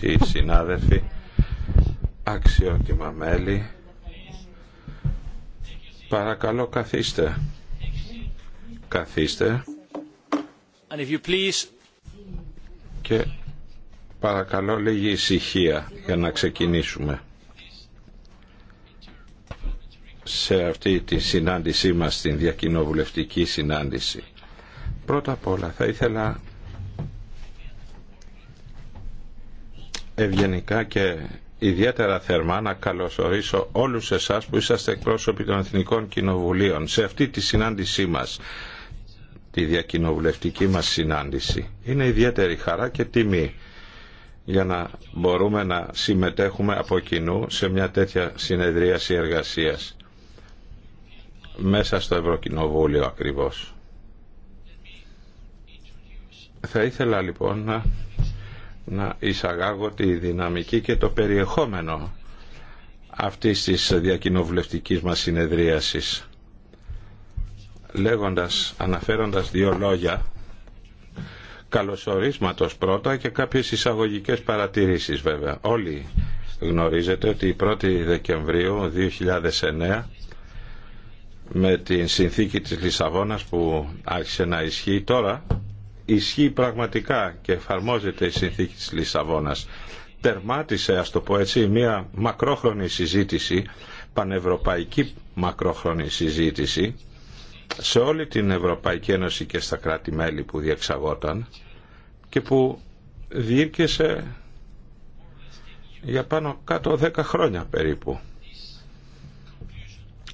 αγαπητοί συνάδελφοι, αξιότιμα μέλη, παρακαλώ καθίστε. Καθίστε. Και παρακαλώ λίγη ησυχία για να ξεκινήσουμε σε αυτή τη συνάντησή μας, την διακοινοβουλευτική συνάντηση. Πρώτα απ' όλα θα ήθελα ευγενικά και ιδιαίτερα θερμά να καλωσορίσω όλους εσάς που είσαστε εκπρόσωποι των Εθνικών Κοινοβουλίων σε αυτή τη συνάντησή μας, τη διακοινοβουλευτική μας συνάντηση. Είναι ιδιαίτερη χαρά και τιμή για να μπορούμε να συμμετέχουμε από κοινού σε μια τέτοια συνεδρίαση εργασίας μέσα στο Ευρωκοινοβούλιο ακριβώς. Θα ήθελα λοιπόν να να εισαγάγω τη δυναμική και το περιεχόμενο αυτής της διακοινοβουλευτικής μας συνεδρίασης λέγοντας, αναφέροντας δύο λόγια καλωσορίσματος πρώτα και κάποιες εισαγωγικές παρατηρήσεις βέβαια. Όλοι γνωρίζετε ότι η 1η Δεκεμβρίου 2009 με την συνθήκη της Λισαβόνας που άρχισε να ισχύει τώρα ισχύει πραγματικά και εφαρμόζεται η συνθήκη της Λισαβόνας. Τερμάτισε, ας το πω έτσι, μια μακρόχρονη συζήτηση, πανευρωπαϊκή μακρόχρονη συζήτηση, σε όλη την Ευρωπαϊκή Ένωση και στα κράτη-μέλη που διεξαγόταν και που διήρκεσε για πάνω κάτω 10 χρόνια περίπου.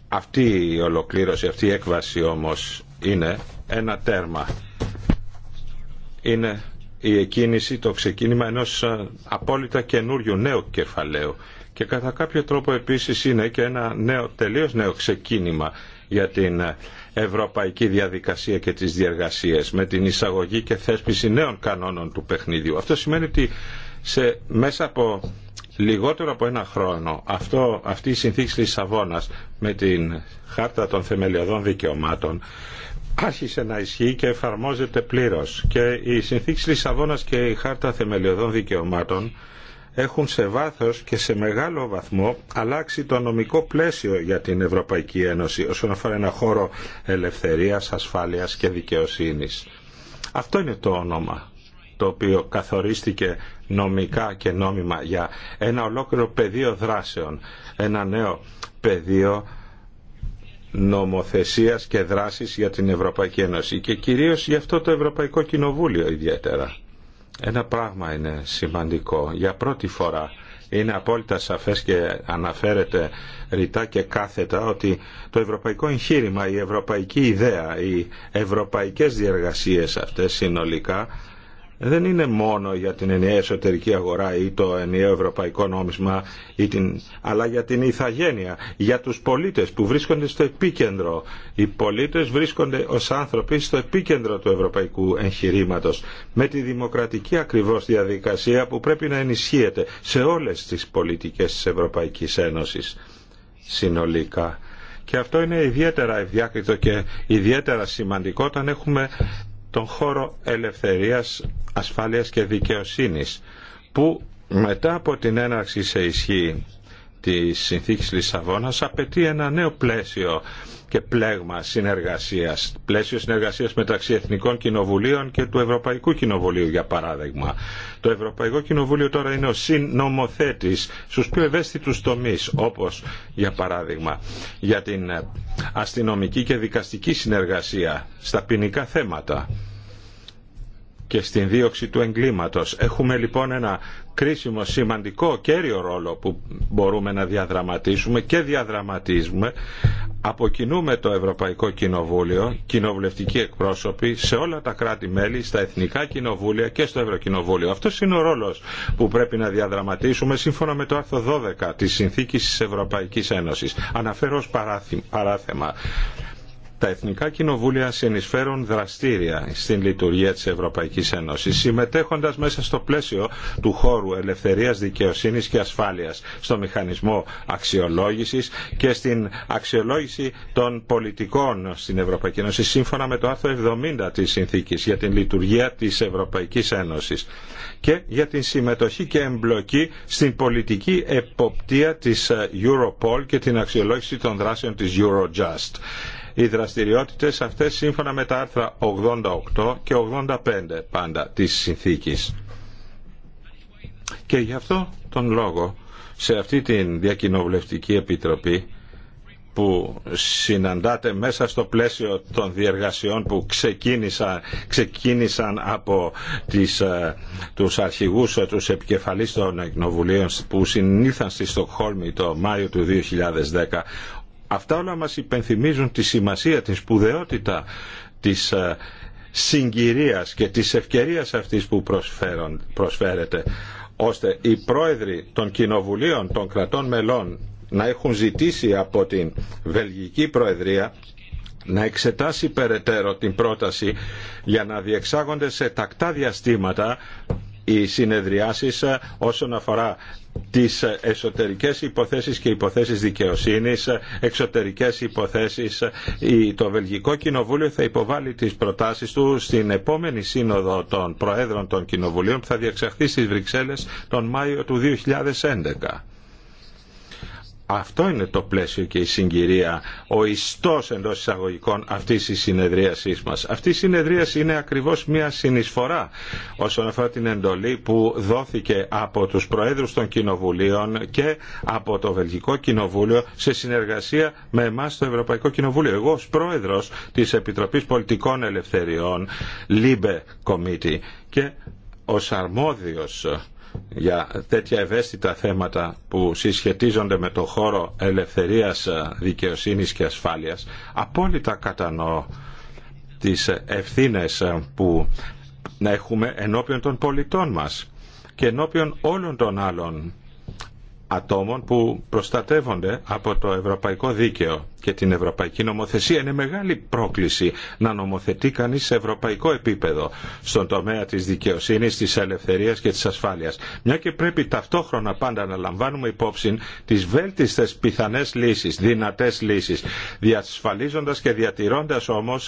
Αυτή η ολοκλήρωση, αυτή η έκβαση όμως είναι ένα τέρμα είναι η εκκίνηση, το ξεκίνημα ενός απόλυτα καινούριου νέου κεφαλαίου και κατά κάποιο τρόπο επίσης είναι και ένα νέο, τελείως νέο ξεκίνημα για την ευρωπαϊκή διαδικασία και τις διεργασίες με την εισαγωγή και θέσπιση νέων κανόνων του παιχνίδιου. Αυτό σημαίνει ότι σε, μέσα από λιγότερο από ένα χρόνο αυτό, αυτή η συνθήκη της με την Χάρτα των Θεμελιωδών Δικαιωμάτων άρχισε να ισχύει και εφαρμόζεται πλήρως και οι συνθήκες Λισαβόνας και η Χάρτα Θεμελιωδών Δικαιωμάτων έχουν σε βάθος και σε μεγάλο βαθμό αλλάξει το νομικό πλαίσιο για την Ευρωπαϊκή Ένωση όσον αφορά ένα χώρο ελευθερίας, ασφάλειας και δικαιοσύνης. Αυτό είναι το όνομα το οποίο καθορίστηκε νομικά και νόμιμα για ένα ολόκληρο πεδίο δράσεων, ένα νέο πεδίο νομοθεσίας και δράσης για την Ευρωπαϊκή Ένωση και κυρίως γι' αυτό το Ευρωπαϊκό Κοινοβούλιο ιδιαίτερα. Ένα πράγμα είναι σημαντικό. Για πρώτη φορά είναι απόλυτα σαφές και αναφέρεται ρητά και κάθετα ότι το ευρωπαϊκό εγχείρημα, η ευρωπαϊκή ιδέα, οι ευρωπαϊκές διεργασίες αυτές συνολικά δεν είναι μόνο για την ενιαία εσωτερική αγορά ή το ενιαίο ευρωπαϊκό νόμισμα, ή την... αλλά για την ηθαγένεια, για τους πολίτες που βρίσκονται στο επίκεντρο. Οι πολίτες βρίσκονται ως άνθρωποι στο επίκεντρο του ευρωπαϊκού εγχειρήματο, με τη δημοκρατική ακριβώς διαδικασία που πρέπει να ενισχύεται σε όλες τις πολιτικές της Ευρωπαϊκής Ένωσης συνολικά. Και αυτό είναι ιδιαίτερα ευδιάκριτο και ιδιαίτερα σημαντικό όταν έχουμε τον χώρο ελευθερίας, ασφάλειας και δικαιοσύνης που μετά από την έναρξη σε ισχύ της Συνθήκης Λισαβόνας απαιτεί ένα νέο πλαίσιο και πλέγμα συνεργασίας, πλαίσιο συνεργασίας μεταξύ Εθνικών Κοινοβουλίων και του Ευρωπαϊκού Κοινοβουλίου για παράδειγμα. Το Ευρωπαϊκό Κοινοβούλιο τώρα είναι ο συνομοθέτης στους πιο ευαίσθητους τομείς όπως για παράδειγμα για την αστυνομική και δικαστική συνεργασία στα ποινικά θέματα και στην δίωξη του εγκλήματος. Έχουμε λοιπόν ένα κρίσιμο, σημαντικό, κέριο ρόλο που μπορούμε να διαδραματίσουμε και διαδραματίζουμε. Αποκινούμε το Ευρωπαϊκό Κοινοβούλιο, κοινοβουλευτικοί εκπρόσωποι, σε όλα τα κράτη-μέλη, στα εθνικά κοινοβούλια και στο Ευρωκοινοβούλιο. Αυτό είναι ο ρόλο που πρέπει να διαδραματίσουμε σύμφωνα με το άρθρο 12 τη Συνθήκη τη Ευρωπαϊκή Ένωση. Αναφέρω ω παράθεμα. Τα εθνικά κοινοβούλια συνεισφέρουν δραστήρια στην λειτουργία της Ευρωπαϊκής Ένωσης, συμμετέχοντας μέσα στο πλαίσιο του χώρου ελευθερίας, δικαιοσύνης και ασφάλειας, στο μηχανισμό αξιολόγησης και στην αξιολόγηση των πολιτικών στην Ευρωπαϊκή Ένωση, σύμφωνα με το άρθρο 70 της Συνθήκης για την λειτουργία της Ευρωπαϊκής Ένωσης και για την συμμετοχή και εμπλοκή στην πολιτική εποπτεία της Europol και την αξιολόγηση των δράσεων της Eurojust οι δραστηριότητες αυτές σύμφωνα με τα άρθρα 88 και 85 πάντα της συνθήκης. Και γι' αυτό τον λόγο σε αυτή την διακοινοβουλευτική επιτροπή που συναντάται μέσα στο πλαίσιο των διεργασιών που ξεκίνησαν, ξεκίνησαν από τις, ε, τους αρχηγούς, ε, τους επικεφαλής των εκνοβουλίων που συνήθαν στη Στοκχόλμη το Μάιο του 2010. Αυτά όλα μας υπενθυμίζουν τη σημασία, τη σπουδαιότητα της ε, συγκυρίας και της ευκαιρίας αυτής που προσφέρεται ώστε οι πρόεδροι των κοινοβουλίων των κρατών μελών να έχουν ζητήσει από την Βελγική Προεδρία να εξετάσει περαιτέρω την πρόταση για να διεξάγονται σε τακτά διαστήματα οι συνεδριάσεις ε, όσον αφορά τις ε, εσωτερικές υποθέσεις και υποθέσεις δικαιοσύνης, ε, εξωτερικές υποθέσεις. Το Βελγικό Κοινοβούλιο θα υποβάλει τις προτάσεις του στην επόμενη σύνοδο των Προέδρων των Κοινοβουλίων που θα διεξαχθεί στις Βρυξέλλες τον Μάιο του 2011. Αυτό είναι το πλαίσιο και η συγκυρία, ο ιστός εντός εισαγωγικών αυτής της συνεδρίασής μας. Αυτή η συνεδρίαση είναι ακριβώς μια συνεισφορά όσον αφορά την εντολή που δόθηκε από τους Προέδρους των Κοινοβουλίων και από το Βελγικό Κοινοβούλιο σε συνεργασία με εμάς το Ευρωπαϊκό Κοινοβούλιο. Εγώ ως Πρόεδρος της Επιτροπής Πολιτικών Ελευθεριών, Λίμπε Committee και ως αρμόδιος για τέτοια ευαίσθητα θέματα που συσχετίζονται με το χώρο ελευθερίας, ε, δικαιοσύνης και ασφάλειας, απόλυτα κατανοώ τις ευθύνες ε, που έχουμε ενώπιον των πολιτών μας και ενώπιον όλων των άλλων ατόμων που προστατεύονται από το ευρωπαϊκό δίκαιο και την ευρωπαϊκή νομοθεσία. Είναι μεγάλη πρόκληση να νομοθετεί κανεί σε ευρωπαϊκό επίπεδο στον τομέα της δικαιοσύνης, της ελευθερία και της ασφάλειας. Μια και πρέπει ταυτόχρονα πάντα να λαμβάνουμε υπόψη τις βέλτιστες πιθανές λύσεις, δυνατές λύσεις, διασφαλίζοντα και διατηρώντα όμω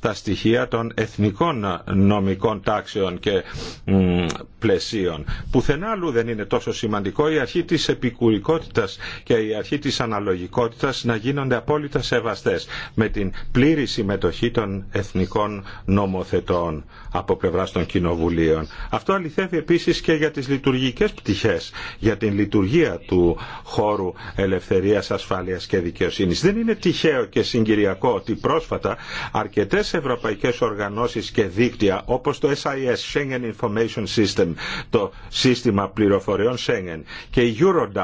τα στοιχεία των εθνικών νομικών τάξεων και πλαισίων. Πουθενά αλλού δεν είναι τόσο σημαντικό η αρχή επικουρικότητας και η αρχή της αναλογικότητας να γίνονται απόλυτα σεβαστές με την πλήρη συμμετοχή των εθνικών νομοθετών από πλευρά των κοινοβουλίων. Αυτό αληθεύει επίσης και για τις λειτουργικές πτυχές, για την λειτουργία του χώρου ελευθερίας, ασφάλειας και δικαιοσύνης. Δεν είναι τυχαίο και συγκυριακό ότι πρόσφατα αρκετές ευρωπαϊκές οργανώσεις και δίκτυα όπως το SIS, Schengen Information System, το σύστημα πληροφοριών Schengen και η Eurodac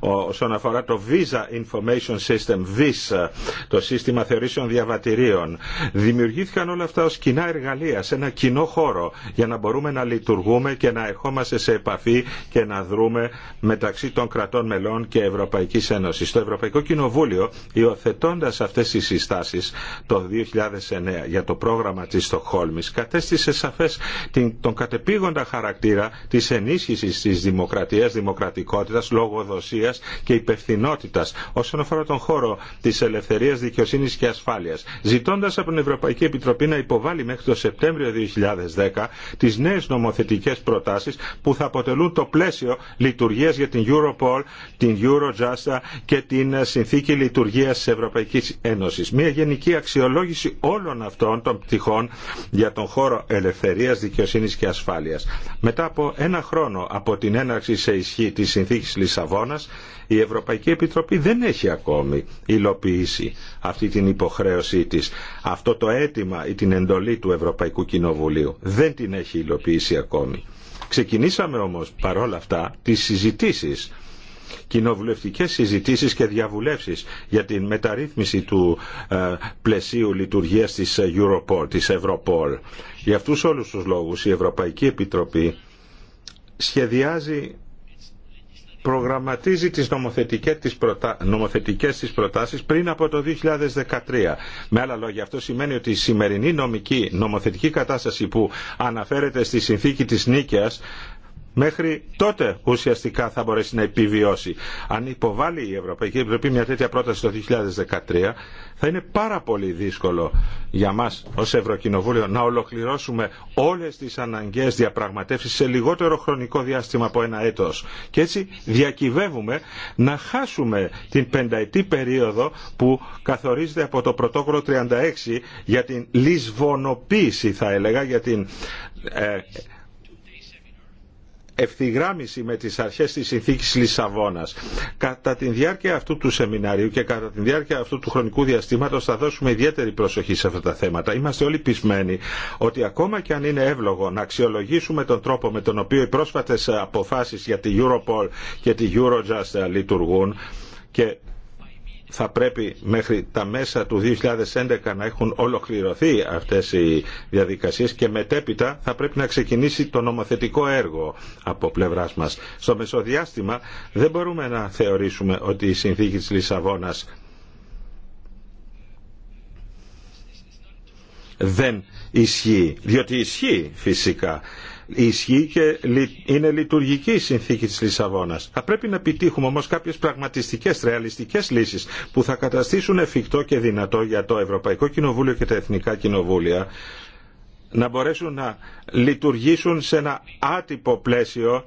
όσον αφορά το Visa Information System, VIS, το σύστημα θεωρήσεων διαβατηρίων. Δημιουργήθηκαν όλα αυτά ως κοινά εργαλεία, σε ένα κοινό χώρο, για να μπορούμε να λειτουργούμε και να ερχόμαστε σε επαφή και να δρούμε μεταξύ των κρατών μελών και Ευρωπαϊκής Ένωσης. Το Ευρωπαϊκό Κοινοβούλιο, υιοθετώντα αυτές τις συστάσεις το 2009 για το πρόγραμμα της Στοχόλμης, κατέστησε σαφές τον κατεπήγοντα χαρακτήρα της ενίσχυσης της δημοκρατίας, δημοκρατικότητας λογοδοσία και υπευθυνότητα όσον αφορά τον χώρο της ελευθερίας, δικαιοσύνης και ασφάλειας. Ζητώντας από την Ευρωπαϊκή Επιτροπή να υποβάλει μέχρι το Σεπτέμβριο 2010 τις νέες νομοθετικές προτάσεις που θα αποτελούν το πλαίσιο λειτουργίας για την Europol, την Eurojust και την συνθήκη λειτουργίας της Ευρωπαϊκής Ένωσης. Μια γενική αξιολόγηση όλων αυτών των πτυχών για τον χώρο ελευθερίας, δικαιοσύνη και ασφάλεια. Μετά από ένα χρόνο από την έναρξη σε ισχύ τη συνθήκη Λισαβόνας η Ευρωπαϊκή Επιτροπή δεν έχει ακόμη υλοποιήσει αυτή την υποχρέωσή της, αυτό το αίτημα ή την εντολή του Ευρωπαϊκού Κοινοβουλίου. Δεν την έχει υλοποιήσει ακόμη. Ξεκινήσαμε όμως παρόλα αυτά τις συζητήσεις κοινοβουλευτικές συζητήσεις και διαβουλεύσεις για την μεταρρύθμιση του ε, πλαισίου λειτουργίας της ε, Europol, της Ευρωπόλ. Για αυτούς όλους τους λόγους η Ευρωπαϊκή Επιτροπή σχεδιάζει προγραμματίζει τις νομοθετικές της, προτα... νομοθετικές της προτάσεις πριν από το 2013. Με άλλα λόγια, αυτό σημαίνει ότι η σημερινή νομική, νομοθετική κατάσταση που αναφέρεται στη συνθήκη της Νίκαιας Μέχρι τότε ουσιαστικά θα μπορέσει να επιβιώσει. Αν υποβάλει η Ευρωπαϊκή Επιτροπή μια τέτοια πρόταση το 2013, θα είναι πάρα πολύ δύσκολο για μας ως Ευρωκοινοβούλιο να ολοκληρώσουμε όλες τις αναγκαίες διαπραγματεύσεις σε λιγότερο χρονικό διάστημα από ένα έτος. Και έτσι διακυβεύουμε να χάσουμε την πενταετή περίοδο που καθορίζεται από το πρωτόκολλο 36 για την λησβονοποίηση θα έλεγα, για την ε, ευθυγράμμιση με τις αρχές της συνθήκης Λισαβόνας. Κατά τη διάρκεια αυτού του σεμιναρίου και κατά τη διάρκεια αυτού του χρονικού διαστήματος θα δώσουμε ιδιαίτερη προσοχή σε αυτά τα θέματα. Είμαστε όλοι πεισμένοι ότι ακόμα και αν είναι εύλογο να αξιολογήσουμε τον τρόπο με τον οποίο οι πρόσφατες αποφάσεις για τη Europol και τη Eurojust λειτουργούν και θα πρέπει μέχρι τα μέσα του 2011 να έχουν ολοκληρωθεί αυτές οι διαδικασίες και μετέπειτα θα πρέπει να ξεκινήσει το νομοθετικό έργο από πλευράς μας. Στο μεσοδιάστημα δεν μπορούμε να θεωρήσουμε ότι η συνθήκη της Λισαβόνας δεν ισχύει, διότι ισχύει φυσικά ισχύει και είναι λειτουργική η συνθήκη της Λισαβόνας. Θα πρέπει να επιτύχουμε όμως κάποιες πραγματιστικές, ρεαλιστικές λύσεις που θα καταστήσουν εφικτό και δυνατό για το Ευρωπαϊκό Κοινοβούλιο και τα Εθνικά Κοινοβούλια να μπορέσουν να λειτουργήσουν σε ένα άτυπο πλαίσιο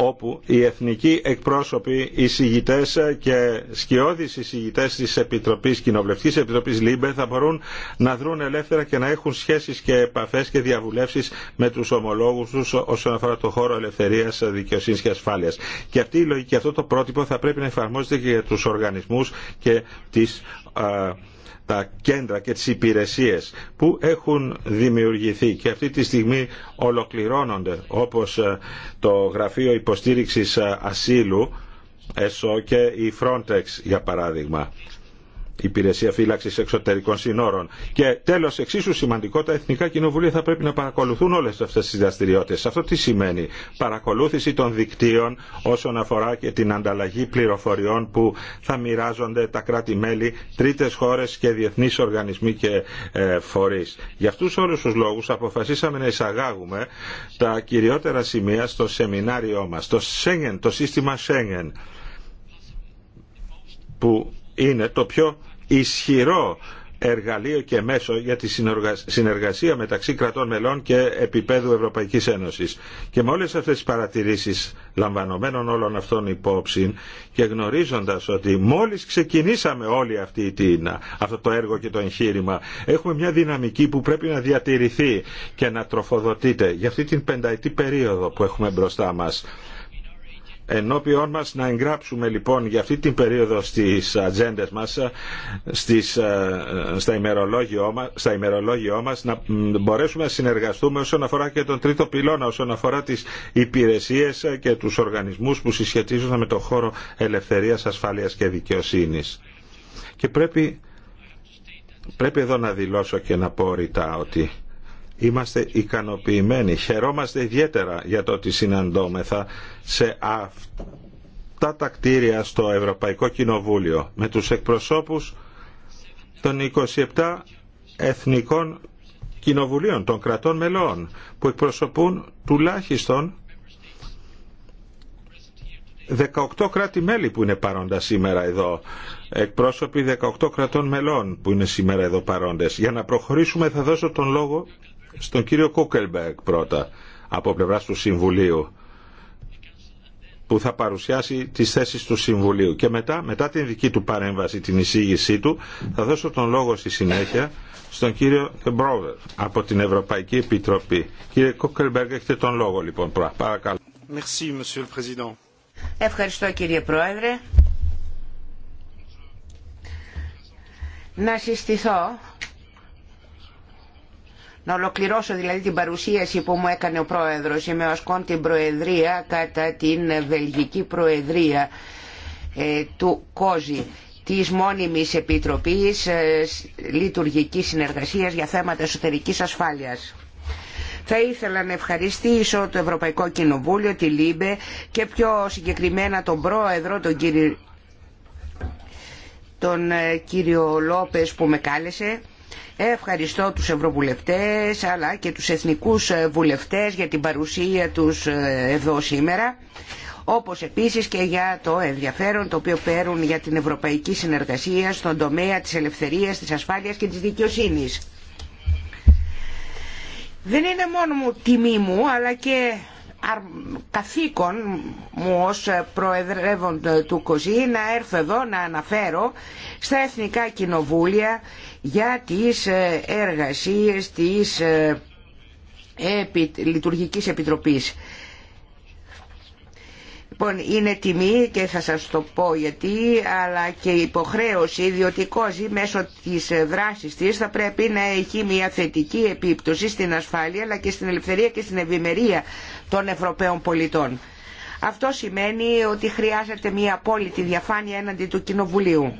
όπου οι εθνικοί εκπρόσωποι, οι συγητέ και σκιώδεις οι της Επιτροπής Κοινοβουλευτικής Επιτροπής ΛΥΜΠΕ θα μπορούν να δρουν ελεύθερα και να έχουν σχέσεις και επαφές και διαβουλεύσεις με τους ομολόγους τους όσον αφορά το χώρο ελευθερίας, δικαιοσύνης και ασφάλειας. Και αυτή η λογική, αυτό το πρότυπο θα πρέπει να εφαρμόζεται και για τους οργανισμούς και τις τα κέντρα και τις υπηρεσίες που έχουν δημιουργηθεί και αυτή τη στιγμή ολοκληρώνονται όπως ε, το Γραφείο Υποστήριξης ε, Ασύλου ΕΣΟ και η Frontex για παράδειγμα υπηρεσία φύλαξη εξωτερικών συνόρων. Και τέλο, εξίσου σημαντικό, τα εθνικά κοινοβουλία θα πρέπει να παρακολουθούν όλε αυτέ τι δραστηριότητε. Αυτό τι σημαίνει. Παρακολούθηση των δικτύων όσον αφορά και την ανταλλαγή πληροφοριών που θα μοιράζονται τα κράτη-μέλη, τρίτε χώρε και διεθνεί οργανισμοί και ε, φορείς. Για αυτούς όλους τους λόγους αποφασίσαμε να εισαγάγουμε τα κυριότερα σημεία στο σεμινάριό μα, το, Schengen, το σύστημα Schengen που είναι το πιο ισχυρό εργαλείο και μέσο για τη συνεργασία μεταξύ κρατών μελών και επίπεδου Ευρωπαϊκής Ένωσης. Και με όλες αυτές τις παρατηρήσεις λαμβανομένων όλων αυτών υπόψη και γνωρίζοντας ότι μόλις ξεκινήσαμε όλη αυτή την, αυτό το έργο και το εγχείρημα έχουμε μια δυναμική που πρέπει να διατηρηθεί και να τροφοδοτείται για αυτή την πενταετή περίοδο που έχουμε μπροστά μας ενώπιόν μας να εγγράψουμε λοιπόν για αυτή την περίοδο στις ατζέντε μας, στις, ε, στα, ημερολόγιο μας στα ημερολόγιο μας, να μπορέσουμε να συνεργαστούμε όσον αφορά και τον τρίτο πυλώνα, όσον αφορά τις υπηρεσίες και τους οργανισμούς που συσχετίζονται με τον χώρο ελευθερίας, ασφάλειας και δικαιοσύνης. Και πρέπει, πρέπει εδώ να δηλώσω και να πω ρητά ότι Είμαστε ικανοποιημένοι, χαιρόμαστε ιδιαίτερα για το ότι συναντώμεθα σε αυτά τα κτίρια στο Ευρωπαϊκό Κοινοβούλιο με τους εκπροσώπους των 27 εθνικών κοινοβουλίων των κρατών μελών που εκπροσωπούν τουλάχιστον 18 κράτη-μέλη που είναι παρόντα σήμερα εδώ, εκπρόσωποι 18 κρατών μελών που είναι σήμερα εδώ παρόντες. Για να προχωρήσουμε θα δώσω τον λόγο στον κύριο Κούκελμπεργκ πρώτα από πλευράς του Συμβουλίου που θα παρουσιάσει τις θέσεις του Συμβουλίου και μετά, μετά την δική του παρέμβαση, την εισήγησή του θα δώσω τον λόγο στη συνέχεια στον κύριο Μπρόβερ από την Ευρωπαϊκή Επιτροπή. Κύριε Κούκελμπεργκ έχετε τον λόγο λοιπόν παρακαλώ. Ευχαριστώ κύριε Πρόεδρε. Να συστηθώ να ολοκληρώσω δηλαδή την παρουσίαση που μου έκανε ο Πρόεδρος. Είμαι ο Ασκόν την Προεδρία κατά την Βελγική Προεδρία ε, του ΚΟΖΙ της Μόνιμης Επιτροπής ε, Λειτουργικής Συνεργασίας για θέματα εσωτερικής ασφάλειας. Θα ήθελα να ευχαριστήσω το Ευρωπαϊκό Κοινοβούλιο, τη ΛΥΜΠΕ και πιο συγκεκριμένα τον Πρόεδρο, τον κύριο, τον ε, κύριο Λόπες που με κάλεσε Ευχαριστώ τους Ευρωβουλευτές αλλά και τους Εθνικούς ε, Βουλευτές για την παρουσία τους ε, εδώ σήμερα όπως επίσης και για το ενδιαφέρον το οποίο παίρνουν για την ευρωπαϊκή συνεργασία στον τομέα της ελευθερίας, της ασφάλειας και της δικαιοσύνης. Δεν είναι μόνο μου τιμή μου αλλά και καθήκον μου ως προεδρεύον του ΚΟΖΗ να έρθω εδώ να αναφέρω στα Εθνικά Κοινοβούλια για τις ε, εργασίες της ε, Λειτουργικής Επιτροπής. Λοιπόν, είναι τιμή και θα σας το πω γιατί, αλλά και υποχρέωση, διότι η μέσω της ε, δράσης της θα πρέπει να έχει μια θετική επίπτωση στην ασφάλεια, αλλά και στην ελευθερία και στην ευημερία των Ευρωπαίων πολιτών. Αυτό σημαίνει ότι χρειάζεται μια απόλυτη διαφάνεια έναντι του Κοινοβουλίου.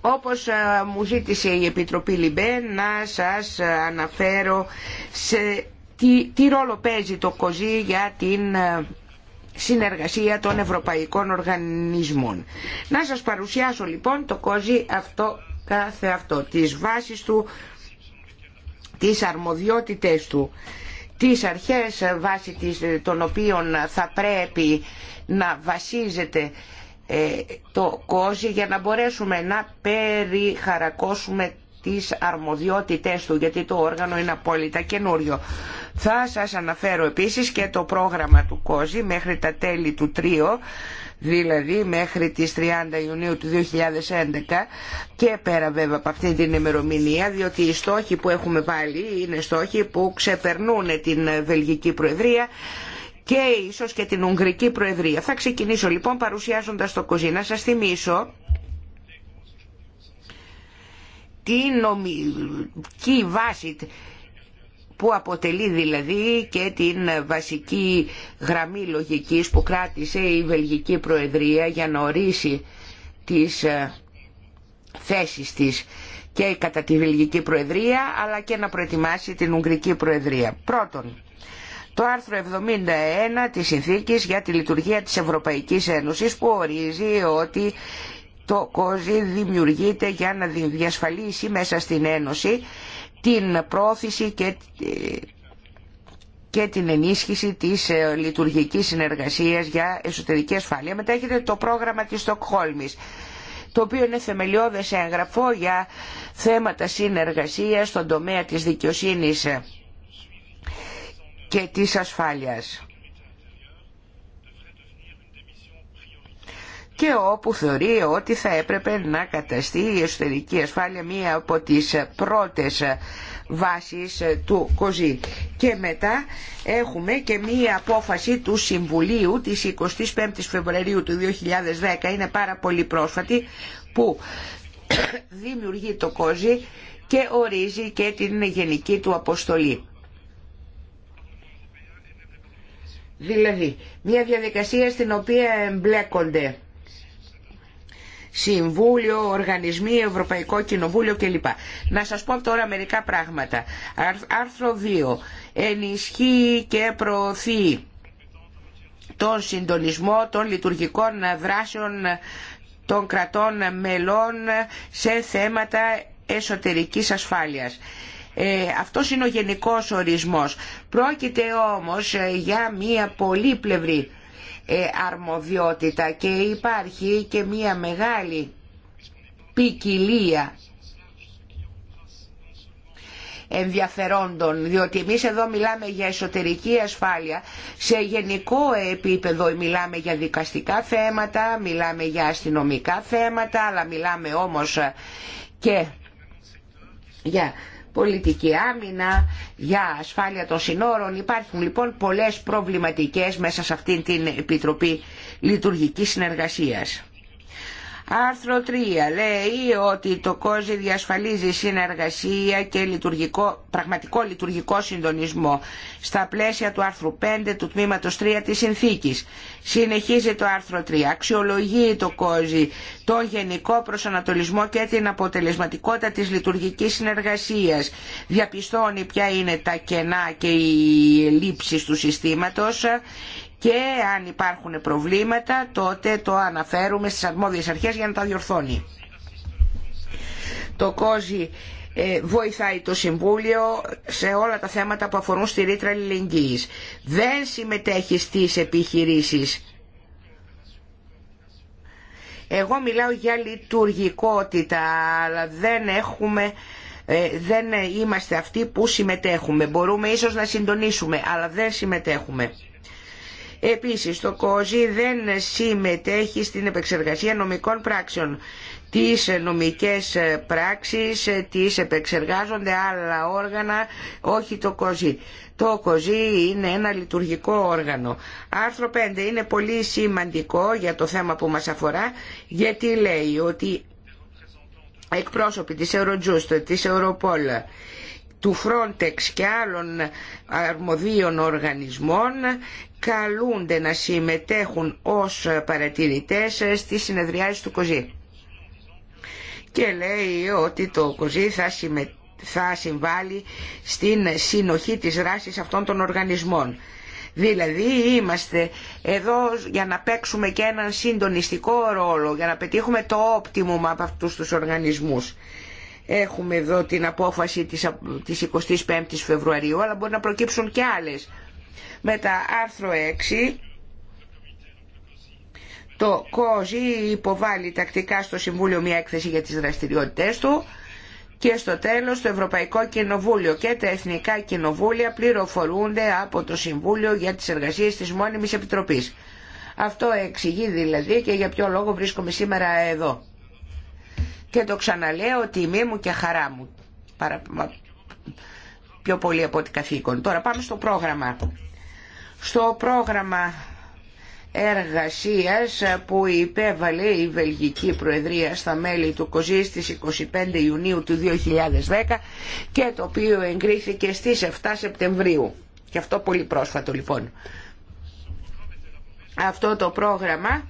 Όπως ε, μου ζήτησε η Επιτροπή Λιμπέ να σας ε, αναφέρω σε τι, τι ρόλο παίζει το ΚΟΖΙ για την ε, συνεργασία των ευρωπαϊκών οργανισμών. Να σας παρουσιάσω λοιπόν το κόζι αυτό κάθε αυτό, τις βάσεις του, τις αρμοδιότητες του, τις αρχές βάσει των οποίων θα πρέπει να βασίζεται ε, το κόζι για να μπορέσουμε να περιχαρακώσουμε τις αρμοδιότητές του γιατί το όργανο είναι απόλυτα καινούριο. Θα σας αναφέρω επίσης και το πρόγραμμα του κόζι μέχρι τα τέλη του τρίου δηλαδή μέχρι τις 30 Ιουνίου του 2011 και πέρα βέβαια από αυτή την ημερομηνία διότι οι στόχοι που έχουμε βάλει είναι στόχοι που ξεπερνούν την Βελγική Προεδρία και ίσως και την Ουγγρική Προεδρία. Θα ξεκινήσω λοιπόν παρουσιάζοντας το κοζί. Να σας θυμίσω την νομική βάση που αποτελεί δηλαδή και την βασική γραμμή λογικής που κράτησε η Βελγική Προεδρία για να ορίσει τις ε, θέσεις της και κατά τη Βελγική Προεδρία αλλά και να προετοιμάσει την Ουγγρική Προεδρία. Πρώτον, το άρθρο 71 της Συνθήκης για τη Λειτουργία της Ευρωπαϊκής Ένωσης που ορίζει ότι το ΚΟΖΙ δημιουργείται για να διασφαλίσει μέσα στην Ένωση την πρόθεση και, και την ενίσχυση της ε, λειτουργικής συνεργασίας για εσωτερική ασφάλεια. Μετά έχετε το πρόγραμμα της Στοκχόλμης το οποίο είναι θεμελιώδες έγγραφο για θέματα συνεργασίας στον τομέα της δικαιοσύνης και της ασφάλειας. και όπου θεωρεί ότι θα έπρεπε να καταστεί η εσωτερική ασφάλεια μία από τις πρώτες βάσεις του ΚΟΖΗ. Και μετά έχουμε και μία απόφαση του Συμβουλίου της 25ης Φεβρουαρίου του 2010, είναι πάρα πολύ πρόσφατη, που δημιουργεί το ΚΟΖΗ και ορίζει και την γενική του αποστολή. Δηλαδή, μια διαδικασία στην οποία εμπλέκονται Συμβούλιο, Οργανισμοί, Ευρωπαϊκό Κοινοβούλιο κλπ. Να σας πω τώρα μερικά πράγματα. Άρθρο 2. Ενισχύει και προωθεί τον συντονισμό των λειτουργικών δράσεων των κρατών μελών σε θέματα εσωτερικής ασφάλειας. Ε, αυτός είναι ο γενικός ορισμός. Πρόκειται όμως ε, για μία πολύπλευρη ε, αρμοδιότητα και υπάρχει και μία μεγάλη ποικιλία ενδιαφερόντων, διότι εμείς εδώ μιλάμε για εσωτερική ασφάλεια, σε γενικό επίπεδο μιλάμε για δικαστικά θέματα, μιλάμε για αστυνομικά θέματα, αλλά μιλάμε όμως και για πολιτική άμυνα, για ασφάλεια των συνόρων. Υπάρχουν λοιπόν πολλές προβληματικές μέσα σε αυτήν την Επιτροπή Λειτουργικής Συνεργασίας. Άρθρο 3 λέει ότι το ΚΟΖΙ διασφαλίζει συνεργασία και λειτουργικό, πραγματικό λειτουργικό συντονισμό στα πλαίσια του άρθρου 5 του τμήματος 3 της συνθήκης. Συνεχίζει το άρθρο 3. Αξιολογεί το ΚΟΖΙ το γενικό προσανατολισμό και την αποτελεσματικότητα της λειτουργικής συνεργασίας. Διαπιστώνει ποια είναι τα κενά και οι λήψεις του συστήματος και αν υπάρχουν προβλήματα τότε το αναφέρουμε στις αρμόδιες αρχές για να τα διορθώνει. Το κόζι ε, βοηθάει το Συμβούλιο σε όλα τα θέματα που αφορούν στη ρήτρα αλληλεγγύης. Δεν συμμετέχει στις επιχειρήσεις. Εγώ μιλάω για λειτουργικότητα, αλλά δεν έχουμε... Ε, δεν είμαστε αυτοί που συμμετέχουμε. Μπορούμε ίσως να συντονίσουμε, αλλά δεν συμμετέχουμε. Επίσης το ΚΟΖΙ δεν συμμετέχει στην επεξεργασία νομικών πράξεων. Τις νομικές πράξεις τις επεξεργάζονται άλλα όργανα, όχι το ΚΟΖΙ. Το ΚΟΖΙ είναι ένα λειτουργικό όργανο. Άρθρο 5 είναι πολύ σημαντικό για το θέμα που μας αφορά γιατί λέει ότι εκπρόσωποι της Eurojust, της Europol, του Frontex και άλλων αρμοδίων οργανισμών καλούνται να συμμετέχουν ως παρατηρητές στις συνεδριάσεις του ΚΟΖΗ. Και λέει ότι το ΚΟΖΗ θα, θα συμβάλλει στην συνοχή της δράσης αυτών των οργανισμών. Δηλαδή είμαστε εδώ για να παίξουμε και έναν συντονιστικό ρόλο, για να πετύχουμε το optimum από αυτούς τους οργανισμούς. Έχουμε εδώ την απόφαση της 25ης Φεβρουαρίου, αλλά μπορεί να προκύψουν και άλλες με τα άρθρο 6. Το ΚΟΖΙ υποβάλλει τακτικά στο Συμβούλιο μια έκθεση για τις δραστηριότητές του και στο τέλος το Ευρωπαϊκό Κοινοβούλιο και τα Εθνικά Κοινοβούλια πληροφορούνται από το Συμβούλιο για τις εργασίες της Μόνιμης Επιτροπής. Αυτό εξηγεί δηλαδή και για ποιο λόγο βρίσκομαι σήμερα εδώ. Και το ξαναλέω τιμή μου και χαρά μου. Πιο πολύ από ό,τι καθήκον. Τώρα πάμε στο πρόγραμμα στο πρόγραμμα εργασίας που υπέβαλε η Βελγική Προεδρία στα μέλη του ΚΟΖΗ στις 25 Ιουνίου του 2010 και το οποίο εγκρίθηκε στις 7 Σεπτεμβρίου. Και αυτό πολύ πρόσφατο λοιπόν. Αυτό το πρόγραμμα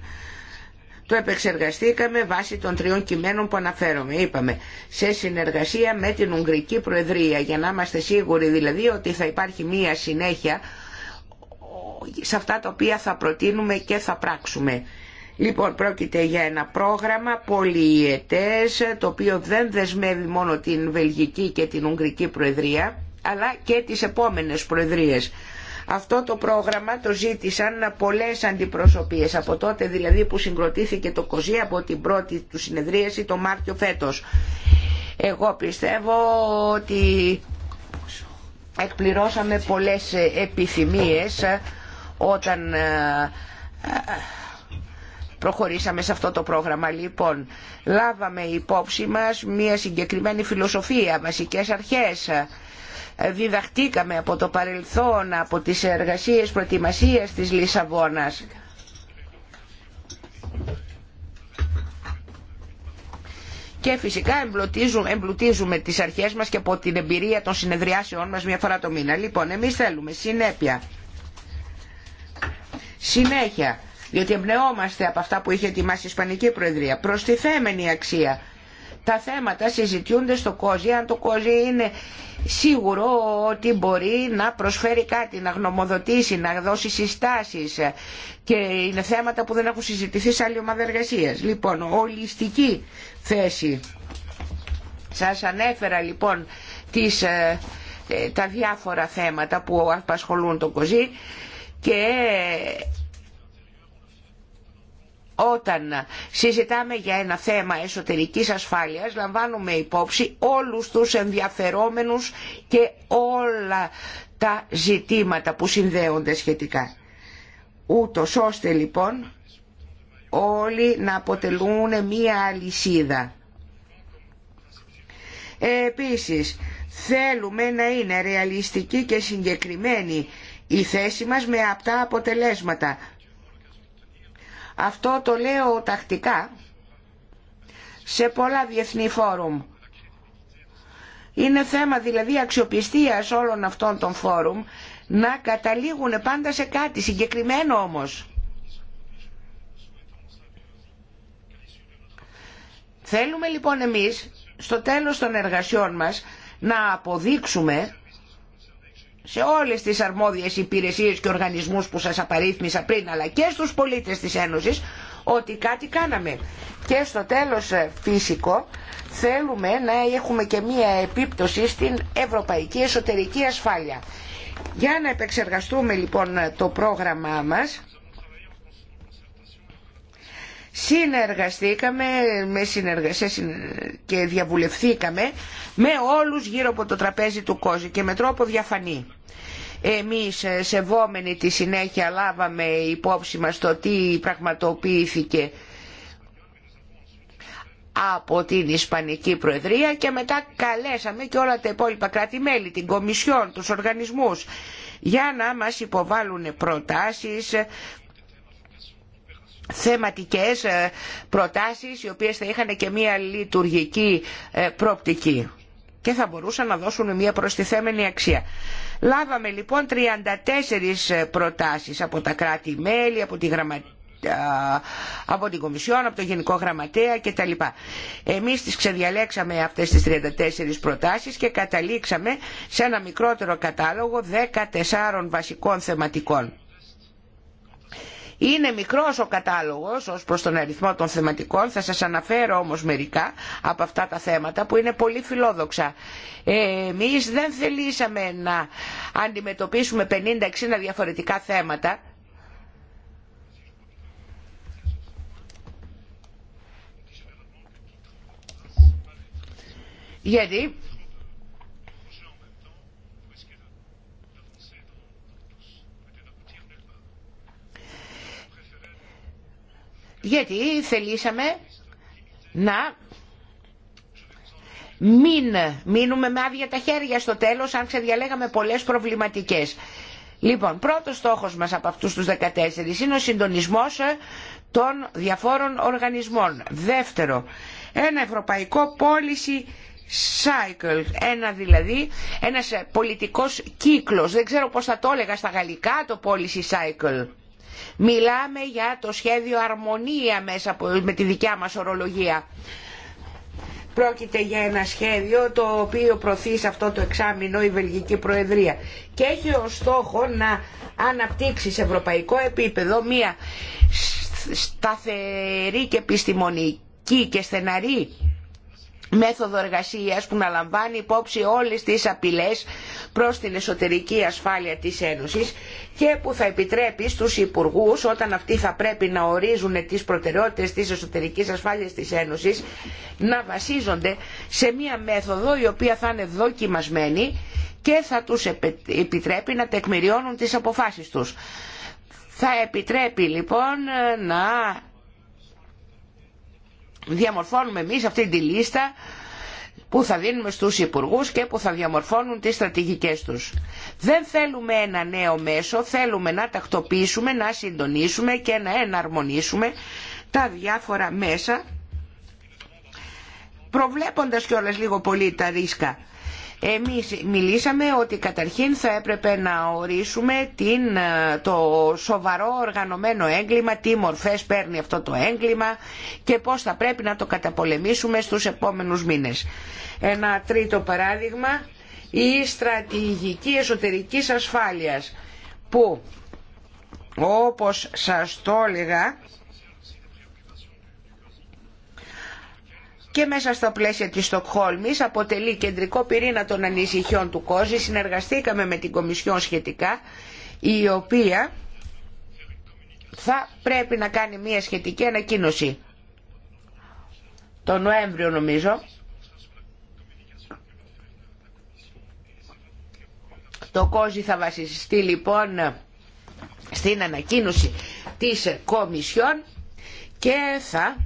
το επεξεργαστήκαμε βάσει των τριών κειμένων που αναφέρομαι, είπαμε, σε συνεργασία με την Ουγγρική Προεδρία, για να είμαστε σίγουροι δηλαδή ότι θα υπάρχει μία συνέχεια σε αυτά τα οποία θα προτείνουμε και θα πράξουμε. Λοιπόν, πρόκειται για ένα πρόγραμμα πολυετές, το οποίο δεν δεσμεύει μόνο την Βελγική και την Ουγγρική Προεδρία, αλλά και τις επόμενες Προεδρίες. Αυτό το πρόγραμμα το ζήτησαν πολλές αντιπροσωπείες, από τότε δηλαδή που συγκροτήθηκε το ΚΟΖΙ από την πρώτη του συνεδρίαση το Μάρτιο φέτος. Εγώ πιστεύω ότι εκπληρώσαμε πολλές επιθυμίες όταν ε, ε, προχωρήσαμε σε αυτό το πρόγραμμα. Λοιπόν, λάβαμε υπόψη μας μια συγκεκριμένη φιλοσοφία, βασικές αρχές. Ε, διδαχτήκαμε από το παρελθόν, από τις εργασίες προετοιμασίας της Λισαβόνας. Και φυσικά εμπλουτίζουμε, εμπλουτίζουμε τις αρχές μας και από την εμπειρία των συνεδριάσεών μας μια φορά το μήνα. Λοιπόν, εμείς θέλουμε συνέπεια συνέχεια, διότι εμπνεόμαστε από αυτά που είχε ετοιμάσει η Ισπανική Προεδρία. Προστιθέμενη αξία. Τα θέματα συζητιούνται στο κόζι, αν το κόζι είναι σίγουρο ότι μπορεί να προσφέρει κάτι, να γνωμοδοτήσει, να δώσει συστάσεις και είναι θέματα που δεν έχουν συζητηθεί σε άλλη ομάδα Λοιπόν, ολιστική θέση. Σας ανέφερα λοιπόν τις, ε, ε, τα διάφορα θέματα που απασχολούν το ΚΟΖΙ και όταν συζητάμε για ένα θέμα εσωτερικής ασφάλειας λαμβάνουμε υπόψη όλους τους ενδιαφερόμενους και όλα τα ζητήματα που συνδέονται σχετικά. Ούτως ώστε λοιπόν όλοι να αποτελούν μία αλυσίδα. Επίσης θέλουμε να είναι ρεαλιστικοί και συγκεκριμένοι η θέση μας με αυτά αποτελέσματα. Αυτό το λέω τακτικά σε πολλά διεθνή φόρουμ. Είναι θέμα δηλαδή αξιοπιστίας όλων αυτών των φόρουμ να καταλήγουν πάντα σε κάτι συγκεκριμένο όμως. Θέλουμε λοιπόν εμείς στο τέλος των εργασιών μας να αποδείξουμε σε όλες τις αρμόδιες υπηρεσίες και οργανισμούς που σας απαρίθμησα πριν αλλά και στους πολίτες της Ένωσης ότι κάτι κάναμε. Και στο τέλος ε, φυσικό θέλουμε να έχουμε και μία επίπτωση στην ευρωπαϊκή εσωτερική ασφάλεια. Για να επεξεργαστούμε λοιπόν το πρόγραμμά μας συνεργαστήκαμε με συνεργασίες και διαβουλευθήκαμε με όλους γύρω από το τραπέζι του Κόζη και με τρόπο διαφανή. Εμείς ε, σεβόμενοι τη συνέχεια λάβαμε υπόψη μας το τι πραγματοποιήθηκε από την Ισπανική Προεδρία και μετά καλέσαμε και όλα τα υπόλοιπα κράτη-μέλη, την Κομισιόν, τους οργανισμούς για να μας υποβάλουν προτάσεις θεματικές ε, προτάσεις οι οποίες θα είχαν και μια λειτουργική ε, πρόπτικη και θα μπορούσαν να δώσουν μια προστιθέμενη αξία. Λάβαμε λοιπόν 34 ε, προτάσεις από τα κράτη-μέλη, από τη γραμματεία από την Κομισιόν, από το Γενικό Γραμματέα κτλ. Εμείς τις ξεδιαλέξαμε αυτές τις 34 προτάσεις και καταλήξαμε σε ένα μικρότερο κατάλογο 14 βασικών θεματικών. Είναι μικρός ο κατάλογος ως προς τον αριθμό των θεματικών, θα σας αναφέρω όμως μερικά από αυτά τα θέματα που είναι πολύ φιλόδοξα. Εμείς δεν θελήσαμε να αντιμετωπίσουμε 50-60 διαφορετικά θέματα, γιατί γιατί θελήσαμε να μην μείνουμε με άδεια τα χέρια στο τέλος αν ξεδιαλέγαμε πολλές προβληματικές. Λοιπόν, πρώτος στόχος μας από αυτούς τους 14 είναι ο συντονισμός των διαφόρων οργανισμών. Δεύτερο, ένα ευρωπαϊκό policy cycle, ένα δηλαδή, ένας πολιτικός κύκλος. Δεν ξέρω πώς θα το έλεγα στα γαλλικά το policy cycle. Μιλάμε για το σχέδιο αρμονία μέσα με τη δικιά μας ορολογία. Πρόκειται για ένα σχέδιο το οποίο προωθεί σε αυτό το εξάμεινο η Βελγική Προεδρία και έχει ως στόχο να αναπτύξει σε ευρωπαϊκό επίπεδο μία σταθερή και επιστημονική και στεναρή μέθοδο εργασίας που να λαμβάνει υπόψη όλες τις απειλές προς την εσωτερική ασφάλεια της Ένωσης και που θα επιτρέπει στους υπουργούς όταν αυτοί θα πρέπει να ορίζουν τις προτεραιότητες της εσωτερικής ασφάλειας της Ένωσης να βασίζονται σε μία μέθοδο η οποία θα είναι δοκιμασμένη και θα τους επιτρέπει να τεκμηριώνουν τις αποφάσεις τους. Θα επιτρέπει λοιπόν να διαμορφώνουμε εμείς αυτή τη λίστα που θα δίνουμε στους υπουργούς και που θα διαμορφώνουν τις στρατηγικές τους. Δεν θέλουμε ένα νέο μέσο, θέλουμε να τακτοποιήσουμε, να συντονίσουμε και να εναρμονίσουμε τα διάφορα μέσα προβλέποντας κιόλας λίγο πολύ τα ρίσκα εμείς μιλήσαμε ότι καταρχήν θα έπρεπε να ορίσουμε την, ε, το σοβαρό οργανωμένο έγκλημα, τι μορφές παίρνει αυτό το έγκλημα και πώς θα πρέπει να το καταπολεμήσουμε στους επόμενους μήνες. Ένα τρίτο παράδειγμα, η στρατηγική εσωτερικής ασφάλειας που όπως σας το έλεγα και μέσα στα πλαίσια της Στοκχόλμης αποτελεί κεντρικό πυρήνα των ανησυχιών του Κόζη. Συνεργαστήκαμε με την Κομισιόν σχετικά, η οποία θα πρέπει να κάνει μια σχετική ανακοίνωση το Νοέμβριο νομίζω. Το κόζι θα βασιστεί λοιπόν στην ανακοίνωση της Κομισιόν και θα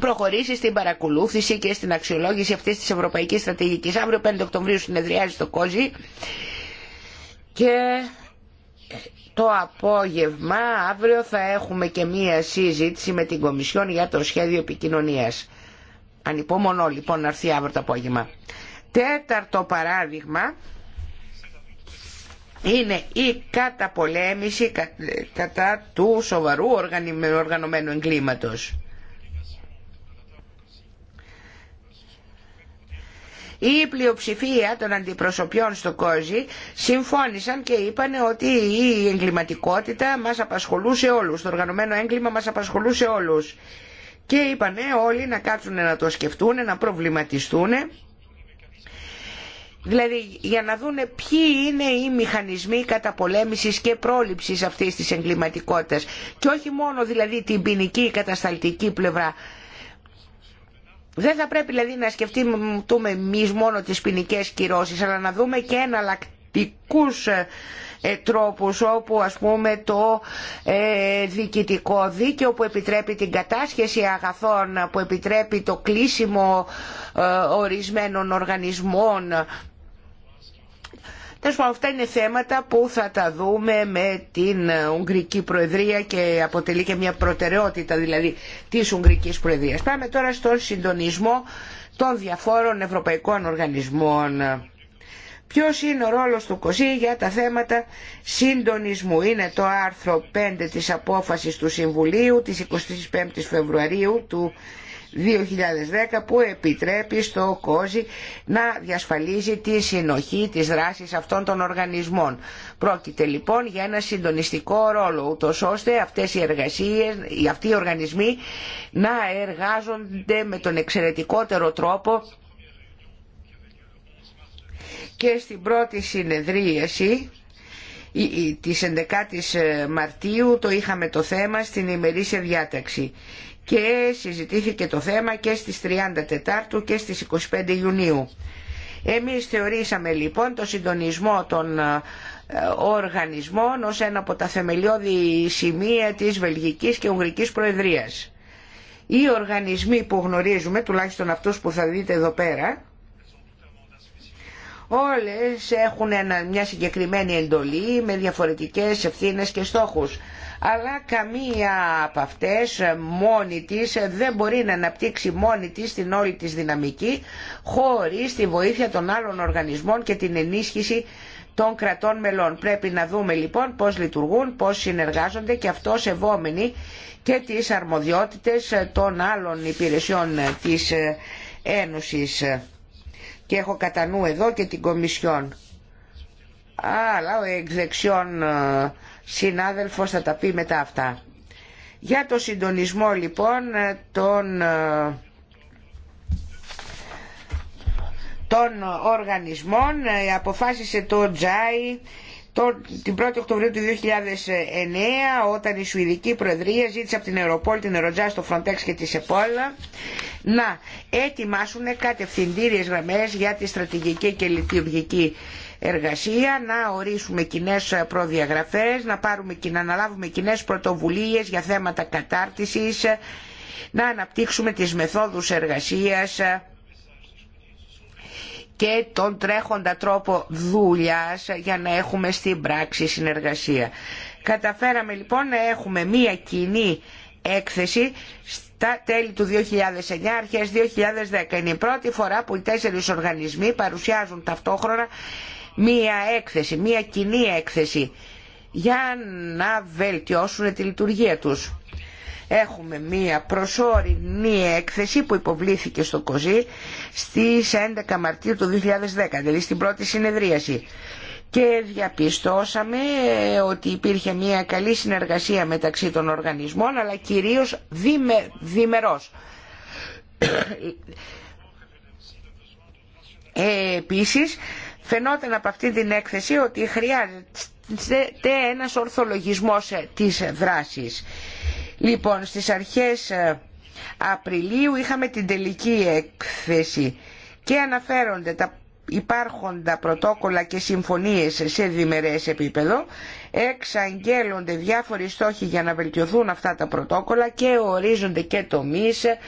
προχωρήσει στην παρακολούθηση και στην αξιολόγηση αυτής της Ευρωπαϊκής Στρατηγικής. Αύριο 5 Οκτωβρίου συνεδριάζει στο Κόζι και το απόγευμα αύριο θα έχουμε και μία συζήτηση με την Κομισιόν για το σχέδιο επικοινωνίας. Ανυπομονώ λοιπόν να έρθει αύριο το απόγευμα. Τέταρτο παράδειγμα είναι η καταπολέμηση κατά του σοβαρού οργανωμένου εγκλήματος. Η πλειοψηφία των αντιπροσωπιών στο Κόζι συμφώνησαν και είπαν ότι η εγκληματικότητα μας απασχολούσε όλους, το οργανωμένο έγκλημα μας απασχολούσε όλους. Και είπαν όλοι να κάτσουν να το σκεφτούν, να προβληματιστούν. Δηλαδή για να δούνε ποιοι είναι οι μηχανισμοί καταπολέμησης και πρόληψης αυτής της εγκληματικότητας. Και όχι μόνο δηλαδή την ποινική κατασταλτική πλευρά δεν θα πρέπει δηλαδή να σκεφτούμε εμεί μόνο τις ποινικέ κυρώσεις, αλλά να δούμε και εναλλακτικού ε, ε, τρόπους όπου ας πούμε το ε, διοικητικό δίκαιο που επιτρέπει την κατάσχεση αγαθών, που επιτρέπει το κλείσιμο ε, ορισμένων οργανισμών Τέλο πάντων αυτά είναι θέματα που θα τα δούμε με την ε, Ουγγρική Προεδρία και αποτελεί και μια προτεραιότητα δηλαδή τη Ουγγρική Προεδρία. Πάμε τώρα στον συντονισμό των διαφόρων ευρωπαϊκών οργανισμών. Ποιο είναι ο ρόλος του ΚΟΣΥ για τα θέματα συντονισμού. Είναι το άρθρο 5 της απόφασης του Συμβουλίου τη 25 Φεβρουαρίου του 2010 που επιτρέπει στο ΚΟΖΙ να διασφαλίζει τη συνοχή της δράσης αυτών των οργανισμών. Πρόκειται λοιπόν για ένα συντονιστικό ρόλο, ούτως ώστε αυτές οι εργασίες, αυτοί οι οργανισμοί να εργάζονται με τον εξαιρετικότερο τρόπο και στην πρώτη συνεδρίαση της 11ης ε, Μαρτίου το είχαμε το θέμα στην ημερήσια διάταξη και συζητήθηκε το θέμα και στις 30 Τετάρτου και στις 25 Ιουνίου. Εμείς θεωρήσαμε λοιπόν το συντονισμό των ε, οργανισμών ως ένα από τα θεμελιώδη σημεία της Βελγικής και Ουγγρικής Προεδρίας. Οι οργανισμοί που γνωρίζουμε, τουλάχιστον αυτούς που θα δείτε εδώ πέρα, Όλες έχουν μια συγκεκριμένη εντολή με διαφορετικές ευθύνες και στόχους. Αλλά καμία από αυτές μόνη της δεν μπορεί να αναπτύξει μόνη της την όλη της δυναμική χωρίς τη βοήθεια των άλλων οργανισμών και την ενίσχυση των κρατών μελών. Πρέπει να δούμε λοιπόν πώς λειτουργούν, πώς συνεργάζονται και αυτό σεβόμενοι και τις αρμοδιότητες των άλλων υπηρεσιών της ε, Ένωσης και έχω κατά νου εδώ και την Κομισιόν. Αλλά ο εξεξιών ε, συνάδελφος θα τα πει μετά αυτά. Για το συντονισμό λοιπόν ε, των, ε, των οργανισμών αποφάσισε το Τζάι την 1η Οκτωβρίου του 2009 όταν η Σουηδική Προεδρία ζήτησε από την Ευρωπόλ, την Eurojust, το Frontex και τη ΣΕΠΟΛΑ να ετοιμάσουν κατευθυντήριε γραμμές για τη στρατηγική και λειτουργική εργασία, να ορίσουμε κοινέ προδιαγραφές, να, πάρουμε, να αναλάβουμε κοινέ πρωτοβουλίες για θέματα κατάρτισης, να αναπτύξουμε τις μεθόδους εργασίας και τον τρέχοντα τρόπο δουλειάς για να έχουμε στην πράξη συνεργασία. Καταφέραμε λοιπόν να έχουμε μία κοινή έκθεση στα τέλη του 2009, αρχές 2010. Είναι η πρώτη φορά που οι τέσσερις οργανισμοί παρουσιάζουν ταυτόχρονα μία έκθεση, μία κοινή έκθεση για να βελτιώσουν τη λειτουργία τους. Έχουμε μία προσωρινή έκθεση που υποβλήθηκε στο ΚΟΖΗ στις 11 Μαρτίου του 2010, δηλαδή στην πρώτη συνεδρίαση. Και διαπιστώσαμε ε, ότι υπήρχε μία καλή συνεργασία μεταξύ των οργανισμών, αλλά κυρίως διμε, διμερός. Ε, επίσης, φαινόταν από αυτή την έκθεση ότι χρειάζεται ένας ορθολογισμός ε, της δράσης Λοιπόν, στις αρχές ε, Απριλίου είχαμε την τελική έκθεση και αναφέρονται τα υπάρχοντα πρωτόκολλα και συμφωνίες σε διμερές επίπεδο, εξαγγέλλονται διάφοροι στόχοι για να βελτιωθούν αυτά τα πρωτόκολλα και ορίζονται και τομείς ε,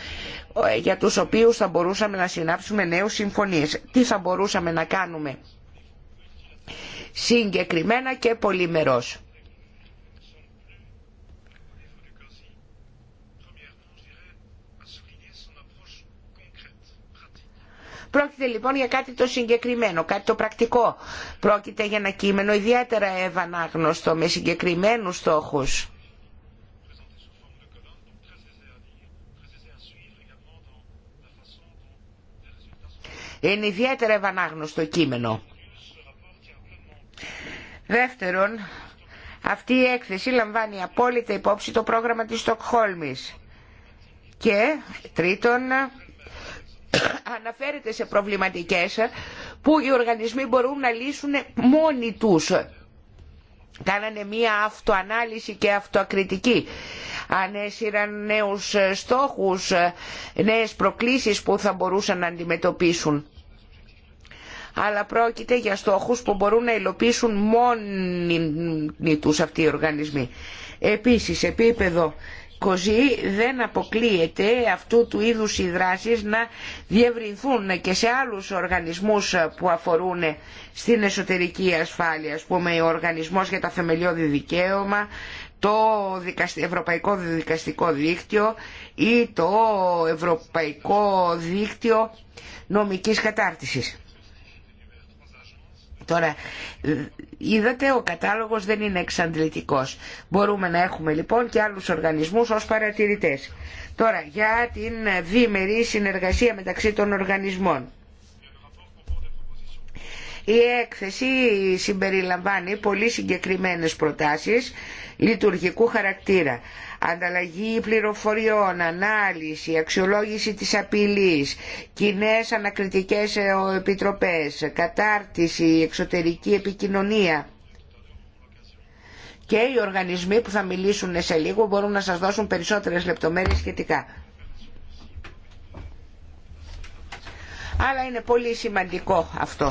για τους οποίους θα μπορούσαμε να συνάψουμε νέους συμφωνίες. Τι θα μπορούσαμε να κάνουμε συγκεκριμένα και πολυμερός. Πρόκειται λοιπόν για κάτι το συγκεκριμένο, κάτι το πρακτικό. Πρόκειται για ένα κείμενο ιδιαίτερα ευανάγνωστο με συγκεκριμένους στόχους. Είναι ιδιαίτερα ευανάγνωστο κείμενο. Δεύτερον, αυτή η έκθεση λαμβάνει απόλυτα υπόψη το πρόγραμμα της Στοκχόλμης. Και τρίτον, αναφέρεται σε προβληματικές που οι οργανισμοί μπορούν να λύσουν μόνοι τους. Κάνανε μία αυτοανάλυση και αυτοακριτική. Ανέσυραν νέους στόχους, νέες προκλήσεις που θα μπορούσαν να αντιμετωπίσουν. Αλλά πρόκειται για στόχους που μπορούν να υλοποιήσουν μόνοι τους αυτοί οι οργανισμοί. Επίσης, επίπεδο δεν αποκλείεται αυτού του είδους οι δράσεις να διευρυνθούν και σε άλλους οργανισμούς που αφορούν στην εσωτερική ασφάλεια, ας πούμε ο Οργανισμός για τα Θεμελιώδη Δικαίωμα, το Ευρωπαϊκό Δικαστικό Δίκτυο ή το Ευρωπαϊκό Δίκτυο Νομικής Κατάρτισης. Τώρα, ε, είδατε, ο κατάλογος δεν είναι εξαντλητικός. Μπορούμε να έχουμε λοιπόν και άλλους οργανισμούς ως παρατηρητές. Τώρα, για την διμερή συνεργασία μεταξύ των οργανισμών. Η έκθεση συμπεριλαμβάνει πολύ συγκεκριμένες προτάσεις λειτουργικού χαρακτήρα ανταλλαγή πληροφοριών, ανάλυση, αξιολόγηση της απειλής, κοινέ ανακριτικές ε, επιτροπές, κατάρτιση, εξωτερική επικοινωνία. Και οι οργανισμοί που θα μιλήσουν σε λίγο μπορούν να σας δώσουν περισσότερες λεπτομέρειες σχετικά. Αλλά είναι πολύ σημαντικό αυτό.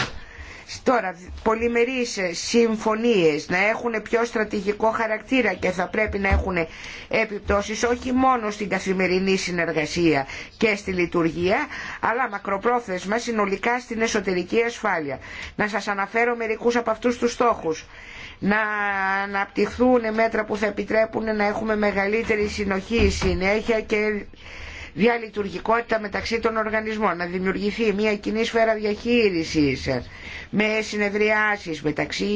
Τώρα, πολυμερείς συμφωνίες να έχουν πιο στρατηγικό χαρακτήρα και θα πρέπει να έχουν επιπτώσεις όχι μόνο στην καθημερινή συνεργασία και στη λειτουργία, αλλά μακροπρόθεσμα συνολικά στην εσωτερική ασφάλεια. Να σας αναφέρω μερικούς από αυτούς τους στόχους να αναπτυχθούν μέτρα που θα επιτρέπουν να έχουμε μεγαλύτερη συνοχή, συνέχεια διαλειτουργικότητα μεταξύ των οργανισμών, να δημιουργηθεί μια κοινή σφαίρα διαχείρισης με συνεδριάσεις μεταξύ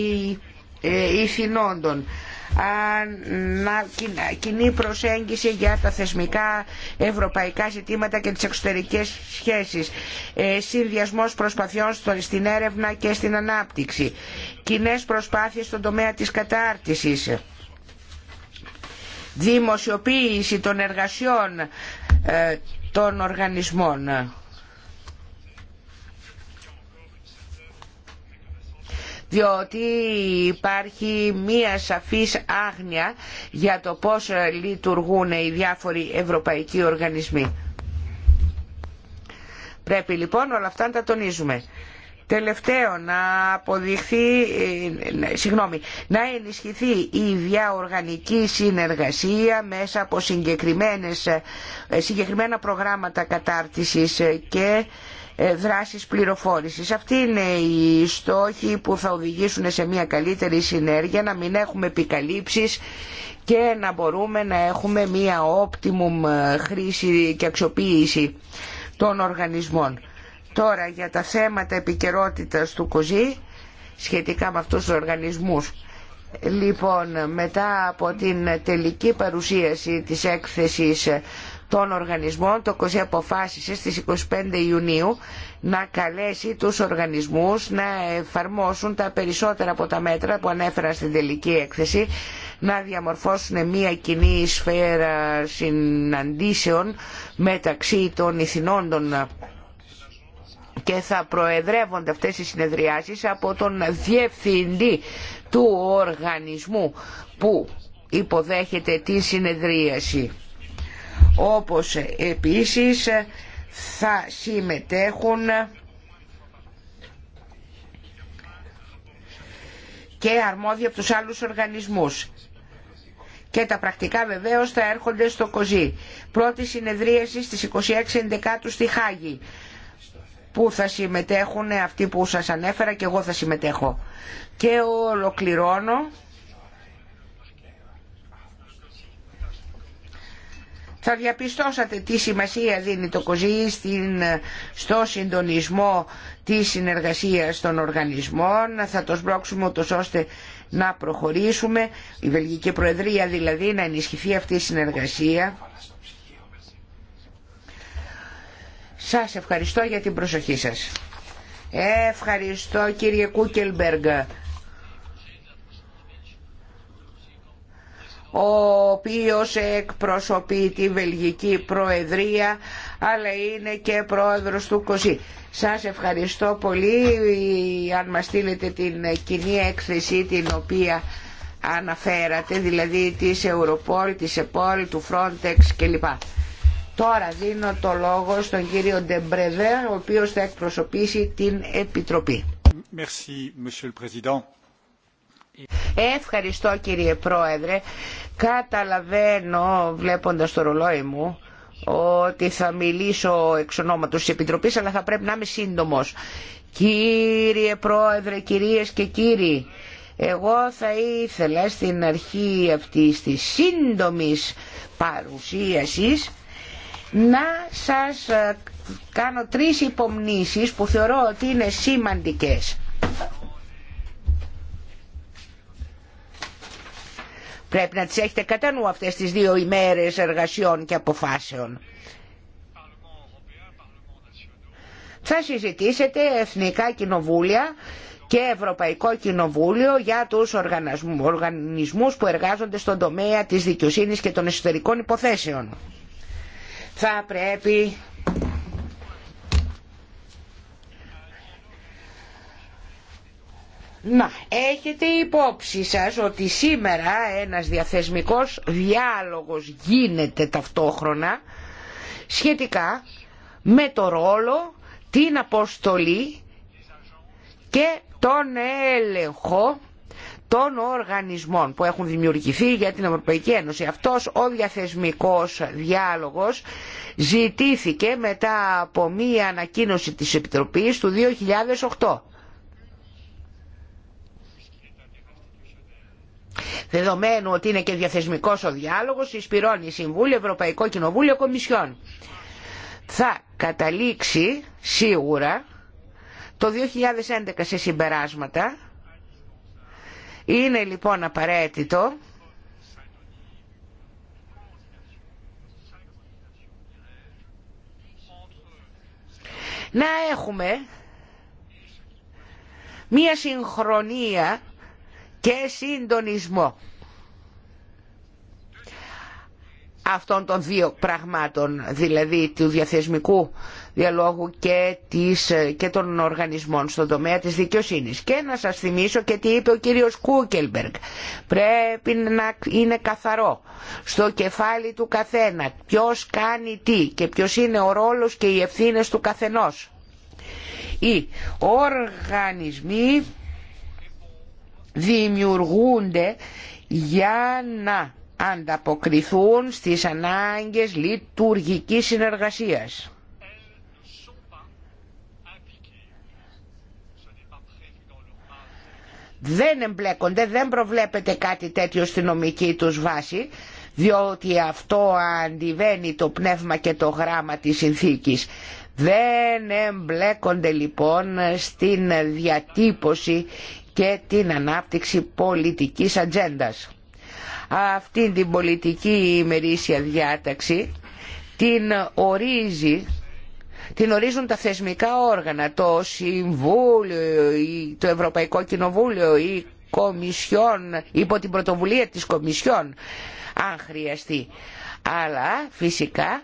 ε, ηθινόντων, κοινή προσέγγιση για τα θεσμικά ευρωπαϊκά ζητήματα και τις εξωτερικές σχέσεις, ε, συνδυασμός προσπαθειών στην έρευνα και στην ανάπτυξη, κοινέ προσπάθειες στον τομέα της κατάρτισης δημοσιοποίηση των εργασιών ε, των οργανισμών. διότι υπάρχει μία σαφής άγνοια για το πώς λειτουργούν οι διάφοροι ευρωπαϊκοί οργανισμοί. Πρέπει λοιπόν όλα αυτά να τα τονίζουμε. Τελευταίο, να αποδειχθεί, ε, συγγνώμη, να ενισχυθεί η διαοργανική συνεργασία μέσα από συγκεκριμένες, ε, συγκεκριμένα προγράμματα κατάρτισης και ε, δράσεις πληροφόρησης. Αυτοί είναι οι στόχοι που θα οδηγήσουν σε μια καλύτερη συνέργεια, να μην έχουμε επικαλύψεις και να μπορούμε να έχουμε μια optimum χρήση και αξιοποίηση των οργανισμών. Τώρα για τα θέματα επικαιρότητα του ΚΟΖΙ σχετικά με αυτούς τους οργανισμούς. Λοιπόν, μετά από την τελική παρουσίαση της έκθεσης των οργανισμών, το ΚΟΖΗ αποφάσισε στις 25 Ιουνίου να καλέσει τους οργανισμούς να εφαρμόσουν τα περισσότερα από τα μέτρα που ανέφερα στην τελική έκθεση, να διαμορφώσουν μια κοινή σφαίρα συναντήσεων μεταξύ των ηθινών των και θα προεδρεύονται αυτές οι συνεδριάσεις από τον διευθυντή του οργανισμού που υποδέχεται τη συνεδρίαση. Όπως επίσης θα συμμετέχουν και αρμόδιοι από τους άλλους οργανισμούς. Και τα πρακτικά βεβαίως θα έρχονται στο ΚΟΖΗ. Πρώτη συνεδρίαση στις 26 Ενδεκάτου στη Χάγη που θα συμμετέχουν αυτοί που σας ανέφερα και εγώ θα συμμετέχω. Και ολοκληρώνω. Θα διαπιστώσατε τι σημασία δίνει το ΚΟΖΗ στην, στο συντονισμό της συνεργασίας των οργανισμών. Θα το σπρώξουμε ούτως ώστε να προχωρήσουμε, η Βελγική Προεδρία δηλαδή, να ενισχυθεί αυτή η συνεργασία. Σας ευχαριστώ για την προσοχή σας. Ευχαριστώ κύριε Κούκελμπεργκ. ο οποίος εκπροσωπεί τη Βελγική Προεδρία αλλά είναι και πρόεδρος του ΚΟΣΥ. Σας ευχαριστώ πολύ αν μας στείλετε την κοινή έκθεση την οποία αναφέρατε, δηλαδή της Europol, της ΕΠΟΛ, του Frontex κλπ. Τώρα δίνω το λόγο στον κύριο Ντεμπρεβέρ, ο οποίος θα εκπροσωπήσει την Επιτροπή. Merci, Ευχαριστώ κύριε Πρόεδρε. Καταλαβαίνω, βλέποντας το ρολόι μου, ότι θα μιλήσω εξ ονόματος της Επιτροπής, αλλά θα πρέπει να είμαι σύντομος. Κύριε Πρόεδρε, κυρίες και κύριοι, εγώ θα ήθελα στην αρχή αυτής της σύντομης παρουσίασης να σας ε, κάνω τρεις υπομνήσεις που θεωρώ ότι είναι σημαντικές. Πρέπει να τις έχετε κατά νου αυτές τις δύο ημέρες εργασιών και αποφάσεων. Θα συζητήσετε εθνικά κοινοβούλια και Ευρωπαϊκό Κοινοβούλιο για τους οργανισμούς που εργάζονται στον τομέα της δικαιοσύνης και των εσωτερικών υποθέσεων θα πρέπει να έχετε υπόψη σας ότι σήμερα ένας διαθεσμικός διάλογος γίνεται ταυτόχρονα σχετικά με το ρόλο, την αποστολή και τον έλεγχο των οργανισμών που έχουν δημιουργηθεί για την Ευρωπαϊκή Ένωση. Αυτός ο διαθεσμικός διάλογος ζητήθηκε μετά από μία ανακοίνωση της Επιτροπής του 2008. Δεδομένου ότι είναι και διαθεσμικός ο διάλογος, εισπυρώνει Συμβούλιο, Ευρωπαϊκό Κοινοβούλιο, Κομισιόν. Θα καταλήξει σίγουρα το 2011 σε συμπεράσματα είναι λοιπόν απαραίτητο να έχουμε μία συγχρονία και συντονισμό αυτών των δύο πραγμάτων, δηλαδή του διαθεσμικού διαλόγου και, των οργανισμών στον τομέα της δικαιοσύνης. Και να σας θυμίσω και τι είπε ο κύριος Κούκελμπεργκ. Πρέπει να είναι καθαρό στο κεφάλι του καθένα ποιος κάνει τι και ποιος είναι ο ρόλος και οι ευθύνες του καθενός. Οι οργανισμοί δημιουργούνται για να ανταποκριθούν στις ανάγκες λειτουργικής συνεργασίας. δεν εμπλέκονται, δεν προβλέπεται κάτι τέτοιο στη νομική τους βάση διότι αυτό αντιβαίνει το πνεύμα και το γράμμα της συνθήκης. Δεν εμπλέκονται λοιπόν στην διατύπωση και την ανάπτυξη πολιτικής ατζέντα. Αυτή την πολιτική ημερήσια διάταξη την ορίζει την ορίζουν τα θεσμικά όργανα, το Συμβούλιο, το Ευρωπαϊκό Κοινοβούλιο, η Κομισιόν, υπό την πρωτοβουλία της Κομισιόν, αν χρειαστεί. Αλλά φυσικά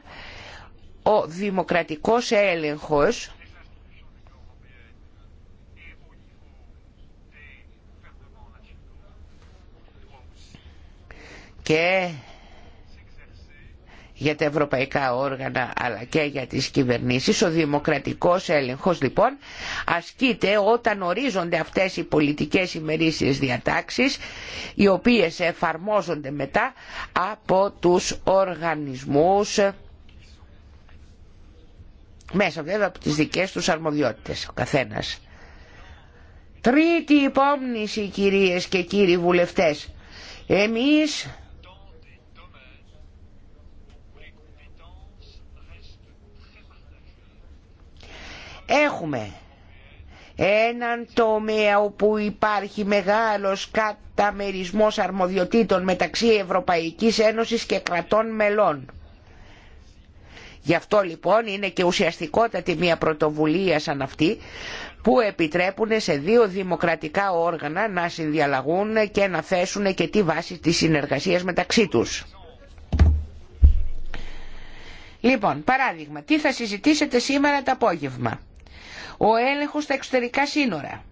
ο δημοκρατικός έλεγχος και για τα ευρωπαϊκά όργανα αλλά και για τις κυβερνήσεις. Ο δημοκρατικός έλεγχος λοιπόν ασκείται όταν ορίζονται αυτές οι πολιτικές ημερήσιες διατάξεις οι οποίες εφαρμόζονται μετά από τους οργανισμούς μέσα βέβαια από τις δικές τους αρμοδιότητες ο καθένας. Τρίτη υπόμνηση κυρίες και κύριοι βουλευτές. Εμείς Έχουμε έναν τομέα όπου υπάρχει μεγάλος καταμερισμός αρμοδιοτήτων μεταξύ Ευρωπαϊκής Ένωσης και κρατών μελών. Γι' αυτό λοιπόν είναι και ουσιαστικότατη μια πρωτοβουλία σαν αυτή που επιτρέπουν σε δύο δημοκρατικά όργανα να συνδιαλλαγούν και να θέσουν και τη βάση της συνεργασίας μεταξύ τους. Λοιπόν, παράδειγμα, τι θα συζητήσετε σήμερα το απόγευμα ο έλεγχος στα εξωτερικά σύνορα.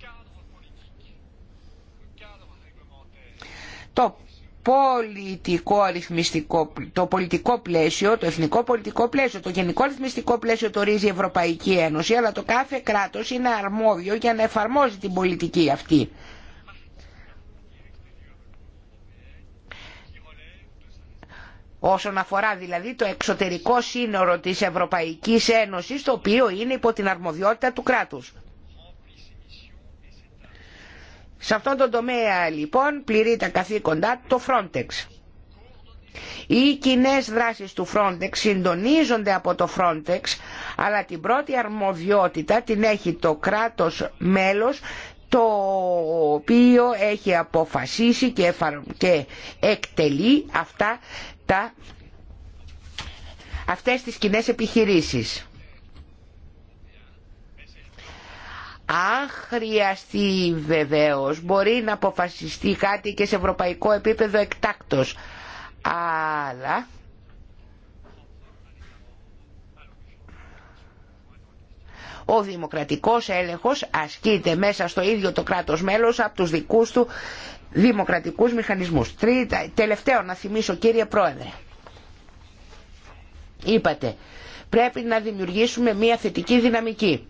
Το πολιτικό αριθμιστικό, το πολιτικό πλαίσιο, το εθνικό πολιτικό πλαίσιο, το γενικό αριθμιστικό πλαίσιο το ορίζει η Ευρωπαϊκή Ένωση, αλλά το κάθε κράτος είναι αρμόδιο για να εφαρμόζει την πολιτική αυτή. όσον αφορά δηλαδή το εξωτερικό σύνορο της Ευρωπαϊκής Ένωσης το οποίο είναι υπό την αρμοδιότητα του κράτους. Σε αυτόν τον τομέα λοιπόν πληρεί τα καθήκοντά το Frontex. Οι κοινέ δράσεις του Frontex συντονίζονται από το Frontex, αλλά την πρώτη αρμοδιότητα την έχει το κράτος μέλος, το οποίο έχει αποφασίσει και εκτελεί αυτά αυτά, αυτές τις κοινέ επιχειρήσεις. Αν χρειαστεί βεβαίως μπορεί να αποφασιστεί κάτι και σε ευρωπαϊκό επίπεδο εκτάκτος. Αλλά ο δημοκρατικός έλεγχος ασκείται μέσα στο ίδιο το κράτος μέλος από τους δικούς του δημοκρατικούς μηχανισμούς. Τρίτα, τελευταίο να θυμίσω κύριε Πρόεδρε. Είπατε, πρέπει να δημιουργήσουμε μια θετική δυναμική.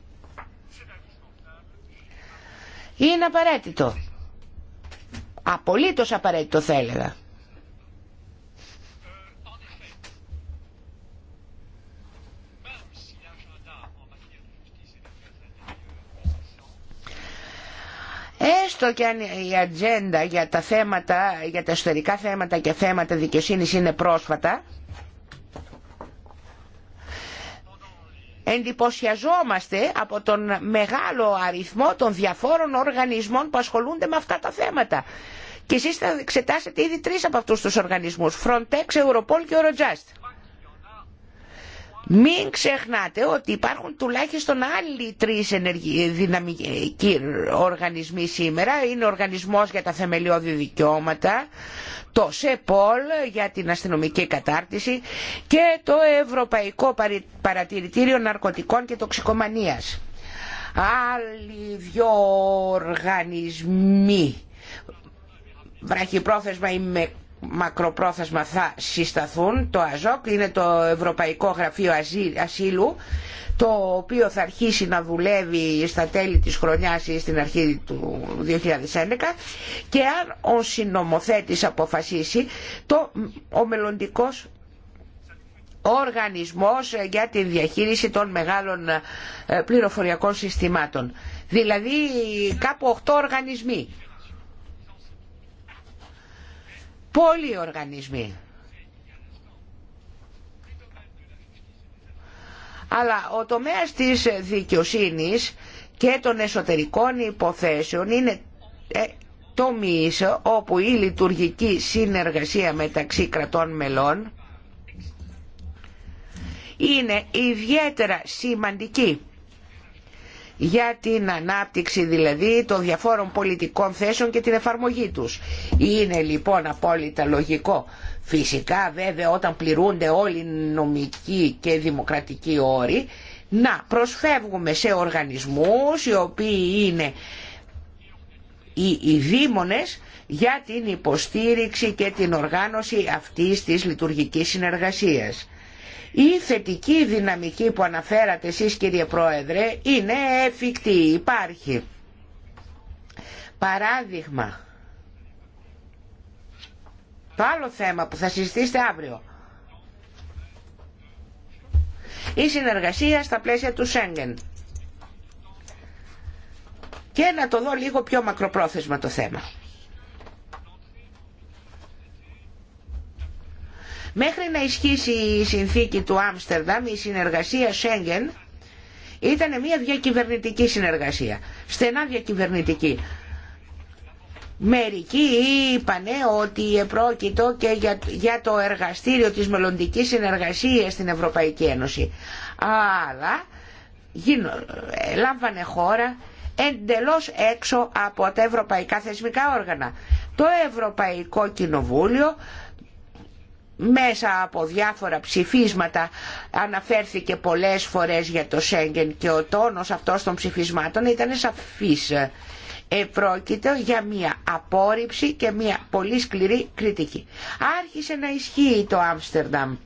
Είναι απαραίτητο. Απολύτως απαραίτητο θα έλεγα. Έστω και αν η ατζέντα για τα, θέματα, για τα εσωτερικά θέματα και θέματα δικαιοσύνης είναι πρόσφατα, εντυπωσιαζόμαστε από τον μεγάλο αριθμό των διαφόρων οργανισμών που ασχολούνται με αυτά τα θέματα. Και εσείς θα εξετάσετε ήδη τρεις από αυτούς τους οργανισμούς, Frontex, Europol και Eurojust. Μην ξεχνάτε ότι υπάρχουν τουλάχιστον άλλοι τρεις δυναμικοί οργανισμοί σήμερα. Είναι ο Οργανισμός για τα Θεμελιώδη Δικαιώματα, το ΣΕΠΟΛ για την αστυνομική κατάρτιση και το Ευρωπαϊκό Παρατηρητήριο Ναρκωτικών και Τοξικομανίας. Άλλοι δυο οργανισμοί βραχυπρόθεσμα μακροπρόθεσμα θα συσταθούν. Το ΑΖΟΚ είναι το Ευρωπαϊκό Γραφείο Ασύλου το οποίο θα αρχίσει να δουλεύει στα τέλη της χρονιάς ή στην αρχή του 2011 και αν ο συνομοθέτης αποφασίσει το, ο μελλοντικό οργανισμός για τη διαχείριση των μεγάλων ε, πληροφοριακών συστημάτων. Δηλαδή κάπου 8 οργανισμοί πολλοί οργανισμοί. Αλλά ο τομέας της δικαιοσύνης και των εσωτερικών υποθέσεων είναι το ε, τομείς όπου η λειτουργική συνεργασία μεταξύ κρατών μελών είναι ιδιαίτερα σημαντική για την ανάπτυξη δηλαδή των διαφόρων πολιτικών θέσεων και την εφαρμογή τους. Είναι λοιπόν απόλυτα λογικό. Φυσικά βέβαια όταν πληρούνται όλοι οι νομικοί και δημοκρατικοί όροι να προσφεύγουμε σε οργανισμούς οι οποίοι είναι οι, οι δήμονες για την υποστήριξη και την οργάνωση αυτής της λειτουργικής συνεργασίας. Η θετική δυναμική που αναφέρατε εσείς κύριε Πρόεδρε είναι εφικτή, υπάρχει. Παράδειγμα, το άλλο θέμα που θα συζητήσετε αύριο, η συνεργασία στα πλαίσια του Σέγγεν. Και να το δω λίγο πιο μακροπρόθεσμα το θέμα. Μέχρι να ισχύσει η συνθήκη του Άμστερνταμ, η συνεργασία Σέγγεν ήταν μια διακυβερνητική συνεργασία, στενά διακυβερνητική. Μερικοί είπανε ότι επρόκειτο και για, το εργαστήριο της μελλοντικής συνεργασίας στην Ευρωπαϊκή Ένωση. Αλλά λάμβανε χώρα εντελώς έξω από τα ευρωπαϊκά θεσμικά όργανα. Το Ευρωπαϊκό Κοινοβούλιο μέσα από διάφορα ψηφίσματα αναφέρθηκε πολλές φορές για το Σέγγεν και ο τόνος αυτός των ψηφισμάτων ήταν σαφής. πρόκειται για μια απόρριψη και μια πολύ σκληρή κριτική. Άρχισε να ισχύει το Άμστερνταμ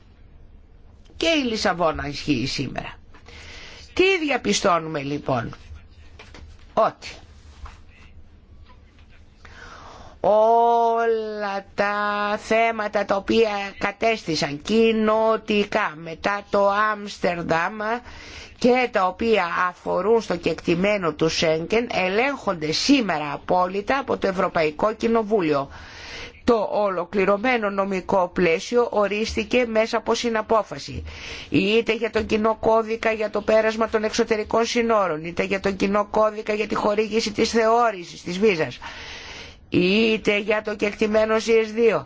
και η Λισαβόνα ισχύει σήμερα. Τι διαπιστώνουμε λοιπόν ότι όλα τα θέματα τα οποία κατέστησαν κοινοτικά μετά το Άμστερνταμ και τα οποία αφορούν στο κεκτημένο του Σέγγεν ελέγχονται σήμερα απόλυτα από το Ευρωπαϊκό Κοινοβούλιο. Το ολοκληρωμένο νομικό πλαίσιο ορίστηκε μέσα από συναπόφαση. Είτε για τον κοινό κώδικα για το πέρασμα των εξωτερικών συνόρων, είτε για τον κοινό κώδικα για τη χορήγηση της θεώρησης της βίζας είτε για το κεκτημένο CS2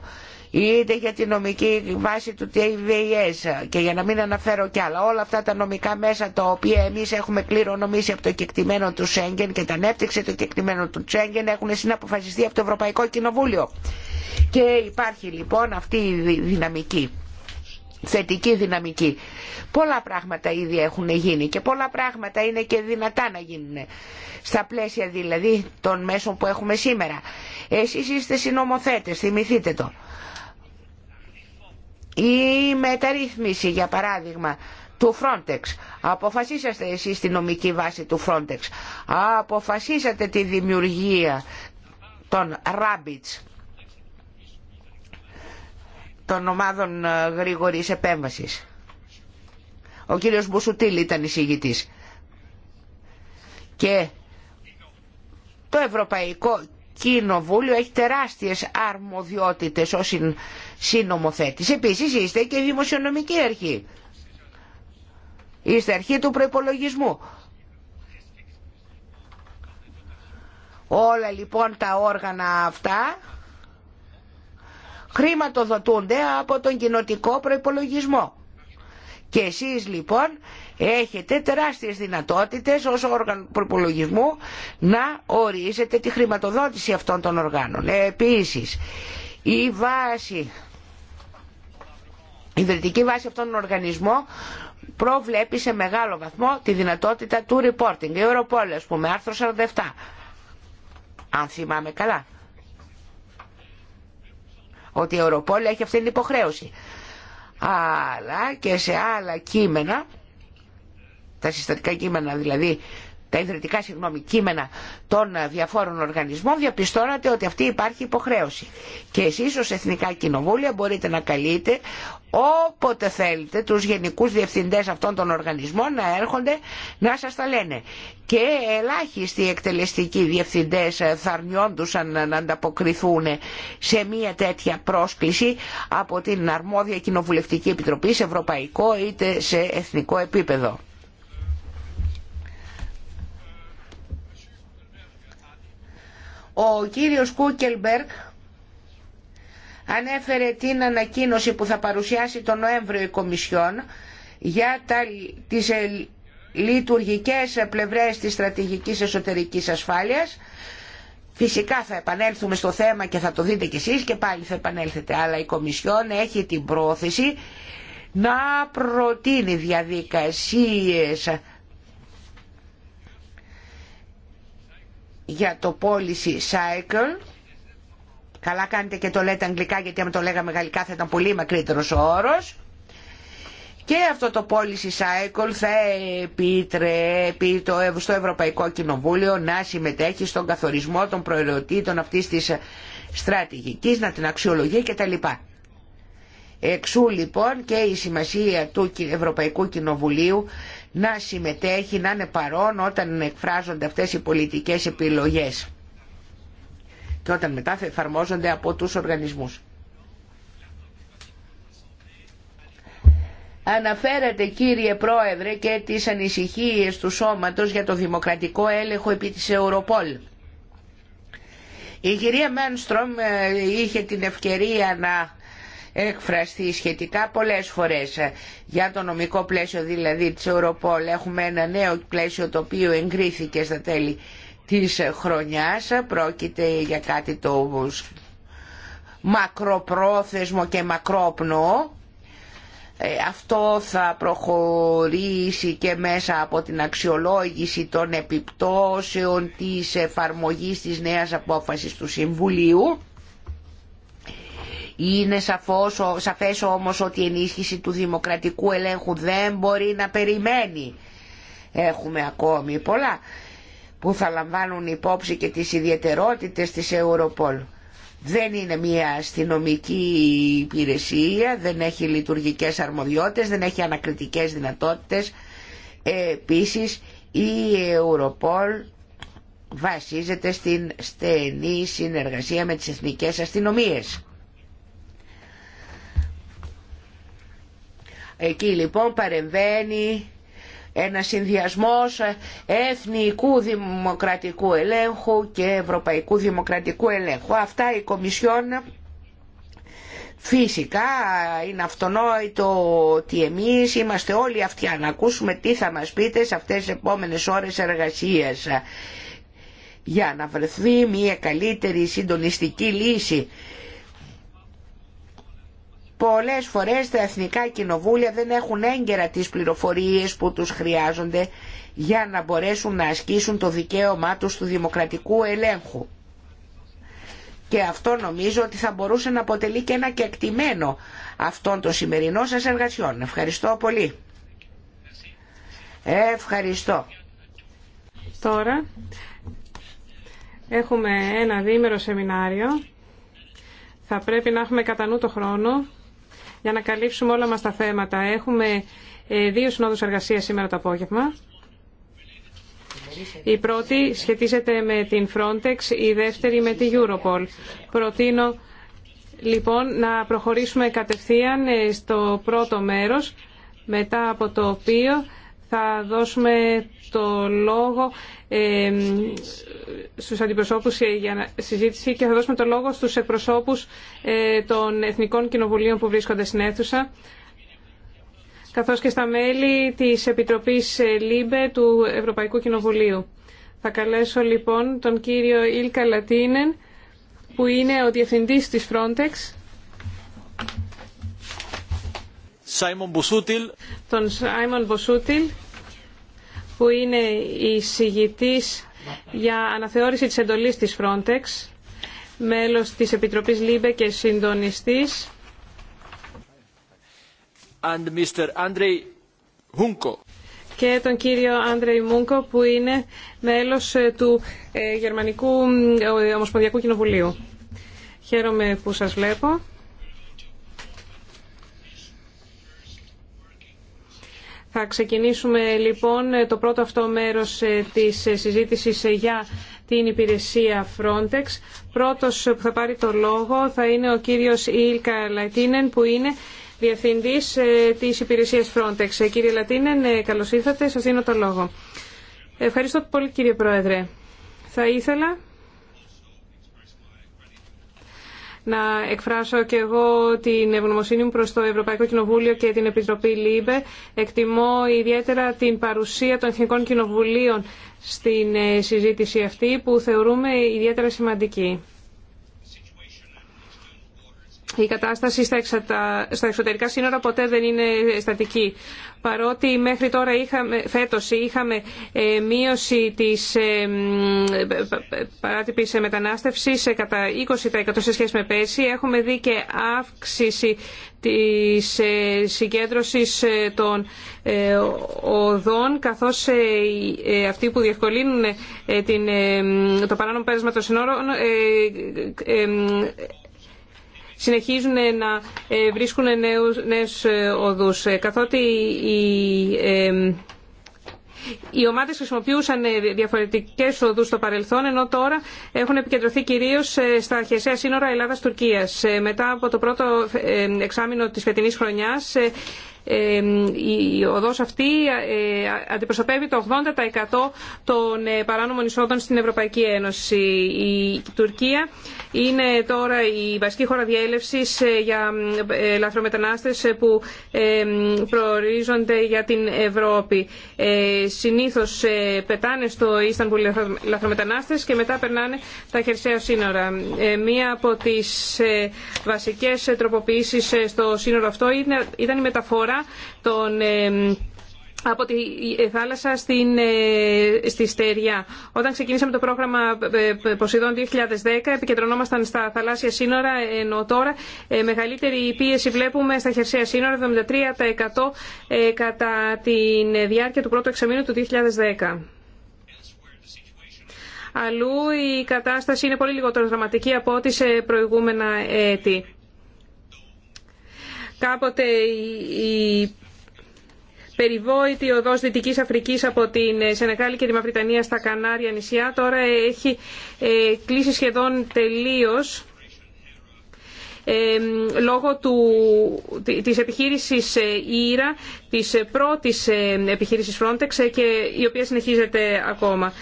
είτε για τη νομική βάση του TVS και για να μην αναφέρω κι άλλα όλα αυτά τα νομικά μέσα τα οποία εμείς έχουμε κληρονομήσει από το κεκτημένο του Σέγγεν και τα ανέπτυξε το κεκτημένο του Σέγγεν έχουν συναποφασιστεί από το Ευρωπαϊκό Κοινοβούλιο και υπάρχει λοιπόν αυτή η δυναμική θετική δυναμική. Πολλά πράγματα ήδη έχουν γίνει και πολλά πράγματα είναι και δυνατά να γίνουν στα πλαίσια δηλαδή των μέσων που έχουμε σήμερα. Εσείς είστε συνομοθέτες, θυμηθείτε το. Η μεταρρύθμιση για παράδειγμα του Frontex. Αποφασίσατε εσείς τη νομική βάση του Frontex. Αποφασίσατε τη δημιουργία των Rabbits των ομάδων ε, γρήγορης επέμβασης. Ο κύριος Μπουσουτήλ ήταν εισηγητής. Και το Ευρωπαϊκό Κοινοβούλιο έχει τεράστιες αρμοδιότητες ως συνομοθέτης. Επίσης είστε και δημοσιονομική αρχή. Είστε αρχή του προϋπολογισμού. Όλα λοιπόν τα όργανα αυτά χρηματοδοτούνται από τον κοινοτικό προϋπολογισμό. Και εσείς λοιπόν έχετε τεράστιες δυνατότητες ως όργανο προϋπολογισμού να ορίζετε τη χρηματοδότηση αυτών των οργάνων. Επίσης, η βάση, η ιδρυτική βάση αυτών των οργανισμών προβλέπει σε μεγάλο βαθμό τη δυνατότητα του reporting. Η Europol, ας πούμε, άρθρο 47, αν θυμάμαι καλά ότι η Ευρωπολή έχει αυτή την υποχρέωση. Αλλά και σε άλλα κείμενα, τα συστατικά κείμενα δηλαδή τα ιδρυτικά συγγνώμη, κείμενα των διαφόρων οργανισμών διαπιστώνατε ότι αυτή υπάρχει υποχρέωση. Και εσείς ως Εθνικά Κοινοβούλια μπορείτε να καλείτε όποτε θέλετε τους γενικούς διευθυντές αυτών των οργανισμών να έρχονται να σας τα λένε. Και ελάχιστοι εκτελεστικοί διευθυντές θα αρνιόντουσαν να ανταποκριθούν σε μια τέτοια πρόσκληση από την αρμόδια κοινοβουλευτική επιτροπή σε ευρωπαϊκό είτε σε εθνικό επίπεδο. Ο κύριος Κούκελμπερκ ανέφερε την ανακοίνωση που θα παρουσιάσει τον Νοέμβριο η Κομισιόν για τα, τις ε, λειτουργικές πλευρές της στρατηγικής εσωτερικής ασφάλειας. Φυσικά θα επανέλθουμε στο θέμα και θα το δείτε κι εσείς και πάλι θα επανέλθετε. Αλλά η Κομισιόν έχει την πρόθεση να προτείνει διαδικασίες για το policy cycle. Καλά κάνετε και το λέτε αγγλικά γιατί αν το λέγαμε γαλλικά θα ήταν πολύ μακρύτερος ο όρος. Και αυτό το policy cycle θα επιτρέπει το, στο Ευρωπαϊκό Κοινοβούλιο να συμμετέχει στον καθορισμό των προαιρεοτήτων αυτής της στρατηγικής, να την αξιολογεί κτλ. Εξού λοιπόν και η σημασία του Ευρωπαϊκού Κοινοβουλίου να συμμετέχει, να είναι παρόν όταν εκφράζονται αυτές οι πολιτικές επιλογές και όταν μετά θα εφαρμόζονται από τους οργανισμούς. Αναφέρατε κύριε Πρόεδρε και τις ανησυχίες του σώματος για το δημοκρατικό έλεγχο επί της Ευρωπόλ. Η κυρία Μένστρομ ε, είχε την ευκαιρία να εκφραστεί σχετικά πολλές φορές. Για το νομικό πλαίσιο δηλαδή της Europol έχουμε ένα νέο πλαίσιο το οποίο εγκρίθηκε στα τέλη της χρονιάς. Πρόκειται για κάτι το μακροπρόθεσμο και μακρόπνοο. Ε, αυτό θα προχωρήσει και μέσα από την αξιολόγηση των επιπτώσεων της εφαρμογής της νέας απόφασης του Συμβουλίου είναι σαφώς, σαφές όμως ότι η ενίσχυση του δημοκρατικού ελέγχου δεν μπορεί να περιμένει. Έχουμε ακόμη πολλά που θα λαμβάνουν υπόψη και τις ιδιαιτερότητες της Europol. Δεν είναι μια αστυνομική υπηρεσία, δεν έχει λειτουργικές αρμοδιότητες, δεν έχει ανακριτικές δυνατότητες. Επίσης η Europol βασίζεται στην στενή συνεργασία με τις εθνικές αστυνομίες. Εκεί λοιπόν παρεμβαίνει ένα συνδυασμός εθνικού δημοκρατικού ελέγχου και ευρωπαϊκού δημοκρατικού ελέγχου. Αυτά η Κομισιόν Φυσικά είναι αυτονόητο ότι εμείς είμαστε όλοι αυτοί να ακούσουμε τι θα μας πείτε σε αυτές τις επόμενες ώρες εργασίας για να βρεθεί μια καλύτερη συντονιστική λύση Πολλές φορές τα εθνικά κοινοβούλια δεν έχουν έγκαιρα τις πληροφορίες που τους χρειάζονται για να μπορέσουν να ασκήσουν το δικαίωμά τους του δημοκρατικού ελέγχου. Και αυτό νομίζω ότι θα μπορούσε να αποτελεί και ένα κεκτημένο αυτών των σημερινών σας εργασιών. Ευχαριστώ πολύ. Ευχαριστώ. Τώρα έχουμε ένα διήμερο σεμινάριο. Θα πρέπει να έχουμε κατά νου το χρόνο για να καλύψουμε όλα μας τα θέματα. Έχουμε ε, δύο συνόδους εργασίας σήμερα το απόγευμα. Η πρώτη σχετίζεται με την Frontex, η δεύτερη με την Europol. Προτείνω λοιπόν να προχωρήσουμε κατευθείαν ε, στο πρώτο μέρος, μετά από το οποίο θα δώσουμε το λόγο ε, στους αντιπροσώπους ε, για συζήτηση και θα δώσουμε το λόγο στους εκπροσώπους ε, των Εθνικών Κοινοβουλίων που βρίσκονται στην αίθουσα καθώς και στα μέλη της Επιτροπής ε, ΛΥΜΠΕ του Ευρωπαϊκού Κοινοβουλίου. Θα καλέσω λοιπόν τον κύριο Ιλκα Λατίνεν που είναι ο Διευθυντής της Frontex Simon Bosutil. τον Σάιμον Μποσούτιλ που είναι η συγητής για αναθεώρηση της εντολής της Frontex, μέλος της Επιτροπής Λίμπε και συντονιστής. Και τον κύριο Άντρεϊ Μούνκο που είναι μέλος ε, του ε, Γερμανικού ε, Ομοσπονδιακού Κοινοβουλίου. Χαίρομαι που σας βλέπω. Θα ξεκινήσουμε λοιπόν το πρώτο αυτό μέρος ε, της ε, συζήτησης ε, για την υπηρεσία Frontex. Πρώτος που θα πάρει το λόγο θα είναι ο κύριος Ιλκα Λατίνεν που είναι Διευθυντής της υπηρεσίας Frontex. Κύριε Λατίνεν, καλώς ήρθατε. Σας δίνω το λόγο. Ευχαριστώ πολύ κύριε Πρόεδρε. Θα ήθελα να εκφράσω και εγώ την ευγνωμοσύνη μου προς το Ευρωπαϊκό Κοινοβούλιο και την Επιτροπή ΛΥΜΠΕ. Εκτιμώ ιδιαίτερα την παρουσία των Εθνικών Κοινοβουλίων στην ε, συζήτηση αυτή που θεωρούμε ιδιαίτερα σημαντική η κατάσταση στα εξωτερικά σύνορα ποτέ δεν είναι στατική. Παρότι μέχρι τώρα είχαμε, φέτος είχαμε ε, μείωση της ε, παράτυπης μετανάστευσης κατά 20% σε σχέση με πέρσι, έχουμε δει και αύξηση της ε, συγκέντρωσης των οδών καθώς αυτοί που διευκολύνουν το παράνομο πέρασμα των συνόρων συνεχίζουν να ε, βρίσκουν νέους, νέες ε, οδούς. Ε, καθότι οι, οι ομάδες χρησιμοποιούσαν διαφορετικές οδούς στο παρελθόν, ενώ τώρα έχουν επικεντρωθεί κυρίως στα χερσαία σύνορα Ελλάδας-Τουρκίας. Μετά από το πρώτο εξάμεινο της φετινής χρονιάς η οδός αυτή ε, αντιπροσωπεύει το 80% των ε, παράνομων εισόδων στην Ευρωπαϊκή Ένωση. Η Τουρκία είναι τώρα η βασική χώρα διέλευσης ε, για λαθρομετανάστες που προορίζονται για την Ευρώπη. Συνήθως πετάνε στο Ίστανπουλ λαθρομετανάστες και μετά περνάνε τα χερσαία σύνορα. Μία από τις βασικές τροποποιήσεις στο σύνορο αυτό ήταν η μεταφορά από τη θάλασσα στην, ε, στη Στεριά. Όταν ξεκινήσαμε το πρόγραμμα ε, ε, Ποσειδών 2010 επικεντρωνόμασταν στα θαλάσσια σύνορα ενώ τώρα μεγαλύτερη πίεση βλέπουμε στα χερσαία σύνορα 73% κατά τη διάρκεια του πρώτου εξαμήνου του 2010. Αλλού η κατάσταση είναι πολύ λιγότερο δραματική από ό,τι σε προηγούμενα έτη. Κάποτε η περιβόητη οδός Δυτικής Αφρικής από την ε, Σενεγάλη και τη Μαυριτανία στα Κανάρια νησιά τώρα έχει ε, κλείσει σχεδόν τελείως ε, λόγω του, της επιχείρησης Ήρα, της πρώτης επιχείρησης Frontex και η οποία συνεχίζεται ακόμα.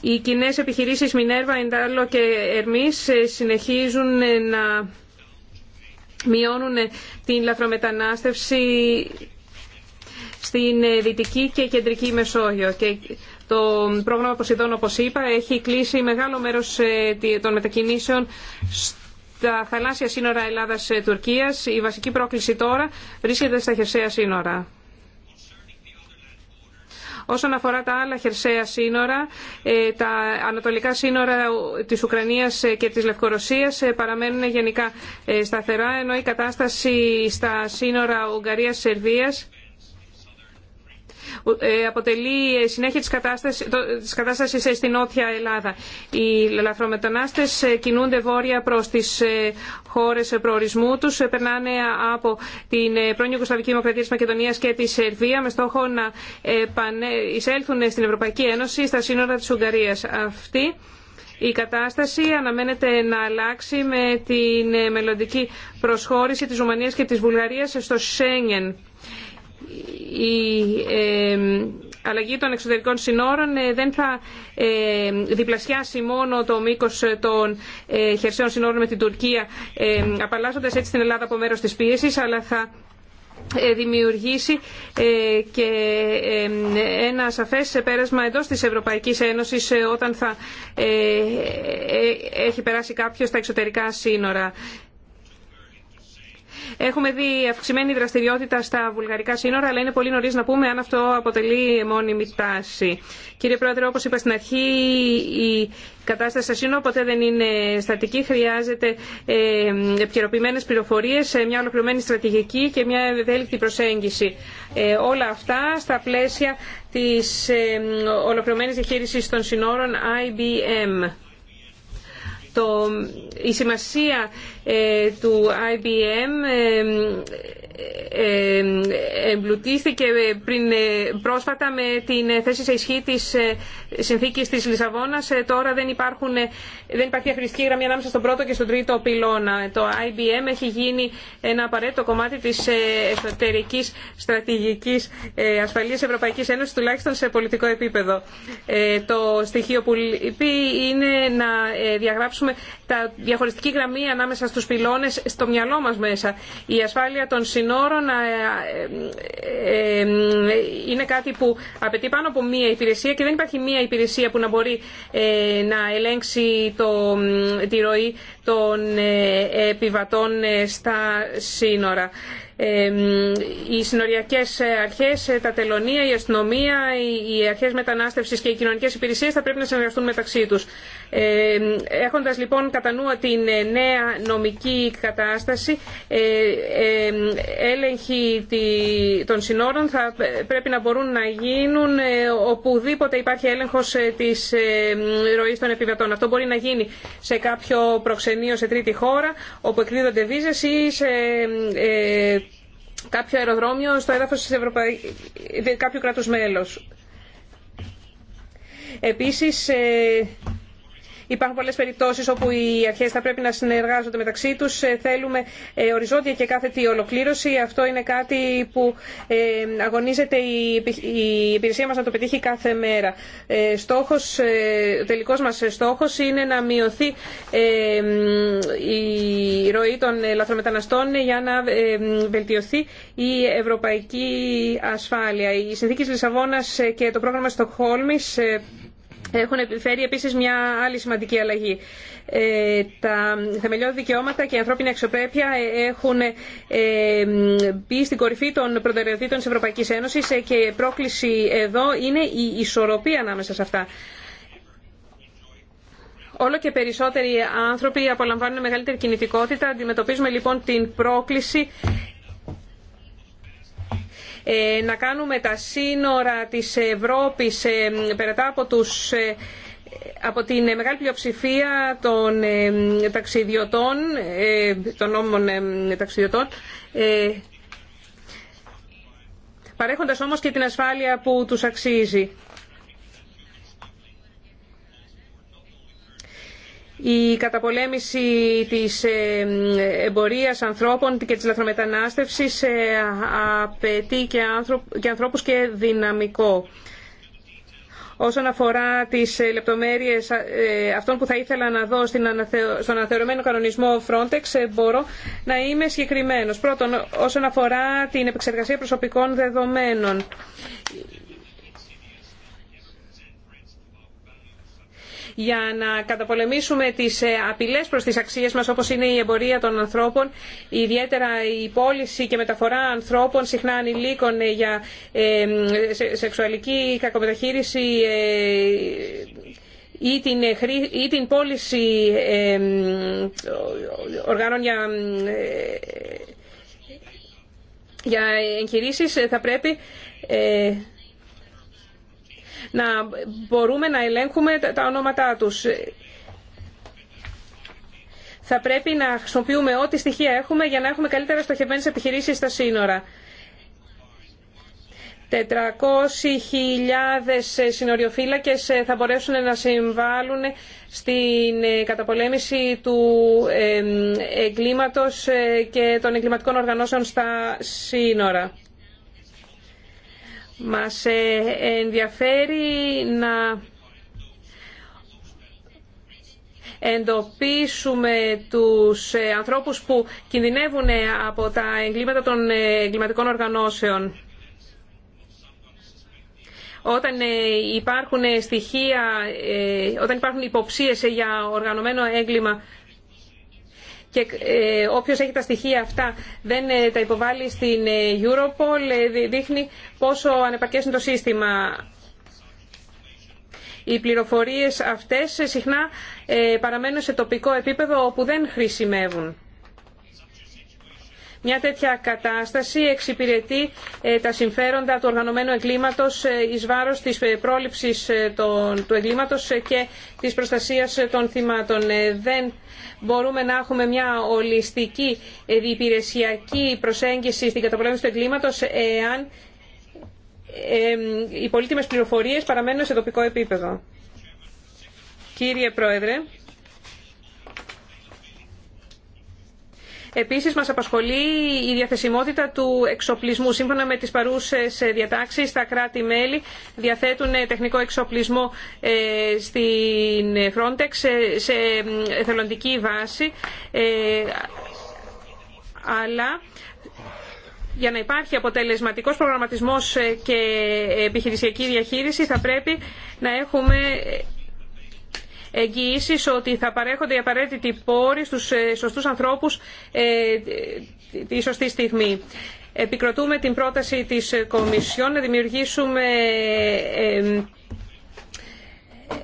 Οι κοινέ επιχειρήσεις Μινέρβα, Ιντάλλο και Ερμής συνεχίζουν να μειώνουν την λαθρομετανάστευση στην ε, Δυτική και Κεντρική Μεσόγειο. Και το πρόγραμμα Ποσειδών, όπως είπα, έχει κλείσει μεγάλο μέρος ε, των μετακινήσεων στα θαλάσσια σύνορα Ελλάδας-Τουρκίας. Ε, Η βασική πρόκληση τώρα βρίσκεται στα χερσαία σύνορα. Όσον αφορά τα άλλα χερσαία σύνορα, ε, τα ανατολικά σύνορα της Ουκρανίας ε, και της Λευκορωσίας ε, παραμένουν γενικά σταθερά, ενώ η κατάσταση στα σύνορα Ουγγαρίας-Σερβίας ε, αποτελεί ε, συνέχεια της κατάστασης, ε, στην Νότια Ελλάδα. Οι λαθρομετανάστες κινούνται βόρεια προς τις χώρες προορισμού τους, περνάνε από την πρώην Ιουγκοσλαβική Δημοκρατία της Μακεδονίας και τη Σερβία με στόχο να εισέλθουν στην Ευρωπαϊκή Ένωση στα σύνορα της Ουγγαρίας. Αυτή η κατάσταση αναμένεται να αλλάξει με την μελλοντική προσχώρηση της Ρουμανίας και της Βουλγαρίας στο Σέγγεν η αλλαγή των εξωτερικών συνόρων ε, δεν θα ε, διπλασιάσει μόνο το μήκος των ε, χερσαίων συνόρων με την Τουρκία απαλλάσσοντας έτσι την Ελλάδα από μέρος της πίεσης αλλά θα δημιουργήσει και ένα σαφές πέρασμα εντός της Ευρωπαϊκής Ένωσης όταν θα έχει περάσει κάποιος τα εξωτερικά σύνορα. Έχουμε δει αυξημένη δραστηριότητα στα βουλγαρικά σύνορα, αλλά είναι πολύ νωρί να πούμε αν αυτό αποτελεί μόνιμη τάση. Κύριε Πρόεδρε, όπω είπα στην αρχή, η κατάσταση στα σύνορα ποτέ δεν είναι στατική. Χρειάζεται ε, επικαιροποιημένε πληροφορίε, ε, μια ολοκληρωμένη στρατηγική και μια ευέλικτη προσέγγιση. Ε, όλα αυτά στα πλαίσια τη ολοκληρωμένη διαχείριση των συνόρων IBM. Το, η σημασία ε, του IBM ε, ε, ε, εμπλουτίστηκε πριν ε, πρόσφατα με την θέση σε ισχύ της συνθήκης της Λισαβόνας. Τώρα δεν, υπάρχουν, δεν υπάρχει αχρηστική γραμμή ανάμεσα στον πρώτο και στον τρίτο πυλώνα. Το IBM έχει γίνει ένα απαραίτητο κομμάτι της εσωτερικής στρατηγικής ασφαλείας Ευρωπαϊκής Ένωσης, τουλάχιστον σε πολιτικό επίπεδο. Το στοιχείο που λείπει είναι να διαγράψουμε τα διαχωριστική γραμμή ανάμεσα στους πυλώνες στο μυαλό μας μέσα. Η ασφάλεια των συνόρων ε, ε, ε, είναι κάτι που απαιτεί πάνω από μία υπηρεσία και δεν υπάρχει μία υπηρεσία που να μπορεί ε, να ελέγξει το, τη ροή των επιβατών στα σύνορα οι συνοριακές ε, αρχές, ε, τα τελωνία, η αστυνομία, οι αρχές μετανάστευσης και οι κοινωνικές υπηρεσίες θα πρέπει να συνεργαστούν μεταξύ τους. Έχοντας λοιπόν κατά νου την νέα νομική κατάσταση, ε, έλεγχοι των συνόρων θα πρέπει να μπορούν να γίνουν οπουδήποτε υπάρχει έλεγχος της ροής των επιβατών. Αυτό μπορεί να γίνει σε κάποιο προξενείο σε τρίτη χώρα, όπου εκδίδονται βίζες ή σε κάποιο αεροδρόμιο στο έδαφος της Ευρωπαϊ... κάποιο κράτους μέλος. Επίσης, ε, Υπάρχουν πολλέ περιπτώσεις όπου οι αρχές θα πρέπει να συνεργάζονται μεταξύ τους. Ε, θέλουμε ε, οριζόντια και κάθετη ολοκλήρωση. Αυτό είναι κάτι που ε, αγωνίζεται η υπηρεσία μας να το πετύχει κάθε μέρα. Στόχος, ο τελικός μας στόχος είναι να μειωθεί η ροή των λαθρομεταναστών για να βελτιωθεί η ευρωπαϊκή ασφάλεια. Οι συνθήκες Λισαβόνα και το πρόγραμμα Στοκχόλμης έχουν επιφέρει επίσης μια άλλη σημαντική αλλαγή. Ε, τα θεμελιώδη δικαιώματα και η ανθρώπινη αξιοπρέπεια έχουν ε, μπει στην κορυφή των προτεραιοτήτων της Ευρωπαϊκής Ένωσης ε, και η πρόκληση εδώ είναι η ισορροπία ανάμεσα σε αυτά. Όλο και περισσότεροι άνθρωποι απολαμβάνουν μεγαλύτερη κινητικότητα. Αντιμετωπίζουμε λοιπόν την πρόκληση ε, να κάνουμε τα σύνορα της Ευρώπης ε, περατά από τους ε, από την μεγάλη πλειοψηφία των ταξιδιωτών, των νόμων ταξιδιωτών, παρέχοντας όμως και την ασφάλεια που τους αξίζει. η καταπολέμηση της ε, εμπορίας ανθρώπων και της λαθρομετανάστευσης ε, απαιτεί και ανθρώπους και δυναμικό. Όσον αφορά τις ε, λεπτομέρειες αυτών που θα ήθελα να δω στον αναθεωρημένο κανονισμό Frontex, μπορώ να είμαι συγκεκριμένος. Πρώτον, όσον αφορά την επεξεργασία προσωπικών δεδομένων, για να καταπολεμήσουμε τις ε, απειλές προς τις αξίες μας όπως είναι η εμπορία των ανθρώπων, ιδιαίτερα η πώληση και μεταφορά ανθρώπων, συχνά ανηλίκων ε, για ε, σεξουαλική κακομεταχείριση ή την, πώληση οργάνων για, για θα πρέπει να μπορούμε να ελέγχουμε τα ονόματά τους. Θα πρέπει να χρησιμοποιούμε ό,τι στοιχεία έχουμε για να έχουμε καλύτερα στοχευμένες επιχειρήσεις στα σύνορα. 400.000 συνοριοφύλακες ε, θα μπορέσουν να συμβάλλουν στην ε, καταπολέμηση του ε, εγκλήματος και των εγκληματικών οργανώσεων στα σύνορα. Μας ε, ενδιαφέρει να εντοπίσουμε τους ε, ανθρώπους που κινδυνεύουν ε, από τα εγκλήματα των εγκληματικών οργανώσεων. Όταν υπάρχουν στοιχεία, όταν υπάρχουν υποψίες για οργανωμένο έγκλημα και ε, όποιος έχει τα στοιχεία αυτά δεν ε, τα υποβάλλει στην ε, Europol δείχνει πόσο ανεπαρκές είναι το σύστημα. Οι πληροφορίες αυτές συχνά παραμένουν σε τοπικό επίπεδο όπου δεν χρησιμεύουν. Μια τέτοια κατάσταση εξυπηρετεί ε, τα συμφέροντα του οργανωμένου εγκλήματος ε, εις βάρος της ε, πρόληψης του εγκλήματος και της προστασίας των θυμάτων. Δεν μπορούμε να έχουμε μια ολιστική διπηρεσιακή προσέγγιση στην καταπολέμηση του εγκλήματος εάν οι πολύτιμες πληροφορίες παραμένουν σε τοπικό επίπεδο. Κύριε Πρόεδρε, Επίσης μας απασχολεί η διαθεσιμότητα του εξοπλισμού. Σύμφωνα με τις παρούσες διατάξεις, τα κράτη-μέλη διαθέτουν τεχνικό εξοπλισμό ε, στην Frontex σε θελοντική βάση, ε, αλλά για να υπάρχει αποτελεσματικός προγραμματισμός και επιχειρησιακή διαχείριση θα πρέπει να έχουμε εγγυήσει ότι θα παρέχονται οι απαραίτητοι πόροι στους ε, σωστούς ανθρώπους ε, τη σωστή στιγμή. Επικροτούμε την πρόταση της Κομισιόν να δημιουργήσουμε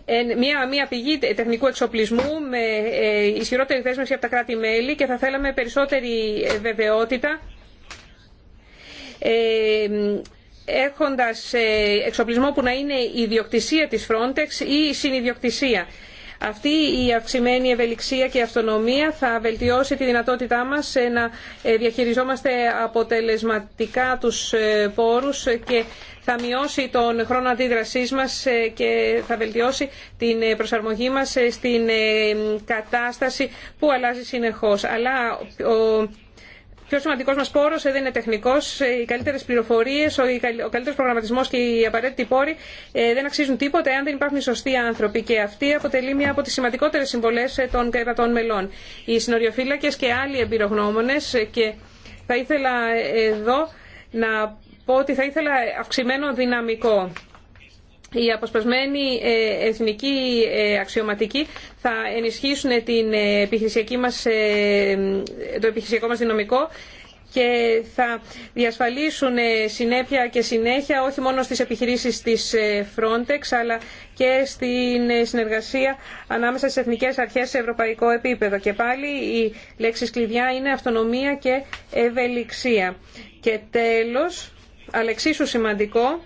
ε, μια, μια πηγή τεχνικού εξοπλισμού με ισχυρότερη δέσμευση από τα κράτη-μέλη και θα θέλαμε περισσότερη βεβαιότητα έχοντας εξοπλισμό που να είναι η ιδιοκτησία της Frontex ή η συνειδιοκτησία. Αυτή η αυξημένη ευελιξία και αυτονομία θα βελτιώσει τη δυνατότητά μας να ε, διαχειριζόμαστε αποτελεσματικά τους ε, πόρους και θα μειώσει τον χρόνο αντίδρασής μας ε, και θα βελτιώσει την προσαρμογή μας στην κατάσταση που αλλάζει συνεχώς. Αλλά πιο σημαντικό μα πόρο δεν είναι τεχνικό. Οι καλύτερε πληροφορίε, ο καλύτερο προγραμματισμό και οι απαραίτητοι πόροι ε, δεν αξίζουν τίποτα αν δεν υπάρχουν οι σωστοί άνθρωποι. Και αυτή αποτελεί μια από τι σημαντικότερε συμβολέ ε, των κρατών μελών. Οι συνοριοφύλακε και άλλοι εμπειρογνώμονε. Ε, και θα ήθελα εδώ να πω ότι θα ήθελα αυξημένο δυναμικό οι αποσπασμένοι ε, εθνικοί ε, αξιωματικοί θα ενισχύσουν την ε, μας, το επιχειρησιακό μας δυναμικό και θα διασφαλίσουν συνέπεια και συνέχεια όχι μόνο στις επιχειρήσεις της Frontex αλλά και στην συνεργασία ανάμεσα στις εθνικές αρχές σε ευρωπαϊκό επίπεδο. Και πάλι οι λέξεις κλειδιά είναι αυτονομία και ευελιξία. Και τέλος, αλεξίσου σημαντικό,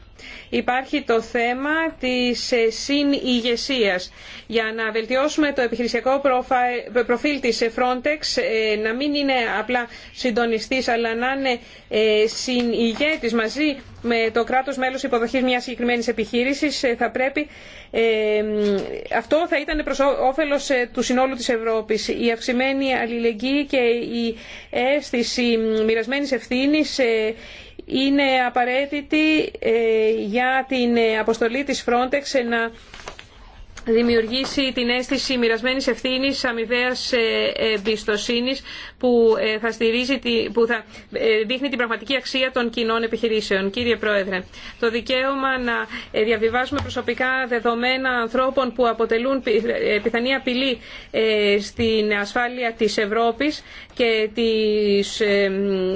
Υπάρχει το θέμα της ε, συνηγεσίας. Για να βελτιώσουμε το επιχειρησιακό προφίλ της Frontex, ε, να μην είναι απλά συντονιστής, αλλά να είναι ε, συνηγέτης μαζί με το κράτος μέλος υποδοχής μιας συγκεκριμένης επιχείρησης, θα πρέπει... αυτό θα ήταν προς όφελος του συνόλου της Ευρώπης. Η αυξημένη αλληλεγγύη και η αίσθηση μοιρασμένης ευθύνης είναι απαραίτητη ε, για την αποστολή της Frontex να δημιουργήσει την αίσθηση μοιρασμένη ευθύνη, αμοιβαίας ε, εμπιστοσύνη ε, που θα, στηρίζει, που θα δείχνει την πραγματική αξία των κοινών επιχειρήσεων. Κύριε Πρόεδρε, το δικαίωμα να ε, διαβιβάσουμε προσωπικά δεδομένα ανθρώπων που αποτελούν ε, πιθανή απειλή στην ασφάλεια της Ευρώπης και,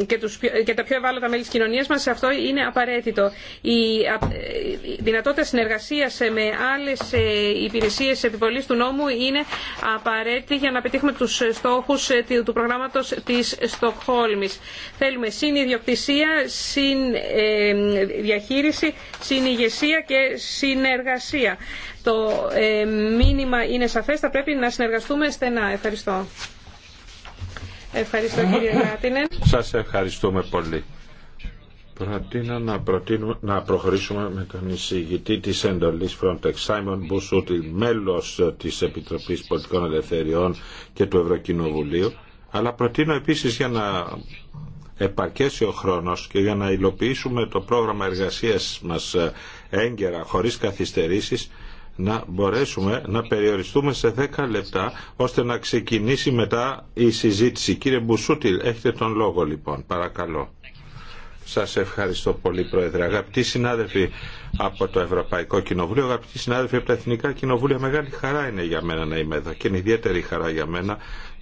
και, τους, και τα πιο ευάλωτα μέλη της κοινωνίας μας, αυτό είναι απαραίτητο. Η δυνατότητα συνεργασίας με άλλες υπηρεσίες επιβολής του νόμου είναι απαραίτητη για να πετύχουμε τους στόχους του προγράμματος της Στοκχόλμης. Θέλουμε συνειδιοκτησία, συνδιαχείριση, ε, συνηγεσία και συνεργασία. Το ε, μήνυμα είναι σαφές, θα πρέπει να συνεργαστούμε στενά. Ευχαριστώ. Ευχαριστώ κύριε Γάτινεν. Σας ευχαριστούμε πολύ. Προτείνω να, προτείνω να προχωρήσουμε με τον εισηγητή της εντολής Frontex, Simon Μπουσούτη, μέλος της Επιτροπής Πολιτικών Ελευθεριών και του Ευρωκοινοβουλίου, αλλά προτείνω επίσης για να επαρκέσει ο χρόνος και για να υλοποιήσουμε το πρόγραμμα εργασίας μας ε, έγκαιρα, χωρίς καθυστερήσεις, να μπορέσουμε να περιοριστούμε σε 10 λεπτά ώστε να ξεκινήσει μετά η συζήτηση. Κύριε Μπουσούτιλ, έχετε τον λόγο λοιπόν, παρακαλώ. Σας ευχαριστώ πολύ Πρόεδρε. Αγαπητοί συνάδελφοι από το Ευρωπαϊκό Κοινοβούλιο, αγαπητοί συνάδελφοι από τα Εθνικά Κοινοβούλια, μεγάλη χαρά είναι για μένα να είμαι εδώ και είναι ιδιαίτερη χαρά για μένα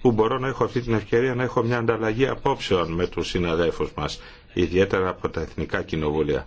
που μπορώ να έχω αυτή την ευκαιρία να έχω μια ανταλλαγή απόψεων με τους συναδέλφους μας, ιδιαίτερα από τα Εθνικά Κοινοβούλια.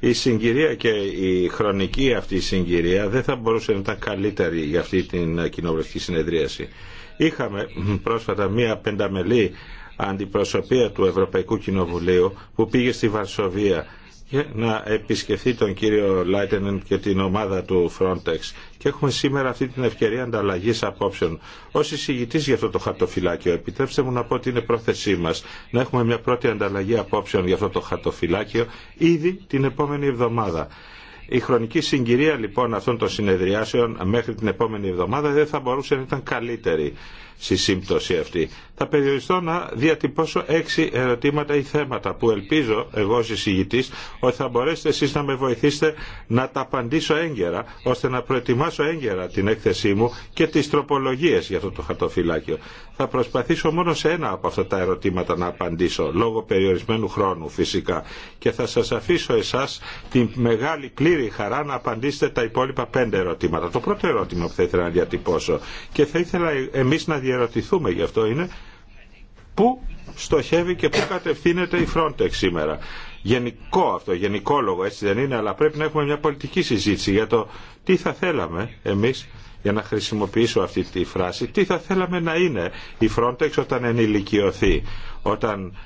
Η συγκυρία και η χρονική αυτή συγκυρία δεν θα μπορούσε να ήταν καλύτερη για αυτή την κοινοβουλευτική συνεδρίαση. Είχαμε πρόσφατα μία πενταμελή αντιπροσωπεία του Ευρωπαϊκού Κοινοβουλίου που πήγε στη Βαρσοβία και να επισκεφθεί τον κύριο Λάιτενεν και την ομάδα του Frontex. Και έχουμε σήμερα αυτή την ευκαιρία ανταλλαγή απόψεων. Ω εισηγητή για αυτό το χαρτοφυλάκιο, επιτρέψτε μου να πω ότι είναι πρόθεσή μα να έχουμε μια πρώτη ανταλλαγή απόψεων για αυτό το χαρτοφυλάκιο ήδη την επόμενη εβδομάδα. Η χρονική συγκυρία λοιπόν αυτών των συνεδριάσεων μέχρι την επόμενη εβδομάδα δεν θα μπορούσε να ήταν καλύτερη στη σύμπτωση αυτή. Θα περιοριστώ να διατυπώσω έξι ερωτήματα ή θέματα που ελπίζω εγώ ως εισηγητής ότι θα μπορέσετε εσείς να με βοηθήσετε να τα απαντήσω έγκαιρα ώστε να προετοιμάσω έγκαιρα την έκθεσή μου και τις τροπολογίες για αυτό το χαρτοφυλάκιο. Θα προσπαθήσω μόνο σε ένα από αυτά τα ερωτήματα να απαντήσω λόγω περιορισμένου χρόνου φυσικά και θα σας αφήσω εσάς την μεγάλη πλήρη χαρά να απαντήσετε τα υπόλοιπα πέντε ερωτήματα. Το πρώτο ερώτημα που θα ήθελα να διατυπώσω και θα ήθελα εμείς να ερωτηθούμε γι' αυτό είναι πού στοχεύει και πού κατευθύνεται η Frontex σήμερα. Γενικό αυτό, λόγο έτσι δεν είναι, αλλά πρέπει να έχουμε μια πολιτική συζήτηση για το τι θα θέλαμε εμείς για να χρησιμοποιήσω αυτή τη φράση, τι θα θέλαμε να είναι η Frontex όταν ενηλικιωθεί, όταν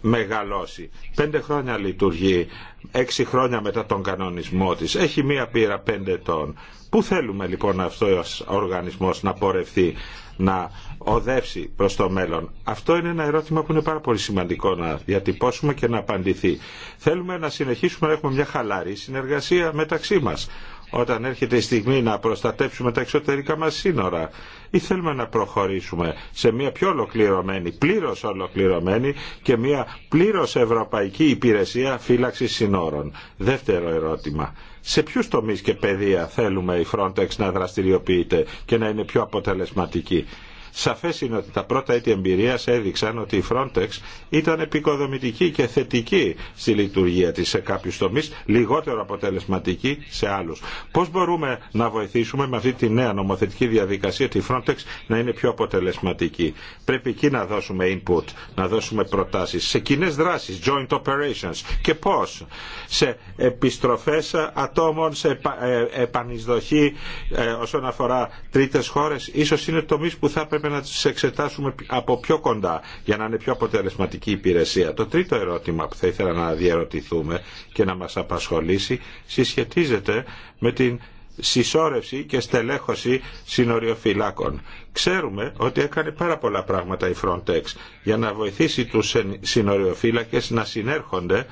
μεγαλώσει. Πέντε χρόνια λειτουργεί, έξι χρόνια μετά τον κανονισμό της. Έχει μία πείρα πέντε ετών. Πού θέλουμε λοιπόν αυτό ο οργανισμός να πορευθεί να οδεύσει προς το μέλλον. Αυτό είναι ένα ερώτημα που είναι πάρα πολύ σημαντικό να διατυπώσουμε και να απαντηθεί. Θέλουμε να συνεχίσουμε να έχουμε μια χαλαρή συνεργασία μεταξύ μας όταν έρχεται η στιγμή να προστατεύσουμε τα εξωτερικά μας σύνορα ή θέλουμε να προχωρήσουμε σε μια πιο ολοκληρωμένη, πλήρως ολοκληρωμένη και μια πλήρως ευρωπαϊκή υπηρεσία φύλαξης σύνορων. Δεύτερο ερώτημα σε ποιους τομείς και παιδεία θέλουμε η Frontex να δραστηριοποιείται και να είναι πιο αποτελεσματική. Σαφές είναι ότι τα πρώτα έτη εμπειρίας έδειξαν ότι η Frontex ήταν επικοδομητική και θετική στη λειτουργία της σε κάποιους τομείς, λιγότερο αποτελεσματική σε άλλους. Πώς μπορούμε να βοηθήσουμε με αυτή τη νέα νομοθετική διαδικασία τη Frontex να είναι πιο αποτελεσματική. Πρέπει εκεί να δώσουμε input, να δώσουμε προτάσεις σε κοινέ δράσεις, joint operations και πώς σε επιστροφές ατόμων, σε ε, επανεισδοχή ε, όσον αφορά τρίτες χώρες, ίσως είναι τομείς που θα έπρεπε να τις εξετάσουμε από πιο κοντά για να είναι πιο αποτελεσματική υπηρεσία. Το τρίτο ερώτημα που θα ήθελα να διαρωτηθούμε και να μας απασχολήσει συσχετίζεται με την συσσόρευση και στελέχωση συνοριοφυλάκων. Ξέρουμε ότι έκανε πάρα πολλά πράγματα η Frontex για να βοηθήσει τους συνοριοφύλακες να συνέρχονται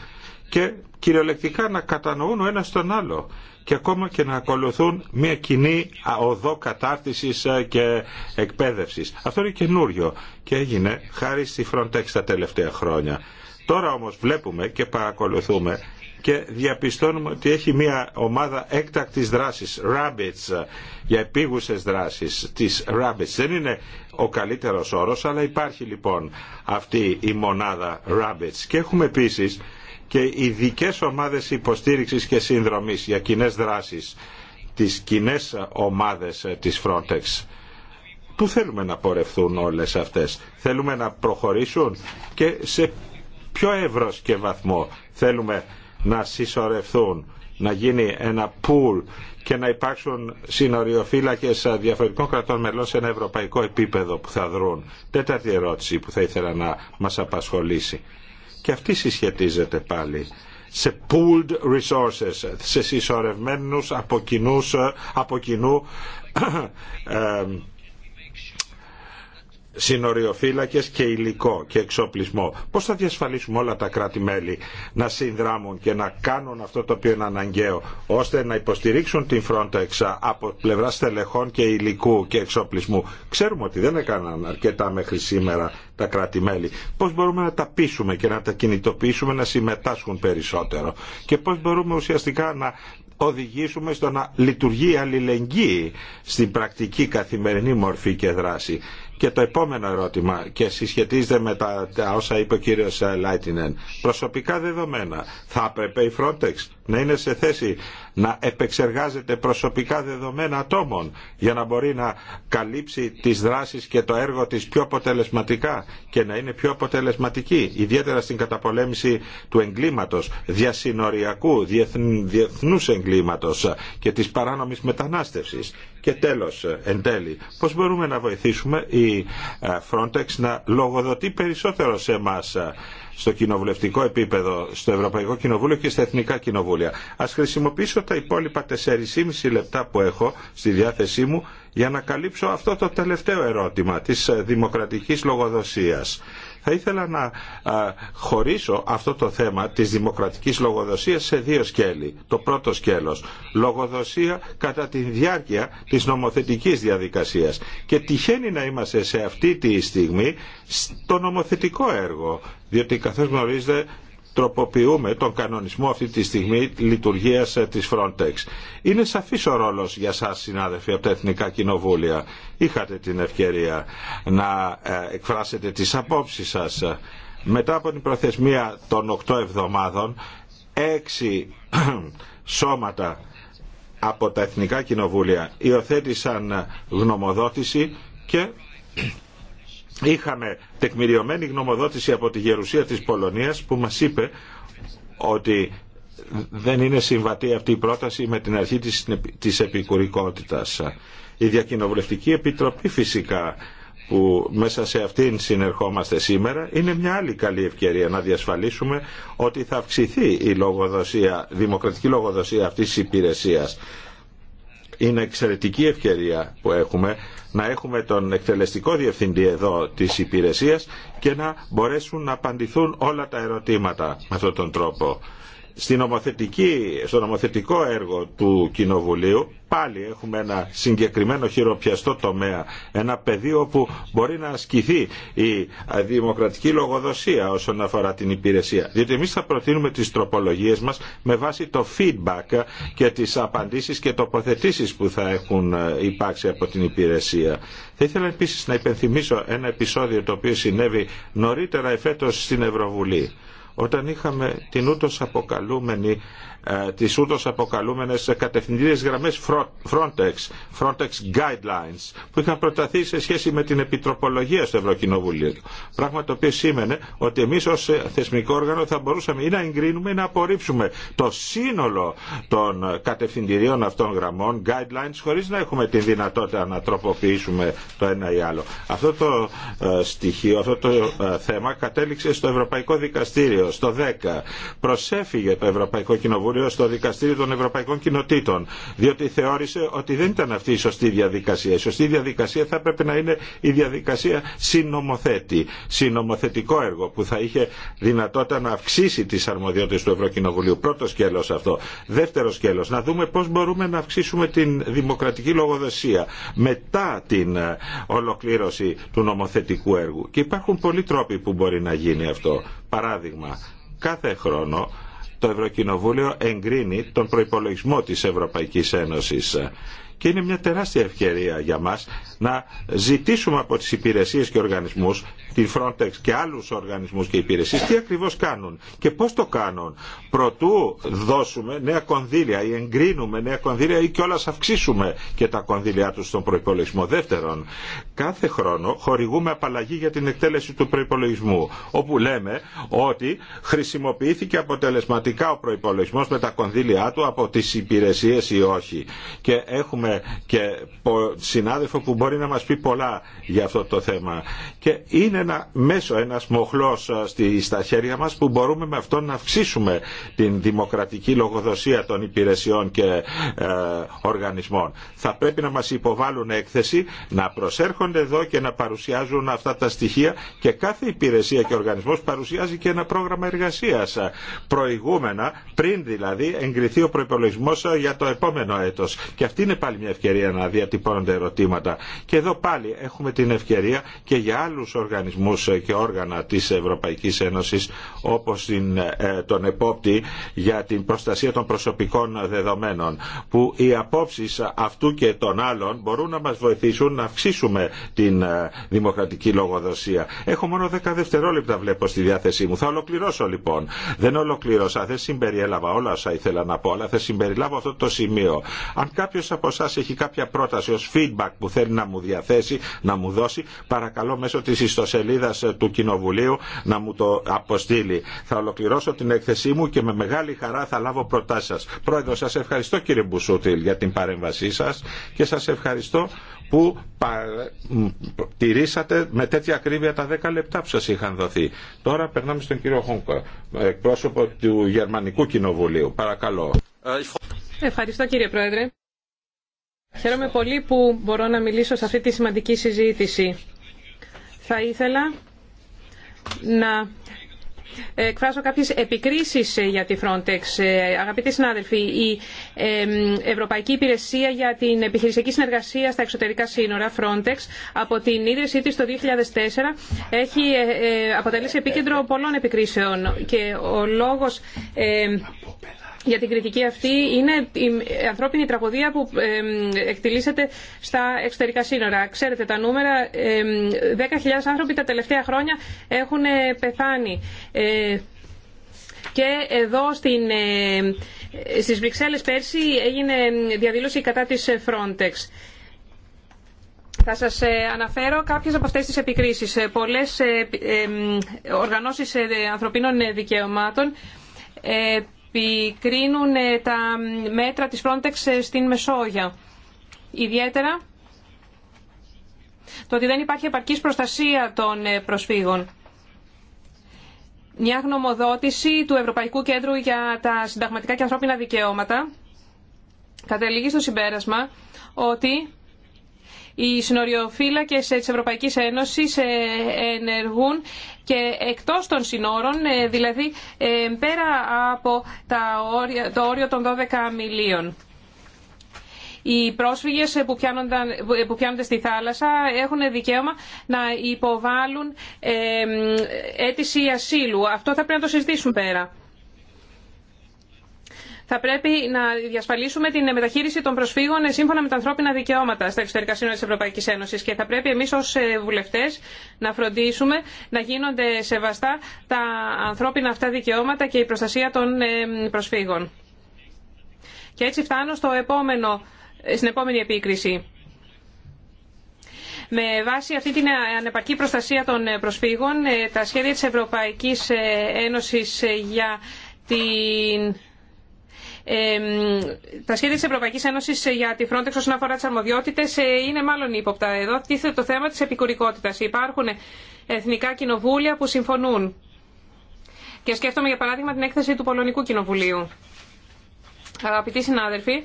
και κυριολεκτικά να κατανοούν ο ένας τον άλλο και ακόμα και να ακολουθούν μια κοινή οδό κατάρτισης ε, και εκπαίδευσης. Αυτό είναι καινούριο και έγινε χάρη στη Frontex τα τελευταία χρόνια. Τώρα όμως βλέπουμε και παρακολουθούμε και διαπιστώνουμε ότι έχει μια ομάδα έκτακτης δράσης, rabbits, για επίγουσες δράσεις, της rabbits. Δεν είναι ο καλύτερος όρος, αλλά υπάρχει λοιπόν αυτή η μονάδα rabbits. Και έχουμε επίσης και ειδικέ ομάδες υποστήριξης και συνδρομής για κοινέ δράσεις, τις κοινέ ομάδες της Frontex. Πού θέλουμε να πορευθούν όλες αυτές. Θέλουμε να προχωρήσουν και σε ποιο εύρος και βαθμό θέλουμε να συσσωρευθούν, να γίνει ένα πουλ και να υπάρξουν συνοριοφύλακες διαφορετικών κρατών μελών σε ένα ευρωπαϊκό επίπεδο που θα δρουν. Τέταρτη ερώτηση που θα ήθελα να μας απασχολήσει και αυτή συσχετίζεται πάλι σε pooled resources, σε συσσωρευμένους από, κοινού ε, συνοριοφύλακες και υλικό και εξοπλισμό. Πώς θα διασφαλίσουμε όλα τα κράτη-μέλη να συνδράμουν και να κάνουν αυτό το οποίο είναι αναγκαίο ώστε να υποστηρίξουν την Frontex από πλευρά στελεχών και υλικού και εξοπλισμού. Ξέρουμε ότι δεν έκαναν αρκετά μέχρι σήμερα τα κράτη-μέλη. Πώς μπορούμε να τα πείσουμε και να τα κινητοποιήσουμε να συμμετάσχουν περισσότερο και πώς μπορούμε ουσιαστικά να οδηγήσουμε στο να λειτουργεί αλληλεγγύη στην πρακτική καθημερινή μορφή και δράση. Και το επόμενο ερώτημα και συσχετίζεται με τα, όσα είπε ο κύριος ε, Λάιτινεν. Προσωπικά δεδομένα. Θα έπρεπε η Frontex να είναι σε θέση να επεξεργάζεται προσωπικά δεδομένα ατόμων για να μπορεί να καλύψει τις δράσεις και το έργο της πιο αποτελεσματικά και να είναι πιο αποτελεσματική, ιδιαίτερα στην καταπολέμηση του εγκλήματος, διασυνοριακού, διεθνούς εγκλήματος και της παράνομης μετανάστευσης. Και τέλος, εν τέλει, πώς μπορούμε να βοηθήσουμε η ε, Frontex να λογοδοτεί περισσότερο σε εμάς στο κοινοβουλευτικό επίπεδο, στο Ευρωπαϊκό Κοινοβούλιο και στα Εθνικά Κοινοβούλια. Α χρησιμοποιήσω τα υπόλοιπα 4,5 λεπτά που έχω στη διάθεσή μου για να καλύψω αυτό το τελευταίο ερώτημα της δημοκρατικής λογοδοσίας. Θα ήθελα να χωρίσω αυτό το θέμα της δημοκρατικής λογοδοσίας σε δύο σκέλη. Το πρώτο σκέλος, λογοδοσία κατά τη διάρκεια της νομοθετικής διαδικασίας. Και τυχαίνει να είμαστε σε αυτή τη στιγμή στο νομοθετικό έργο, διότι καθώς γνωρίζετε τροποποιούμε τον κανονισμό αυτή τη στιγμή λειτουργίας ε, της Frontex. Είναι σαφής ο ρόλος για σας συνάδελφοι από τα Εθνικά Κοινοβούλια. Είχατε την ευκαιρία να ε, εκφράσετε τις απόψεις σας. Μετά από την προθεσμία των 8 εβδομάδων, έξι σώματα από τα Εθνικά Κοινοβούλια υιοθέτησαν γνωμοδότηση και είχαμε τεκμηριωμένη γνωμοδότηση από τη Γερουσία της Πολωνίας που μας είπε ότι δεν είναι συμβατή αυτή η πρόταση με την αρχή της, της επικουρικότητας. Η Διακοινοβουλευτική Επιτροπή φυσικά που μέσα σε αυτήν συνερχόμαστε σήμερα είναι μια άλλη καλή ευκαιρία να διασφαλίσουμε ότι θα αυξηθεί η λογοδοσία, δημοκρατική λογοδοσία αυτής της υπηρεσίας είναι εξαιρετική ευκαιρία που έχουμε να έχουμε τον εκτελεστικό διευθυντή εδώ της υπηρεσίας και να μπορέσουν να απαντηθούν όλα τα ερωτήματα με αυτόν τον τρόπο. Στην στο νομοθετικό έργο του Κοινοβουλίου πάλι έχουμε ένα συγκεκριμένο χειροπιαστό τομέα, ένα πεδίο όπου μπορεί να ασκηθεί η δημοκρατική λογοδοσία όσον αφορά την υπηρεσία. Διότι εμείς θα προτείνουμε τις τροπολογίες μας με βάση το feedback και τις απαντήσεις και τοποθετήσεις που θα έχουν ε, υπάρξει από την υπηρεσία. Θα ήθελα επίσης να υπενθυμίσω ένα επεισόδιο το οποίο συνέβη νωρίτερα εφέτος στην Ευρωβουλή όταν είχαμε την ούτως αποκαλούμενη ε, τις ούτως αποκαλούμενες κατευθυντήριες γραμμές Frontex, Frontex Guidelines, που είχαν προταθεί σε σχέση με την επιτροπολογία στο Ευρωκοινοβούλιο. Πράγμα το οποίο σήμαινε ότι εμείς ως ε, θεσμικό όργανο θα μπορούσαμε ή να εγκρίνουμε ή να απορρίψουμε το σύνολο των κατευθυντηρίων αυτών γραμμών, Guidelines, χωρίς να έχουμε τη δυνατότητα να τροποποιήσουμε το ένα ή άλλο. Αυτό το ε, στοιχείο, αυτό το θέμα κατέληξε στο Ευρωπαϊκό Δικαστήριο, στο 10. Προσέφυγε το Ευρωπαϊκό Κοινοβούλιο στο Δικαστήριο των Ευρωπαϊκών Κοινοτήτων. Διότι θεώρησε ότι δεν ήταν αυτή η σωστή διαδικασία. Η σωστή διαδικασία θα έπρεπε να είναι η διαδικασία συνομοθέτη. Συνομοθετικό έργο που θα είχε δυνατότητα να αυξήσει τι αρμοδιότητε του Ευρωκοινοβουλίου. Πρώτο σκέλο αυτό. Δεύτερο σκέλο. Να δούμε πώ μπορούμε να αυξήσουμε την δημοκρατική λογοδοσία μετά την ε, ολοκλήρωση του νομοθετικού έργου. Και υπάρχουν πολλοί τρόποι που μπορεί να γίνει αυτό. Παράδειγμα, κάθε χρόνο το Ευρωκοινοβούλιο εγκρίνει τον προϋπολογισμό της Ευρωπαϊκής Ένωσης και είναι μια τεράστια ευκαιρία για μας να ζητήσουμε από τις υπηρεσίες και οργανισμούς, την Frontex και άλλους οργανισμούς και υπηρεσίες, τι ακριβώς κάνουν και πώς το κάνουν. Προτού δώσουμε νέα κονδύλια ή εγκρίνουμε νέα κονδύλια ή κιόλας αυξήσουμε και τα κονδύλια τους στον προϋπολογισμό. Δεύτερον, κάθε χρόνο χορηγούμε απαλλαγή για την εκτέλεση του προϋπολογισμού, όπου λέμε ότι χρησιμοποιήθηκε αποτελεσματικά ο προϋπολογισμός με τα κονδύλια του από τις υπηρεσίες ή όχι. Και έχουμε έχουμε και συνάδελφο που μπορεί να μας πει πολλά για αυτό το θέμα. Και είναι ένα μέσο, ένας μοχλός στα χέρια μας που μπορούμε με αυτό να αυξήσουμε την δημοκρατική λογοδοσία των υπηρεσιών και ε, οργανισμών. Θα πρέπει να μας υποβάλουν έκθεση, να προσέρχονται εδώ και να παρουσιάζουν αυτά τα στοιχεία και κάθε υπηρεσία και οργανισμός παρουσιάζει και ένα πρόγραμμα εργασίας προηγούμενα, πριν δηλαδή εγκριθεί ο προπολογισμό για το επόμενο έτος. Και αυτή είναι πάλι άλλη μια ευκαιρία να διατυπώνονται ερωτήματα. Και εδώ πάλι έχουμε την ευκαιρία και για άλλους οργανισμούς και όργανα της Ευρωπαϊκής Ένωσης όπως ε, τον επόπτη για την προστασία των προσωπικών δεδομένων που οι απόψεις αυτού και των άλλων μπορούν να μας βοηθήσουν να αυξήσουμε την ε, δημοκρατική λογοδοσία. Έχω μόνο 10 δευτερόλεπτα βλέπω στη διάθεσή μου. Θα ολοκληρώσω λοιπόν. Δεν ολοκληρώσα, δεν συμπεριέλαβα όλα όσα ήθελα να πω, αλλά θα συμπεριλάβω αυτό το σημείο. Αν κάποιο από εσά έχει κάποια πρόταση ως feedback που θέλει να μου διαθέσει, να μου δώσει, παρακαλώ μέσω της ιστοσελίδας ε, του Κοινοβουλίου να μου το αποστείλει. Θα ολοκληρώσω την έκθεσή μου και με μεγάλη χαρά θα λάβω προτάσεις σας. Πρόεδρο, σας ευχαριστώ κύριε Μπουσούτιλ για την παρέμβασή σας και σας ευχαριστώ που τηρήσατε με τέτοια ακρίβεια τα 10 λεπτά που σας είχαν δοθεί. Τώρα περνάμε στον κύριο Χόγκο, εκπρόσωπο του Γερμανικού Κοινοβουλίου. Παρακαλώ. Ε, ευχαριστώ κύριε Πρόεδρε. Χαίρομαι πολύ που μπορώ να μιλήσω σε αυτή τη σημαντική συζήτηση. Θα ήθελα να εκφράσω κάποιες επικρίσεις για τη Frontex. Αγαπητοί συνάδελφοι, η Ευρωπαϊκή Υπηρεσία για την Επιχειρησιακή Συνεργασία στα Εξωτερικά Σύνορα, Frontex, από την ίδρυσή της το 2004, έχει ε, ε, αποτελέσει επίκεντρο πολλών επικρίσεων. Και ο λόγος ε, για την κριτική αυτή είναι η ανθρώπινη τραγωδία που εκτιλήσεται στα εξωτερικά σύνορα. Ξέρετε τα νούμερα, 10.000 άνθρωποι τα τελευταία χρόνια έχουν ε, πεθάνει. Ε, και εδώ στην, ε, στις Βρυξέλλες πέρσι έγινε διαδήλωση κατά της Frontex. Θα σας αναφέρω κάποιες από αυτές τις επικρίσεις. Πολλές οργανώσεις ανθρωπίνων δικαιωμάτων επικρίνουν τα μέτρα της Frontex στην Μεσόγειο. Ιδιαίτερα το ότι δεν υπάρχει επαρκής προστασία των ε, προσφύγων. Μια γνωμοδότηση του Ευρωπαϊκού Κέντρου για τα Συνταγματικά και Ανθρώπινα Δικαιώματα καταλήγει στο συμπέρασμα ότι οι συνοριοφύλακες της Ευρωπαϊκής Ένωσης ε, ενεργούν και εκτός των συνόρων, ε, δηλαδή ε, πέρα από το όριο των 12 μιλίων. Οι πρόσφυγες που, που πιάνονται στη θάλασσα έχουν δικαίωμα να υποβάλουν αίτηση ασύλου. Αυτό θα πρέπει να το συζητήσουν πέρα θα πρέπει να διασφαλίσουμε την μεταχείριση των προσφύγων σύμφωνα με τα ανθρώπινα δικαιώματα στα εξωτερικά σύνορα τη Ευρωπαϊκή Ένωση. Και θα πρέπει εμεί ω ε, βουλευτέ να φροντίσουμε να γίνονται σεβαστά τα ανθρώπινα αυτά δικαιώματα και η προστασία των ε, προσφύγων. Και έτσι φτάνω στο επόμενο, ε, στην επόμενη επίκριση. Με βάση αυτή την ανεπαρκή προστασία των προσφύγων, τα σχέδια της Ευρωπαϊκής Ένωσης για την τα σχέδια τη ευρωπαϊκή Ένωση για τη Frontex όσον αφορά τις αρμοδιότητες ε, είναι μάλλον ύποπτα. Εδώ τίθεται το θέμα τη επικουρικότητα. Υπάρχουν εθνικά κοινοβούλια που συμφωνούν. Και σκέφτομαι για παράδειγμα την έκθεση του Πολωνικού Κοινοβουλίου. Αγαπητοί συνάδελφοι,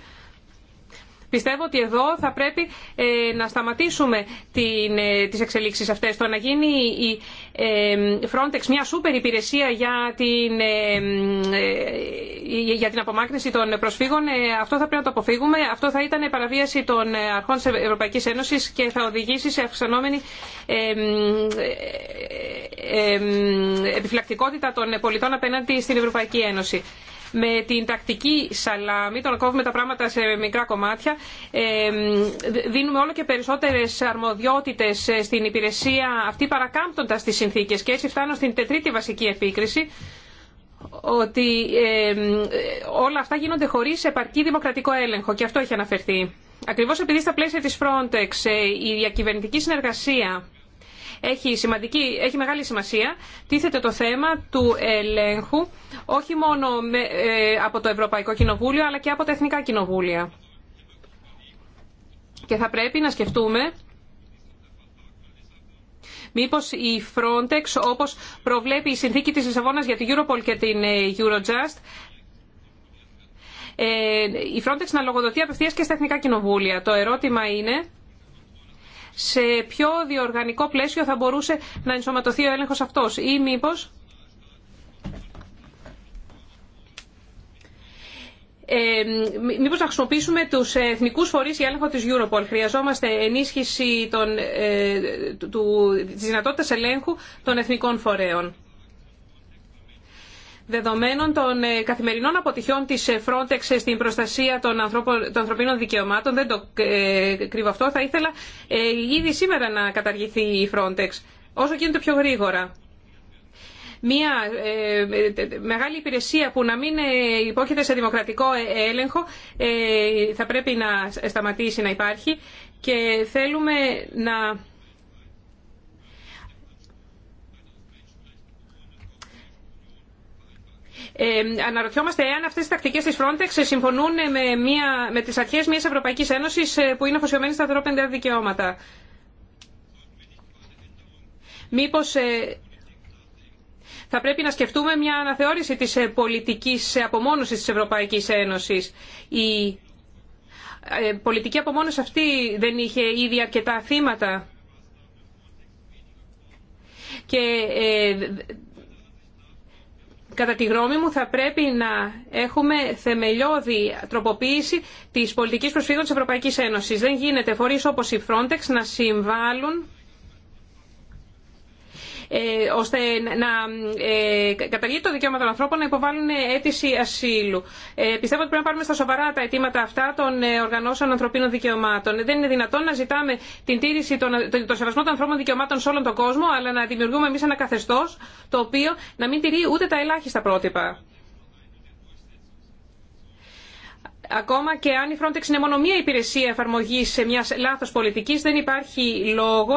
Πιστεύω ότι εδώ θα πρέπει ε, να σταματήσουμε την, ε, τις εξελίξεις αυτές. Το να γίνει η ε, Frontex μια σούπερ υπηρεσία για την, απομάκρυνση των προσφύγων, αυτό θα πρέπει να το αποφύγουμε. Αυτό θα ήταν παραβίαση των αρχών της Ευρωπαϊκής Ένωσης και θα οδηγήσει σε αυξανόμενη επιφυλακτικότητα των πολιτών απέναντι στην Ευρωπαϊκή Ένωση με την τακτική σαλάμι, το να κόβουμε τα πράγματα σε μικρά κομμάτια, δίνουμε όλο και περισσότερες αρμοδιότητες ε, στην υπηρεσία αυτή παρακάμπτοντα τι συνθήκες. Και έτσι φτάνω στην τετρίτη βασική επίκριση, ότι όλα αυτά γίνονται χωρίς επαρκή δημοκρατικό έλεγχο και αυτό έχει αναφερθεί. Ακριβώς επειδή στα πλαίσια της Frontex ε, η διακυβερνητική συνεργασία έχει, σημαντική, έχει μεγάλη σημασία. Τίθεται το θέμα του ελέγχου όχι μόνο με, ε, από το Ευρωπαϊκό Κοινοβούλιο αλλά και από τα Εθνικά Κοινοβούλια. Και θα πρέπει να σκεφτούμε μήπως η Frontex όπως προβλέπει η συνθήκη της Λισαβόνας για την Europol και την ε, Eurojust ε, η Frontex να λογοδοτεί απευθεία και στα εθνικά κοινοβούλια. Το ερώτημα είναι σε ποιο διοργανικό πλαίσιο θα μπορούσε να ενσωματωθεί ο έλεγχος αυτός ή μήπως Ε, μήπως να χρησιμοποιήσουμε τους εθνικούς φορείς για έλεγχο της Europol. Χρειαζόμαστε ενίσχυση των, ε, του, της δυνατότητας ελέγχου των εθνικών φορέων. Δεδομένων των ε, καθημερινών αποτυχιών της ε, Frontex στην προστασία των, των ανθρωπίνων δικαιωμάτων, δεν το ε, κρύβω αυτό, θα ήθελα ήδη σήμερα να καταργηθεί η Frontex, όσο γίνεται πιο γρήγορα. Μια μεγάλη υπηρεσία που να μην υπόκειται σε δημοκρατικό έλεγχο θα πρέπει να σταματήσει να υπάρχει και θέλουμε να αναρωτιόμαστε εάν αυτές οι τακτικές τη Frontex συμφωνούν με, μια, με τις αρχές μιας Ευρωπαϊκής Ένωσης ε, που είναι αφοσιωμένη στα ανθρώπινα δικαιώματα. Μήπως ε, θα πρέπει να σκεφτούμε μια αναθεώρηση της ε, πολιτικής απομόνωσης της Ευρωπαϊκής Ένωσης. Η πολιτική απομόνωση αυτή δεν είχε ήδη αρκετά θύματα και Κατά τη γνώμη μου θα πρέπει να έχουμε θεμελιώδη τροποποίηση της πολιτικής προσφύγων της Ευρωπαϊκής Ένωσης. Δεν γίνεται φορείς όπως η Frontex να συμβάλλουν ε, ώστε να ε, καταργεί το δικαίωμα των ανθρώπων να υποβάλουν αίτηση ασύλου. Ε, πιστεύω ότι πρέπει να πάρουμε στα σοβαρά τα αιτήματα αυτά των οργανώσεων ανθρωπίνων δικαιωμάτων. Δεν είναι δυνατόν να ζητάμε την τήρηση, το σεβασμό των ανθρώπων δικαιωμάτων σε όλο τον κόσμο, αλλά να δημιουργούμε εμεί ένα καθεστώ το οποίο να μην τηρεί ούτε τα ελάχιστα πρότυπα. Ακόμα και αν η Frontex είναι μόνο μία υπηρεσία εφαρμογή σε μια λάθο πολιτική, δεν υπάρχει λόγο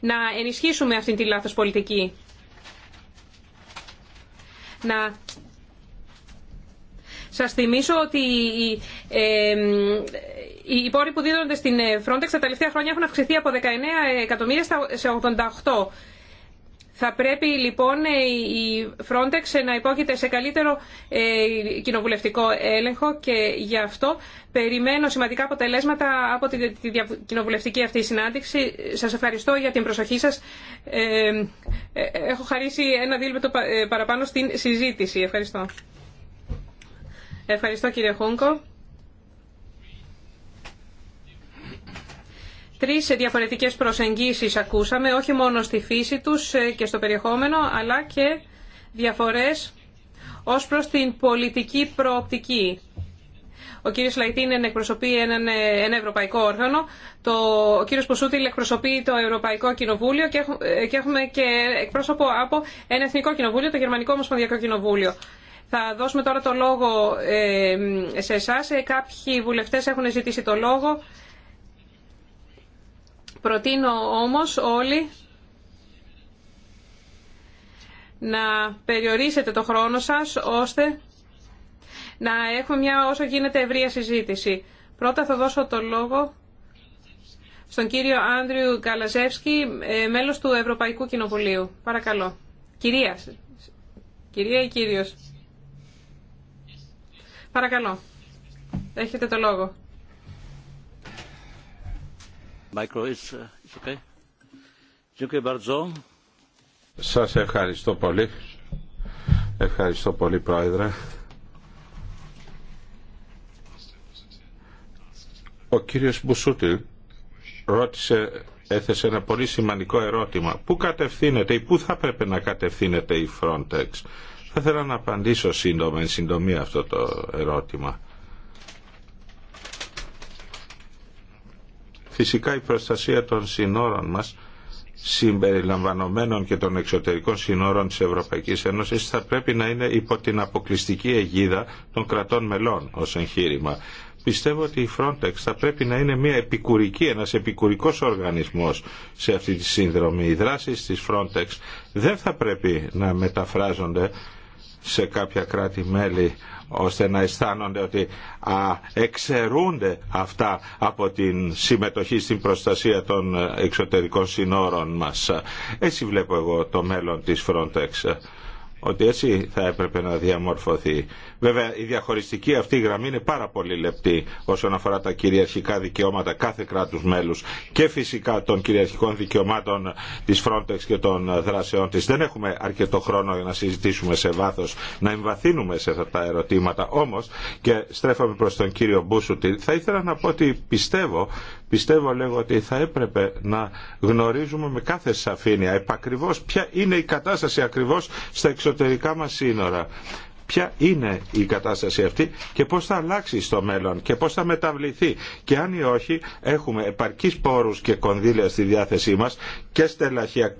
να ενισχύσουμε αυτήν τη λάθος πολιτική. Να σας θυμίσω ότι οι, ε, οι πόροι που δίνονται στην Frontex τα τελευταία χρόνια έχουν αυξηθεί από 19 εκατομμύρια σε 88 θα πρέπει λοιπόν ε, η Frontex να υπόκειται σε καλύτερο ε, κοινοβουλευτικό έλεγχο και γι' αυτό περιμένω σημαντικά αποτελέσματα από τη κοινοβουλευτική αυτή συνάντηση. Σας ευχαριστώ για την προσοχή σας. Ε, έχω χαρίσει ένα δίλεπτο παραπάνω στην συζήτηση. Ευχαριστώ. Ευχαριστώ κύριε Χούγκο. Τρεις διαφορετικές προσεγγίσεις ακούσαμε, όχι μόνο στη φύση τους ε, και στο περιεχόμενο, αλλά και διαφορές ως προς την πολιτική προοπτική. Ο κύριος Λαϊτίνεν εκπροσωπεί ε, ένα ευρωπαϊκό όργανο, το, ο κύριος Ποσούτιλ εκπροσωπεί το Ευρωπαϊκό Κοινοβούλιο ε, και, έχουμε και εκπρόσωπο από ένα εθνικό κοινοβούλιο, το Γερμανικό Ομοσπονδιακό Κοινοβούλιο. Θα δώσουμε τώρα το λόγο σε εσά. Κάποιοι βουλευτές έχουν ζητήσει το λόγο. Προτείνω όμως όλοι να περιορίσετε το χρόνο σας ώστε να έχουμε μια όσο γίνεται ευρεία συζήτηση. Πρώτα θα δώσω το λόγο στον κύριο Άνδριου Καλαζεύσκη, ε, μέλος του Ευρωπαϊκού Κοινοβουλίου. Παρακαλώ. Κυρία. Κυρία ή κύριος. Παρακαλώ. Έχετε το λόγο. Uh, Σας ευχαριστώ πολύ. Ευχαριστώ πολύ, Πρόεδρε. Ο κύριος Μπουσούτιλ ρώτησε, έθεσε ένα πολύ σημαντικό ερώτημα. Πού κατευθύνεται ή πού θα πρέπει να κατευθύνεται η Frontex. Θα ήθελα να απαντήσω σύντομα, εν συντομία αυτό το ερώτημα. Φυσικά η προστασία των συνόρων μας συμπεριλαμβανομένων και των εξωτερικών συνόρων της Ευρωπαϊκής Ένωσης θα πρέπει να είναι υπό την αποκλειστική αιγίδα των κρατών μελών ως εγχείρημα. Πιστεύω ότι η Frontex θα πρέπει να είναι μια επικουρική, ένας επικουρικός οργανισμός σε αυτή τη σύνδρομη. Οι δράσεις της Frontex δεν θα πρέπει να μεταφράζονται σε κάποια κράτη-μέλη ώστε να αισθάνονται ότι α, εξαιρούνται αυτά από την συμμετοχή στην προστασία των ε, εξωτερικών συνόρων μας. Έτσι βλέπω εγώ το μέλλον της Frontex ότι έτσι θα έπρεπε να διαμορφωθεί. Βέβαια, η διαχωριστική αυτή γραμμή είναι πάρα πολύ λεπτή όσον αφορά τα κυριαρχικά δικαιώματα κάθε κράτους μέλους και φυσικά των κυριαρχικών δικαιωμάτων της Frontex και των δράσεών της. Δεν έχουμε αρκετό χρόνο για να συζητήσουμε σε βάθος, να εμβαθύνουμε σε αυτά τα ερωτήματα. Όμως, και στρέφαμε προς τον κύριο Μπούσουτη, θα ήθελα να πω ότι πιστεύω Πιστεύω λέγω ότι θα έπρεπε να γνωρίζουμε με κάθε σαφήνεια επακριβώς ποια είναι η κατάσταση ακριβώς στα εξωτερικά μας σύνορα ποια είναι η κατάσταση αυτή και πώς θα αλλάξει στο μέλλον και πώς θα μεταβληθεί και αν ή όχι έχουμε επαρκείς πόρους και κονδύλια στη διάθεσή μας και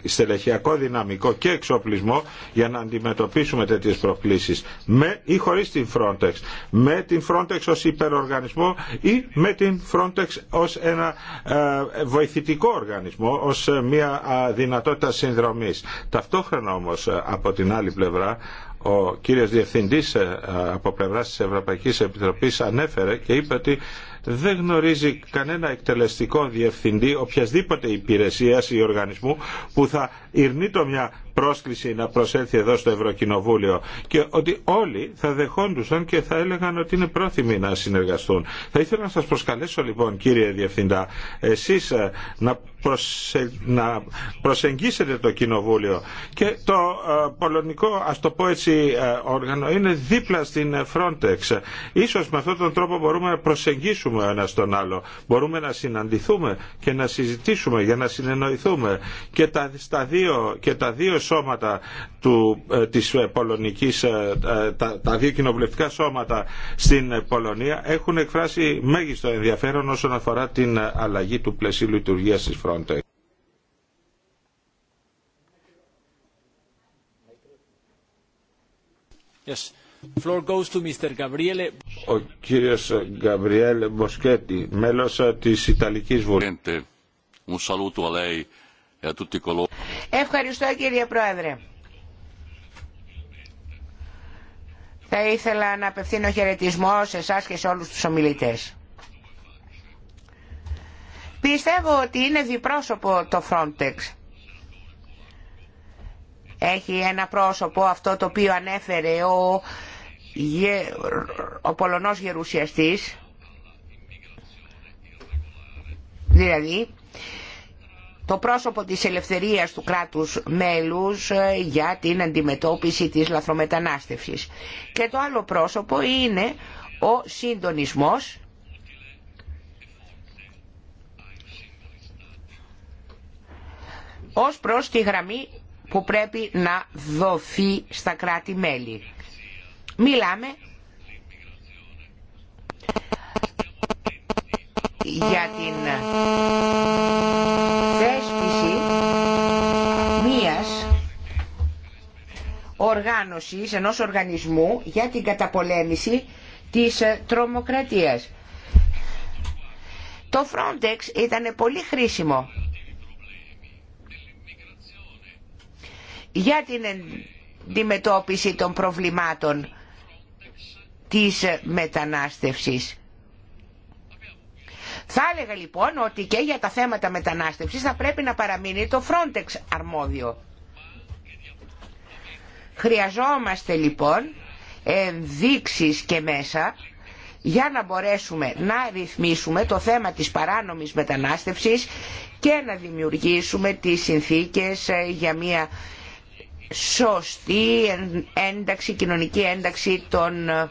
στελεχειακό δυναμικό και εξοπλισμό για να αντιμετωπίσουμε τέτοιες προκλήσεις με ή χωρίς την Frontex με την Frontex ως υπεροργανισμό ή με την Frontex ως ένα ε, βοηθητικό οργανισμό ως μια ε, δυνατότητα συνδρομής ταυτόχρονα όμως ε, από την άλλη πλευρά ο κύριος Διευθυντής ε, από πλευράς της Ευρωπαϊκής Επιτροπής ανέφερε και είπε ότι δεν γνωρίζει κανένα εκτελεστικό διευθυντή οποιασδήποτε υπηρεσίας ή οργανισμού που θα ειρνεί το μια πρόσκληση να προσέλθει εδώ στο Ευρωκοινοβούλιο και ότι όλοι θα δεχόντουσαν και θα έλεγαν ότι είναι πρόθυμοι να συνεργαστούν. Θα ήθελα να σας προσκαλέσω λοιπόν κύριε Διευθυντά εσείς ε, να, προσε... να προσεγγίσετε το Κοινοβούλιο και το ε, πολωνικό ας το πω έτσι ε, όργανο είναι δίπλα στην Frontex. Ίσως με αυτόν τον τρόπο μπορούμε να προσεγγίσουμε ένα τον άλλο. Μπορούμε να συναντηθούμε και να συζητήσουμε για να συνεννοηθούμε και τα, στα δύο, και τα δύο σώματα του, ε, της ε, Πολωνικής, ε, τα, τα δύο κοινοβουλευτικά σώματα στην Πολωνία έχουν εκφράσει μέγιστο ενδιαφέρον όσον αφορά την αλλαγή του πλαισίου λειτουργίας της Frontex. Yes. Floor goes to Mr. Gabriele. Ο κύριος Γκαμπριέλ Μποσκέτη, μέλος της Ιταλικής Βουλής. Un saluto a lei ε, Ευχαριστώ κύριε Πρόεδρε. Θα ήθελα να απευθύνω χαιρετισμό σε εσά και σε όλους τους ομιλητές. Πιστεύω ότι είναι διπρόσωπο το Frontex. Έχει ένα πρόσωπο αυτό το οποίο ανέφερε ο, ο Πολωνός γερουσιαστής, δηλαδή το πρόσωπο της ελευθερίας του κράτους μέλους ε, για την αντιμετώπιση της λαθρομετανάστευσης. Και το άλλο πρόσωπο είναι ο συντονισμός ως προς τη γραμμή που πρέπει να δοθεί στα κράτη-μέλη. Μιλάμε για την οργάνωσης, ενός οργανισμού για την καταπολέμηση της ε, τρομοκρατίας. Το Frontex ήταν πολύ χρήσιμο για την αντιμετώπιση των προβλημάτων της μετανάστευσης. Θα έλεγα λοιπόν ότι και για τα θέματα μετανάστευσης θα πρέπει να παραμείνει το Frontex αρμόδιο. Χρειαζόμαστε λοιπόν ενδείξεις και μέσα για να μπορέσουμε να ρυθμίσουμε το θέμα της παράνομης μετανάστευσης και να δημιουργήσουμε τις συνθήκες ε, για μια σωστή ένταξη, κοινωνική ένταξη των ε,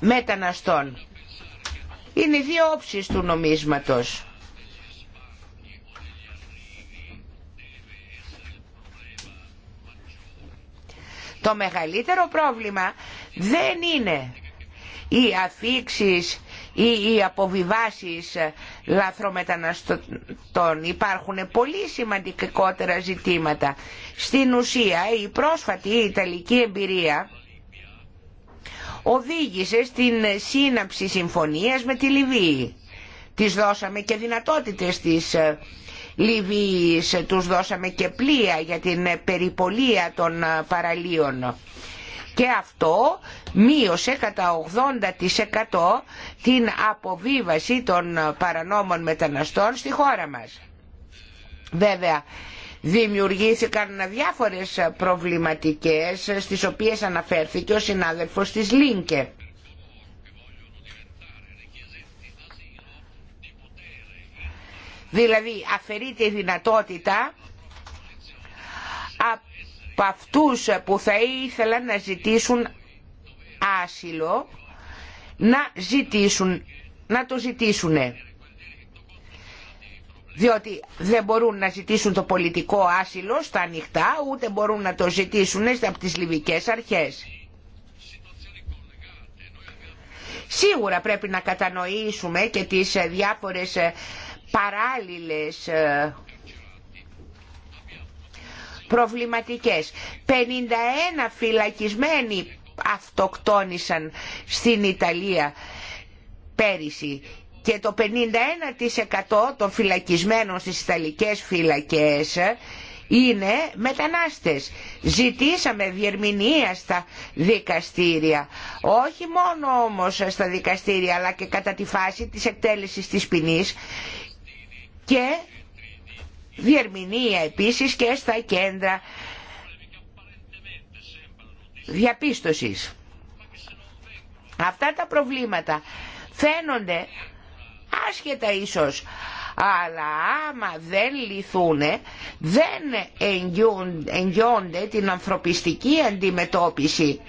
μεταναστών. Είναι οι δύο όψεις του νομίσματος. Το μεγαλύτερο πρόβλημα δεν είναι οι αφήξεις ή οι αποβιβάσεις λαθρομεταναστών. Υπάρχουν πολύ σημαντικότερα ζητήματα. Στην ουσία η πρόσφατη Ιταλική εμπειρία οδήγησε στην σύναψη συμφωνίας με τη Λιβύη. Της δώσαμε και δυνατότητες της ε, Λιβύης, τους δώσαμε και πλοία για την περιπολία των παραλίων. Και αυτό μείωσε κατά 80% την αποβίβαση των παρανόμων μεταναστών στη χώρα μας. Βέβαια, δημιουργήθηκαν διάφορες προβληματικές στις οποίες αναφέρθηκε ο συνάδελφος της Λίνκε. Δηλαδή αφαιρείται η δυνατότητα από αυτούς που θα ήθελαν να ζητήσουν άσυλο να, ζητήσουν, να το ζητήσουν διότι δεν μπορούν να ζητήσουν το πολιτικό άσυλο στα ανοιχτά ούτε μπορούν να το ζητήσουν από τις λιβικές αρχές. Σίγουρα πρέπει να κατανοήσουμε και τις ε, διάφορες ε, παράλληλες ε, προβληματικές. 51 φυλακισμένοι αυτοκτόνησαν στην Ιταλία πέρυσι και το 51% των φυλακισμένων στις Ιταλικές φυλακές είναι μετανάστες. Ζητήσαμε διερμηνία στα δικαστήρια. Όχι μόνο όμως στα δικαστήρια αλλά και κατά τη φάση της εκτέλεσης της ποινής και διερμηνία επίσης και στα κέντρα διαπίστωσης. Αυτά τα προβλήματα φαίνονται άσχετα ίσως, αλλά άμα δεν λυθούν, δεν εγγιώνται την ανθρωπιστική αντιμετώπιση,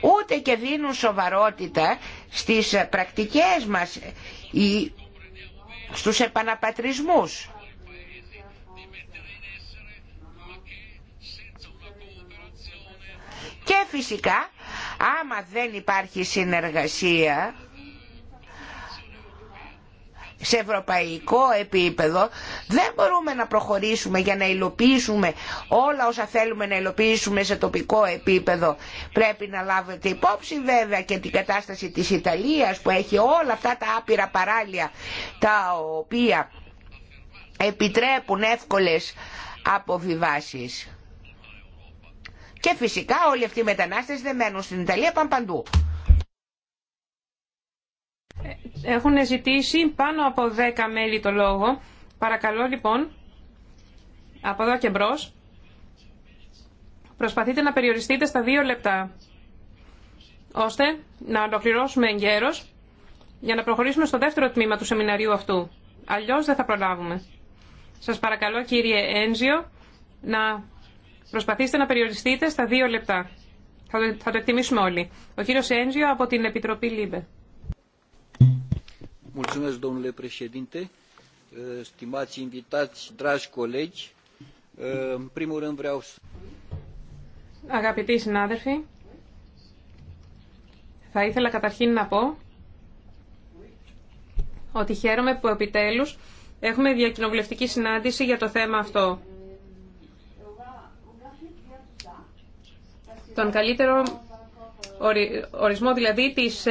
ούτε και δίνουν σοβαρότητα στις πρακτικές μας οι στους επαναπατρισμούς. Και φυσικά, άμα δεν υπάρχει συνεργασία, σε ευρωπαϊκό επίπεδο δεν μπορούμε να προχωρήσουμε για να υλοποιήσουμε όλα όσα θέλουμε να υλοποιήσουμε σε τοπικό επίπεδο. Πρέπει να λάβετε υπόψη βέβαια και την κατάσταση της Ιταλίας που έχει όλα αυτά τα άπειρα παράλια τα οποία επιτρέπουν εύκολες αποβιβάσεις. Και φυσικά όλοι αυτοί οι μετανάστες δεν μένουν στην Ιταλία, πάνε παντού. Έχουν ζητήσει πάνω από 10 μέλη το λόγο. Παρακαλώ λοιπόν, από εδώ και μπρο, προσπαθείτε να περιοριστείτε στα δύο λεπτά, ώστε να ολοκληρώσουμε εγκαίρως για να προχωρήσουμε στο δεύτερο τμήμα του σεμιναρίου αυτού. Αλλιώς δεν θα προλάβουμε. Σας παρακαλώ κύριε Ένζιο να προσπαθήσετε να περιοριστείτε στα δύο λεπτά. Θα το, θα εκτιμήσουμε όλοι. Ο κύριος Ένζιο από την Επιτροπή ΛΥΜΠΕ. Mulțumesc, domnule președinte, eh, stimați invitați, dragi colegi. Eh, în primul rând vreau să... Αγαπητοί συνάδελφοι, θα ήθελα καταρχήν να πω ότι χαίρομαι που επιτέλους έχουμε διακοινοβουλευτική συνάντηση για το θέμα αυτό. Τον καλύτερο ορισμό δηλαδή της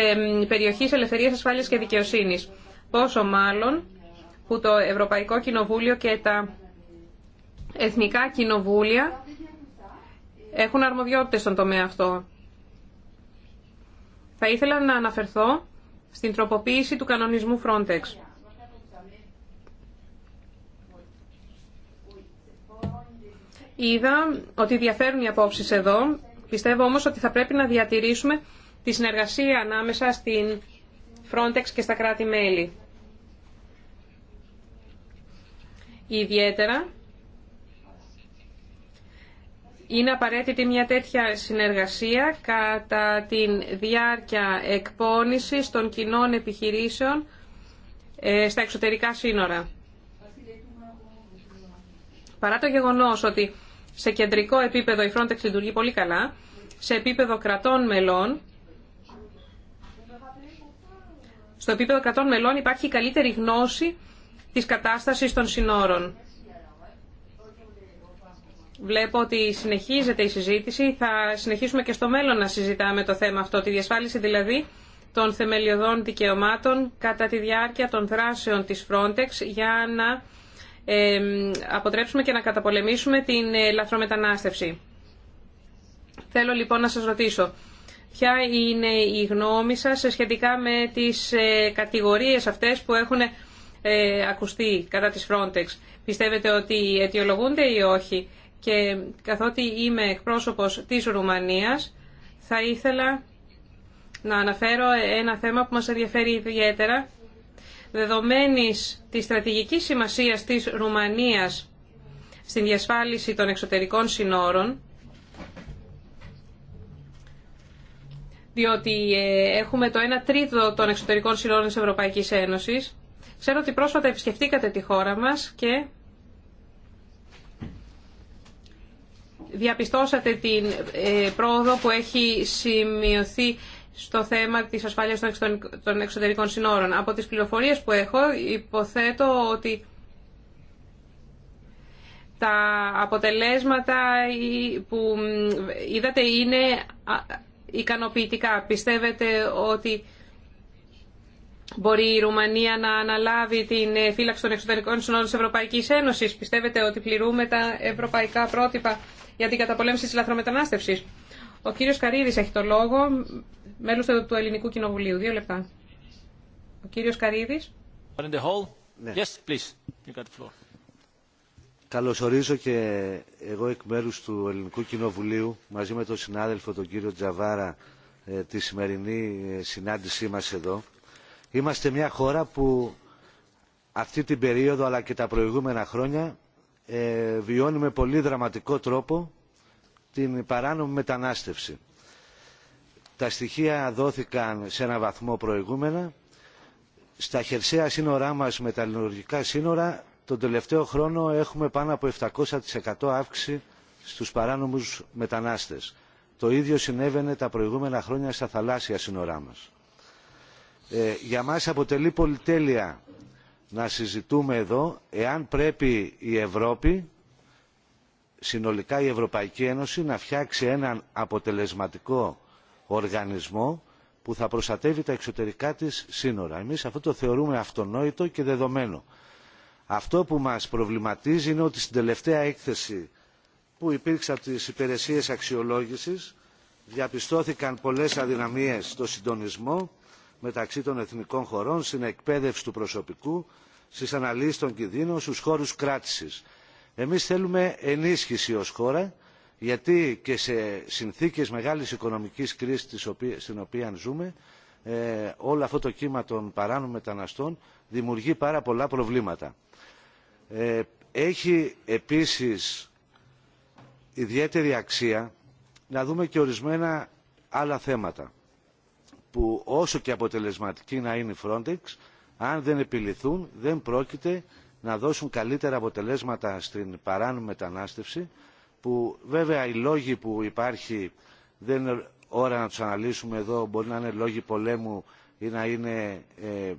περιοχής ελευθερίας, ασφάλειας και δικαιοσύνης. Πόσο μάλλον που το Ευρωπαϊκό Κοινοβούλιο και τα εθνικά κοινοβούλια έχουν αρμοδιότητες στον τομέα αυτό. Θα ήθελα να αναφερθώ στην τροποποίηση του κανονισμού Frontex. Είδα ότι διαφέρουν οι απόψεις εδώ Πιστεύω όμως ότι θα πρέπει να διατηρήσουμε τη συνεργασία ανάμεσα στην Frontex και στα κράτη-μέλη. Ιδιαίτερα είναι απαραίτητη μια τέτοια συνεργασία κατά τη διάρκεια εκπόνησης των κοινών επιχειρήσεων ε, στα εξωτερικά σύνορα. Παρά το γεγονός ότι σε κεντρικό επίπεδο η Frontex λειτουργεί πολύ καλά. Σε επίπεδο κρατών μελών, στο επίπεδο κρατών μελών υπάρχει καλύτερη γνώση της κατάστασης των συνόρων. Βλέπω ότι συνεχίζεται η συζήτηση. Θα συνεχίσουμε και στο μέλλον να συζητάμε το θέμα αυτό, τη διασφάλιση δηλαδή των θεμελιωδών δικαιωμάτων κατά τη διάρκεια των δράσεων της Frontex για να αποτρέψουμε και να καταπολεμήσουμε την ε, λαθρομετανάστευση. Θέλω λοιπόν να σας ρωτήσω, ποια είναι η γνώμη σας σχετικά με τις ε, κατηγορίες αυτές που έχουν ε, ακουστεί κατά της Frontex. Πιστεύετε ότι αιτιολογούνται ή όχι. Και καθότι είμαι εκπρόσωπος της Ρουμανίας, θα ήθελα να αναφέρω ένα θέμα που μας ενδιαφέρει ιδιαίτερα δεδομένης της στρατηγικής σημασίας της Ρουμανίας στην διασφάλιση των εξωτερικών συνόρων, διότι ε, έχουμε το 1 τρίτο των εξωτερικών συνόρων της Ευρωπαϊκής Ένωσης. Ξέρω ότι πρόσφατα επισκεφτήκατε τη χώρα μας και διαπιστώσατε την ε, πρόοδο που έχει σημειωθεί στο θέμα της ασφάλειας των εξωτερικών συνόρων. Από τις πληροφορίες που έχω υποθέτω ότι τα αποτελέσματα που είδατε είναι ικανοποιητικά. Πιστεύετε ότι μπορεί η Ρουμανία να αναλάβει την ε, φύλαξη των εξωτερικών συνόρων της Ευρωπαϊκής Ένωσης. Πιστεύετε ότι πληρούμε τα ευρωπαϊκά πρότυπα για την καταπολέμηση της λαθρομετανάστευσης. Ο κύριος Καρίδης έχει το λόγο, μέλος του Ελληνικού Κοινοβουλίου. Δύο λεπτά. Ο κύριος Καρίδης. Καλωσορίζω και εγώ εκ μέρους του Ελληνικού Κοινοβουλίου μαζί με τον συνάδελφο τον κύριο Τζαβάρα ε, τη σημερινή ε, συνάντησή μας εδώ. Είμαστε μια χώρα που αυτή την περίοδο αλλά και τα προηγούμενα χρόνια ε, βιώνει με πολύ δραματικό τρόπο την παράνομη μετανάστευση. Τα στοιχεία δόθηκαν σε ένα βαθμό προηγούμενα. Στα χερσαία σύνορά μας με τα λινοργικά σύνορα τον τελευταίο χρόνο έχουμε πάνω από 700% αύξηση στους παράνομους μετανάστες. Το ίδιο συνέβαινε τα προηγούμενα χρόνια στα θαλάσσια σύνορά μας. Ε, για μας αποτελεί πολυτέλεια να συζητούμε εδώ εάν πρέπει η Ευρώπη συνολικά η Ευρωπαϊκή Ένωση να φτιάξει έναν αποτελεσματικό οργανισμό που θα προστατεύει τα εξωτερικά της σύνορα. Εμείς αυτό το θεωρούμε αυτονόητο και δεδομένο. Αυτό που μας προβληματίζει είναι ότι στην τελευταία έκθεση που υπήρξε από τις υπηρεσίες αξιολόγησης διαπιστώθηκαν πολλές αδυναμίες στο συντονισμό μεταξύ των εθνικών χωρών, στην εκπαίδευση του προσωπικού, στις αναλύσεις των κινδύνων, στους χώρους κράτησης. Εμείς θέλουμε ενίσχυση ως χώρα, γιατί και σε συνθήκες μεγάλης οικονομικής κρίσης στην οποία ζούμε, ε, όλο αυτό το κύμα των παράνομων μεταναστών δημιουργεί πάρα πολλά προβλήματα. Ε, έχει επίσης ιδιαίτερη αξία να δούμε και ορισμένα άλλα θέματα που όσο και αποτελεσματική να είναι η Frontex, αν δεν επιληθούν δεν πρόκειται να δώσουν καλύτερα αποτελέσματα στην παράνομη μετανάστευση που βέβαια οι λόγοι που υπάρχει δεν είναι ώρα να τους αναλύσουμε εδώ μπορεί να είναι λόγοι πολέμου ή να είναι ε,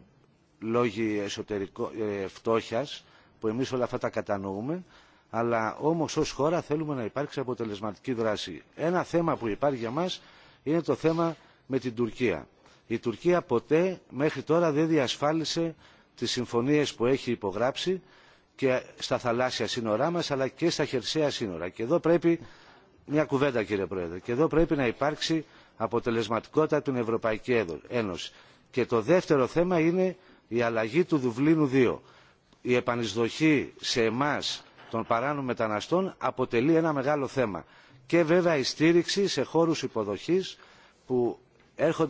λόγοι εσωτερικό, ε, φτώχειας που εμείς όλα αυτά τα κατανοούμε αλλά όμως ως χώρα θέλουμε να υπάρξει αποτελεσματική δράση. Ένα θέμα που υπάρχει για μας είναι το θέμα με την Τουρκία. Η Τουρκία ποτέ μέχρι τώρα δεν διασφάλισε τις συμφωνίες που έχει υπογράψει και στα θαλάσσια σύνορά μας αλλά και στα χερσαία σύνορα. Και εδώ πρέπει μια κουβέντα κύριε Πρόεδρε. Και εδώ πρέπει να υπάρξει αποτελεσματικότητα την Ευρωπαϊκή Ένωση. Και το δεύτερο θέμα είναι η αλλαγή του Δουβλίνου 2. Η επανεισδοχή σε εμάς των παράνων μεταναστών αποτελεί ένα μεγάλο θέμα. Και βέβαια η στήριξη σε χώρους υποδοχής που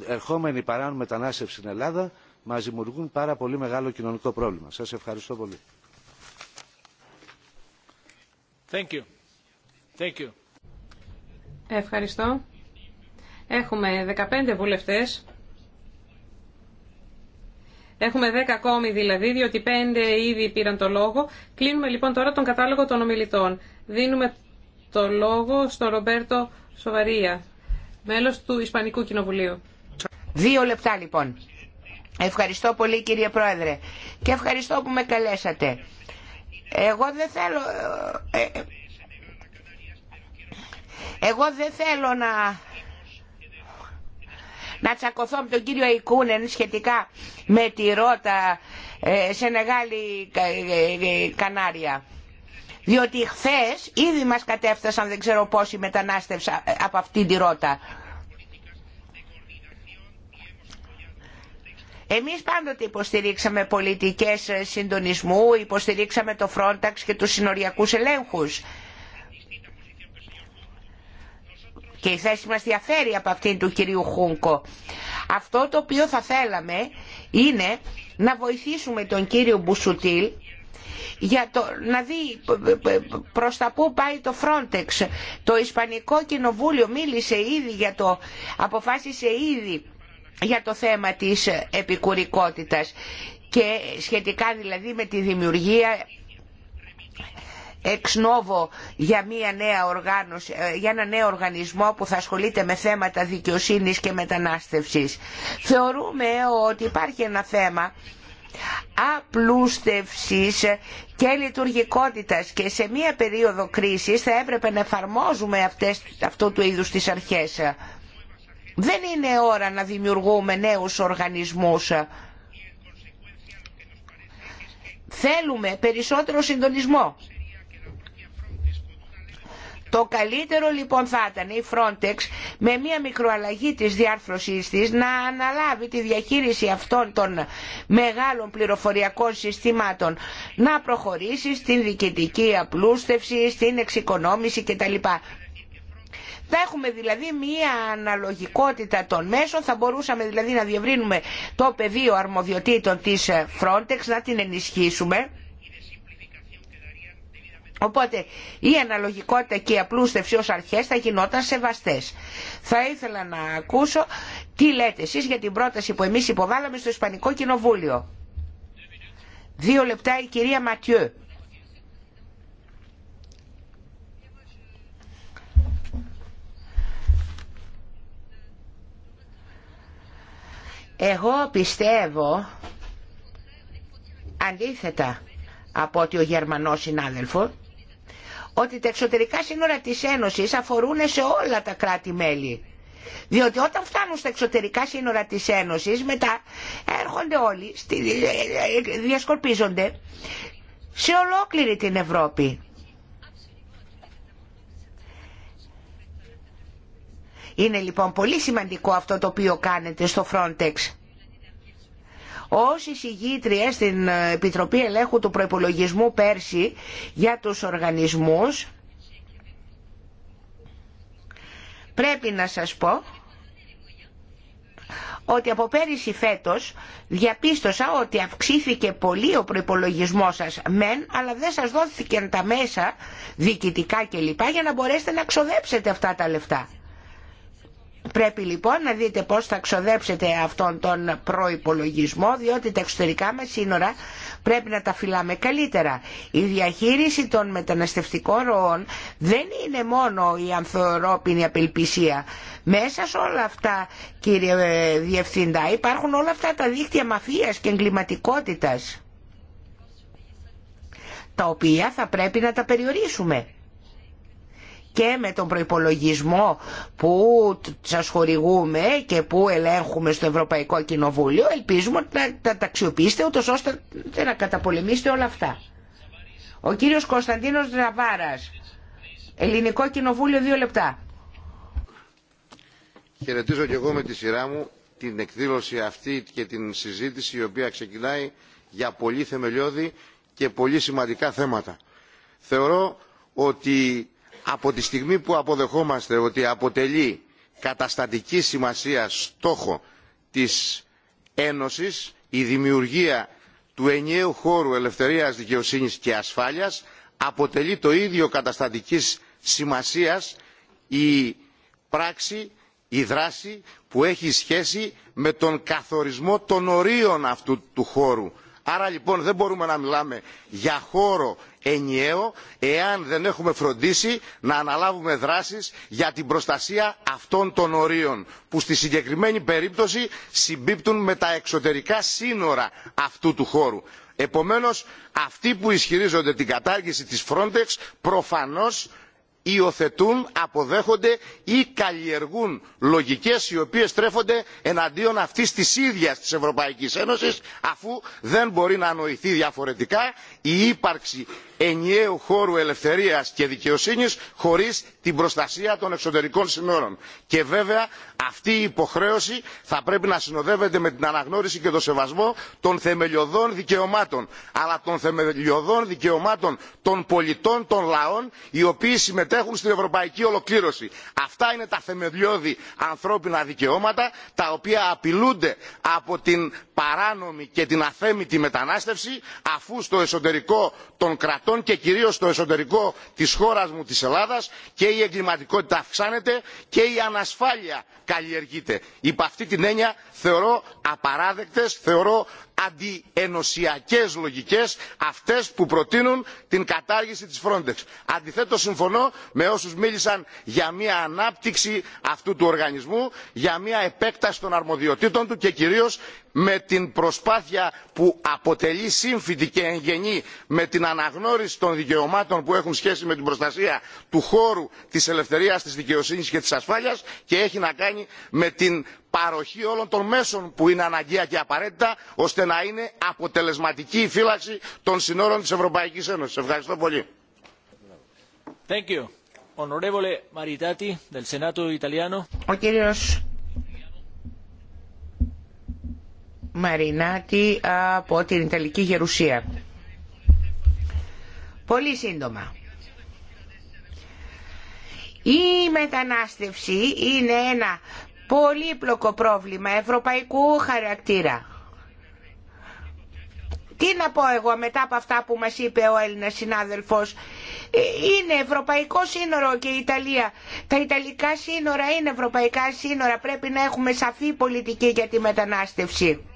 ερχόμενοι παράνομοι μετανάστευση στην Ελλάδα μας δημιουργούν πάρα πολύ μεγάλο κοινωνικό πρόβλημα. Σας ευχαριστώ πολύ. Thank you. Thank you. Ευχαριστώ. Έχουμε 15 βουλευτές. Έχουμε 10 ακόμη δηλαδή, διότι 5 ήδη πήραν το λόγο. Κλείνουμε λοιπόν τώρα τον κατάλογο των ομιλητών. Δίνουμε το λόγο στον Ρομπέρτο Σοβαρία, μέλος του Ισπανικού Κοινοβουλίου. Δύο λεπτά λοιπόν. Ευχαριστώ πολύ κύριε Πρόεδρε και ευχαριστώ που με καλέσατε. Εγώ δεν θέλω... Ε, ε, εγώ δεν θέλω να... Να τσακωθώ με τον κύριο Ικούνεν σχετικά με τη Ρότα ε, σε Μεγάλη Κανάρια. Διότι χθε ήδη μας κατέφτασαν δεν ξέρω πόσοι μετανάστευσαν από αυτή τη Ρότα. Εμείς πάντοτε υποστηρίξαμε πολιτικές ε, συντονισμού, υποστηρίξαμε το Frontex και του συνοριακούς ελέγχους. Και η θέση μας διαφέρει από αυτήν του κυρίου Χούνκο. Αυτό το οποίο θα θέλαμε είναι να βοηθήσουμε τον κύριο Μπουσουτήλ για να δει προς τα πού πάει το Frontex. Το Ισπανικό Κοινοβούλιο μίλησε ήδη για το, αποφάσισε ήδη για το θέμα της επικουρικότητας και σχετικά δηλαδή με τη δημιουργία εξ νόβο για, μια νέα οργάνωση, ε, για ένα νέο οργανισμό που θα ασχολείται με θέματα δικαιοσύνης και μετανάστευσης. Θεωρούμε ότι υπάρχει ένα θέμα απλούστευσης και λειτουργικότητας και σε μια περίοδο κρίσης θα έπρεπε να εφαρμόζουμε αυτές, αυτού του είδους τις αρχές δεν είναι ώρα να δημιουργούμε νέους οργανισμούς. Θέλουμε περισσότερο συντονισμό. Το καλύτερο λοιπόν θα ήταν η Frontex με μια μικροαλλαγή της διάρθρωσής της να αναλάβει τη διαχείριση αυτών των μεγάλων πληροφοριακών συστημάτων, να προχωρήσει στην διοικητική απλούστευση, στην εξοικονόμηση κτλ. Θα έχουμε δηλαδή μία αναλογικότητα των μέσων, θα μπορούσαμε δηλαδή να διευρύνουμε το πεδίο αρμοδιοτήτων της ε, Frontex, να την ενισχύσουμε. Οπότε η αναλογικότητα και η απλούστευση ως αρχές θα γινόταν σεβαστές. Θα ήθελα να ακούσω τι λέτε εσείς για την πρόταση που εμείς υποβάλαμε στο Ισπανικό Κοινοβούλιο. Δύο λεπτά η κυρία Ματιού. Εγώ πιστεύω αντίθετα από ότι ο Γερμανός συνάδελφο ότι τα εξωτερικά σύνορα της Ένωσης αφορούν σε όλα τα κράτη-μέλη. Διότι όταν φτάνουν στα εξωτερικά σύνορα της Ένωσης μετά έρχονται όλοι, ε, ε, ε, διασκορπίζονται σε ολόκληρη την Ευρώπη. Είναι λοιπόν πολύ σημαντικό αυτό το οποίο κάνετε στο Frontex. Όσοι εισηγήτρια στην Επιτροπή Ελέγχου του Προϋπολογισμού πέρσι για τους οργανισμούς, πρέπει να σας πω ότι από πέρυσι φέτος διαπίστωσα ότι αυξήθηκε πολύ ο προϋπολογισμός σας μεν, αλλά δεν σας δόθηκαν τα μέσα διοικητικά κλπ για να μπορέσετε να ξοδέψετε αυτά τα λεφτά. Πρέπει λοιπόν να δείτε πώς θα ξοδέψετε αυτόν τον προϋπολογισμό διότι τα εξωτερικά μας σύνορα πρέπει να τα φυλάμε καλύτερα. Η διαχείριση των μεταναστευτικών ροών δεν είναι μόνο η ανθρώπινη απελπισία. Μέσα σε όλα αυτά κύριε Διευθυντά υπάρχουν όλα αυτά τα δίκτυα μαφίας και εγκληματικότητας τα οποία θα πρέπει να τα περιορίσουμε και με τον προϋπολογισμό που σας χορηγούμε και που ελέγχουμε στο Ευρωπαϊκό Κοινοβούλιο ελπίζουμε ότι να τα αξιοποιήσετε ούτως ώστε να καταπολεμήσετε όλα αυτά. Ο κύριος Κωνσταντίνος Δραβάρας, Ελληνικό Κοινοβούλιο, δύο λεπτά. Χαιρετίζω και εγώ με τη σειρά μου την εκδήλωση αυτή και την συζήτηση η οποία ξεκινάει για πολύ θεμελιώδη και πολύ σημαντικά θέματα. Θεωρώ ότι από τη στιγμή που αποδεχόμαστε ότι αποτελεί καταστατική σημασία στόχο της Ένωσης η δημιουργία του ενιαίου χώρου ελευθερίας, δικαιοσύνης και ασφάλειας αποτελεί το ίδιο καταστατικής σημασίας η πράξη, η δράση που έχει σχέση με τον καθορισμό των ορίων αυτού του χώρου. Άρα λοιπόν δεν μπορούμε να μιλάμε για χώρο ενιαίο εάν δεν έχουμε φροντίσει να αναλάβουμε δράσεις για την προστασία αυτών των ορίων που στη συγκεκριμένη περίπτωση συμπίπτουν με τα εξωτερικά σύνορα αυτού του χώρου. επομένως αυτοί που ισχυρίζονται την κατάργηση της frontex προφανώς υιοθετούν αποδέχονται ή καλλιεργούν λογικές οι οποίες στρέφονται εναντίον αυτής της ίδιας της ευρωπαϊκής ένωσης αφού δεν μπορεί να νοηθεί διαφορετικά η καλλιεργουν λογικες οι οποιες τρεφονται εναντιον αυτης της ιδιας της ευρωπαικης ενωσης αφου δεν μπορει να νοηθει διαφορετικα η υπαρξη ενιαίου χώρου ελευθερίας και δικαιοσύνης χωρίς την προστασία των εξωτερικών συνόρων. Και βέβαια αυτή η υποχρέωση θα πρέπει να συνοδεύεται με την αναγνώριση και το σεβασμό των θεμελιωδών δικαιωμάτων αλλά των θεμελιωδών δικαιωμάτων των πολιτών των λαών οι οποίοι συμμετέχουν στην ευρωπαϊκή ολοκλήρωση. Αυτά είναι τα θεμελιώδη ανθρώπινα δικαιώματα τα οποία απειλούνται από την παράνομη και την αθέμητη μετανάστευση αφού στο εσωτερικό των κρατών αυτών και κυρίως στο εσωτερικό της χώρας μου της ελλάδας και η εγκληματικότητα αυξάνεται και η ανασφάλεια καλλιεργείται. υπ' αυτή την έννοια θεωρώ απαράδεκτες θεωρώ αντιενωσιακές λογικές αυτές που προτείνουν την κατάργηση της frontex. αντιθέτως συμφωνώ με όσους μίλησαν για μια ανάπτυξη αυτού του οργανισμού για μια επέκταση των αρμοδιοτήτων του και κυρίως με την προσπάθεια που αποτελεί σύμφυτη και εγγενή με την αναγνώριση των δικαιωμάτων που έχουν σχέση με την προστασία του χώρου της ελευθερίας της δικαιοσύνης και της ασφάλειας και έχει να κάνει με την παροχή όλων των μέσων που είναι αναγκαία και απαραίτητα ώστε να είναι αποτελεσματική η φύλαξη των συνόρων της Ευρωπαϊκής Ένωσης. Ευχαριστώ πολύ. Thank you. Maritati, del Senato Italiano. Ο κύριος Μαρινάτη από την Ιταλική Γερουσία. Πολύ σύντομα. Η μετανάστευση είναι ένα πολύπλοκο πρόβλημα ευρωπαϊκού χαρακτήρα. Τι να πω εγώ μετά από αυτά που μας είπε ο Έλληνας συνάδελφος. Ε, είναι ευρωπαϊκό σύνορο και η Ιταλία. Τα Ιταλικά σύνορα είναι ευρωπαϊκά σύνορα. Πρέπει να έχουμε σαφή πολιτική για τη μετανάστευση.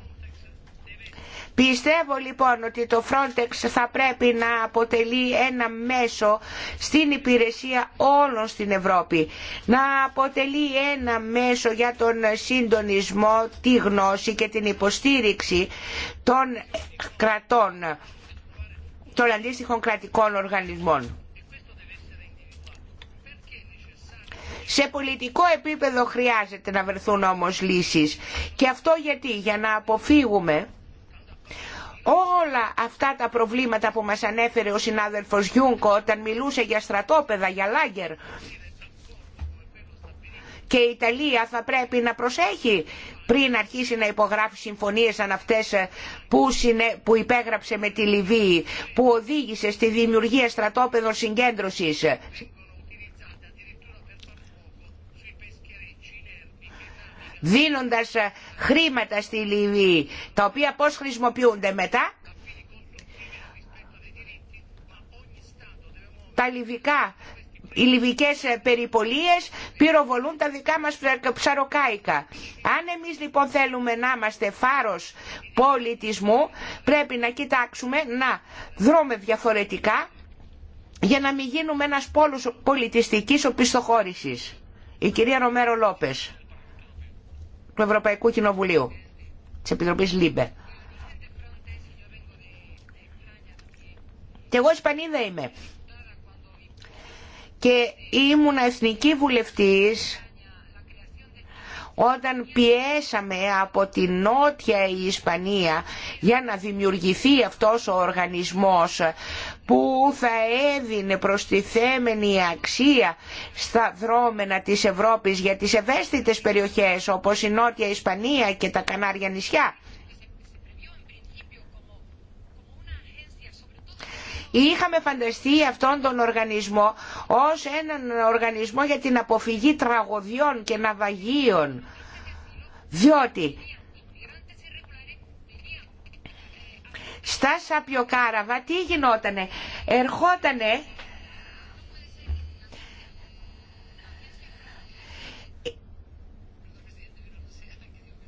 Πιστεύω λοιπόν ότι το Frontex θα πρέπει να αποτελεί ένα μέσο στην υπηρεσία όλων στην Ευρώπη. Να αποτελεί ένα μέσο για τον συντονισμό, τη γνώση και την υποστήριξη των κρατών, των αντίστοιχων κρατικών οργανισμών. Σε πολιτικό επίπεδο χρειάζεται να βρεθούν όμως λύσεις. Και αυτό γιατί, για να αποφύγουμε όλα αυτά τα προβλήματα που μας ανέφερε ο συνάδελφος Γιούνκο όταν μιλούσε για στρατόπεδα, για λάγκερ και η Ιταλία θα πρέπει να προσέχει πριν αρχίσει να υπογράφει συμφωνίες σαν αυτές που υπέγραψε με τη Λιβύη που οδήγησε στη δημιουργία στρατόπεδων συγκέντρωσης δίνοντας ε, χρήματα στη Λιβύη, τα οποία πώς χρησιμοποιούνται μετά. Τα λιβικά, οι λιβικές ε, περιπολίες πυροβολούν τα δικά μας ψαροκάικα. Αν εμείς λοιπόν θέλουμε να είμαστε φάρος πολιτισμού, πρέπει να κοιτάξουμε να δρούμε διαφορετικά για να μην γίνουμε ένας πόλος πολιτιστικής οπισθοχώρησης. Η κυρία Ρομέρο Λόπες του Ευρωπαϊκού Κοινοβουλίου, της Επιτροπής ΛΥΜΠΕ. Και εγώ Ισπανίδα είμαι. Και ήμουν εθνική βουλευτής όταν πιέσαμε από την νότια η Ισπανία για να δημιουργηθεί αυτός ο οργανισμός που θα έδινε προστιθέμενη αξία στα δρόμενα της Ευρώπης για τις ευαίσθητες περιοχές όπως η Νότια Ισπανία και τα Κανάρια νησιά. Είχαμε φανταστεί αυτόν τον οργανισμό ως έναν οργανισμό για την αποφυγή τραγωδιών και ναυαγίων. Διότι Στα Σαπιοκάραβα τι γινότανε. Ερχότανε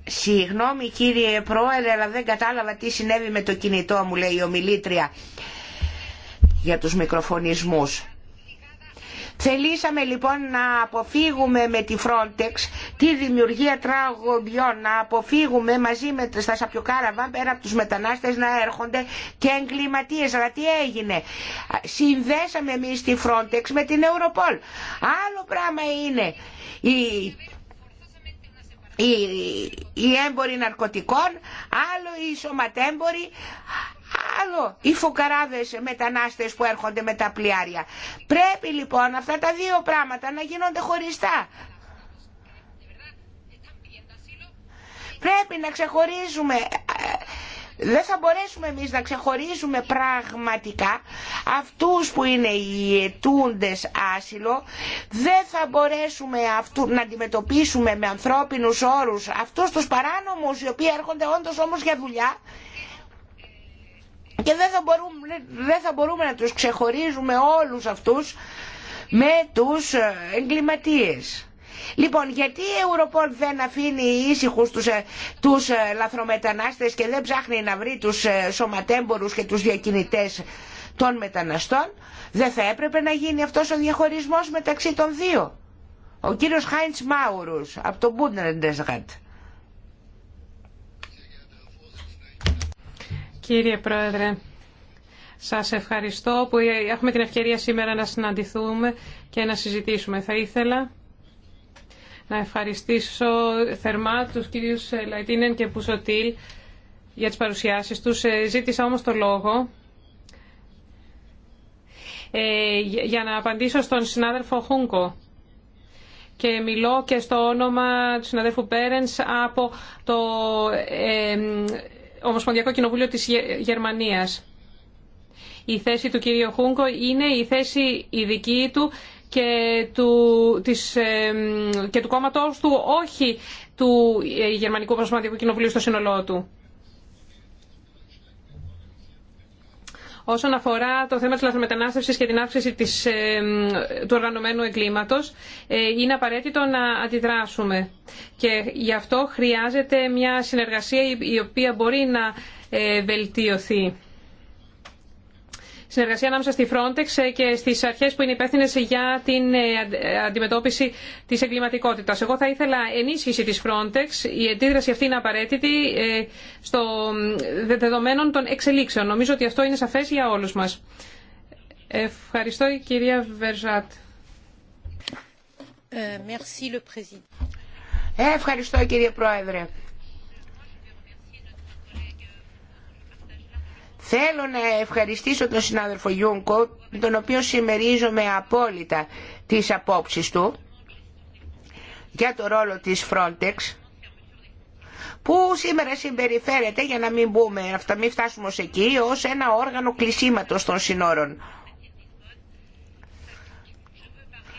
Συγγνώμη κύριε Πρόεδρε, αλλά δεν κατάλαβα τι συνέβη με το κινητό μου, λέει η ομιλήτρια για τους μικροφωνισμούς. Θελήσαμε λοιπόν να αποφύγουμε με τη Frontex τη δημιουργία τραγωδιών, να αποφύγουμε μαζί με τα σαπιοκάραβα πέρα από τους μετανάστες να έρχονται και εγκληματίες. Αλλά τι έγινε. Συνδέσαμε εμείς τη Frontex με την Europol. Άλλο πράγμα είναι η οι, οι έμποροι ναρκωτικών, άλλο οι σωματέμποροι, άλλο οι φουκαράδες μετανάστες που έρχονται με τα πλοιάρια. Πρέπει λοιπόν αυτά τα δύο πράγματα να γίνονται χωριστά. Πρέπει να ξεχωρίζουμε ε, δεν θα μπορέσουμε εμείς να ξεχωρίζουμε πραγματικά αυτούς που είναι οι αιτούντες άσυλο δεν θα μπορέσουμε αυτού, να αντιμετωπίσουμε με ανθρώπινους όρους αυτούς τους παράνομους οι οποίοι έρχονται όντως όμως για δουλειά και δεν θα μπορούμε, να τους ξεχωρίζουμε όλους αυτούς με τους ε, εγκληματίες. Λοιπόν, γιατί η Europol δεν αφήνει ήσυχου τους, ε, τους ε, λαθρομετανάστες και δεν ψάχνει να βρει τους σωματέμπορους και τους διακινητές των μεταναστών, δεν θα έπρεπε να γίνει αυτός ο διαχωρισμός μεταξύ των δύο. Ο κύριος Χάιντς Μάουρους από το Bundesrat Κύριε Πρόεδρε, σας ευχαριστώ που έχουμε την ευκαιρία σήμερα να συναντηθούμε και να συζητήσουμε. Θα ήθελα να ευχαριστήσω θερμά τους κυρίους Λαϊτίνεν και Πουσοτήλ για τις παρουσιάσεις τους. Ε, ζήτησα όμως το λόγο ε, για να απαντήσω στον συνάδελφο Χούγκο. και μιλώ και στο όνομα του συναδέλφου Πέρενς από το ε, Ομοσπονδιακό Κοινοβούλιο της Γερμανίας. Η θέση του κυρίου Χούγκο είναι η θέση η δική του και του, της, και του κόμματός του, όχι του ε, Γερμανικού Ομοσπονδιακού Κοινοβουλίου στο σύνολό του. Όσον αφορά το θέμα της λαθρομετανάστευσης και την αύξηση της, ε, του οργανωμένου εγκλήματος, ε, είναι απαραίτητο να αντιδράσουμε. Και γι' αυτό χρειάζεται μια συνεργασία η οποία μπορεί να ε, βελτιωθεί συνεργασία ανάμεσα στη Frontex ε, και στις αρχές που είναι υπεύθυνε για την ε, ε, αντιμετώπιση της εγκληματικότητα. Εγώ θα ήθελα ενίσχυση της Frontex, η αντίδραση αυτή είναι απαραίτητη στο δεδομένο των εξελίξεων. Νομίζω ότι αυτό είναι σαφέ για όλους μας. Ευχαριστώ κυρία Βερζάτ. Ευχαριστώ κύριε Πρόεδρε. Θέλω να ευχαριστήσω τον συνάδελφο Ιούνκο, τον οποίο συμμερίζομαι απόλυτα τις απόψεις του για το ρόλο της Frontex που σήμερα συμπεριφέρεται για να μην μπούμε, να μην φτάσουμε ως εκεί, ως ένα όργανο κλεισίματος των συνόρων.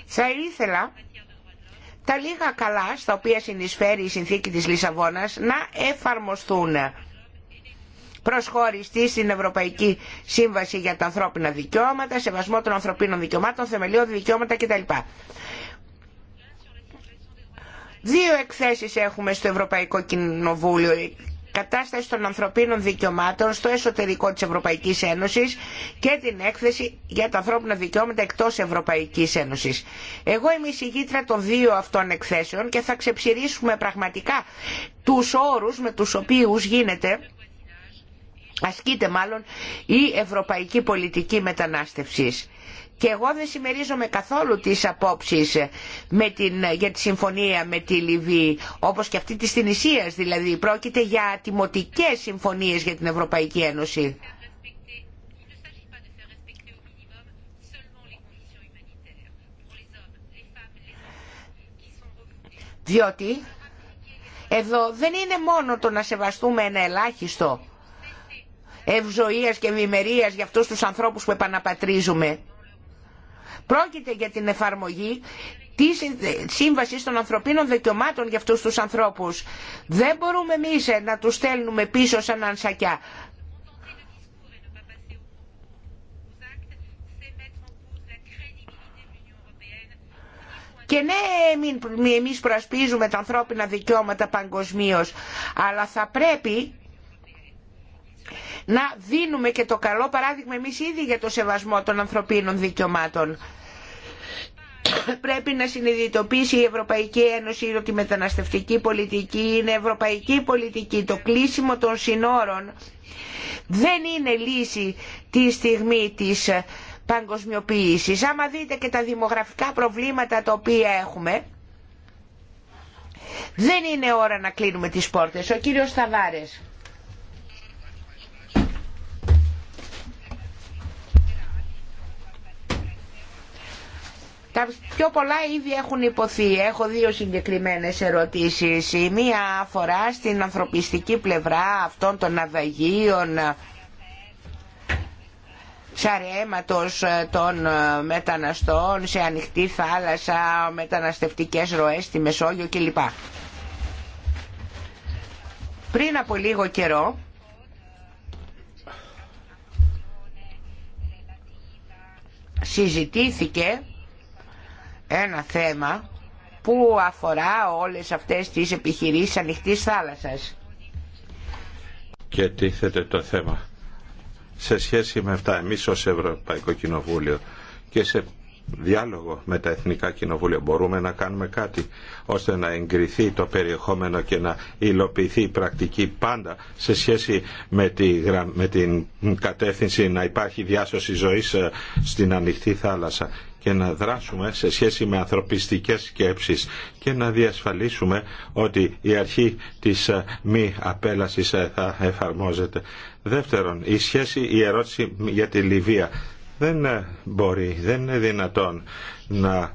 Θα ήθελα τα λίγα καλά στα οποία συνεισφέρει η συνθήκη της Λισαβόνας να εφαρμοστούν προσχωριστεί στην Ευρωπαϊκή Σύμβαση για τα ανθρώπινα δικαιώματα, σεβασμό των ανθρωπίνων δικαιωμάτων, θεμελιώδη δικαιώματα κτλ. Δύο εκθέσεις έχουμε στο Ευρωπαϊκό Κοινοβούλιο η κατάσταση των ανθρωπίνων δικαιωμάτων στο εσωτερικό της Ευρωπαϊκής Ένωσης και την έκθεση για τα ανθρώπινα δικαιώματα εκτός Ευρωπαϊκής Ένωσης. Εγώ είμαι η συγγήτρα των δύο αυτών εκθέσεων και θα ξεψηρίσουμε πραγματικά τους όρους με τους οποίους γίνεται ασκείται μάλλον η ευρωπαϊκή πολιτική μετανάστευσης. Και εγώ δεν συμμερίζομαι καθόλου τις απόψεις με την, για τη συμφωνία με τη Λιβύη, όπως και αυτή της Τινησίας δηλαδή. Πρόκειται για ατιμωτικές συμφωνίες για την Ευρωπαϊκή Ένωση. Διότι εδώ δεν είναι μόνο το να σεβαστούμε ένα ελάχιστο ευζοίας και ευημερίας για αυτούς τους ανθρώπους που επαναπατρίζουμε. Πρόκειται για την εφαρμογή τη Σύμβασης των Ανθρωπίνων Δικαιωμάτων για αυτούς τους ανθρώπους. Δεν μπορούμε εμείς ε, να τους στέλνουμε πίσω σαν ανσακιά. Και ναι, εμείς προασπίζουμε τα ανθρώπινα δικαιώματα παγκοσμίως, αλλά θα πρέπει να δίνουμε και το καλό παράδειγμα εμείς ήδη για το σεβασμό των ανθρωπίνων δικαιωμάτων. Πρέπει να συνειδητοποιήσει η Ευρωπαϊκή Ένωση ότι η μεταναστευτική πολιτική είναι ευρωπαϊκή πολιτική. Το κλείσιμο των συνόρων δεν είναι λύση τη στιγμή της παγκοσμιοποίησης. Άμα δείτε και τα δημογραφικά προβλήματα τα οποία έχουμε, δεν είναι ώρα να κλείνουμε τις πόρτες. Ο κύριος Σταβάρες. Τα πιο πολλά ήδη έχουν υποθεί. Έχω δύο συγκεκριμένες ερωτήσεις. Η μία αφορά στην ανθρωπιστική πλευρά αυτών των αδαγίων σαρέματος ε, των ε, μεταναστών σε ανοιχτή θάλασσα, μεταναστευτικές ροές στη Μεσόγειο κλπ. Πριν από λίγο καιρό, συζητήθηκε ένα θέμα που αφορά όλες αυτές τις επιχειρήσεις ανοιχτής θάλασσας. Και τίθεται το θέμα σε σχέση με αυτά εμείς ως Ευρωπαϊκό Κοινοβούλιο και σε διάλογο με τα Εθνικά Κοινοβούλια μπορούμε να κάνουμε κάτι ώστε να εγκριθεί το περιεχόμενο και να υλοποιηθεί η πρακτική πάντα σε σχέση με, με την κατεύθυνση να υπάρχει διάσωση ζωής ε, στην ανοιχτή θάλασσα και να δράσουμε σε σχέση με ανθρωπιστικές σκέψεις και να διασφαλίσουμε ότι η αρχή της ε, μη απέλασης ε, θα εφαρμόζεται. Δεύτερον, η σχέση, η ερώτηση για τη Λιβύα δεν ε, μπορεί, δεν είναι δυνατόν να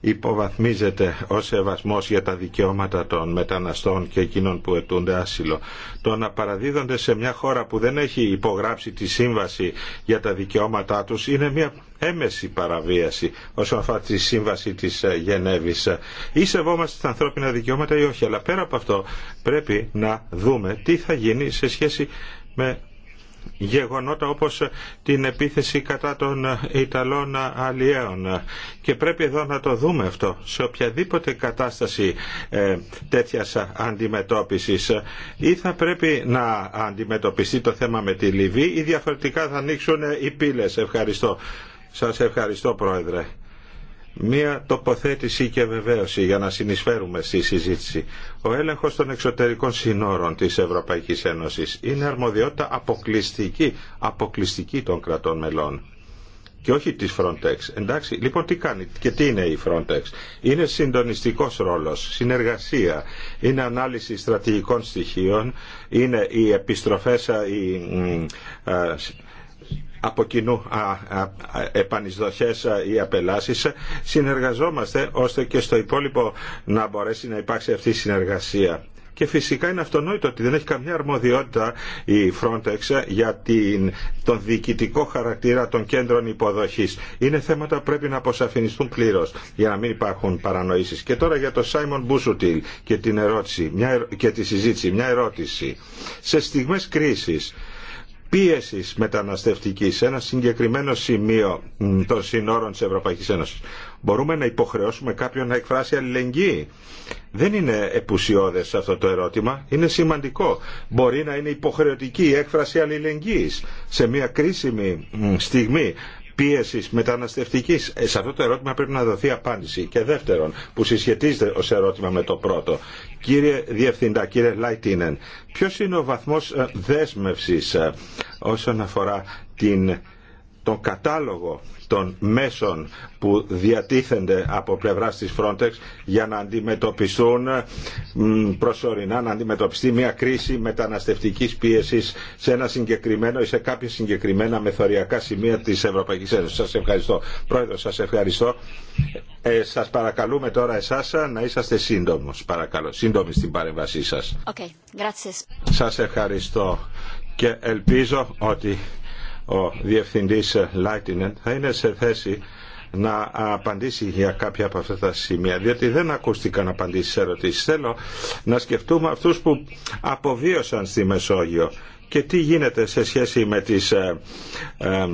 υποβαθμίζεται ο σεβασμό για τα δικαιώματα των μεταναστών και εκείνων που ετούνται άσυλο. Το να παραδίδονται σε μια χώρα που δεν έχει υπογράψει τη σύμβαση για τα δικαιώματά τους είναι μια έμεση παραβίαση όσον αφορά τη σύμβαση της ε, Γενέβη. Ε, ή σεβόμαστε τα ανθρώπινα δικαιώματα ή όχι. Αλλά πέρα από αυτό πρέπει να δούμε τι θα γίνει σε σχέση με γεγονότα όπως ε, την επίθεση κατά των Ιταλών αλλιέων. Και πρέπει εδώ να το δούμε αυτό. Σε οποιαδήποτε κατάσταση ε, τέτοιας αντιμετώπισης ή θα πρέπει να αντιμετωπιστεί το θέμα με τη Λιβύη ή διαφορετικά θα ανοίξουν οι πύλες. Ευχαριστώ. Σας ευχαριστώ Πρόεδρε. Μία τοποθέτηση και βεβαίωση για να συνεισφέρουμε στη συζήτηση. Ο έλεγχος των εξωτερικών συνόρων της Ευρωπαϊκής Ένωσης είναι αρμοδιότητα αποκλειστική, αποκλειστική των κρατών μελών και όχι της Frontex. Εντάξει, λοιπόν τι κάνει και τι είναι η Frontex. Είναι συντονιστικός ρόλος, συνεργασία, είναι ανάλυση στρατηγικών στοιχείων, είναι οι επιστροφές, από κοινού επανεισδοχές ή απελάσεις συνεργαζόμαστε ώστε και στο υπόλοιπο να μπορέσει να υπάρξει αυτή η συνεργασία. Και φυσικά είναι αυτονόητο ότι δεν έχει καμιά αρμοδιότητα η Frontex για την, τον διοικητικό χαρακτήρα των κέντρων υποδοχή. Είναι θέματα που πρέπει να αποσαφινιστούν πλήρω για να μην υπάρχουν παρανοήσει. Και τώρα για τον Σάιμον Μπούσουτιλ και, την ερώτηση, μια, και τη συζήτηση. Μια ερώτηση. Σε στιγμέ κρίση πίεσης μεταναστευτικής, ένα συγκεκριμένο σημείο των συνόρων της Ευρωπαϊκής Ένωσης. Μπορούμε να υποχρεώσουμε κάποιον να εκφράσει αλληλεγγύη. Δεν είναι επουσιώδες αυτό το ερώτημα, είναι σημαντικό. Μπορεί να είναι υποχρεωτική η έκφραση αλληλεγγύης σε μια κρίσιμη στιγμή πίεσης μεταναστευτικής. Ε, σε αυτό το ερώτημα πρέπει να δοθεί απάντηση. Και δεύτερον, που συσχετίζεται ω ερώτημα με το πρώτο. Κύριε Διευθυντά, κύριε Λάιτίνεν, ποιος είναι ο βαθμός ε, δέσμευσης ε, όσον αφορά την τον κατάλογο των μέσων που διατίθενται από πλευράς της Frontex για να αντιμετωπιστούν προσωρινά, να αντιμετωπιστεί μια κρίση μεταναστευτική πίεση σε ένα συγκεκριμένο ή σε κάποια συγκεκριμένα μεθοριακά σημεία της Ευρωπαϊκής Ένωση. Σας ευχαριστώ. Πρόεδρο, σας ευχαριστώ. Ε, σας παρακαλούμε τώρα εσά να είσαστε παρακαλώ, σύντομοι στην παρέμβασή σα. Okay, ευχαριστώ και ελπίζω ότι ο Διευθυντής Λάιτινεν θα είναι σε θέση να απαντήσει για κάποια από αυτά τα σημεία, διότι δεν ακούστηκαν απαντήσεις σε ερωτήσεις. Θέλω να σκεφτούμε αυτούς που αποβίωσαν στη Μεσόγειο και τι γίνεται σε σχέση με τις ε, ε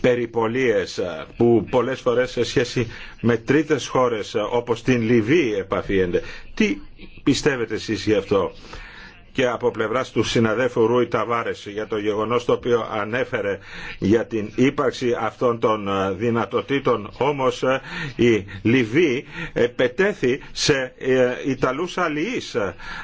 περιπολίες που πολλές φορές σε σχέση με τρίτες χώρες όπως την Λιβύη επαφίενται. Τι πιστεύετε εσείς γι' αυτό και από πλευράς του συναδέφου Ρούι Ταβάρες για το γεγονός το οποίο ανέφερε για την ύπαρξη αυτών των ε, δυνατοτήτων όμως ε, η Λιβύη ε, πετέθη σε Ιταλούς αλληλείς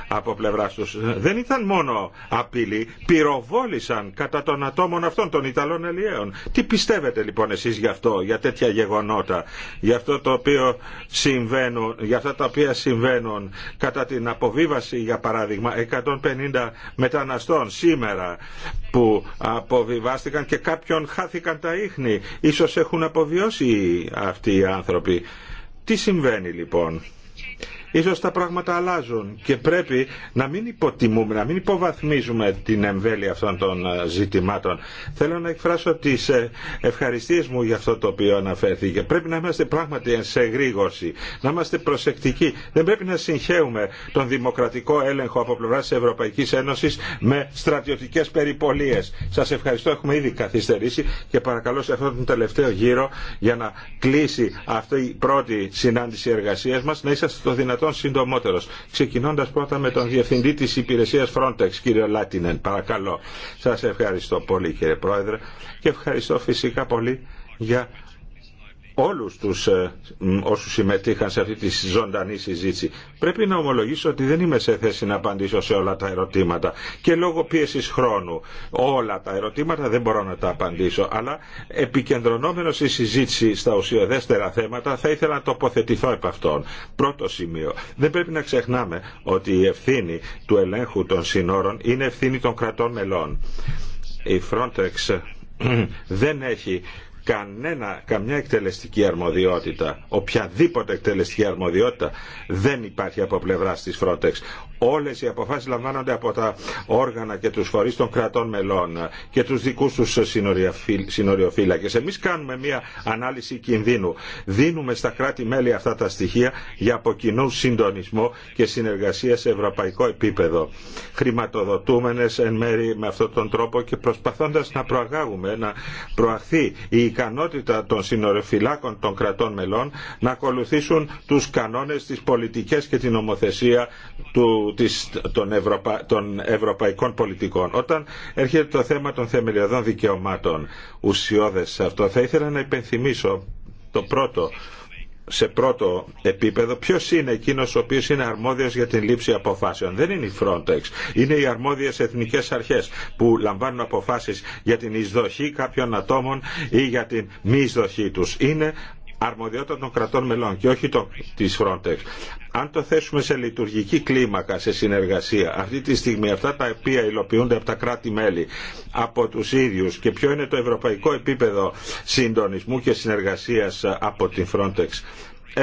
από πλευράς τους. Δεν ήταν μόνο απειλή, πυροβόλησαν κατά των ατόμων αυτών των Ιταλών αλληλείων Τι πιστεύετε λοιπόν εσείς γι' αυτό, για τέτοια γεγονότα, για αυτό το οποίο συμβαίνουν, για αυτά τα οποία συμβαίνουν κατά την αποβίβαση για παράδειγμα 100 150 μεταναστών σήμερα που αποβιβάστηκαν και κάποιον χάθηκαν τα ίχνη. Ίσως έχουν αποβιώσει αυτοί οι άνθρωποι. Τι συμβαίνει λοιπόν. Ίσως τα πράγματα αλλάζουν και πρέπει να μην υποτιμούμε, να μην υποβαθμίζουμε την εμβέλεια αυτών των ε, ζητημάτων. Θέλω να εκφράσω τις ε, ευχαριστίες μου για αυτό το οποίο αναφέρθηκε. Πρέπει να είμαστε πράγματι σε γρήγορση, να είμαστε προσεκτικοί. Δεν πρέπει να συγχαίουμε τον δημοκρατικό έλεγχο από πλευρά τη Ευρωπαϊκή Ένωση με στρατιωτικέ περιπολίε. Σα ευχαριστώ, έχουμε ήδη καθυστερήσει και παρακαλώ σε αυτόν τον τελευταίο γύρο για να κλείσει αυτή η πρώτη συνάντηση εργασία μα να είσαστε το δυνατό δυνατόν συντομότερο. Ξεκινώντας πρώτα με τον Διευθυντή της Υπηρεσίας Frontex, κύριο Λάτινεν, παρακαλώ. Σας ευχαριστώ πολύ κύριε Πρόεδρε και ευχαριστώ φυσικά πολύ για όλους τους ε, όσους συμμετείχαν σε αυτή τη ζωντανή συζήτηση. Πρέπει να ομολογήσω ότι δεν είμαι σε θέση να απαντήσω σε όλα τα ερωτήματα και λόγω πίεσης χρόνου όλα τα ερωτήματα δεν μπορώ να τα απαντήσω αλλά επικεντρωνόμενο στη συζήτηση στα ουσιοδέστερα θέματα θα ήθελα να τοποθετηθώ επ' αυτών. Πρώτο σημείο. Δεν πρέπει να ξεχνάμε ότι η ευθύνη του ελέγχου των συνόρων είναι ευθύνη των κρατών μελών. Η Frontex δεν έχει κανένα, καμιά εκτελεστική αρμοδιότητα, οποιαδήποτε εκτελεστική αρμοδιότητα δεν υπάρχει από πλευρά τη Frontex. Όλε οι αποφάσει λαμβάνονται από τα όργανα και του φορεί των κρατών μελών και του δικού του συνοριοφύλακε. Εμεί κάνουμε μια ανάλυση κινδύνου. Δίνουμε στα κράτη-μέλη αυτά τα στοιχεία για από κοινού συντονισμό και συνεργασία σε ευρωπαϊκό επίπεδο. Χρηματοδοτούμενε εν μέρη με αυτόν τον τρόπο και προσπαθώντα να προαγάγουμε, να προαχθεί η ικανότητα των συνορεφυλάκων των κρατών μελών να ακολουθήσουν τους κανόνες, τις πολιτικές και την ομοθεσία του, της, των, Ευρωπα, των ευρωπαϊκών πολιτικών. Όταν έρχεται το θέμα των θεμελιωδών δικαιωμάτων ουσιώδες σε αυτό, θα ήθελα να υπενθυμίσω το πρώτο σε πρώτο επίπεδο ποιος είναι εκείνος ο οποίος είναι αρμόδιος για την λήψη αποφάσεων. Δεν είναι η Frontex. Είναι οι αρμόδιες εθνικές αρχές που λαμβάνουν αποφάσεις για την εισδοχή κάποιων ατόμων ή για την μη εισδοχή τους. Είναι αρμοδιότητα των κρατών μελών και όχι το, της Frontex. Αν το θέσουμε σε λειτουργική κλίμακα, σε συνεργασία, αυτή τη στιγμή αυτά τα οποία υλοποιούνται από τα κράτη-μέλη, από τους ίδιους και ποιο είναι το ευρωπαϊκό επίπεδο συντονισμού και συνεργασίας ε, από την Frontex, 11.000 ε,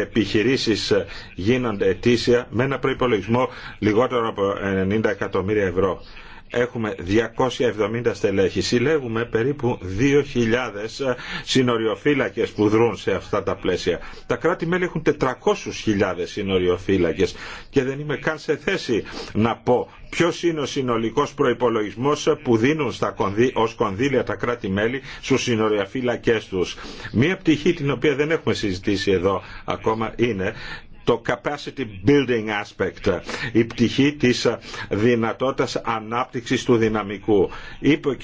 επιχειρήσεις ε, γίνονται ετήσια με ένα προϋπολογισμό λιγότερο από 90 εκατομμύρια ευρώ έχουμε 270 στελέχη. Συλλέγουμε περίπου 2.000 συνοριοφύλακε που δρούν σε αυτά τα πλαίσια. Τα κράτη-μέλη έχουν 400.000 συνοριοφύλακε και δεν είμαι καν σε θέση να πω ποιο είναι ο συνολικός προπολογισμό που δίνουν κονδύ, ως κονδύλια τα κράτη-μέλη στους συνοριοφύλακες τους. Μία πτυχή την οποία δεν έχουμε συζητήσει εδώ ακόμα είναι το capacity building aspect, η πτυχή της δυνατότητας ανάπτυξης του δυναμικού. Είπε ο κ.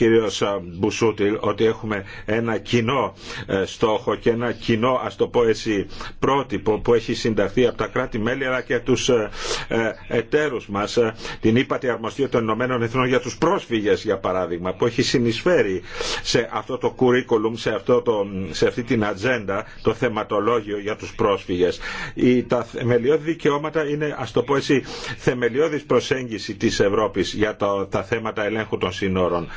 Μπουσούτιλ ότι έχουμε ένα κοινό ε, στόχο και ένα κοινό, ας το πω έτσι, πρότυπο που έχει συνταχθεί από τα κράτη-μέλη αλλά και τους ε, ε, εταίρους μας, την ύπατη αρμοστία των Ηνωμένων Εθνών για τους πρόσφυγες για παράδειγμα, που έχει συνεισφέρει σε αυτό το curriculum, σε, αυτή την ατζέντα, το θεματολόγιο για τους πρόσφυγες. Η, τα θεμελιώδη δικαιώματα είναι, ας το πω έτσι, θεμελιώδης προσέγγιση της Ευρώπης για τα θέματα ελέγχου των συνόρων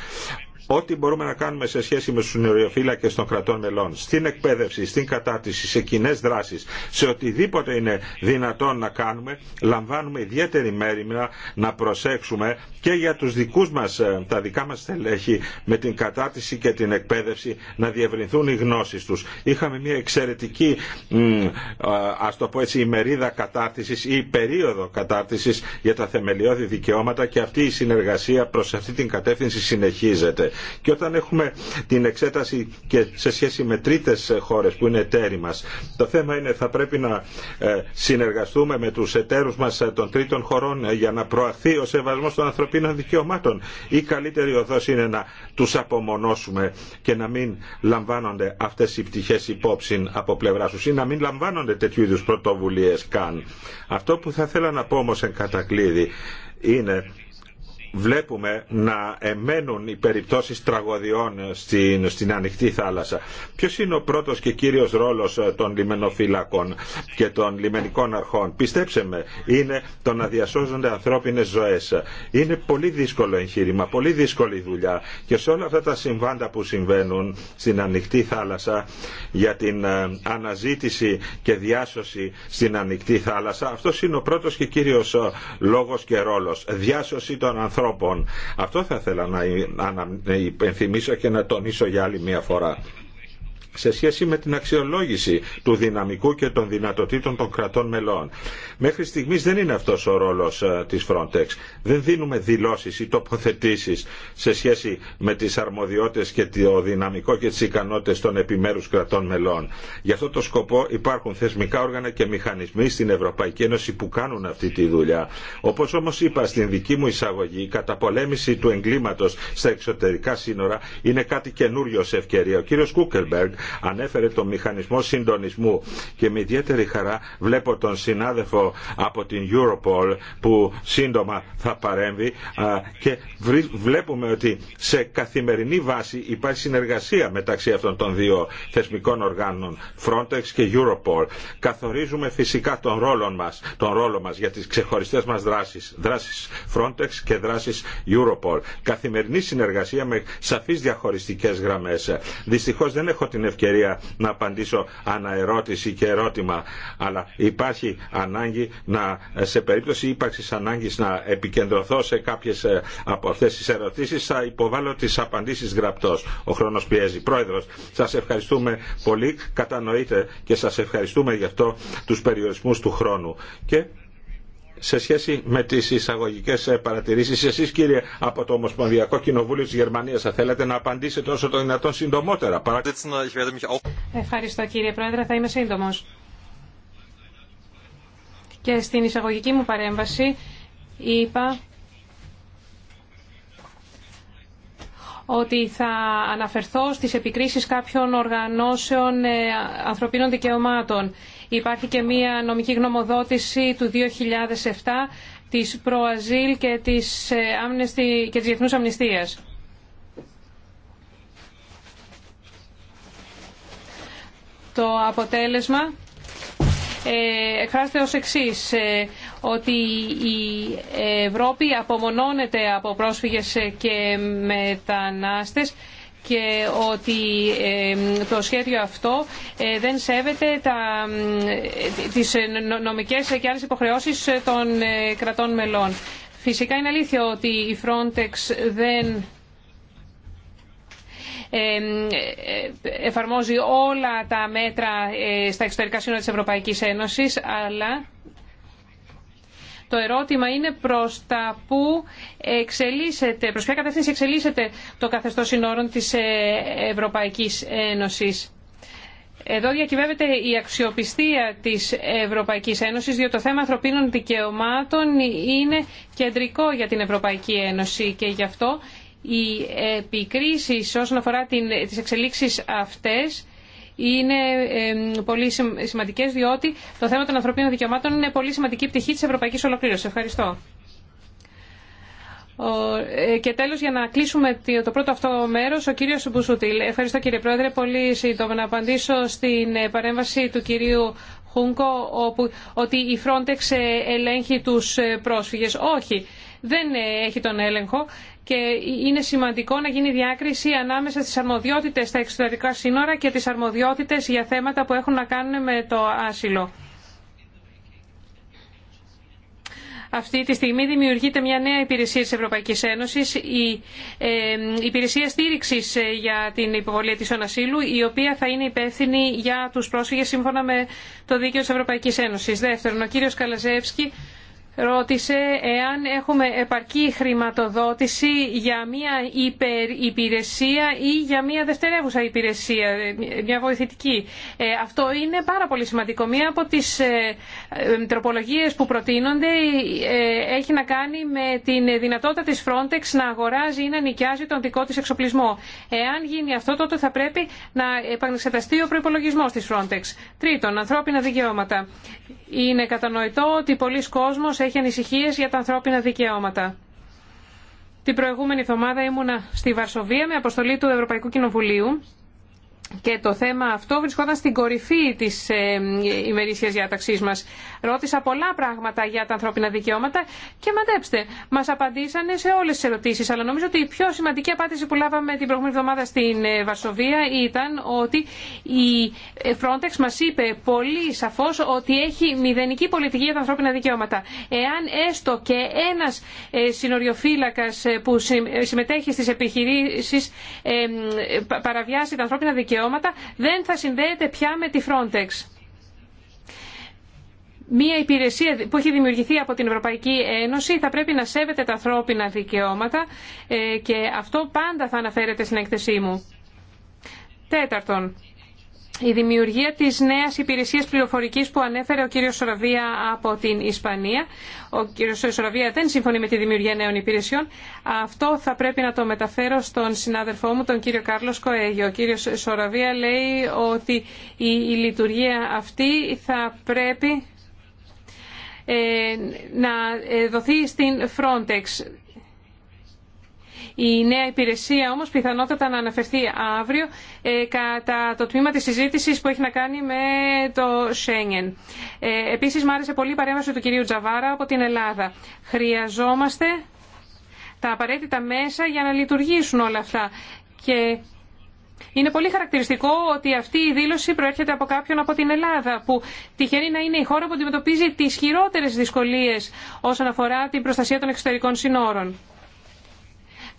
ό,τι μπορούμε να κάνουμε σε σχέση με του νεοφύλακε των κρατών μελών, στην εκπαίδευση, στην κατάρτιση, σε κοινέ δράσει, σε οτιδήποτε είναι δυνατόν να κάνουμε, λαμβάνουμε ιδιαίτερη μέρη να προσέξουμε και για του δικού μα ε, τα δικά μα στελέχη, με την κατάρτιση και την εκπαίδευση, να διευρυνθούν οι γνώσει του. Είχαμε μια εξαιρετική, ε, α το πω έτσι, ημερίδα κατά θεμελιώδει δικαιώματα και αυτή ή περίοδο κατάρτιση για τα θεμελιώδη δικαιώματα και αυτή η συνεργασία προ αυτή την κατεύθυνση συνεχίζεται. Και όταν έχουμε την εξέταση και σε σχέση με τρίτε χώρε που είναι εταίροι μα, το θέμα είναι θα πρέπει να ε, συνεργαστούμε με του εταίρου μα ε, των τρίτων χωρών ε, για να προαχθεί ο σεβασμό των ανθρωπίνων δικαιωμάτων. Η καλύτερη οδό είναι να του απομονώσουμε και να μην λαμβάνονται αυτέ οι πτυχέ υπόψη από πλευρά του ή να μην λαμβάνονται τέτοιου είδου πρωτοβουλίε καν. Αυτό που θα ήθελα να πω όμω εν κατακλείδη είναι βλέπουμε να εμένουν οι περιπτώσεις τραγωδιών στην, στην ανοιχτή θάλασσα. Ποιος είναι ο πρώτος και κύριος ρόλος των λιμενοφύλακων και των λιμενικών αρχών. Πιστέψε με, είναι το να διασώζονται ανθρώπινες ζωές. Είναι πολύ δύσκολο εγχείρημα, πολύ δύσκολη δουλειά και σε όλα αυτά τα συμβάντα που συμβαίνουν στην ανοιχτή θάλασσα για την ε, αναζήτηση και διάσωση στην ανοιχτή θάλασσα, αυτός είναι ο πρώτος και κύριος ε, λόγος και ρόλος. Διάσωση των ανθρώπων ανθρώπων. Αυτό θα ήθελα να υπενθυμίσω και να τονίσω για άλλη μια φορά σε σχέση με την αξιολόγηση του δυναμικού και των δυνατοτήτων των κρατών μελών. Μέχρι στιγμής δεν είναι αυτός ο ρόλος ε, της Frontex. Δεν δίνουμε δηλώσεις ή τοποθετήσεις σε σχέση με τις αρμοδιότητες και το δυναμικό και τις ικανότητες των επιμέρους κρατών μελών. Γι' αυτό το σκοπό υπάρχουν θεσμικά όργανα και μηχανισμοί στην Ευρωπαϊκή Ένωση που κάνουν αυτή τη δουλειά. Όπως όμως είπα στην δική μου εισαγωγή, η καταπολέμηση του εγκλήματος στα εξωτερικά σύνορα είναι κάτι καινούριο σε ευκαιρία. Ο κύριος Κούκελμπεργκ ανέφερε τον μηχανισμό συντονισμού και με ιδιαίτερη χαρά βλέπω τον συνάδελφο από την Europol που σύντομα θα παρέμβει και βλέπουμε ότι σε καθημερινή βάση υπάρχει συνεργασία μεταξύ αυτών των δύο θεσμικών οργάνων Frontex και Europol. Καθορίζουμε φυσικά τον ρόλο μας, τον ρόλο μας για τις ξεχωριστές μας δράσεις, δράσεις Frontex και δράσεις Europol. Καθημερινή συνεργασία με σαφείς διαχωριστικές γραμμές. Δυστυχώς δεν έχω την ευκαιρία ευκαιρία να απαντήσω αναερώτηση και ερώτημα. Αλλά υπάρχει ανάγκη να, σε περίπτωση ύπαρξη ανάγκη να επικεντρωθώ σε κάποιε ε, από αυτέ τι ερωτήσει, θα υποβάλω τι απαντήσει γραπτό. Ο χρόνο πιέζει. Πρόεδρο, σα ευχαριστούμε πολύ. Κατανοείτε και σα ευχαριστούμε γι' αυτό του περιορισμού του χρόνου. Και σε σχέση με τις εισαγωγικέ ε, παρατηρήσεις, εσείς κύριε από το Ομοσπονδιακό Κοινοβούλιο της Γερμανίας θα θέλετε να απαντήσετε όσο το δυνατόν συντομότερα. Ευχαριστώ κύριε Πρόεδρε, θα είμαι σύντομο. Και στην εισαγωγική μου παρέμβαση είπα ότι θα αναφερθώ στις επικρίσεις κάποιων οργανώσεων ε, ανθρωπίνων δικαιωμάτων. Υπάρχει και μία νομική γνωμοδότηση του 2007 της Προαζήλ και της, ε, Amnesty, και της Διεθνούς Αμνηστίας. Το αποτέλεσμα ε, εκφράζεται ως εξής, ε, ότι η Ευρώπη απομονώνεται από πρόσφυγες και μετανάστες και ότι το σχέδιο αυτό ε, δεν σέβεται τα, τις ε, νομικές και άλλες υποχρεώσεις ε, των κρατών μελών. Φυσικά είναι αλήθεια ότι η Frontex δεν εφαρμόζει όλα τα μέτρα στα εξωτερικά σύνορα της Ευρωπαϊκής Ένωσης, αλλά το ερώτημα είναι προς τα που εξελίσσεται, προς ποια κατεύθυνση εξελίσσεται το καθεστώς συνόρων της ε, Ευρωπαϊκής Ένωσης. Εδώ διακυβεύεται η αξιοπιστία της Ευρωπαϊκής Ένωσης, διότι το θέμα ανθρωπίνων δικαιωμάτων είναι κεντρικό για την Ευρωπαϊκή Ένωση και γι' αυτό οι επικρίσεις όσον αφορά τις εξελίξεις αυτές είναι πολύ σημαντικέ, διότι το θέμα των ανθρωπίνων δικαιωμάτων είναι πολύ σημαντική πτυχή τη ευρωπαϊκή ολοκλήρωση. Ευχαριστώ. Ε, και τέλο, για να κλείσουμε το πρώτο αυτό μέρο, ο κύριο Μπουσουτήλ. Ευχαριστώ κύριε Πρόεδρε. Πολύ σύντομα να απαντήσω στην ε, παρέμβαση του κυρίου Χούγκο όπου, ότι η Frontex ε, ελέγχει τους πρόσφυγε. Όχι, δεν έχει τον έλεγχο και είναι σημαντικό να γίνει διάκριση ανάμεσα στις αρμοδιότητες στα εξωτερικά σύνορα και τις αρμοδιότητες για θέματα που έχουν να κάνουν με το άσυλο. Αυτή τη στιγμή δημιουργείται μια νέα υπηρεσία της Ευρωπαϊκής Ένωσης, η ε, υπηρεσία στήριξης ε, για την υποβολή της ονασύλου, η οποία θα είναι υπεύθυνη για τους πρόσφυγες σύμφωνα με το δίκαιο της Ευρωπαϊκής Ένωσης. Δεύτερον, ο κύριος Καλαζεύσκη ρώτησε εάν έχουμε επαρκή χρηματοδότηση για μια υπερ-υπηρεσία ή για μια δευτερεύουσα υπηρεσία, μια βοηθητική. Ε, αυτό είναι πάρα πολύ σημαντικό. Μία από τις ε, ε, τροπολογίες που προτείνονται έχει να κάνει με την δυνατότητα της Frontex να αγοράζει ή να νοικιάζει τον δικό της εξοπλισμό. Εάν γίνει αυτό, τότε θα πρέπει να επανεξεταστεί ο προπολογισμό της Frontex. Τρίτον, ανθρώπινα δικαιώματα. Είναι κατανοητό ότι πολλοί κόσμος έχει ανησυχίες για τα ανθρώπινα δικαιώματα. Την προηγούμενη εβδομάδα ήμουνα στη Βαρσοβία με αποστολή του Ευρωπαϊκού Κοινοβουλίου και το θέμα αυτό βρισκόταν στην κορυφή της ημερησία ημερήσιας διάταξής μας. Ρώτησα πολλά πράγματα για τα ανθρώπινα δικαιώματα και μαντέψτε, μας απαντήσανε σε όλες τις ερωτήσεις. Αλλά νομίζω ότι η πιο σημαντική απάντηση που λάβαμε την προηγούμενη εβδομάδα στην ε, Βαρσοβία ήταν ότι η ε, Frontex μας είπε πολύ σαφώς ότι έχει μηδενική πολιτική για τα ανθρώπινα δικαιώματα. Εάν έστω και ένας ε, συνοριοφύλακας που συμμετέχει στις επιχειρήσεις παραβιάσει τα ανθρώπινα δικαιώματα, δεν θα συνδέεται πια με τη Frontex. Μία υπηρεσία που έχει δημιουργηθεί από την Ευρωπαϊκή Ένωση θα πρέπει να σέβεται τα ανθρώπινα δικαιώματα ε, και αυτό πάντα θα αναφέρεται στην έκθεσή μου. Τέταρτον, η δημιουργία της νέας υπηρεσίας πληροφορικής που ανέφερε ο κύριος Σοραβία από την Ισπανία. Ο κύριος Σοραβία δεν συμφωνεί με τη δημιουργία νέων υπηρεσιών. Αυτό θα πρέπει να το μεταφέρω στον συνάδελφό μου, τον κύριο Κάρλος Κοέγιο. Ο κύριος Σοραβία λέει ότι η, η λειτουργία αυτή θα πρέπει ε, να ε, δοθεί στην Frontex. Η νέα υπηρεσία όμω, πιθανότατα να αναφερθεί αύριο ε, κατά το τμήμα τη συζήτηση που έχει να κάνει με το Σέγγεν. Ε, Επίση, μου άρεσε πολύ η παρέμβαση του κυρίου Τζαβάρα από την Ελλάδα. Χρειαζόμαστε τα απαραίτητα μέσα για να λειτουργήσουν όλα αυτά. Και είναι πολύ χαρακτηριστικό ότι αυτή η δήλωση προέρχεται από κάποιον από την Ελλάδα, που τυχαίνει να είναι η χώρα που αντιμετωπίζει τι χειρότερε δυσκολίε όσον αφορά την προστασία των εξωτερικών συνόρων.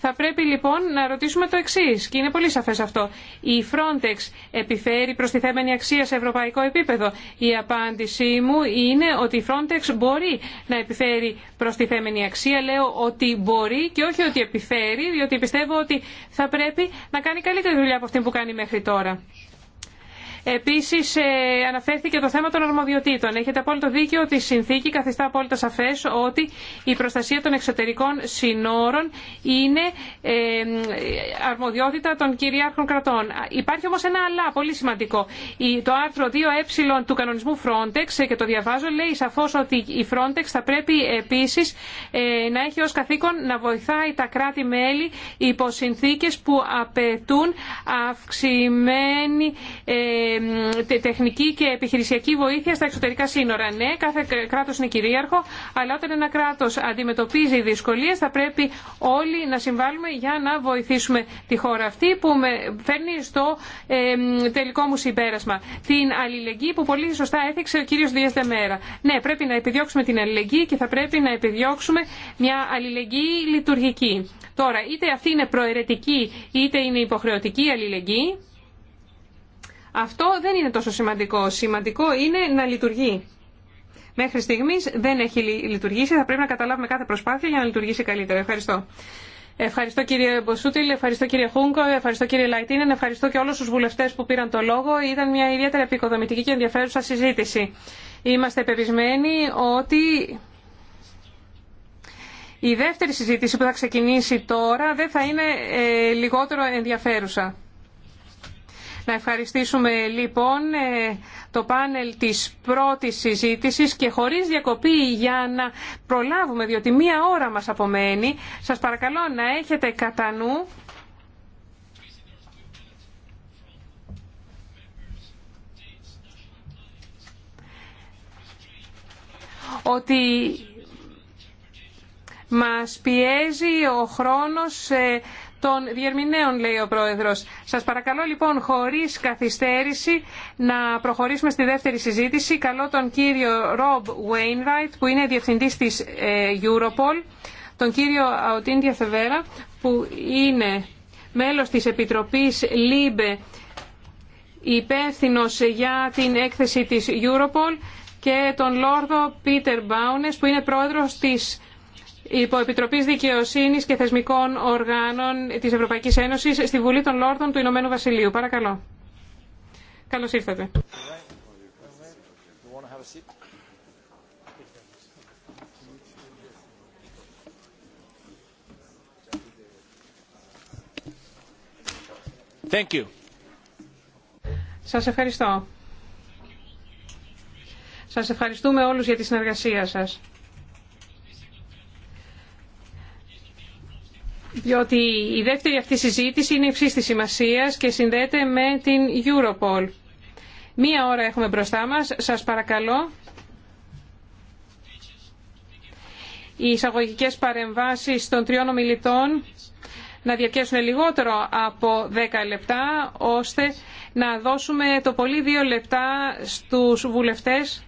Θα πρέπει λοιπόν να ρωτήσουμε το εξή, και είναι πολύ σαφέ αυτό. Η Frontex επιφέρει προστιθέμενη αξία σε ευρωπαϊκό επίπεδο. Η απάντησή μου είναι ότι η Frontex μπορεί να επιφέρει προστιθέμενη αξία. Λέω ότι μπορεί και όχι ότι επιφέρει, διότι πιστεύω ότι θα πρέπει να κάνει καλύτερη δουλειά από αυτή που κάνει μέχρι τώρα. Επίσης ε, αναφέρθηκε το θέμα των αρμοδιοτήτων. Έχετε απόλυτο δίκιο ότι η συνθήκη καθιστά απόλυτα σαφές ότι η προστασία των εξωτερικών συνόρων είναι ε, αρμοδιότητα των κυριάρχων κρατών. Υπάρχει όμως ένα αλλά πολύ σημαντικό. Το άρθρο 2ε του κανονισμού Frontex ε, και το διαβάζω λέει σαφώς ότι η Frontex θα πρέπει επίσης να έχει ω καθήκον να βοηθάει τα κράτη-μέλη υπό συνθήκε που απαιτούν αυξημένη τεχνική και επιχειρησιακή βοήθεια στα εξωτερικά σύνορα. Ναι, κάθε κράτο είναι κυρίαρχο, αλλά όταν ένα κράτο αντιμετωπίζει δυσκολίε, θα πρέπει όλοι να συμβάλλουμε για να βοηθήσουμε τη χώρα αυτή που με φέρνει στο τελικό μου συμπέρασμα. Την αλληλεγγύη που πολύ σωστά έθιξε ο κύριο Δία Δεμέρα. Ναι, πρέπει να επιδιώξουμε την αλληλεγγύη και θα πρέπει να επιδιώξουμε μια αλληλεγγύη λειτουργική. Τώρα, είτε αυτή είναι προαιρετική είτε είναι υποχρεωτική αλληλεγγύη, αυτό δεν είναι τόσο σημαντικό. Σημαντικό είναι να λειτουργεί. Μέχρι στιγμή δεν έχει λειτουργήσει. Θα πρέπει να καταλάβουμε κάθε προσπάθεια για να λειτουργήσει καλύτερα. Ευχαριστώ. Ευχαριστώ κύριε Μποσούτιλ, ευχαριστώ κύριε Χούγκο, ευχαριστώ κύριε Λαϊτίνεν, ευχαριστώ και όλου του βουλευτέ που πήραν το λόγο. Ήταν μια ιδιαίτερα επικοδομητική και ενδιαφέρουσα συζήτηση. Είμαστε πεπισμένοι ότι η δεύτερη συζήτηση που θα ξεκινήσει τώρα δεν θα είναι ε, λιγότερο ενδιαφέρουσα. Να ευχαριστήσουμε λοιπόν ε, το πάνελ της πρώτης συζήτησης και χωρίς διακοπή για να προλάβουμε, διότι μία ώρα μας απομένει. Σας παρακαλώ να έχετε κατά νου ότι μας πιέζει ο χρόνος ε, των διερμηνέων, λέει ο Πρόεδρος. Σας παρακαλώ λοιπόν χωρίς καθυστέρηση να προχωρήσουμε στη δεύτερη συζήτηση. Καλώ τον κύριο Ρομπ Βέινράιτ, που είναι διευθυντής της ε, Europol, τον κύριο Αωτίντια Φεβέρα, που είναι μέλος της Επιτροπής ΛΥΜΠΕ υπεύθυνο για την έκθεση της Europol και τον Λόρδο Πίτερ Μπάουνες που είναι πρόεδρος της Υπό Επιτροπή Δικαιοσύνη και Θεσμικών Οργάνων της Ευρωπαϊκής Ένωσης στη Βουλή των Λόρδων του Ηνωμένου Βασιλείου. Παρακαλώ. Καλώς ήρθατε. Thank Σας ευχαριστώ. Σας ευχαριστούμε όλους για τη συνεργασία σας. διότι η δεύτερη αυτή συζήτηση είναι υψής της σημασίας και συνδέεται με την Europol. Μία ώρα έχουμε μπροστά μας. Σας παρακαλώ. Οι εισαγωγικέ παρεμβάσεις των τριών ομιλητών να διαρκέσουν λιγότερο από 10 λεπτά, ώστε να δώσουμε το πολύ δύο λεπτά στους βουλευτές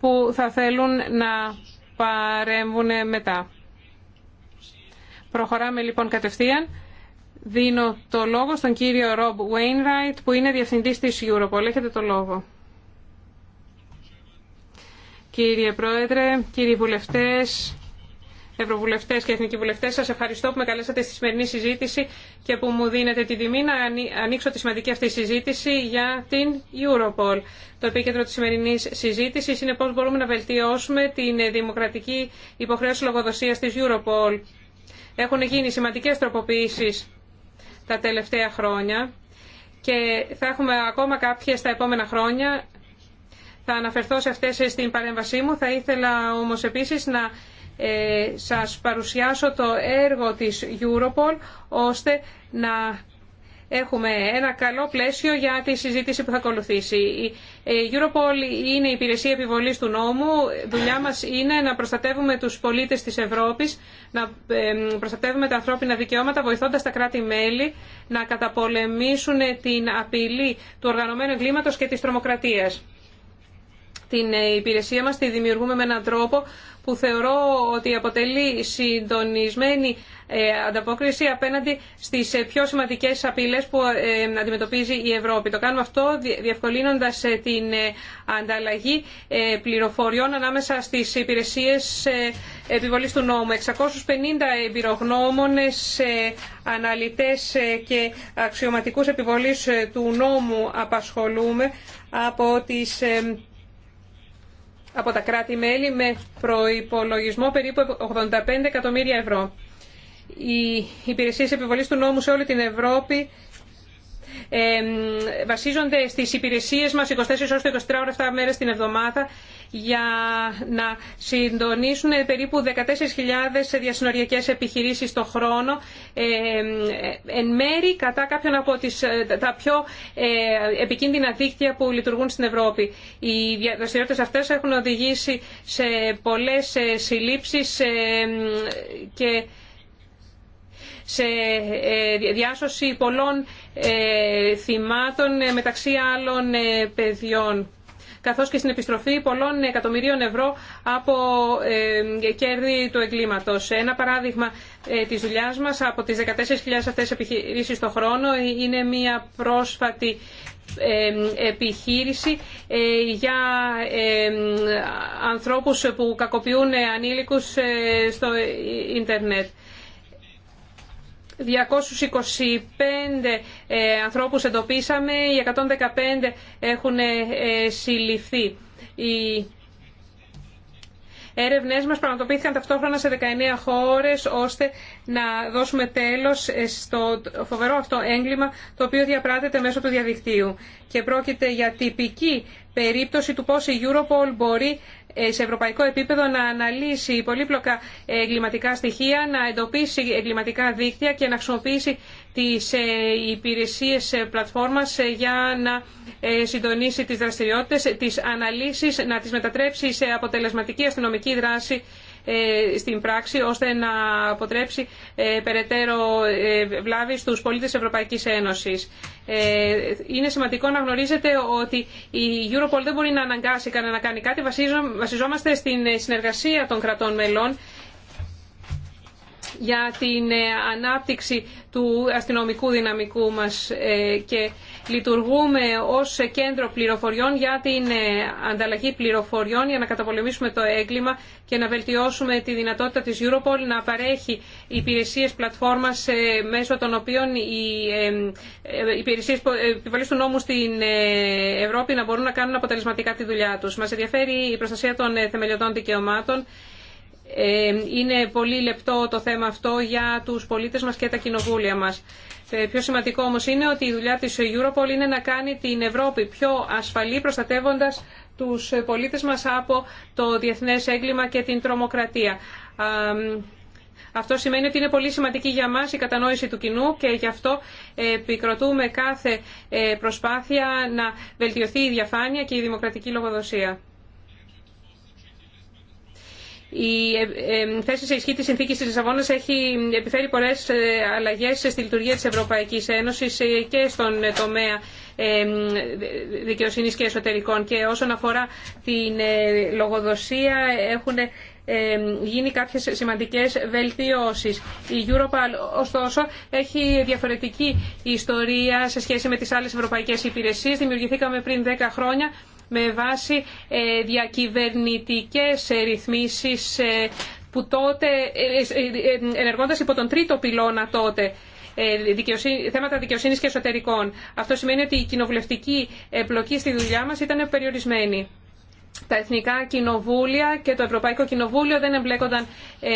που θα θέλουν να παρέμβουν μετά. Προχωράμε λοιπόν κατευθείαν. Δίνω το λόγο στον κύριο Ρομπ Βέινραιτ, που είναι διευθυντής της Europol. Έχετε το λόγο. Κύριε Πρόεδρε, κύριοι βουλευτές, ευρωβουλευτές και εθνικοί βουλευτές, σας ευχαριστώ που με καλέσατε στη σημερινή συζήτηση και που μου δίνετε τη τιμή να ανοίξω τη σημαντική αυτή συζήτηση για την Europol. Το επίκεντρο της σημερινής συζήτησης είναι πώς μπορούμε να βελτιώσουμε την δημοκρατική υποχρέωση λογοδοσία της Europol έχουν γίνει σημαντικές τροποποιήσεις τα τελευταία χρόνια και θα έχουμε ακόμα κάποιες τα επόμενα χρόνια. Θα αναφερθώ σε αυτές στην παρέμβασή μου. Θα ήθελα όμως επίσης να ε, σας παρουσιάσω το έργο της Europol ώστε να έχουμε ένα καλό πλαίσιο για τη συζήτηση που θα ακολουθήσει. Ε, η Europol είναι η υπηρεσία επιβολής του νόμου. Δουλειά μας είναι να προστατεύουμε τους πολίτες της Ευρώπης, να ε, προστατεύουμε τα ανθρώπινα δικαιώματα, βοηθώντας τα κράτη-μέλη να καταπολεμήσουν την απειλή του οργανωμένου εγκλήματος και της τρομοκρατίας. Την ε, υπηρεσία μας τη δημιουργούμε με έναν τρόπο που θεωρώ ότι αποτελεί συντονισμένη ε, ανταπόκριση απέναντι στις ε, πιο σημαντικέ απειλέ που ε, αντιμετωπίζει η Ευρώπη. Το κάνουμε αυτό διευκολύνοντας την ανταλλαγή πληροφοριών ανάμεσα στις υπηρεσίες επιβολής του νόμου. 650 εμπειρογνώμονες, αναλυτές και αξιωματικούς επιβολής του νόμου απασχολούμε από τις από τα κράτη-μέλη με προϋπολογισμό περίπου 85 εκατομμύρια ευρώ οι υπηρεσίες επιβολής του νόμου σε όλη την Ευρώπη βασίζονται στις υπηρεσίες μας 24 ώρες το 24 ώρες 7 μέρες την εβδομάδα για να συντονίσουν περίπου 14.000 διασυνοριακές επιχειρήσεις το χρόνο εν μέρη κατά κάποιον από τις, τα πιο ε, επικίνδυνα δίκτυα που λειτουργούν στην Ευρώπη. Οι δραστηριότητε αυτές έχουν οδηγήσει σε πολλές ε, συλλήψεις ε, και σε ε, διάσωση πολλών ε, θυμάτων, ε, μεταξύ άλλων παιδιών καθώς και στην επιστροφή πολλών εκατομμυρίων ευρώ από κέρδη του εγκλήματος. Ένα παράδειγμα της δουλειάς μας από τις 14.000 αυτές επιχειρήσεις το χρόνο είναι μια πρόσφατη επιχείρηση για ανθρώπους που κακοποιούν ανήλικους στο ίντερνετ. 225 ε, ανθρώπους εντοπίσαμε, οι 115 έχουν ε, ε, συλληφθεί. Οι έρευνές μας πραγματοποιήθηκαν ταυτόχρονα σε 19 χώρες ώστε να δώσουμε τέλος στο φοβερό αυτό έγκλημα το οποίο διαπράτεται μέσω του διαδικτύου. Και πρόκειται για τυπική περίπτωση του πώς η Europol μπορεί σε ευρωπαϊκό επίπεδο να αναλύσει πολύπλοκα εγκληματικά στοιχεία, να εντοπίσει εγκληματικά δίκτυα και να χρησιμοποιήσει τις ε, υπηρεσίες ε, πλατφόρμας ε, για να συντονίσει τις δραστηριότητες, τις αναλύσεις, να τις μετατρέψει σε αποτελεσματική αστυνομική δράση ε, στην πράξη ώστε να αποτρέψει ε, περαιτέρω ε, βλάβη στους πολίτες Ευρωπαϊκής Ένωσης. Είναι σημαντικό να γνωρίζετε ότι η Europol δεν μπορεί να αναγκάσει κανένα να κάνει κάτι. Βασιζόμαστε στην συνεργασία των κρατών μελών για την ε, ανάπτυξη του αστυνομικού δυναμικού μας ε, και λειτουργούμε ως κέντρο πληροφοριών για την ε, ανταλλαγή πληροφοριών για να καταπολεμήσουμε το έγκλημα και να βελτιώσουμε τη δυνατότητα της Europol να παρέχει υπηρεσίες πλατφόρμας μέσω των οποίων οι υπηρεσίες επιβολής του νόμου στην Ευρώπη να μπορούν να κάνουν αποτελεσματικά τη δουλειά τους. Μας ενδιαφέρει η προστασία των θεμελιωτών δικαιωμάτων ε, είναι πολύ λεπτό το θέμα αυτό για τους πολίτες μας και τα κοινοβούλια μας. Ε, πιο σημαντικό όμως είναι ότι η δουλειά της Europol είναι να κάνει την Ευρώπη πιο ασφαλή προστατεύοντας τους πολίτες μας από το διεθνές έγκλημα και την τρομοκρατία. Αυτό σημαίνει ότι είναι πολύ σημαντική για μας η κατανόηση του κοινού και γι' αυτό επικροτούμε κάθε ε, προσπάθεια να βελτιωθεί η διαφάνεια και η δημοκρατική λογοδοσία. Η ε, θέση σε ισχύ τη συνθήκη τη Λισαβόνα έχει επιφέρει πολλέ ε, αλλαγέ στη λειτουργία τη Ευρωπαϊκή Ένωση ε, και στον τομέα δικαιοσύνη και εσωτερικών. Και όσον αφορά την λογοδοσία, έχουν γίνει κάποιες σημαντικές βελτιώσεις. Η Europol, ωστόσο, έχει διαφορετική ιστορία σε σχέση με τις άλλες ευρωπαϊκές υπηρεσίες. Δημιουργηθήκαμε πριν 10 χρόνια με βάση ε, διακυβερνητικές ρυθμίσεις ε, που τότε, ε, ενεργώντας υπό τον τρίτο πυλώνα τότε, θέματα δικαιοσύνης και εσωτερικών. Αυτό σημαίνει ότι η κοινοβουλευτική εμπλοκή στη δουλειά μας ήταν περιορισμένη τα εθνικά κοινοβούλια και το Ευρωπαϊκό Κοινοβούλιο δεν εμπλέκονταν ε,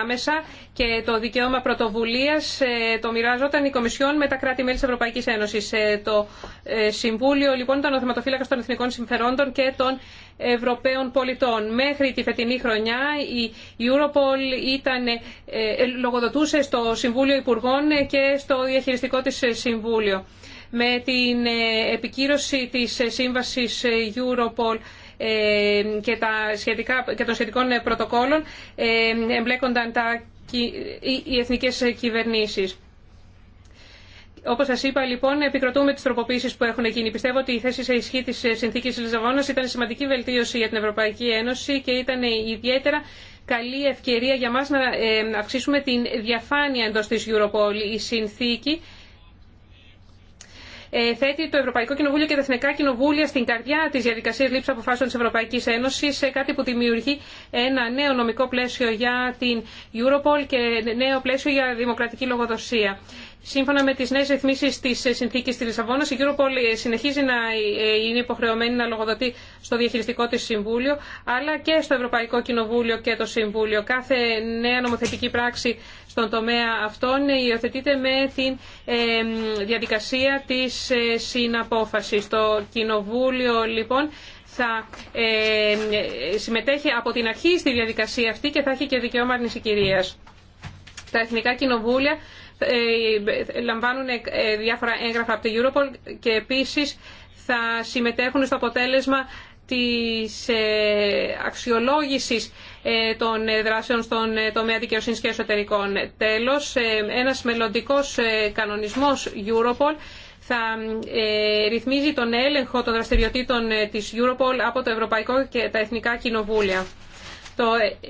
άμεσα και το δικαίωμα πρωτοβουλίας ε, το μοιράζονταν η Κομισιόν με τα κράτη-μέλη της Ευρωπαϊκής Ένωσης. Ε, το ε, Συμβούλιο λοιπόν ήταν ο θεματοφύλακας των εθνικών συμφερόντων και των Ευρωπαίων πολιτών. Μέχρι τη φετινή χρονιά η Europol ήταν, λογοδοτούσε στο Συμβούλιο Υπουργών και στο διαχειριστικό της Συμβούλιο με την ε, επικύρωση της ε, σύμβασης ε, Europol και, τα σχετικά, και των σχετικών πρωτοκόλων εμπλέκονταν τα, οι εθνικές κυβερνήσεις. Όπως σας είπα, λοιπόν, επικροτούμε τις τροποποίησεις που έχουν γίνει. Πιστεύω ότι η θέση σε ισχύ τη συνθήκη Λιζαβόνας ήταν σημαντική βελτίωση για την Ευρωπαϊκή Ένωση και ήταν ιδιαίτερα καλή ευκαιρία για μα να αυξήσουμε την διαφάνεια εντός τη Europol. Η συνθήκη ε, θέτει το Ευρωπαϊκό Κοινοβούλιο και τα Εθνικά Κοινοβούλια στην καρδιά τη διαδικασία λήψη αποφάσεων τη Ευρωπαϊκή Ένωση, κάτι που δημιουργεί ένα νέο νομικό πλαίσιο για την Europol και νέο πλαίσιο για δημοκρατική λογοδοσία. Σύμφωνα με τι νέε ρυθμίσει τη συνθήκη τη Λισαβόνα, η Europol ε, συνεχίζει να ε, είναι υποχρεωμένη να λογοδοτεί στο διαχειριστικό τη Συμβούλιο, αλλά και στο Ευρωπαϊκό Κοινοβούλιο και το Συμβούλιο. Κάθε νέα νομοθετική πράξη στον τομέα αυτόν υιοθετείται με την διαδικασία της ε, συναπόφασης. Το Κοινοβούλιο λοιπόν θα συμμετέχει από την αρχή στη διαδικασία αυτή και θα έχει και δικαίωμα αρνησικυρίας. Τα Εθνικά Κοινοβούλια ε, λαμβάνουν ε, διάφορα έγγραφα από το Europol και επίσης θα συμμετέχουν στο αποτέλεσμα της αξιολόγησης ε, των ε, δράσεων στον ε, τομέα δικαιοσύνη και εσωτερικών. Τέλος, ένας μελλοντικό κανονισμός Europol θα ρυθμίζει τον έλεγχο των δραστηριοτήτων της Europol από το Ευρωπαϊκό και τα Εθνικά Κοινοβούλια. Το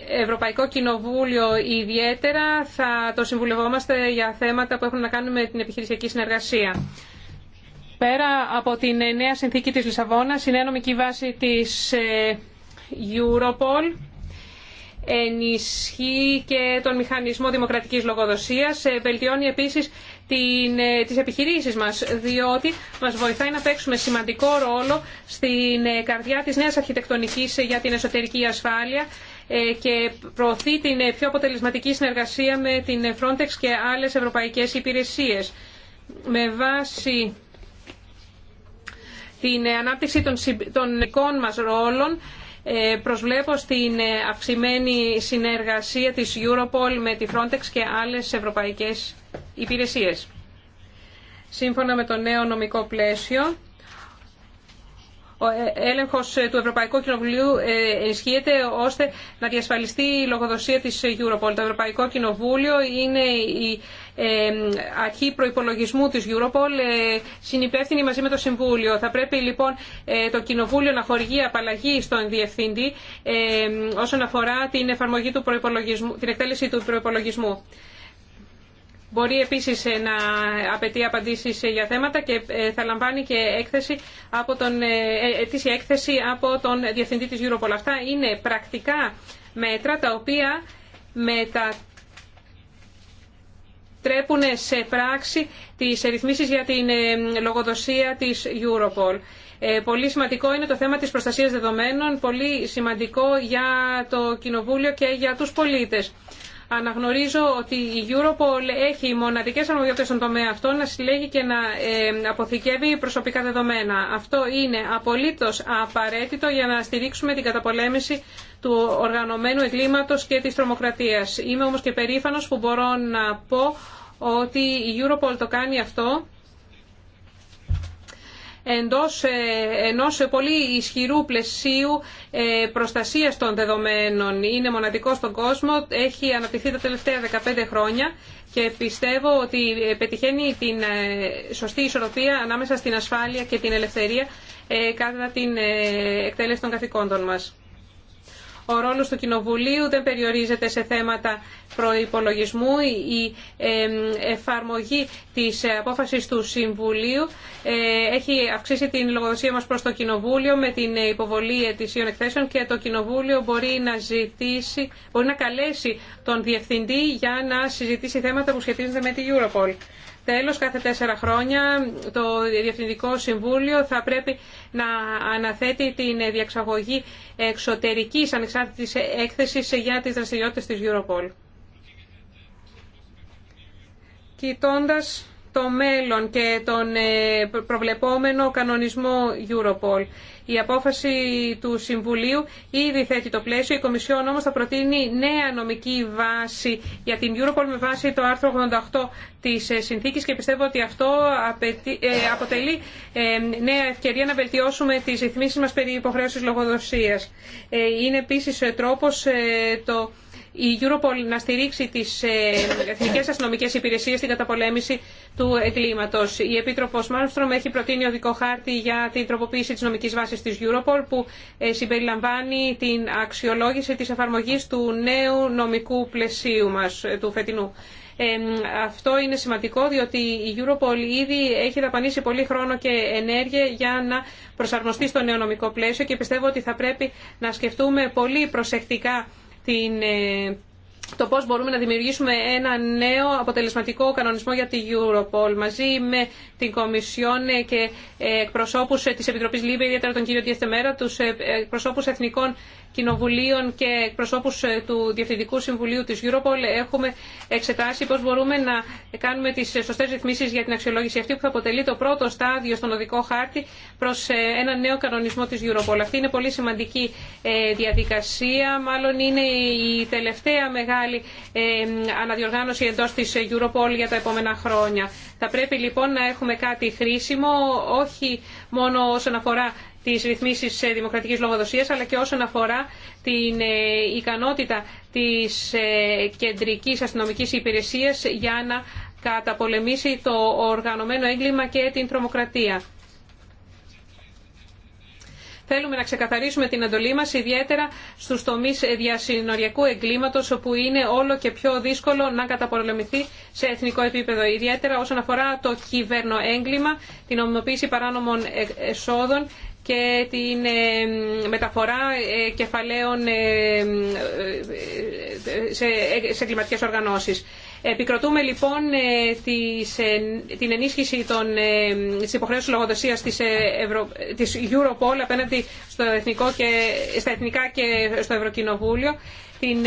Ευρωπαϊκό Κοινοβούλιο ιδιαίτερα θα το συμβουλευόμαστε για θέματα που έχουν να κάνουν με την επιχειρησιακή συνεργασία. Πέρα από την νέα συνθήκη της Λισαβόνας, η νέα βάση της Europol ενισχύει και τον μηχανισμό δημοκρατικής λογοδοσίας, ε, βελτιώνει επίσης την, ε, τις επιχειρήσεις μας, διότι μας βοηθάει να παίξουμε σημαντικό ρόλο στην ε, καρδιά της νέας αρχιτεκτονικής για την εσωτερική ασφάλεια και προωθεί την πιο αποτελεσματική συνεργασία με την Frontex και άλλες ευρωπαϊκές υπηρεσίες. Με βάση την ανάπτυξη των δικών μας ρόλων, ε, προσβλέπω στην ε, αυξημένη συνεργασία της Europol με τη Frontex και άλλες ευρωπαϊκές υπηρεσίες. Σύμφωνα με το νέο νομικό πλαίσιο, ο ε, έλεγχος του Ευρωπαϊκού Κοινοβουλίου ενισχύεται ώστε να διασφαλιστεί η λογοδοσία της Europol. Το Ευρωπαϊκό Κοινοβούλιο είναι η αρχή προπολογισμού της Europol ε, συνυπεύθυνη μαζί με το Συμβούλιο. Θα πρέπει λοιπόν ε, το Κοινοβούλιο να χορηγεί απαλλαγή στον Διευθύντη όσον αφορά την, εφαρμογή του προϋπολογισμού, την εκτέλεση του προπολογισμού. Μπορεί επίσης ε, να απαιτεί απαντήσεις για θέματα και θα λαμβάνει και έκθεση από τον, έκθεση από τον Διευθυντή της Europol. Αυτά είναι πρακτικά μέτρα τα οποία με τα επιτρέπουν σε πράξη τι ρυθμίσεις για την ε, λογοδοσία της Europol. Ε, πολύ σημαντικό είναι το θέμα της προστασίας δεδομένων, πολύ σημαντικό για το Κοινοβούλιο και για τους πολίτες. Αναγνωρίζω ότι η Europol έχει μοναδικές αρμοδιότητες στον τομέα αυτό να συλλέγει και να ε, αποθηκεύει προσωπικά δεδομένα. Αυτό είναι απολύτως απαραίτητο για να στηρίξουμε την καταπολέμηση του οργανωμένου εγκλήματος και της τρομοκρατίας. Είμαι όμως και περήφανος που μπορώ να πω ότι η Europol το κάνει αυτό εντός ε, ενός πολύ ισχυρού πλαισίου ε, προστασίας των δεδομένων. Είναι μοναδικό στον κόσμο, έχει αναπτυχθεί τα τελευταία 15 χρόνια και πιστεύω ότι πετυχαίνει την ε, σωστή ισορροπία ανάμεσα στην ασφάλεια και την ελευθερία κατά την εκτέλεση των καθηκόντων μας. Ο ρόλος του Κοινοβουλίου δεν περιορίζεται σε θέματα προϋπολογισμού. Η ε, εφαρμογή της ε, απόφασης του Συμβουλίου ε, έχει αυξήσει την λογοδοσία μας προς το Κοινοβούλιο με την υποβολή ετησίων εκθέσεων και το Κοινοβούλιο μπορεί να, ζητήσει, να καλέσει τον Διευθυντή για να συζητήσει θέματα που σχετίζονται με την Europol. Τέλος, κάθε τέσσερα χρόνια το Διευθυντικό Συμβούλιο θα πρέπει να αναθέτει την διαξαγωγή εξωτερικής ανεξάρτητης έκθεσης για τις δραστηριότητε της Europol. Κοιτώντας το μέλλον και τον ε, προβλεπόμενο κανονισμό Europol. Η απόφαση του Συμβουλίου ήδη θέτει το πλαίσιο. Η Κομισιόν όμως θα προτείνει νέα νομική βάση για την Europol με βάση το άρθρο 88 της ε, συνθήκης και πιστεύω ότι αυτό ε, αποτελεί ε, νέα ευκαιρία να βελτιώσουμε τις ρυθμίσεις μας περί υποχρέωσης λογοδοσίας. Είναι επίσης τρόπος το η Europol να στηρίξει τις ε, εθνικές αστυνομικέ υπηρεσίε στην καταπολέμηση του εγκλήματο. Η Επίτροπο Μάνστρομ έχει προτείνει οδικό χάρτη για την τροποποίηση τη νομική βάση τη Europol που ε, συμπεριλαμβάνει την αξιολόγηση τη εφαρμογή του νέου νομικού πλαισίου μας ε, του φετινού. αυτό είναι σημαντικό διότι η Europol ήδη έχει δαπανίσει πολύ χρόνο και ενέργεια για να προσαρμοστεί στο νέο νομικό πλαίσιο και πιστεύω ότι θα πρέπει να σκεφτούμε πολύ προσεκτικά ε, το πώς μπορούμε να δημιουργήσουμε ένα νέο αποτελεσματικό κανονισμό για τη Europol μαζί με την Κομισιόν ε, και ε, εκπροσώπους της Επιτροπής Λίμπη, ιδιαίτερα τον κύριο Διεθεμέρα, τους εκπροσώπους εθνικών κοινοβουλίων και εκπροσώπους ε, του Διευθυντικού Συμβουλίου της Europol έχουμε εξετάσει πώς μπορούμε να κάνουμε τις ε, σωστές ρυθμίσεις για την αξιολόγηση αυτή που θα αποτελεί το πρώτο στάδιο στον οδικό χάρτη προς ε, ένα νέο κανονισμό της Europol. Αυτή είναι πολύ σημαντική διαδικασία, μάλλον είναι η τελευταία μεγάλη αναδιοργάνωση εντός της Europol για τα επόμενα χρόνια. Θα πρέπει λοιπόν να έχουμε κάτι χρήσιμο, όχι μόνο όσον αφορά τις ρυθμίσεις ε, δημοκρατικής λογοδοσίας αλλά και όσον αφορά την ε, ικανότητα της ε, κεντρικής αστυνομικής υπηρεσίας για να καταπολεμήσει το οργανωμένο έγκλημα και την τρομοκρατία. Θέλουμε να ξεκαθαρίσουμε την εντολή μας, ιδιαίτερα στους τομείς διασυνοριακού εγκλήματος, όπου είναι όλο και πιο δύσκολο να καταπολεμηθεί σε εθνικό επίπεδο. Ιδιαίτερα όσον αφορά το κυβέρνο έγκλημα, την ομιμοποίηση παράνομων εσόδων και την ε, μεταφορά ε, κεφαλαίων ε, σε κλιματικές οργανώσεις. Επικροτούμε λοιπόν την ενίσχυση των, της υποχρέωσης λογοδοσίας της, Europol απέναντι στο εθνικό και, στα εθνικά και στο Ευρωκοινοβούλιο, την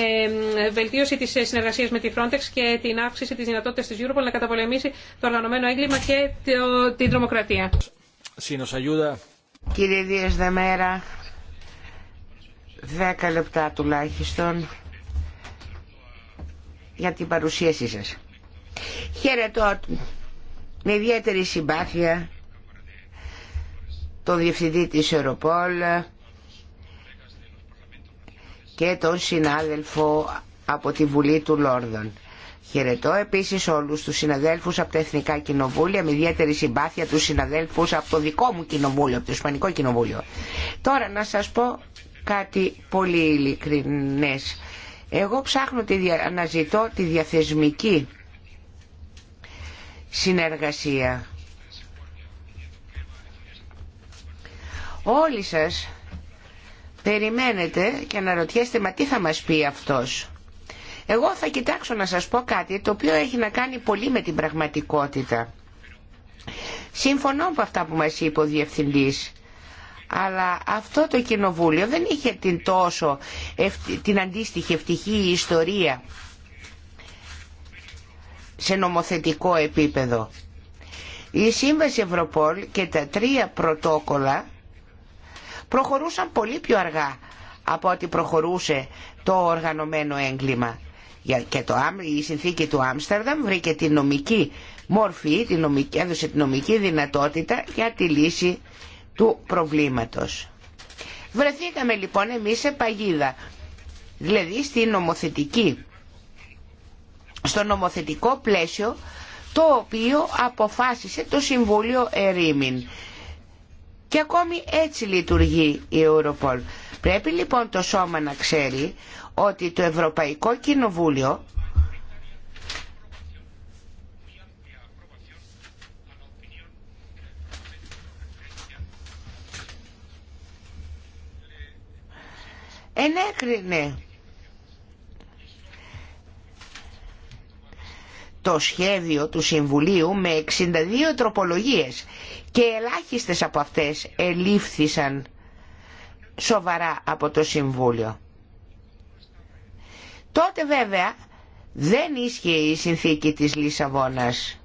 βελτίωση της συνεργασίας με τη Frontex και την αύξηση της δυνατότητας της Europol να καταπολεμήσει το οργανωμένο έγκλημα και την τρομοκρατία. Κύριε Δίας Δεμέρα, δέκα λεπτά τουλάχιστον για την παρουσίασή σας. Χαίρετο με ιδιαίτερη συμπάθεια το Διευθυντή της Ευρωπόλ και τον συνάδελφο από τη Βουλή του Λόρδων. Χαιρετώ επίσης όλους τους συναδέλφους από τα Εθνικά Κοινοβούλια με ιδιαίτερη συμπάθεια τους συναδέλφους από το δικό μου κοινοβούλιο, από το Ισπανικό Κοινοβούλιο. Τώρα να σας πω κάτι πολύ ειλικρινές. Εγώ ψάχνω, τη, αναζητώ τη διαθεσμική συνεργασία. Όλοι σας περιμένετε και αναρωτιέστε μα τι θα μας πει αυτός. Εγώ θα κοιτάξω να σας πω κάτι το οποίο έχει να κάνει πολύ με την πραγματικότητα. Συμφωνώ με αυτά που μας είπε ο Διευθυντής. Αλλά αυτό το κοινοβούλιο δεν είχε την τόσο την αντίστοιχη ευτυχή ιστορία σε νομοθετικό επίπεδο. Η Σύμβαση Ευρωπόλ και τα τρία πρωτόκολλα προχωρούσαν πολύ πιο αργά από ό,τι προχωρούσε το οργανωμένο έγκλημα και το, η συνθήκη του Άμστερνταμ βρήκε την νομική μόρφη, τη νομική, έδωσε την νομική δυνατότητα για τη λύση του προβλήματος. Βρεθήκαμε λοιπόν εμείς σε παγίδα, δηλαδή στη νομοθετική, στο νομοθετικό πλαίσιο το οποίο αποφάσισε το Συμβούλιο Ερήμην. Και ακόμη έτσι λειτουργεί η Europol. Πρέπει λοιπόν το σώμα να ξέρει ότι το Ευρωπαϊκό Κοινοβούλιο ενέκρινε το σχέδιο του Συμβουλίου με 62 τροπολογίες και ελάχιστες από αυτές ελήφθησαν σοβαρά από το Συμβούλιο. Τότε βέβαια δεν ίσχυε η συνθήκη της Λισαβόνας.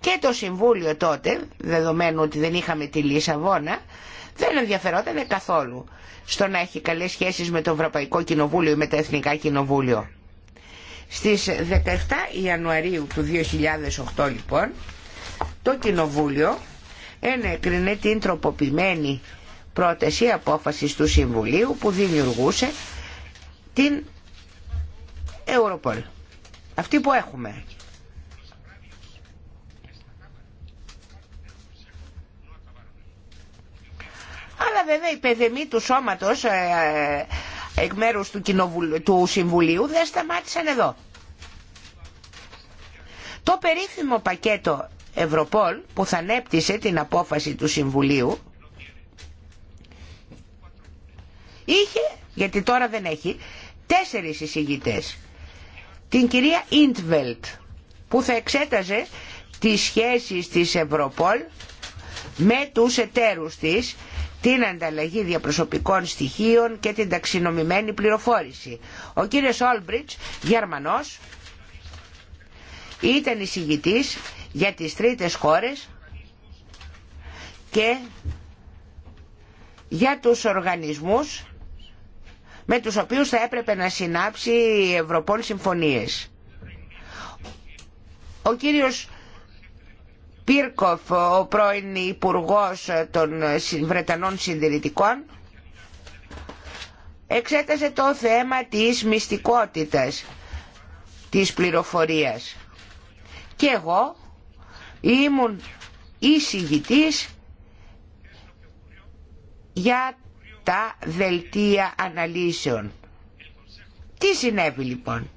Και το Συμβούλιο τότε, δεδομένου ότι δεν είχαμε τη Λισαβόνα, δεν ενδιαφερόταν καθόλου στο να έχει καλές σχέσεις με το Ευρωπαϊκό Κοινοβούλιο ή με το Εθνικά Κοινοβούλιο. Στις 17 Ιανουαρίου του 2008 λοιπόν, το Κοινοβούλιο ενέκρινε την τροποποιημένη πρόταση απόφασης του Συμβουλίου που δημιουργούσε την Ευρωπόλ. Αυτή που έχουμε. Αλλά βέβαια η παιδεμή του σώματος ε, εκ μέρους του, του Συμβουλίου δεν σταμάτησαν εδώ. Το περίφημο πακέτο Ευρωπόλ που θα ανέπτυσε την απόφαση του Συμβουλίου Είχε, γιατί τώρα δεν έχει, τέσσερις εισηγητές. Την κυρία Ιντβελτ που θα εξέταζε τις σχέσεις της Ευρωπόλ με τους εταίρους της, την ανταλλαγή διαπροσωπικών στοιχείων και την ταξινομημένη πληροφόρηση. Ο κύριος Όλμπριτς, Γερμανός, ήταν εισηγητής για τις τρίτες χώρες και για τους οργανισμούς με τους οποίους θα έπρεπε να συνάψει η Ευρωπόλ συμφωνίες. Ο κύριος Πίρκοφ, ο πρώην υπουργό των Βρετανών Συντηρητικών, εξέτασε το θέμα της μυστικότητας της πληροφορίας. Και εγώ ήμουν εισηγητής για τα δελτία αναλύσεων. Τι συνέβη λοιπόν.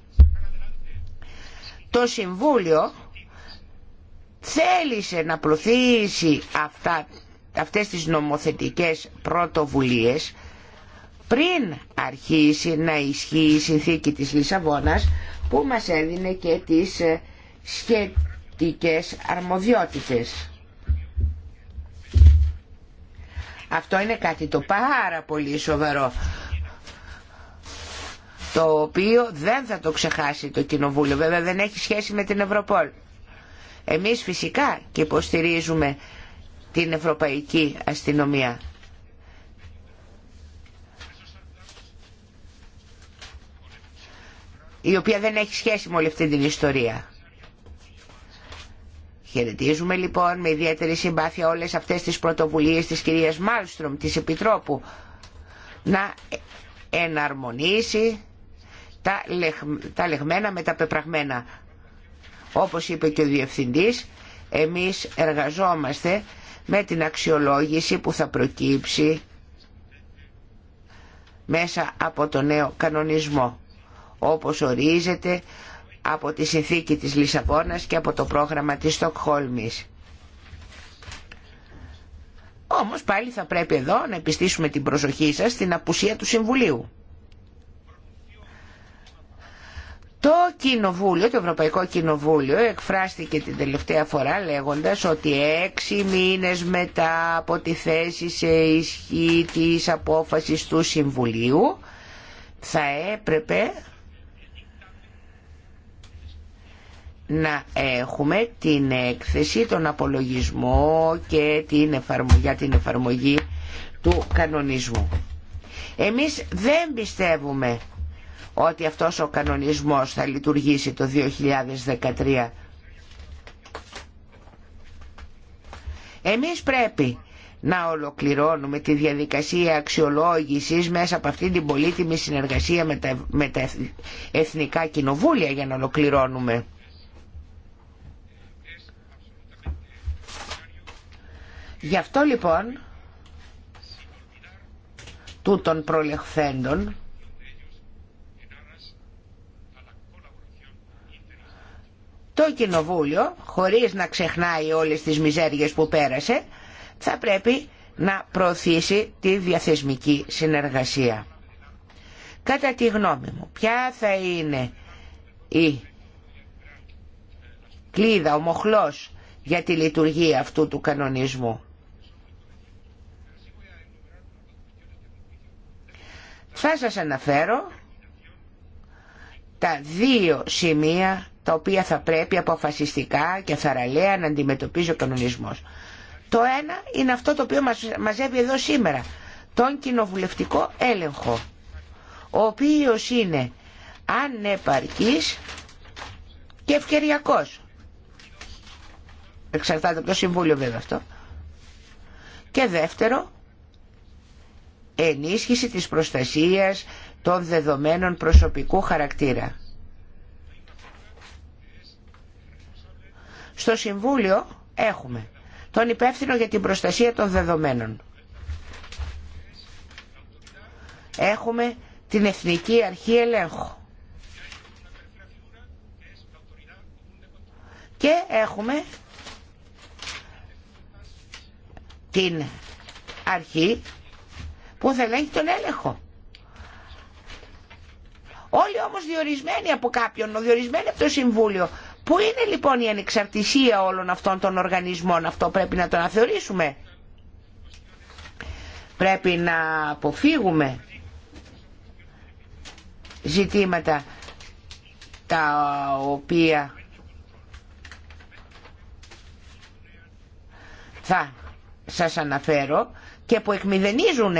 Το Συμβούλιο θέλησε να προωθήσει αυτά, αυτές τις νομοθετικές πρωτοβουλίες πριν αρχίσει να ισχύει η συνθήκη της Λισαβόνας που μας έδινε και τις ε, σχετικές αρμοδιότητες. Αυτό είναι κάτι το πάρα πολύ σοβαρό το οποίο δεν θα το ξεχάσει το Κοινοβούλιο. Βέβαια δεν έχει σχέση με την Ευρωπόλ. Εμείς φυσικά και υποστηρίζουμε την Ευρωπαϊκή Αστυνομία. η οποία δεν έχει σχέση με όλη αυτή την ιστορία. Χαιρετίζουμε λοιπόν με ιδιαίτερη συμπάθεια όλες αυτές τις πρωτοβουλίες της κυρίας Μάλστρομ, της Επιτρόπου, να εναρμονίσει τα, λεγμένα με τα πεπραγμένα. Όπως είπε και ο Διευθυντής, εμείς εργαζόμαστε με την αξιολόγηση που θα προκύψει μέσα από το νέο κανονισμό, όπως ορίζεται από τη συνθήκη της Λισαβόνας και από το πρόγραμμα της Στοκχόλμης. Όμως πάλι θα πρέπει εδώ να επιστήσουμε την προσοχή σας στην απουσία του Συμβουλίου. Το Κοινοβούλιο, το Ευρωπαϊκό Κοινοβούλιο εκφράστηκε την τελευταία φορά λέγοντας ότι έξι μήνες μετά από τη θέση σε ισχύ της απόφασης του Συμβουλίου θα έπρεπε να έχουμε την έκθεση, τον απολογισμό και την εφαρμογή, για την εφαρμογή του κανονισμού. Εμείς δεν πιστεύουμε ότι αυτός ο κανονισμός θα λειτουργήσει το 2013. Εμείς πρέπει να ολοκληρώνουμε τη διαδικασία αξιολόγησης μέσα από αυτή την πολύτιμη συνεργασία με με τα εθνικά κοινοβούλια για να ολοκληρώνουμε Γι' αυτό λοιπόν τούτων προλεχθέντων το κοινοβούλιο χωρίς να ξεχνάει όλες τις μιζέριες που πέρασε θα πρέπει να προωθήσει τη διαθεσμική συνεργασία. Κατά τη γνώμη μου, ποια θα είναι η κλίδα, ο μοχλός για τη λειτουργία αυτού του κανονισμού. Θα σας αναφέρω τα δύο σημεία τα οποία θα πρέπει αποφασιστικά και θαραλέα να αντιμετωπίζει ο κανονισμός. Το ένα είναι αυτό το οποίο μας μαζεύει εδώ σήμερα, τον κοινοβουλευτικό έλεγχο, ο οποίος είναι ανεπαρκής και ευκαιριακός. Εξαρτάται από το Συμβούλιο βέβαια αυτό. Και δεύτερο, ενίσχυση της προστασίας των δεδομένων προσωπικού χαρακτήρα. Στο Συμβούλιο έχουμε τον υπεύθυνο για την προστασία των δεδομένων. Έχουμε την Εθνική Αρχή Ελέγχου. Και έχουμε την αρχή που θα ελέγχει τον έλεγχο. Όλοι όμως διορισμένοι από κάποιον, διορισμένοι από το Συμβούλιο. Πού είναι λοιπόν η ανεξαρτησία όλων αυτών των οργανισμών, αυτό πρέπει να το αναθεωρήσουμε. Πρέπει να αποφύγουμε ζητήματα τα οποία θα σας αναφέρω και που εκμηδενίζουν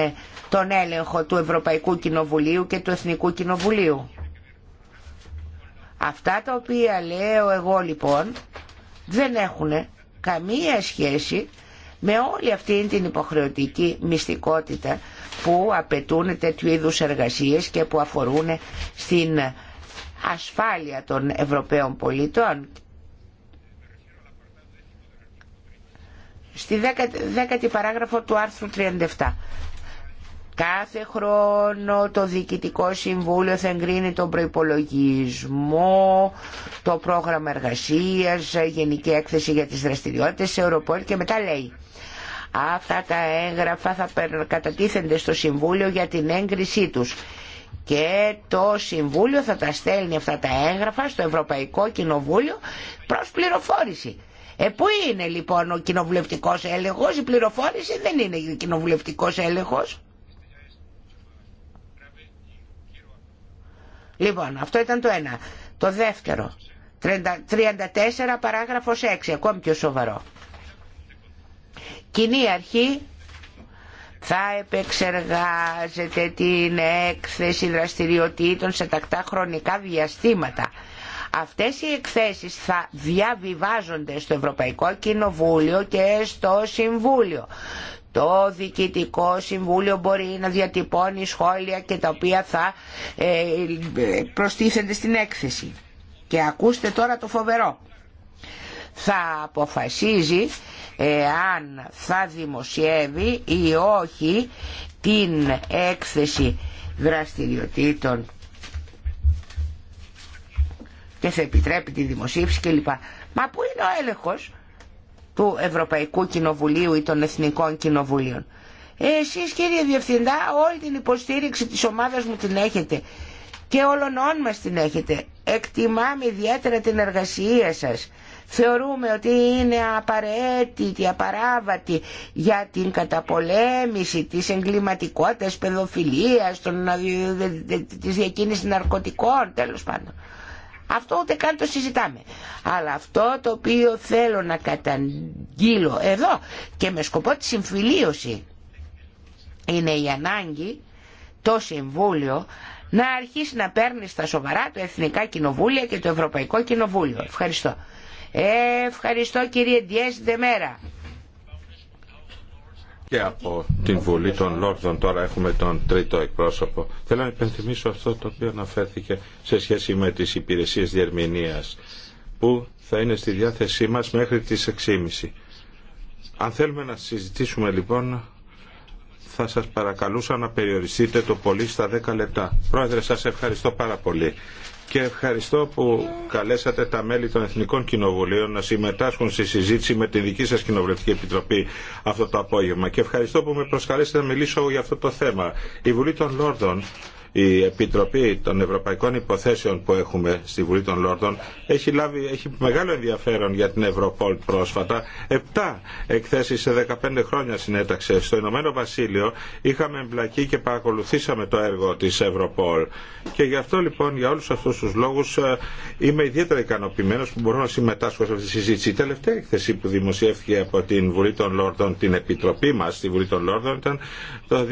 τον έλεγχο του Ευρωπαϊκού Κοινοβουλίου και του Εθνικού Κοινοβουλίου. Αυτά τα οποία λέω εγώ λοιπόν δεν έχουν καμία σχέση με όλη αυτή την υποχρεωτική μυστικότητα που απαιτούν τέτοιου είδου εργασίες και που αφορούν στην ασφάλεια των Ευρωπαίων πολιτών στη δέκατη, παράγραφο του άρθρου 37. Κάθε χρόνο το Διοικητικό Συμβούλιο θα εγκρίνει τον προϋπολογισμό, το πρόγραμμα εργασίας, γενική έκθεση για τις δραστηριότητες σε Ευρωπόλ και μετά λέει αυτά τα έγγραφα θα κατατίθενται στο Συμβούλιο για την έγκρισή τους και το Συμβούλιο θα τα στέλνει αυτά τα έγγραφα στο Ευρωπαϊκό Κοινοβούλιο προς πληροφόρηση. Ε, πού είναι λοιπόν ο κοινοβουλευτικός έλεγχος, η πληροφόρηση δεν είναι κοινοβουλευτικός έλεγχος. Λοιπόν, αυτό ήταν το ένα. Το δεύτερο, 34 παράγραφος 6, ακόμη πιο σοβαρό. Κοινή αρχή θα επεξεργάζεται την έκθεση δραστηριοτήτων σε τακτά χρονικά διαστήματα Αυτές οι εκθέσεις θα διαβιβάζονται στο Ευρωπαϊκό Κοινοβούλιο και στο Συμβούλιο. Το Διοικητικό Συμβούλιο μπορεί να διατυπώνει σχόλια και τα οποία θα ε, προστίθενται στην έκθεση. Και ακούστε τώρα το φοβερό. Θα αποφασίζει ε, αν θα δημοσιεύει ή όχι την έκθεση δραστηριοτήτων και επιτρέπει τη δημοσίευση κλπ. Μα πού είναι ο έλεγχος του Ευρωπαϊκού Κοινοβουλίου ή των Εθνικών Κοινοβουλίων. Εσείς κύριε Διευθυντά όλη την υποστήριξη της ομάδας μου την έχετε και όλων μας την έχετε. Εκτιμάμε ιδιαίτερα την εργασία σας. Θεωρούμε ότι είναι απαραίτητη, απαράβατη για την καταπολέμηση της εγκληματικότητας, παιδοφιλίας, των, της διακίνησης ναρκωτικών, τέλος πάντων. Αυτό ούτε καν το συζητάμε. Αλλά αυτό το οποίο θέλω να καταγγείλω εδώ και με σκοπό τη συμφιλίωση είναι η ανάγκη το Συμβούλιο να αρχίσει να παίρνει στα σοβαρά το Εθνικά Κοινοβούλια και το Ευρωπαϊκό Κοινοβούλιο. Ευχαριστώ. Ε, ευχαριστώ κύριε Ντιέζ Δεμέρα. Και από την Βουλή των Λόρδων τώρα έχουμε τον τρίτο εκπρόσωπο. Θέλω να υπενθυμίσω αυτό το οποίο αναφέρθηκε σε σχέση με τις υπηρεσίες διερμηνίας που θα είναι στη διάθεσή μας μέχρι τις 6.30. Αν θέλουμε να συζητήσουμε λοιπόν θα σας παρακαλούσα να περιοριστείτε το πολύ στα 10 λεπτά. Πρόεδρε σας ευχαριστώ πάρα πολύ και ευχαριστώ που καλέσατε τα μέλη των Εθνικών Κοινοβουλίων να συμμετάσχουν στη συζήτηση με τη δική σας Κοινοβουλευτική Επιτροπή αυτό το απόγευμα και ευχαριστώ που με προσκαλέσετε να μιλήσω για αυτό το θέμα. Η Βουλή των Λόρδων η Επιτροπή των Ευρωπαϊκών Υποθέσεων που έχουμε στη Βουλή των Λόρδων έχει, λάβει, έχει μεγάλο ενδιαφέρον για την Ευρωπόλ πρόσφατα. Επτά εκθέσεις σε 15 χρόνια συνέταξε. Στο Ηνωμένο Βασίλειο είχαμε εμπλακεί και παρακολουθήσαμε το έργο της Ευρωπόλ. Και γι' αυτό λοιπόν για όλους αυτούς τους λόγους ε, είμαι ιδιαίτερα ικανοποιημένος που μπορώ να συμμετάσχω σε αυτή τη συζήτηση. Η τελευταία εκθεσή που δημοσιεύθηκε από την Βουλή των Λόρδων, την Επιτροπή μας στη Βουλή των Λόρδων ήταν το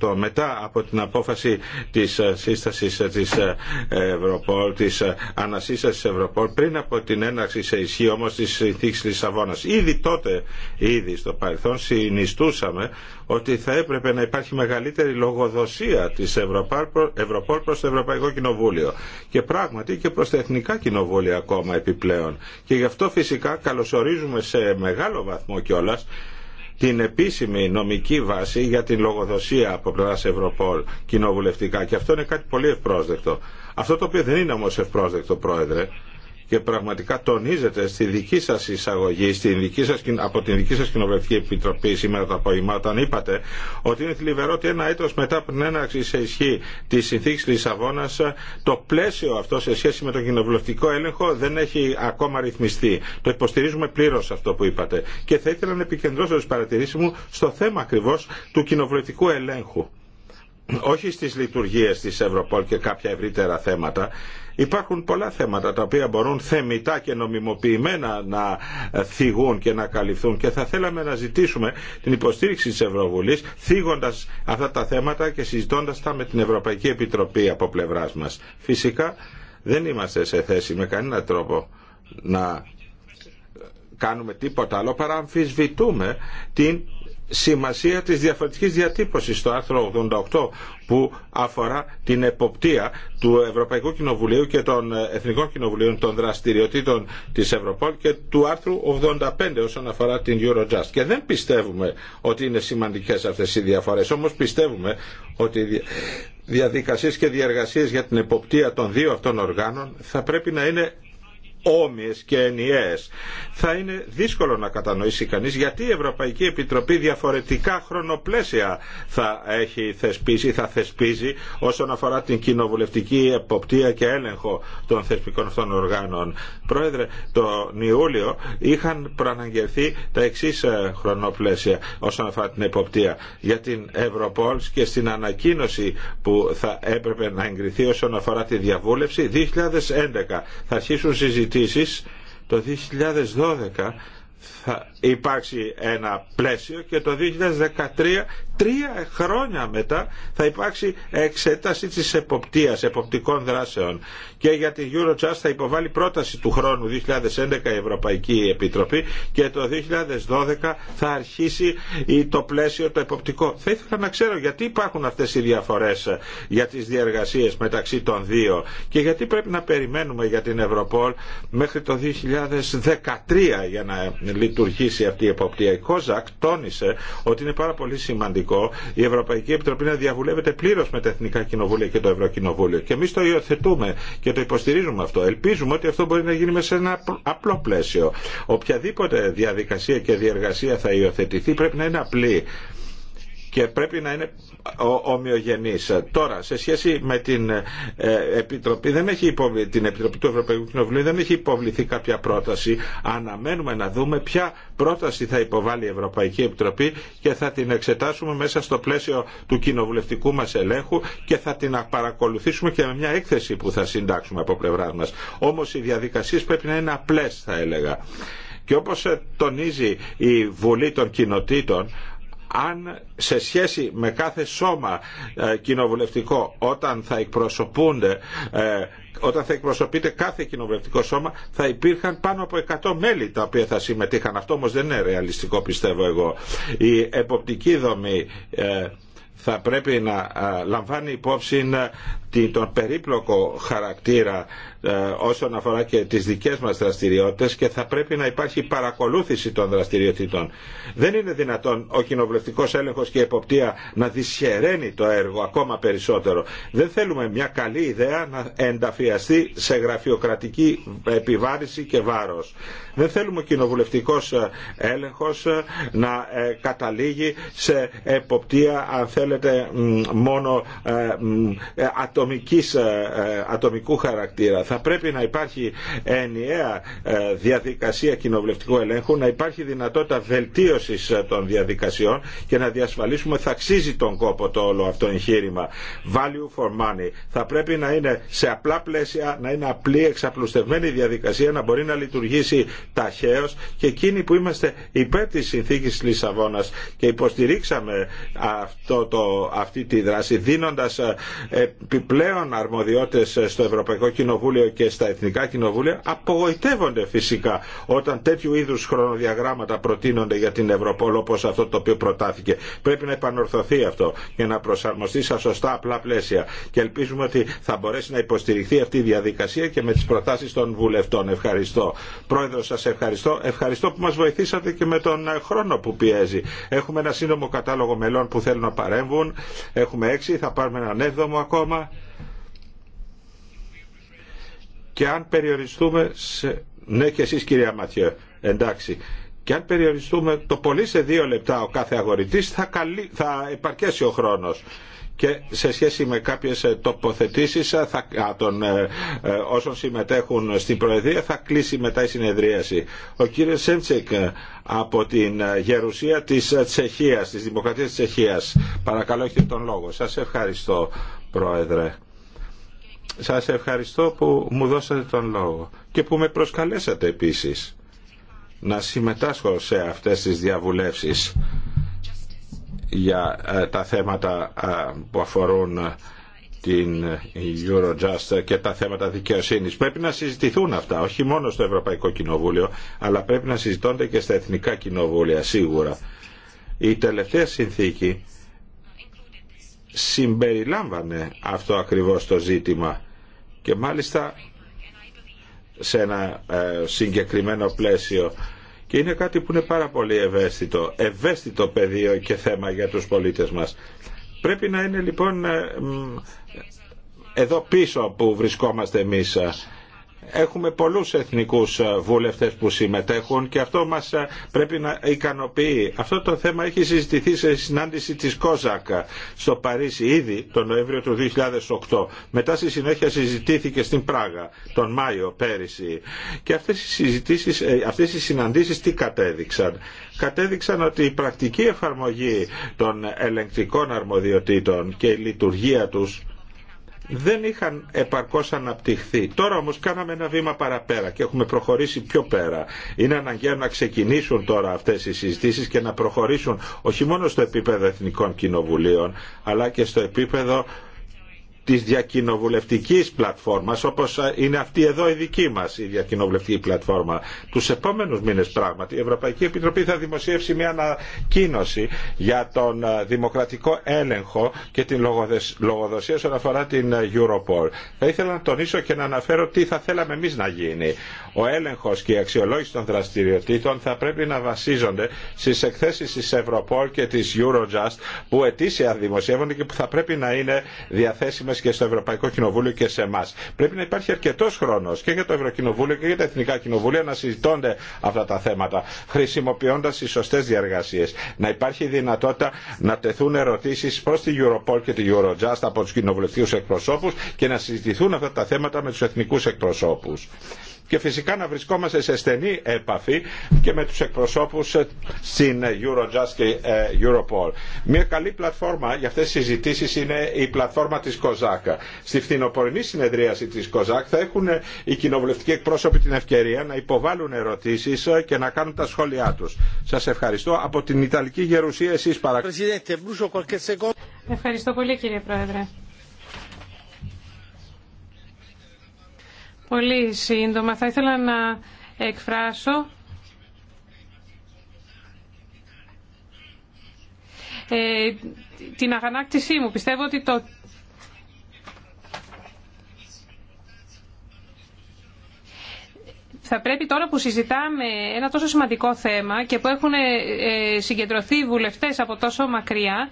2008. Μετά από την απόφαση της ε, σύστασης ε, της ε, Ευρωπόλ, της ανασύστασης Ευρωπόλ πριν από την έναρξη σε ισχύ όμως της συνθήκης Λισαβόνας. Ήδη τότε, ήδη στο παρελθόν συνιστούσαμε ότι θα έπρεπε να υπάρχει μεγαλύτερη λογοδοσία της Ευρωπόλ προς το Ευρωπαϊκό Κοινοβούλιο και πράγματι και προς τα Εθνικά Κοινοβούλια ακόμα επιπλέον. Και γι' αυτό φυσικά καλωσορίζουμε σε μεγάλο βαθμό κιόλας την επίσημη νομική βάση για την λογοδοσία από πλευρά Ευρωπόλ κοινοβουλευτικά. Και αυτό είναι κάτι πολύ ευπρόσδεκτο. Αυτό το οποίο δεν είναι όμω ευπρόσδεκτο, Πρόεδρε, και πραγματικά τονίζεται στη δική σα εισαγωγή, στη δική σας, από την δική σα κοινοβουλευτική επιτροπή σήμερα το απόγευμα, όταν είπατε ότι είναι θλιβερό ότι ένα έτο μετά από την έναρξη σε ισχύ τη συνθήκη Λισαβόνα, το πλαίσιο αυτό σε σχέση με τον κοινοβουλευτικό έλεγχο δεν έχει ακόμα ρυθμιστεί. Το υποστηρίζουμε πλήρω αυτό που είπατε. Και θα ήθελα να επικεντρώσω τι παρατηρήσει μου στο θέμα ακριβώ του κοινοβουλευτικού ελέγχου όχι στις λειτουργίες της Ευρωπόλ και κάποια ευρύτερα θέματα Υπάρχουν πολλά θέματα τα οποία μπορούν θεμητά και νομιμοποιημένα να θυγούν και να καλυφθούν και θα θέλαμε να ζητήσουμε την υποστήριξη της Ευρωβουλής θίγοντας αυτά τα θέματα και συζητώντας τα με την Ευρωπαϊκή Επιτροπή από πλευράς μας. Φυσικά δεν είμαστε σε θέση με κανένα τρόπο να κάνουμε τίποτα άλλο παρά αμφισβητούμε την σημασία της διαφορετικής διατύπωσης στο άρθρο 88 που αφορά την εποπτεία του Ευρωπαϊκού Κοινοβουλίου και των Εθνικών Κοινοβουλίων των δραστηριοτήτων της Ευρωπόλ και του άρθρου 85 όσον αφορά την Eurojust. Και δεν πιστεύουμε ότι είναι σημαντικές αυτές οι διαφορές, όμως πιστεύουμε ότι διαδικασίες και διεργασίες για την εποπτεία των δύο αυτών οργάνων θα πρέπει να είναι όμοιες και ενιαίες. Θα είναι δύσκολο να κατανοήσει κανείς γιατί η Ευρωπαϊκή Επιτροπή διαφορετικά χρονοπλαίσια θα έχει θεσπίσει, θα θεσπίζει όσον αφορά την κοινοβουλευτική εποπτεία και έλεγχο των θεσπικών αυτών οργάνων. Πρόεδρε, τον Ιούλιο είχαν προαναγγελθεί τα εξή ε, χρονοπλαίσια όσον αφορά την εποπτεία για την Ευρωπόλ και στην ανακοίνωση που θα έπρεπε να εγκριθεί όσον αφορά τη διαβούλευση 2011. Θα αρχίσουν συζητήσεις συζητήσεις το 2012 θα υπάρξει ένα πλαίσιο και το 2013, τρία χρόνια μετά, θα υπάρξει εξέταση της εποπτείας, εποπτικών δράσεων. Και για την Eurojust θα υποβάλει πρόταση του χρόνου 2011 η Ευρωπαϊκή Επιτροπή και το 2012 θα αρχίσει το πλαίσιο το εποπτικό. Θα ήθελα να ξέρω γιατί υπάρχουν αυτές οι διαφορές για τις διεργασίες μεταξύ των δύο και γιατί πρέπει να περιμένουμε για την Ευρωπόλ μέχρι το 2013 για να λειτουργήσει λειτουργήσει αυτή η εποπτεία. Η ΚΟΖΑΚ τόνισε ότι είναι πάρα πολύ σημαντικό η Ευρωπαϊκή Επιτροπή να διαβουλεύεται πλήρω με τα Εθνικά Κοινοβούλια και το Ευρωκοινοβούλιο. Και εμεί το υιοθετούμε και το υποστηρίζουμε αυτό. Ελπίζουμε ότι αυτό μπορεί να γίνει μέσα σε ένα απλό πλαίσιο. Οποιαδήποτε διαδικασία και διεργασία θα υιοθετηθεί πρέπει να είναι απλή και πρέπει να είναι ομοιογενής. Τώρα, σε σχέση με την ε, Επιτροπή, δεν έχει την Επιτροπή του Ευρωπαϊκού Κοινοβουλίου δεν έχει υποβληθεί κάποια πρόταση. Αναμένουμε να δούμε ποια πρόταση θα υποβάλει η Ευρωπαϊκή Επιτροπή και θα την εξετάσουμε μέσα στο πλαίσιο του κοινοβουλευτικού μας ελέγχου και θα την παρακολουθήσουμε και με μια έκθεση που θα συντάξουμε από πλευρά μας. Όμως οι διαδικασίες πρέπει να είναι απλές θα έλεγα. Και όπως τονίζει η Βουλή των Κοινοτήτων, αν σε σχέση με κάθε σώμα ε, κοινοβουλευτικό όταν θα εκπροσωπούνται ε, όταν θα εκπροσωπείται κάθε κοινοβουλευτικό σώμα θα υπήρχαν πάνω από 100 μέλη τα οποία θα συμμετείχαν. Αυτό όμως δεν είναι ρεαλιστικό πιστεύω εγώ. Η εποπτική δομή ε, θα πρέπει να λαμβάνει υπόψη τον περίπλοκο χαρακτήρα ε, όσον αφορά και τις δικές μας δραστηριότητες και θα πρέπει να υπάρχει παρακολούθηση των δραστηριοτήτων. Δεν είναι δυνατόν ο κοινοβουλευτικός έλεγχος και η εποπτεία να δυσχεραίνει το έργο ακόμα περισσότερο. Δεν θέλουμε μια καλή ιδέα να ενταφιαστεί σε γραφειοκρατική επιβάρηση και βάρος. Δεν θέλουμε ο κοινοβουλευτικός ε, έλεγχος ε, να καταλήγει σε εποπτεία αν θέλετε μόνο ατομικού χαρακτήρα θα πρέπει να υπάρχει ενιαία ε, διαδικασία κοινοβουλευτικού ελέγχου, να υπάρχει δυνατότητα βελτίωση ε, των διαδικασιών και να διασφαλίσουμε θα αξίζει τον κόπο το όλο αυτό εγχείρημα. Value for money. Θα πρέπει να είναι σε απλά πλαίσια, να είναι απλή, εξαπλουστευμένη διαδικασία, να μπορεί να λειτουργήσει ταχαίω και εκείνοι που είμαστε υπέρ τη συνθήκη Λισαβόνα και υποστηρίξαμε αυτό το, αυτή τη δράση δίνοντα ε, επιπλέον αρμοδιότητες στο Ευρωπαϊκό Κοινοβούλιο και στα Εθνικά Κοινοβούλια απογοητεύονται φυσικά όταν τέτοιου είδους χρονοδιαγράμματα προτείνονται για την Ευρωπόλ όπως αυτό το οποίο προτάθηκε. Πρέπει να επανορθωθεί αυτό και να προσαρμοστεί στα σωστά απλά πλαίσια και ελπίζουμε ότι θα μπορέσει να υποστηριχθεί αυτή η διαδικασία και με τις προτάσεις των βουλευτών. Ευχαριστώ. Πρόεδρο σας ευχαριστώ. Ευχαριστώ που μας βοηθήσατε και με τον χρόνο που πιέζει. Έχουμε ένα σύντομο κατάλογο μελών που θέλουν να παρέμβουν. Έχουμε έξι, θα πάρουμε έναν έβδομο ακόμα. Και αν περιοριστούμε σε... Ναι και εσείς κυρία Ματιέ, εντάξει. Και αν περιοριστούμε το πολύ σε δύο λεπτά ο κάθε αγορητής θα, θα επαρκέσει ο χρόνος και σε σχέση με κάποιες ε, τοποθετήσεις ε, θα, ε, όσων συμμετέχουν στην Προεδρία θα κλείσει μετά η συνεδρίαση. Ο κύριος Σέντσεκ από την Γερουσία της Τσεχίας, της Δημοκρατίας της Τσεχίας. Παρακαλώ έχετε τον λόγο. Σας ευχαριστώ Πρόεδρε. Σας ευχαριστώ που μου δώσατε τον λόγο και που με προσκαλέσατε επίσης να συμμετάσχω σε αυτές τις διαβουλεύσεις για ε, τα θέματα ε, που αφορούν ε, την Eurojust και τα θέματα δικαιοσύνης. Πρέπει να συζητηθούν αυτά, όχι μόνο στο Ευρωπαϊκό Κοινοβούλιο, αλλά πρέπει να συζητώνται και στα Εθνικά Κοινοβούλια, σίγουρα. Η τελευταία συνθήκη συμπεριλάμβανε αυτό ακριβώς το ζήτημα και μάλιστα σε ένα ε, συγκεκριμένο πλαίσιο και είναι κάτι που είναι πάρα πολύ ευαίσθητο, ευαίσθητο πεδίο και θέμα για τους πολίτες μας. Πρέπει να είναι λοιπόν ε, εδώ πίσω που βρισκόμαστε εμείς ε, έχουμε πολλούς εθνικούς ε, βουλευτές που συμμετέχουν και αυτό μας ε, πρέπει να ικανοποιεί. Αυτό το θέμα έχει συζητηθεί σε συνάντηση της Κόζακα στο Παρίσι ήδη τον Νοέμβριο του 2008. Μετά στη συνέχεια συζητήθηκε στην Πράγα τον Μάιο πέρυσι. Και αυτές οι, συζητήσεις, ε, αυτές οι συναντήσεις τι κατέδειξαν. Κατέδειξαν ότι η πρακτική εφαρμογή των ελεγκτικών αρμοδιοτήτων και η λειτουργία τους δεν είχαν επαρκώς αναπτυχθεί. Τώρα όμως κάναμε ένα βήμα παραπέρα και έχουμε προχωρήσει πιο πέρα. Είναι αναγκαίο να ξεκινήσουν τώρα αυτές οι συζητήσεις και να προχωρήσουν όχι μόνο στο επίπεδο εθνικών κοινοβουλίων αλλά και στο επίπεδο της διακοινοβουλευτικής πλατφόρμας όπως είναι αυτή εδώ η δική μας η διακοινοβουλευτική πλατφόρμα τους επόμενους μήνες πράγματι η Ευρωπαϊκή Επιτροπή θα δημοσιεύσει μια ανακοίνωση για τον ε, δημοκρατικό έλεγχο και την λογοδοσία όσον αφορά την ε, Europol θα ήθελα να τονίσω και να αναφέρω τι θα θέλαμε εμείς να γίνει ο έλεγχος και η αξιολόγηση των δραστηριοτήτων θα πρέπει να βασίζονται στις εκθέσεις της Europol και της Eurojust που ετήσια δημοσιεύονται και που θα πρέπει να είναι διαθέσιμε και στο Ευρωπαϊκό Κοινοβούλιο και σε εμά. Πρέπει να υπάρχει αρκετό χρόνο και για το Ευρωκοινοβούλιο και για τα Εθνικά Κοινοβούλια να συζητώνται αυτά τα θέματα, χρησιμοποιώντα τι σωστέ διαργασίε. Να υπάρχει δυνατότητα να τεθούν ερωτήσει προ την Europol και την Eurojust από του κοινοβουλευτικού εκπροσώπου και να συζητηθούν αυτά τα θέματα με του εθνικού εκπροσώπου και φυσικά να βρισκόμαστε σε στενή επαφή και με τους εκπροσώπους στην Eurojust και ε, Europol. Μια καλή πλατφόρμα για αυτές τις συζητήσεις είναι η πλατφόρμα της Κοζάκα. Στη φθινοπορεινή συνεδρίαση της Κοζάκ θα έχουν ε, οι κοινοβουλευτικοί εκπρόσωποι την ευκαιρία να υποβάλουν ερωτήσεις ε, και να κάνουν τα σχόλιά τους. Σας ευχαριστώ. Από την Ιταλική Γερουσία εσείς παρακολουθείτε. Ευχαριστώ πολύ κύριε Πρόεδρε. Πολύ σύντομα. Θα ήθελα να εκφράσω ε, την αγανάκτησή μου. Πιστεύω ότι το θα πρέπει τώρα που συζητάμε ένα τόσο σημαντικό θέμα και που έχουν ε, συγκεντρωθεί βουλευτές από τόσο μακριά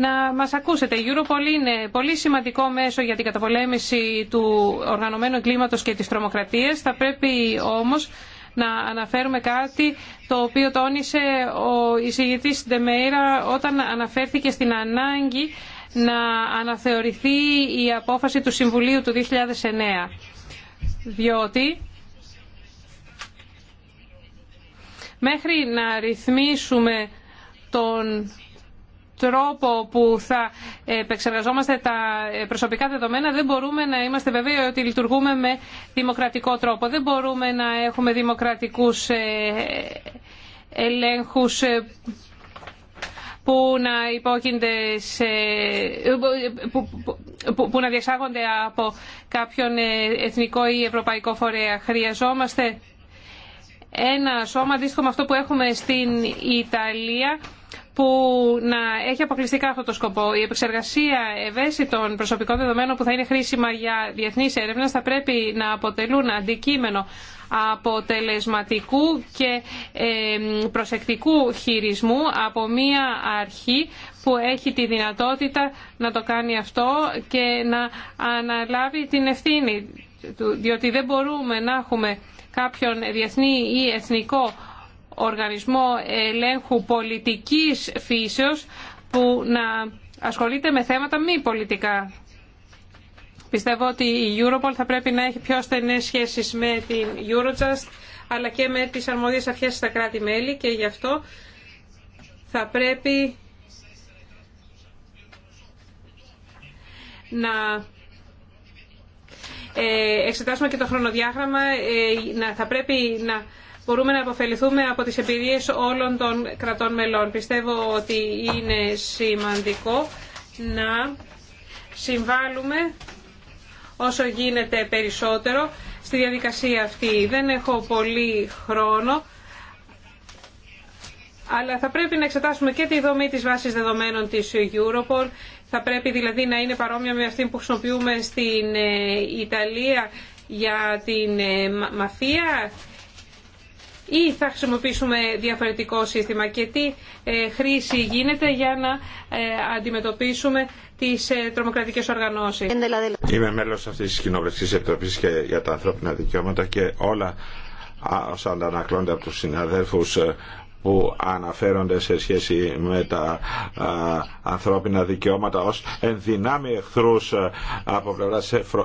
να μας ακούσετε. Η Europol είναι πολύ σημαντικό μέσο για την καταπολέμηση του οργανωμένου εγκλήματος και της τρομοκρατίας. Θα πρέπει όμως να αναφέρουμε κάτι το οποίο τόνισε ο εισηγητής Ντεμέιρα όταν αναφέρθηκε στην ανάγκη να αναθεωρηθεί η απόφαση του Συμβουλίου του 2009. Διότι μέχρι να ρυθμίσουμε τον τρόπο που θα επεξεργαζόμαστε τα προσωπικά δεδομένα δεν μπορούμε να είμαστε βέβαιοι ότι λειτουργούμε με δημοκρατικό τρόπο. Δεν μπορούμε να έχουμε δημοκρατικούς ε, ελέγχους ε, που να υπόκεινται που, να διεξάγονται από κάποιον ε, εθνικό ή ευρωπαϊκό φορέα. Χρειαζόμαστε ένα σώμα αντίστοιχο με αυτό που έχουμε στην Ιταλία που να έχει αποκλειστικά αυτό το σκοπό. Η επεξεργασία ευαίσθητων προσωπικών δεδομένων που θα είναι χρήσιμα για διεθνεί έρευνε θα πρέπει να αποτελούν αντικείμενο αποτελεσματικού και προσεκτικού χειρισμού από μία αρχή που έχει τη δυνατότητα να το κάνει αυτό και να αναλάβει την ευθύνη του, διότι δεν μπορούμε να έχουμε κάποιον διεθνή ή εθνικό οργανισμό ελέγχου πολιτικής φύσεως που να ασχολείται με θέματα μη πολιτικά. Πιστεύω ότι η Europol θα πρέπει να έχει πιο στενές σχέσεις με την Eurojust αλλά και με τις αρμόδιες αρχές στα κράτη-μέλη και γι' αυτό θα πρέπει να ε, εξετάσουμε και το χρονοδιάγραμμα, ε, να, θα πρέπει να μπορούμε να αποφεληθούμε από τις εμπειρίες όλων των κρατών μελών. Πιστεύω ότι είναι σημαντικό να συμβάλλουμε όσο γίνεται περισσότερο στη διαδικασία αυτή. Δεν έχω πολύ χρόνο, αλλά θα πρέπει να εξετάσουμε και τη δομή της βάσης δεδομένων της Europol. Θα πρέπει δηλαδή να είναι παρόμοια με αυτή που χρησιμοποιούμε στην ε, Ιταλία για την ε, μαφία ή θα χρησιμοποιήσουμε διαφορετικό σύστημα και τι ε, χρήση γίνεται για να ε, αντιμετωπίσουμε τις ε, τρομοκρατικές οργανώσεις. Είμαι μέλος αυτής της Κοινοβουλευτικής Επιτροπής και για τα ανθρώπινα δικαιώματα και όλα όσα αντανακλώνται από τους συναδέλφους που αναφέρονται σε σχέση με τα ανθρώπινα δικαιώματα ως ενδυνάμει εχθρούς από πλευρά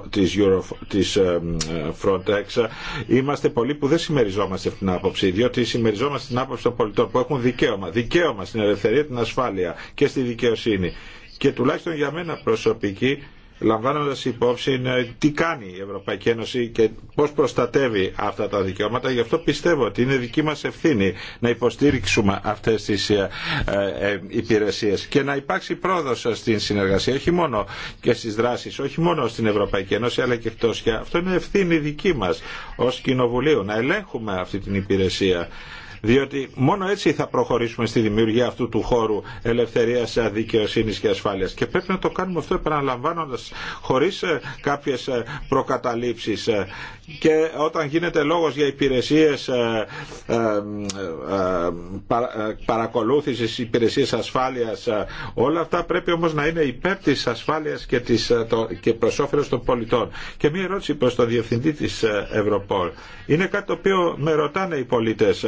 της, Euro, της ε, ε, Frontex είμαστε πολλοί που δεν συμμεριζόμαστε αυτήν την άποψη διότι συμμεριζόμαστε την άποψη των πολιτών που έχουν δικαίωμα, δικαίωμα στην ελευθερία, την ασφάλεια και στη δικαιοσύνη και τουλάχιστον για μένα προσωπική λαμβάνοντας υπόψη ε, τι κάνει η Ευρωπαϊκή Ένωση και πώς προστατεύει αυτά τα δικαιώματα. Γι' αυτό πιστεύω ότι είναι δική μας ευθύνη να υποστήριξουμε αυτές τις ε, ε, υπηρεσίες και να υπάρξει πρόοδος στην συνεργασία, όχι μόνο και στις δράσεις, όχι μόνο στην Ευρωπαϊκή Ένωση αλλά και εκτός. Και αυτό είναι ευθύνη δική μας ως Κοινοβουλίου να ελέγχουμε αυτή την υπηρεσία διότι μόνο έτσι θα προχωρήσουμε στη δημιουργία αυτού του χώρου ελευθερίας, δικαιοσύνη και ασφάλειας. Και πρέπει να το κάνουμε αυτό επαναλαμβάνοντας χωρίς ε, κάποιες ε, προκαταλήψεις. Ε, και όταν γίνεται λόγος για υπηρεσίες παρακολούθησης, υπηρεσίες ασφάλειας, όλα αυτά πρέπει όμως να είναι υπέρ της ασφάλειας και, της, και των πολιτών. Και μία ερώτηση προς τον Διευθυντή της Ευρωπόλ. Είναι κάτι το οποίο με ρωτάνε οι πολίτες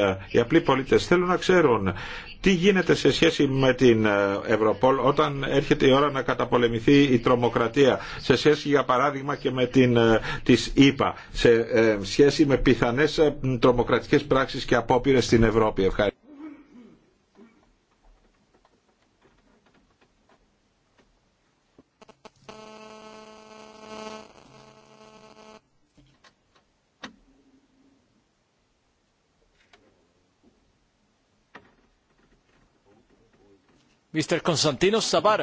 απλοί πολίτες θέλουν να ξέρουν τι γίνεται σε σχέση με την ε, Ευρωπόλ όταν έρχεται η ώρα να καταπολεμηθεί η τρομοκρατία σε σχέση για παράδειγμα και με την, ε, της ΕΠΑ σε ε, σχέση με πιθανές τρομοκρατικές πράξεις και απόπειρες στην Ευρώπη. Ευχαριστώ.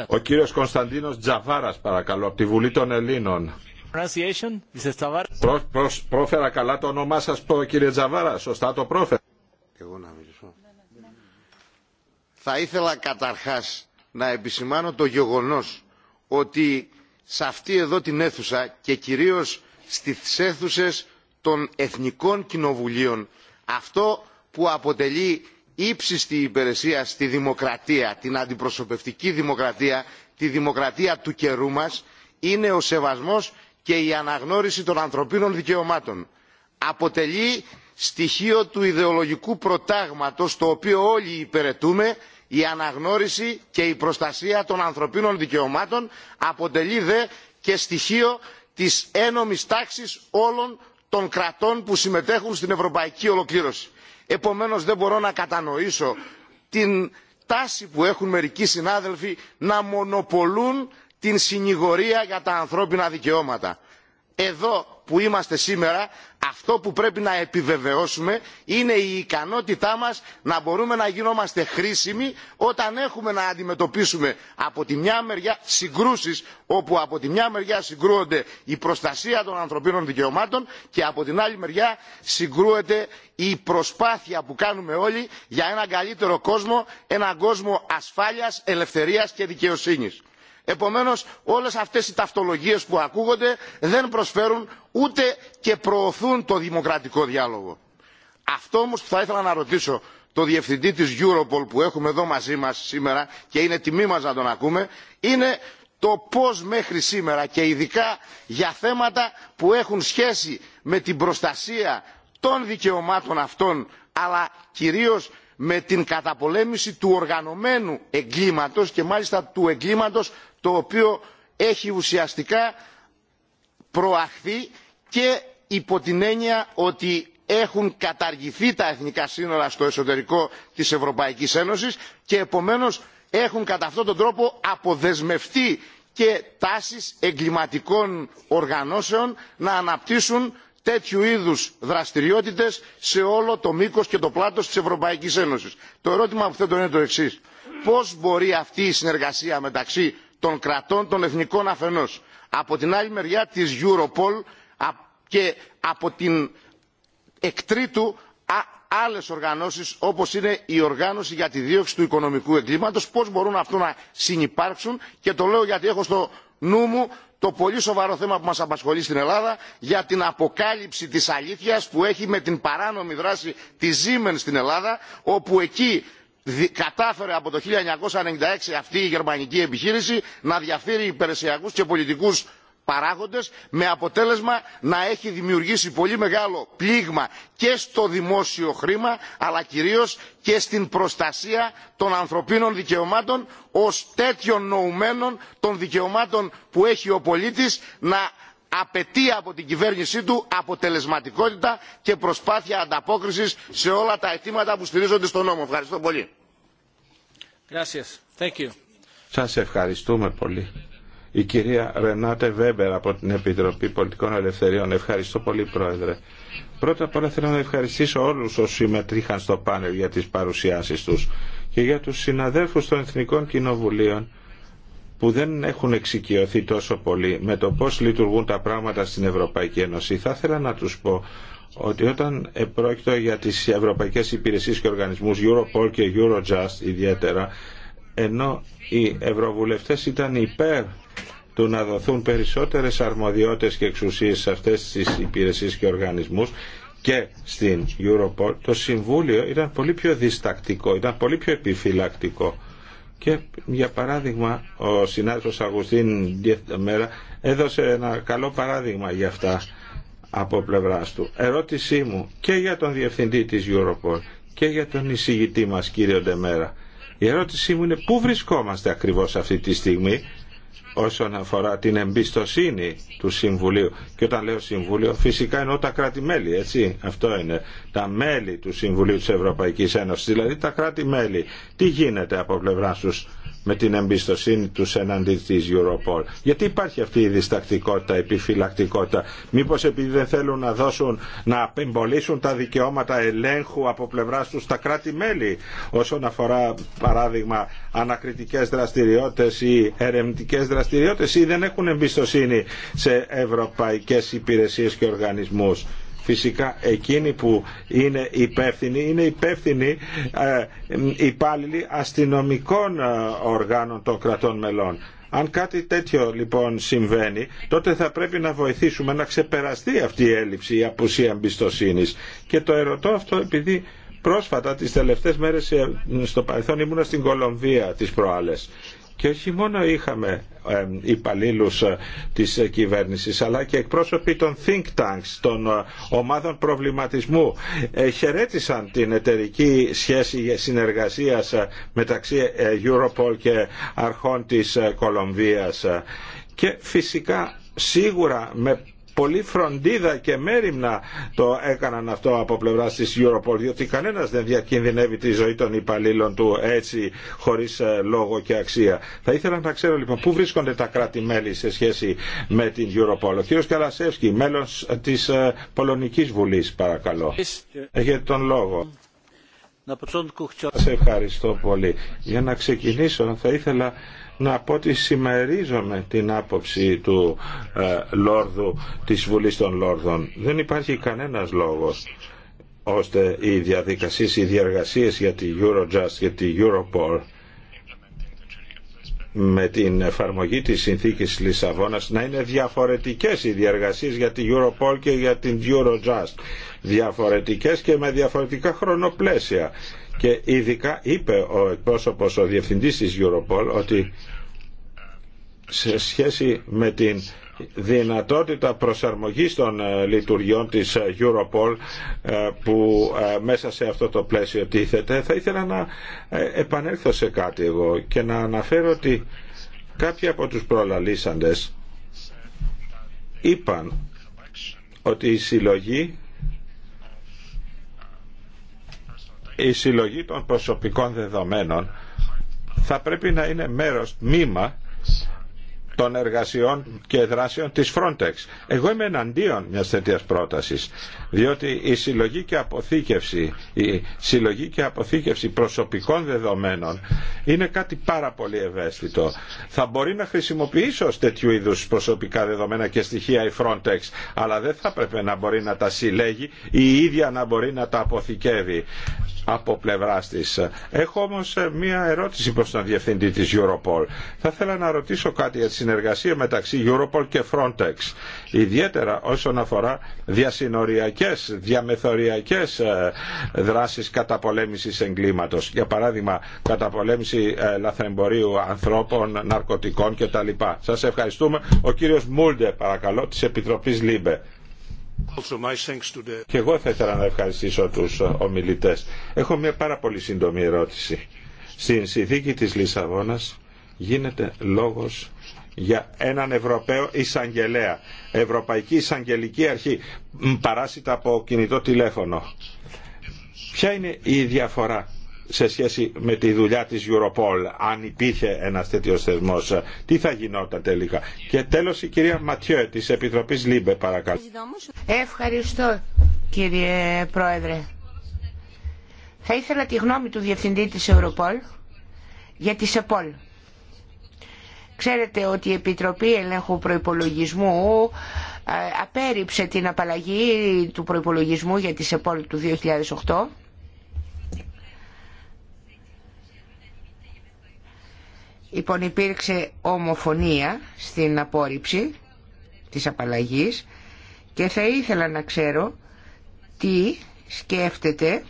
Ο κύριος Κωνσταντίνος Τζαβάρας παρακαλώ από τη Βουλή των Ελλήνων. πρόφερα καλά το όνομά σας κύριε Τζαβάρα, σωστά το πρόφερα. Εγώ να μιλήσω. Θα ήθελα καταρχάς να επισημάνω το γεγονός ότι σε αυτή εδώ την αίθουσα και κυρίως στις αίθουσες των Εθνικών Κοινοβουλίων αυτό που αποτελεί ύψιστη υπηρεσία στη δημοκρατία, την αντιπροσωπευτική δημοκρατία, τη δημοκρατία του καιρού μας, είναι ο σεβασμός και η αναγνώριση των ανθρωπίνων δικαιωμάτων. Αποτελεί στοιχείο του ιδεολογικού προτάγματος το οποίο όλοι υπηρετούμε, η αναγνώριση και η προστασία των ανθρωπίνων δικαιωμάτων αποτελεί δε και στοιχείο της ένομης τάξης όλων των κρατών που συμμετέχουν στην ευρωπαϊκή ολοκλήρωση. Επομένως δεν μπορώ να κατανοήσω την τάση που έχουν μερικοί συνάδελφοι να μονοπολούν την συνηγορία για τα ανθρώπινα δικαιώματα. Εδώ που είμαστε σήμερα αυτό που πρέπει να επιβεβαιώσουμε είναι η ικανότητά μας να μπορούμε να γινόμαστε χρήσιμοι όταν έχουμε να αντιμετωπίσουμε από τη μια μεριά συγκρούσεις όπου από τη μια μεριά συγκρούονται η προστασία των ανθρωπίνων δικαιωμάτων και από την άλλη μεριά συγκρούεται η προσπάθεια που κάνουμε όλοι για έναν καλύτερο κόσμο έναν κόσμο ασφάλειας ελευθερίας και δικαιοσύνης επομένως όλες αυτές οι ταυτολογίες που ακούγονται δεν προσφέρουν ούτε και προωθούν το δημοκρατικό διάλογο. αυτό όμως που θα ήθελα να ρωτήσω το διευθυντή της europol που έχουμε εδώ μαζί μας σήμερα και είναι τιμή μας να τον ακούμε είναι το πώς μέχρι σήμερα και ειδικά για θέματα που έχουν σχέση με την προστασία των δικαιωμάτων αυτών αλλά κυρίως με την καταπολέμηση του οργανωμένου εγκλήματος και μάλιστα του εγκλήματος το οποίο έχει ουσιαστικά προαχθεί και υπό την έννοια ότι έχουν καταργηθεί τα εθνικά σύνορα στο εσωτερικό της Ευρωπαϊκής Ένωσης και επομένως έχουν κατά αυτόν τον τρόπο αποδεσμευτεί και τάσεις εγκληματικών οργανώσεων να αναπτύσσουν τέτοιου είδους δραστηριότητες σε όλο το μήκος και το πλάτος της Ευρωπαϊκής Ένωσης. Το ερώτημα που θέτω είναι το εξής. Πώς μπορεί αυτή η συνεργασία μεταξύ των κρατών των εθνικών αφενός από την άλλη μεριά της Europol και από την εκτρίτου άλλες οργανώσεις όπως είναι η οργάνωση για τη δίωξη του οικονομικού εγκλήματος πώς μπορούν αυτό να συνεπάρξουν και το λέω γιατί έχω στο νου μου το πολύ σοβαρό θέμα που μας απασχολεί στην Ελλάδα για την αποκάλυψη της αλήθειας που έχει με την παράνομη δράση της Siemens στην Ελλάδα όπου εκεί κατάφερε από το 1996 αυτή η γερμανική επιχείρηση να διαφέρει υπηρεσιακούς και πολιτικούς παράγοντες με αποτέλεσμα να έχει δημιουργήσει πολύ μεγάλο πλήγμα και στο δημόσιο χρήμα αλλά κυρίως και στην προστασία των ανθρωπίνων δικαιωμάτων ως τέτοιων νοουμένων των δικαιωμάτων που έχει ο πολίτης να απαιτεί από την κυβέρνησή του αποτελεσματικότητα και προσπάθεια ανταπόκρισης σε όλα τα αιτήματα που στηρίζονται στον νόμο. Ευχαριστώ πολύ. Σας ευχαριστούμε πολύ. Η κυρία Ρενάτε Βέμπερ από την Επιτροπή Πολιτικών Ελευθεριών. Ευχαριστώ πολύ Πρόεδρε. Πρώτα απ' όλα θέλω να ευχαριστήσω όλους όσου συμμετείχαν στο πάνελ για τι παρουσιάσει του και για του συναδέλφους των Εθνικών Κοινοβουλίων που δεν έχουν εξοικειωθεί τόσο πολύ με το πώς λειτουργούν τα πράγματα στην Ευρωπαϊκή Ένωση. Θα ήθελα να τους πω ότι όταν πρόκειται για τις ευρωπαϊκές υπηρεσίες και οργανισμούς Europol και Eurojust ιδιαίτερα ενώ οι ευρωβουλευτές ήταν υπέρ του να δοθούν περισσότερες αρμοδιότητες και εξουσίες σε αυτές τις υπηρεσίες και οργανισμούς και στην Europol το Συμβούλιο ήταν πολύ πιο διστακτικό, ήταν πολύ πιο επιφυλακτικό. Και για παράδειγμα ο συνάδελφος Αγουστίν Μέρα έδωσε ένα καλό παράδειγμα για αυτά από πλευράς του. Ερώτησή μου και για τον Διευθυντή της Europol και για τον εισηγητή μας κύριο Ντεμέρα. Η ερώτησή μου είναι πού βρισκόμαστε ακριβώς αυτή τη στιγμή όσον αφορά την εμπιστοσύνη του Συμβουλίου. Και όταν λέω Συμβούλιο, φυσικά εννοώ τα κράτη-μέλη, έτσι. Αυτό είναι. Τα μέλη του Συμβουλίου της Ευρωπαϊκής Ένωσης, δηλαδή τα κράτη-μέλη. Τι γίνεται από πλευρά τους με την εμπιστοσύνη τους εναντί της Europol. Γιατί υπάρχει αυτή η διστακτικότητα, η επιφυλακτικότητα. Μήπως επειδή δεν θέλουν να δώσουν, να απεμπολίσουν τα δικαιώματα ελέγχου από πλευρά τους στα κράτη-μέλη όσον αφορά παράδειγμα ανακριτικές δραστηριότητες ή ερευνητικές δραστηριότητες ή δεν έχουν εμπιστοσύνη σε ευρωπαϊκές υπηρεσίες και οργανισμούς. Φυσικά εκείνοι που είναι υπεύθυνοι είναι υπεύθυνοι ε, υπάλληλοι αστυνομικών ε, οργάνων των κρατών μελών. Αν κάτι τέτοιο λοιπόν συμβαίνει, τότε θα πρέπει να βοηθήσουμε να ξεπεραστεί αυτή η έλλειψη, η απουσία εμπιστοσύνη. Και το ερωτώ αυτό επειδή πρόσφατα τις τελευταίες μέρες ε, στο παρελθόν ήμουνα στην Κολομβία τις προάλλες και όχι μόνο είχαμε υπαλλήλου ε, της ε, κυβέρνηση, αλλά και εκπρόσωποι των think tanks των ε, ομάδων προβληματισμού χαιρέτησαν την εταιρική σχέση συνεργασίας μεταξύ Europol και αρχών της Κολομβίας και φυσικά σίγουρα με πολύ φροντίδα και μέρημνα το έκαναν αυτό από πλευρά τη Europol διότι κανένα δεν διακινδυνεύει τη ζωή των υπαλλήλων του έτσι χωρί ε, λόγο και αξία. Θα ήθελα να ξέρω λοιπόν πού βρίσκονται τα κράτη-μέλη σε σχέση με την Europol. Ο κύριος Καλασεύσκη, μέλος της ε, Πολωνικής Βουλής παρακαλώ. Έχετε τον λόγο. Σα ευχαριστώ πολύ. Για να ξεκινήσω θα ήθελα να πω ότι συμμερίζομαι την άποψη του ε, Λόρδου της Βουλής των Λόρδων. Δεν υπάρχει κανένας λόγος ώστε οι διαδικασίες, οι διεργασίες για τη Eurojust και τη Europol με την εφαρμογή της συνθήκης Λισαβόνας να είναι διαφορετικές οι διεργασίες για τη Europol και για την Eurojust. Διαφορετικές και με διαφορετικά χρονοπλαίσια και ειδικά είπε ο εκπρόσωπος, ο διευθυντής της Europol ότι σε σχέση με την δυνατότητα προσαρμογής των ε, λειτουργιών της ε, Europol ε, που μέσα σε αυτό το πλαίσιο τίθεται θα ήθελα να επανέλθω σε κάτι εγώ και να αναφέρω ότι κάποιοι από τους προλαλήσαντες είπαν ότι η συλλογή η συλλογή των προσωπικών δεδομένων θα πρέπει να είναι μέρος, μήμα των εργασιών και δράσεων της Frontex. Εγώ είμαι εναντίον μιας τέτοια πρότασης, διότι η συλλογή και αποθήκευση, η συλλογή και αποθήκευση προσωπικών δεδομένων είναι κάτι πάρα πολύ ευαίσθητο. Θα μπορεί να χρησιμοποιήσω τέτοιου είδους προσωπικά δεδομένα και στοιχεία η Frontex, αλλά δεν θα πρέπει να μπορεί να τα συλλέγει ή η ίδια να μπορεί να τα αποθηκεύει από πλευρά τη. Έχω όμω ε, μία ερώτηση προ τον διευθυντή τη Europol. Θα ήθελα να ρωτήσω κάτι για τη συνεργασία μεταξύ Europol και Frontex. Ιδιαίτερα όσον αφορά διασυνοριακέ, διαμεθοριακέ ε, δράσει καταπολέμηση εγκλήματο. Για παράδειγμα, καταπολέμηση ε, λαθρεμπορίου ανθρώπων, ναρκωτικών κτλ. Σα ευχαριστούμε. Ο κύριο Μούλντε, παρακαλώ, τη Επιτροπή Λίμπε. Και εγώ θα ήθελα να ευχαριστήσω τους ομιλητές. Έχω μια πάρα πολύ σύντομη ερώτηση. Στην συνθήκη της Λισαβόνας γίνεται λόγος για έναν Ευρωπαίο εισαγγελέα, Ευρωπαϊκή Εισαγγελική Αρχή, παράσιτα από κινητό τηλέφωνο. Ποια είναι η διαφορά σε σχέση με τη δουλειά της Europol αν υπήρχε ένας τέτοιος θεσμός τι θα γινόταν τελικά και τέλος η κυρία Ματιέ της Επιτροπής Λίμπε παρακαλώ Ευχαριστώ κύριε Πρόεδρε θα ήθελα τη γνώμη του Διευθυντή της Europol για τη ΣΕΠΟΛ Ξέρετε ότι η Επιτροπή Ελέγχου Προϋπολογισμού ε, απέρριψε την απαλλαγή του προϋπολογισμού για τη ΣΕΠΟΛ του 2008 Λοιπόν υπήρξε ομοφωνία στην απόρριψη της απαλλαγής και θα ήθελα να ξέρω τι σκέφτεται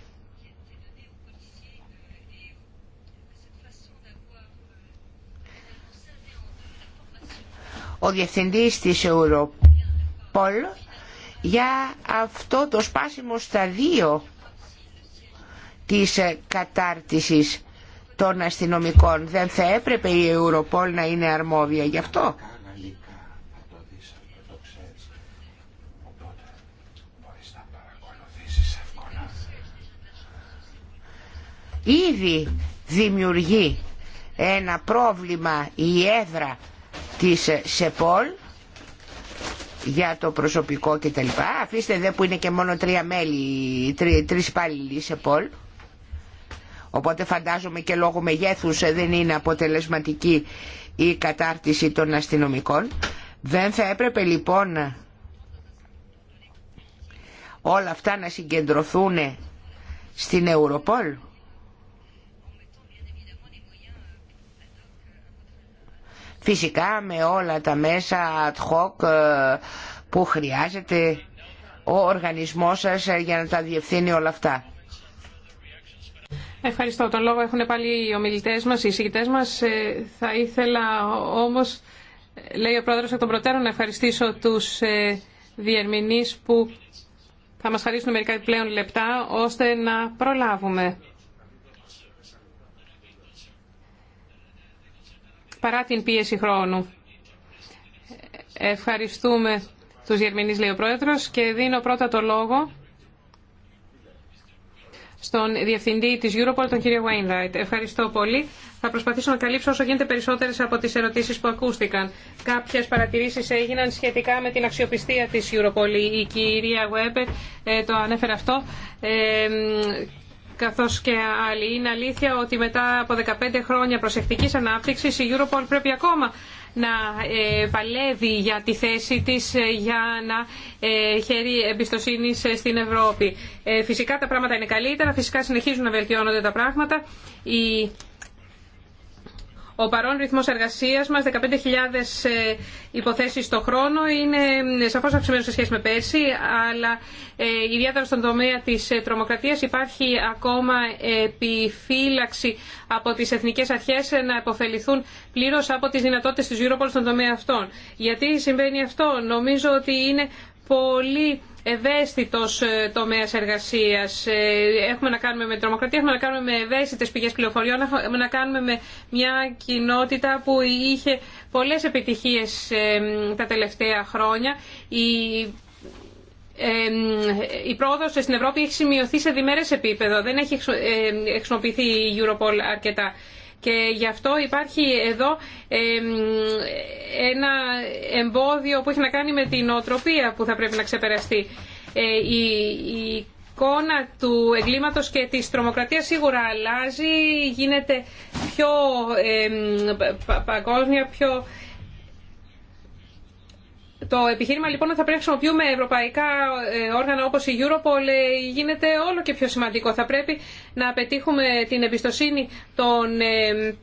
ο διευθυντής της Europol για αυτό το σπάσιμο σταδίο της κατάρτισης των αστυνομικών. Δεν θα έπρεπε η Ευρωπόλ να είναι αρμόδια γι' αυτό. Ήδη δημιουργεί ένα πρόβλημα η έδρα της ΣΕΠΟΛ για το προσωπικό κτλ. Αφήστε δε που είναι και μόνο τρία μέλη, τρει, τρεις υπάλληλοι ΣΕΠΟΛ. Οπότε φαντάζομαι και λόγω μεγέθους ε, δεν είναι αποτελεσματική η κατάρτιση των αστυνομικών. Δεν θα έπρεπε λοιπόν όλα αυτά να συγκεντρωθούν στην Ευρωπόλ. Φυσικά με όλα τα μέσα ad hoc ε, που χρειάζεται ο οργανισμός σας ε, για να τα διευθύνει όλα αυτά. Ευχαριστώ. Τον λόγο έχουν πάλι οι ομιλητέ μας, οι συγκητέ μα. Ε, θα ήθελα όμω, λέει ο πρόεδρο εκ των προτέρων, να ευχαριστήσω του ε, διερμηνεί που θα μα χαρίσουν μερικά επιπλέον λεπτά ώστε να προλάβουμε. Παρά την πίεση χρόνου. Ευχαριστούμε τους διερμηνείς, λέει ο Πρόεδρος, και δίνω πρώτα το λόγο στον Διευθυντή της Europol, τον κύριο Wainwright. Ευχαριστώ πολύ. Θα προσπαθήσω να καλύψω όσο γίνεται περισσότερες από τις ερωτήσεις που ακούστηκαν. Κάποιες παρατηρήσεις έγιναν σχετικά με την αξιοπιστία της Europol. Η κυρία Weber ε, το ανέφερε αυτό ε, καθώς και άλλοι. Είναι αλήθεια ότι μετά από 15 χρόνια προσεκτικής ανάπτυξη, η Europol πρέπει ακόμα να ε, παλεύει για τη θέση της ε, για να ε, χαίρει εμπιστοσύνη στην Ευρώπη. Φυσικά τα πράγματα είναι καλύτερα, φυσικά συνεχίζουν να βελτιώνονται τα πράγματα. Η ο παρόν ρυθμός εργασία μας, 15.000 ε, υποθέσεις το χρόνο, είναι ε, σαφώ αυξημένο σε σχέση με πέρσι, αλλά ε, ιδιαίτερα στον τομέα της τρομοκρατία υπάρχει ακόμα επιφύλαξη από τις εθνικές αρχές να επωφεληθούν πλήρως από τις δυνατότητες της Europol στον τομέα αυτών. Γιατί συμβαίνει αυτό. Νομίζω ότι είναι πολύ ευαίσθητο ε, τομέα εργασίας. Ε, έχουμε να κάνουμε με τρομοκρατία, έχουμε να κάνουμε με ευαίσθητε πηγέ πληροφοριών, έχουμε να κάνουμε με μια κοινότητα που είχε πολλές επιτυχίες ε, τα τελευταία χρόνια. Η η πρόοδος στην Ευρώπη έχει σημειωθεί σε διμέρες επίπεδο. Δεν έχει χρησιμοποιηθεί η Europol αρκετά και γι' αυτό υπάρχει εδώ ένα εμπόδιο που έχει να κάνει με την οτροπία που θα πρέπει να ξεπεραστεί. Ε, η εικόνα του εγκλήματος και της τρομοκρατίας σίγουρα αλλάζει, γίνεται πιο παγκόσμια, πιο το επιχείρημα λοιπόν ότι θα πρέπει να χρησιμοποιούμε ευρωπαϊκά ε, όργανα όπως η Europol ε, γίνεται όλο και πιο σημαντικό. Θα πρέπει να πετύχουμε την εμπιστοσύνη των ε,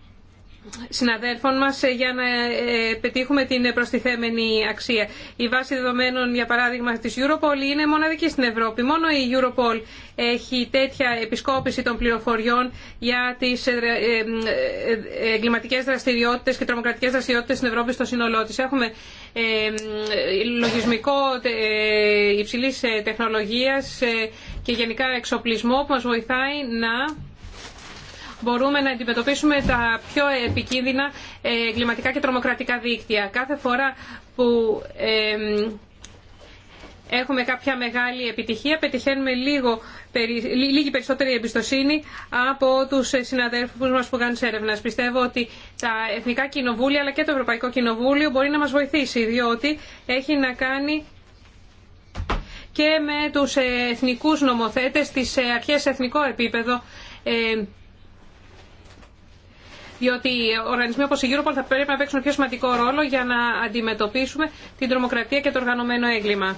συναδέλφων μας ε, για να ε, πετύχουμε την προστιθέμενη αξία. Η βάση δεδομένων, για παράδειγμα, της Europol είναι μοναδική στην Ευρώπη. Μόνο η Europol έχει τέτοια επισκόπηση των πληροφοριών για τις ε, εγκληματικές δραστηριότητες και τρομοκρατικές δραστηριότητες στην Ευρώπη στο σύνολό της. Έχουμε λογισμικό υψηλής τεχνολογίας και γενικά εξοπλισμό που μας βοηθάει να μπορούμε να αντιμετωπίσουμε τα πιο επικίνδυνα ε, εγκληματικά και τρομοκρατικά δίκτυα. Κάθε φορά που έχουμε κάποια μεγάλη επιτυχία, πετυχαίνουμε λίγο, λίγη περισσότερη εμπιστοσύνη από τους συναδέλφους μας που κάνουν έρευνα. Πιστεύω ότι τα Εθνικά Κοινοβούλια αλλά και το Ευρωπαϊκό Κοινοβούλιο μπορεί να μας βοηθήσει, διότι έχει να κάνει και με τους εθνικούς νομοθέτες, τις αρχές σε εθνικό επίπεδο, διότι οργανισμοί όπως η Europol θα πρέπει να παίξουν πιο σημαντικό ρόλο για να αντιμετωπίσουμε την τρομοκρατία και το οργανωμένο έγκλημα.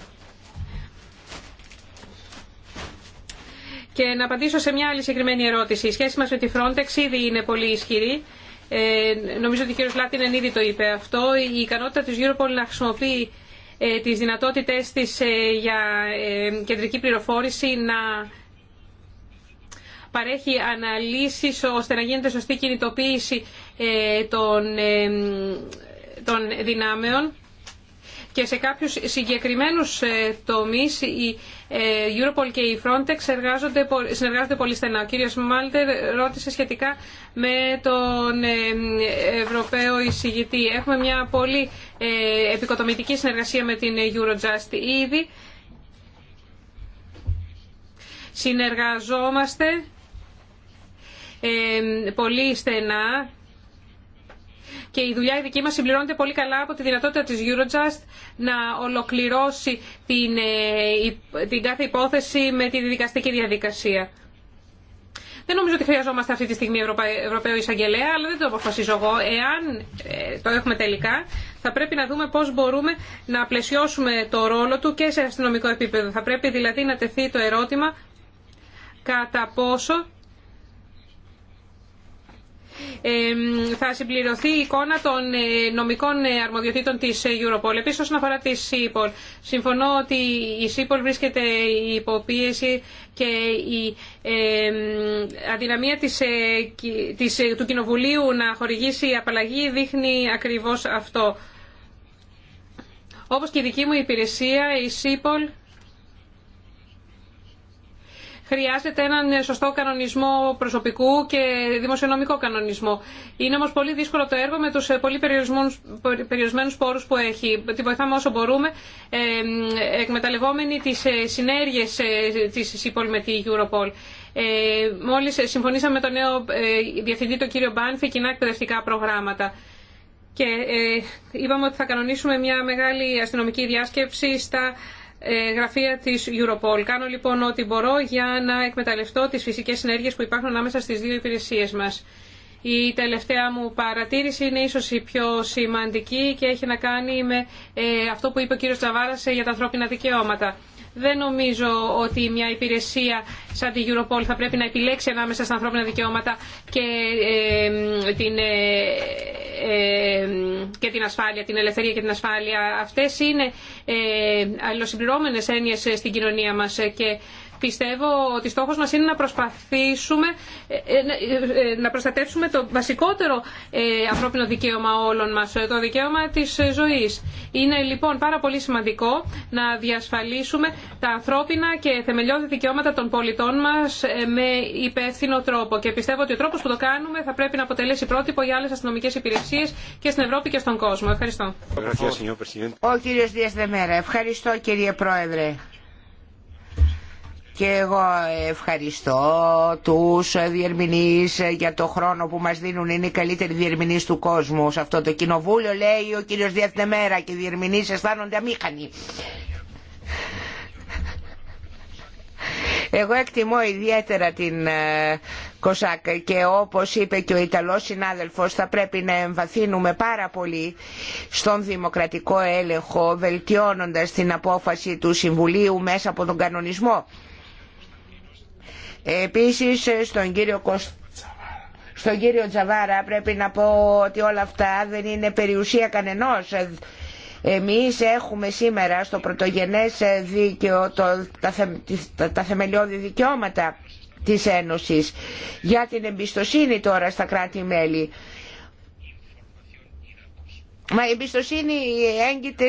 Και να απαντήσω σε μια άλλη συγκεκριμένη ερώτηση. Η σχέση μας με τη Frontex ήδη είναι πολύ ισχυρή. Ε, νομίζω ότι ο κ. Λάτινεν ήδη το είπε αυτό. Η ικανότητα της Europol να χρησιμοποιεί ε, τις δυνατότητες της ε, για ε, κεντρική πληροφόρηση, να παρέχει αναλύσεις ώστε να γίνεται σωστή κινητοποίηση ε, των, ε, των δυνάμεων και σε κάποιους συγκεκριμένους ε, τομείς η Europol και η Frontex συνεργάζονται πολύ στενά. Ο κύριος Μάλτερ ρώτησε σχετικά με τον Ευρωπαίο εισηγητή. Έχουμε μια πολύ επικοτομητική συνεργασία με την Eurojust ήδη. Συνεργαζόμαστε πολύ στενά και η δουλειά η δική μας συμπληρώνεται πολύ καλά από τη δυνατότητα της Eurojust να ολοκληρώσει την, ε, την κάθε υπόθεση με τη δικαστική διαδικασία. Δεν νομίζω ότι χρειαζόμαστε αυτή τη στιγμή Ευρωπα... Ευρωπαίο εισαγγελέα, αλλά δεν το αποφασίζω εγώ. Εάν ε, το έχουμε τελικά, θα πρέπει να δούμε πώς μπορούμε να πλαισιώσουμε το ρόλο του και σε αστυνομικό επίπεδο. Θα πρέπει δηλαδή να τεθεί το ερώτημα κατά πόσο θα συμπληρωθεί η εικόνα των ε, νομικών ε, αρμοδιοτήτων της ε, Europol. Επίσης, όσον αφορά τη ΣΥΠΟΛ, συμφωνώ ότι η ΣΥΠΟΛ βρίσκεται υπό πίεση και η αδυναμία της, του Κοινοβουλίου να χορηγήσει απαλλαγή δείχνει ακριβώς αυτό. Όπως και η δική μου υπηρεσία, η ΣΥΠΟΛ χρειάζεται έναν σωστό κανονισμό προσωπικού και δημοσιονομικό κανονισμό. Είναι όμω πολύ δύσκολο το έργο με του ε, πολύ περιορισμένου πόρου που έχει. Τη βοηθάμε όσο μπορούμε, ε, εκμεταλλευόμενοι τι ε, συνέργειε τη ΣΥΠΟΛ με τη Europol. Ε, μόλις συμφωνήσαμε με τον νέο ε, διευθυντή, τον κύριο Μπάνφη, κοινά εκπαιδευτικά προγράμματα. Και ε, είπαμε ότι θα κανονίσουμε μια μεγάλη αστυνομική διάσκεψη στα ε, γραφεία της Europol. Κάνω λοιπόν ό,τι μπορώ για να εκμεταλλευτώ τις φυσικές συνέργειε που υπάρχουν ανάμεσα στις δύο υπηρεσίε μας. Η τελευταία μου παρατήρηση είναι ίσως η πιο σημαντική και έχει να κάνει με ε, αυτό που είπε ο κύριος Τσαβάρας ε, για τα ανθρώπινα δικαιώματα. Δεν νομίζω ότι μια υπηρεσία σαν την Europol θα πρέπει να επιλέξει ανάμεσα στα ανθρώπινα δικαιώματα και, την, ε, και την ασφάλεια, την ελευθερία και την ασφάλεια. Αυτές είναι ε, αλληλοσυμπληρώμενες έννοιες στην κοινωνία μας και πιστεύω ότι στόχος μας είναι να προσπαθήσουμε ε, ε, ε, να προστατεύσουμε το βασικότερο ανθρώπινο δικαίωμα όλων μας, το δικαίωμα της ζωής. Είναι λοιπόν πάρα πολύ σημαντικό να διασφαλίσουμε τα ανθρώπινα και θεμελιώδη δικαιώματα των πολιτών μας με υπεύθυνο τρόπο και πιστεύω ότι ο τρόπος που το κάνουμε θα πρέπει να αποτελέσει πρότυπο για άλλες αστυνομικές υπηρεσίες και στην Ευρώπη και στον κόσμο. Ευχαριστώ. Ο κύριος Ευχαριστώ κύριε Πρόεδρε και εγώ ευχαριστώ τους διερμηνείς για το χρόνο που μας δίνουν. Είναι οι καλύτεροι διερμηνείς του κόσμου σε αυτό το κοινοβούλιο, λέει ο κύριος Διεθνεμέρα και οι διερμηνείς αισθάνονται αμήχανοι. Εγώ εκτιμώ ιδιαίτερα την ε, Κοσάκ και όπως είπε και ο Ιταλός συνάδελφος θα πρέπει να εμβαθύνουμε πάρα πολύ στον δημοκρατικό έλεγχο βελτιώνοντας την απόφαση του Συμβουλίου μέσα από τον κανονισμό Επίσης στον κύριο στον κύριο Τζαβάρα πρέπει να πω ότι όλα αυτά δεν είναι περιουσία κανενός. Εμείς έχουμε σήμερα στο πρωτογενές δίκαιο το, τα, τα, τα θεμελιώδη δικαιώματα της Ένωσης για την εμπιστοσύνη τώρα στα κράτη-μέλη. Μα η εμπιστοσύνη έγκυται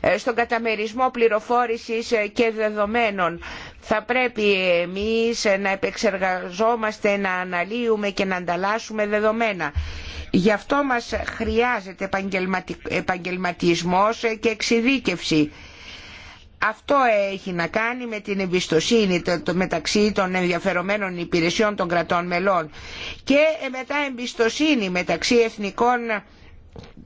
ε, στον καταμερισμό πληροφόρησης και δεδομένων. Θα πρέπει εμείς να επεξεργαζόμαστε, να αναλύουμε και να ανταλλάσσουμε δεδομένα. Γι' αυτό μας χρειάζεται επαγγελματισμός και εξειδίκευση. Αυτό έχει να κάνει με την εμπιστοσύνη μεταξύ των ενδιαφερομένων υπηρεσιών των κρατών μελών και μετά εμπιστοσύνη μεταξύ εθνικών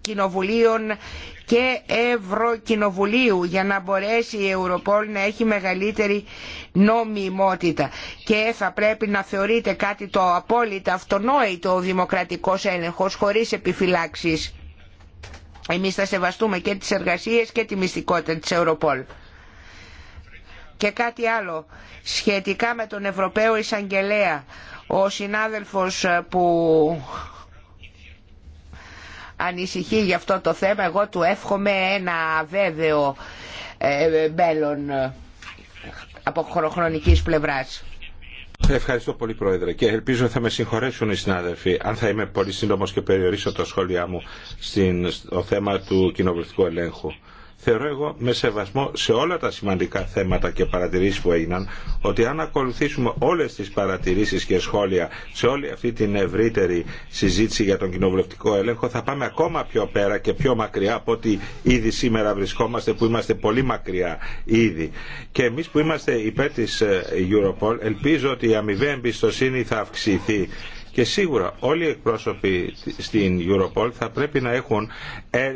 κοινοβουλίων και Ευρωκοινοβουλίου για να μπορέσει η Ευρωπόλ να έχει μεγαλύτερη νομιμότητα και θα πρέπει να θεωρείται κάτι το απόλυτα αυτονόητο ο δημοκρατικός έλεγχος χωρίς επιφυλάξεις. Εμείς θα σεβαστούμε και τις εργασίες και τη μυστικότητα της Ευρωπόλ. Και κάτι άλλο σχετικά με τον Ευρωπαίο Εισαγγελέα. Ο συνάδελφος που ανησυχεί για αυτό το θέμα. Εγώ του εύχομαι ένα βέβαιο ε, μέλλον ε, από χωροχρονικής πλευράς. Ευχαριστώ πολύ Πρόεδρε και ελπίζω θα με συγχωρέσουν οι συνάδελφοι αν θα είμαι πολύ σύντομος και περιορίσω τα σχόλιά μου στο θέμα του κοινοβουλευτικού ελέγχου θεωρώ εγώ με σεβασμό σε όλα τα σημαντικά θέματα και παρατηρήσεις που έγιναν ότι αν ακολουθήσουμε όλες τις παρατηρήσεις και σχόλια σε όλη αυτή την ευρύτερη συζήτηση για τον κοινοβουλευτικό έλεγχο θα πάμε ακόμα πιο πέρα και πιο μακριά από ότι ήδη σήμερα βρισκόμαστε που είμαστε πολύ μακριά ήδη. Και εμείς που είμαστε υπέρ της ε, Europol ελπίζω ότι η αμοιβή εμπιστοσύνη θα αυξηθεί και σίγουρα όλοι οι εκπρόσωποι στην Europol θα πρέπει να έχουν ε,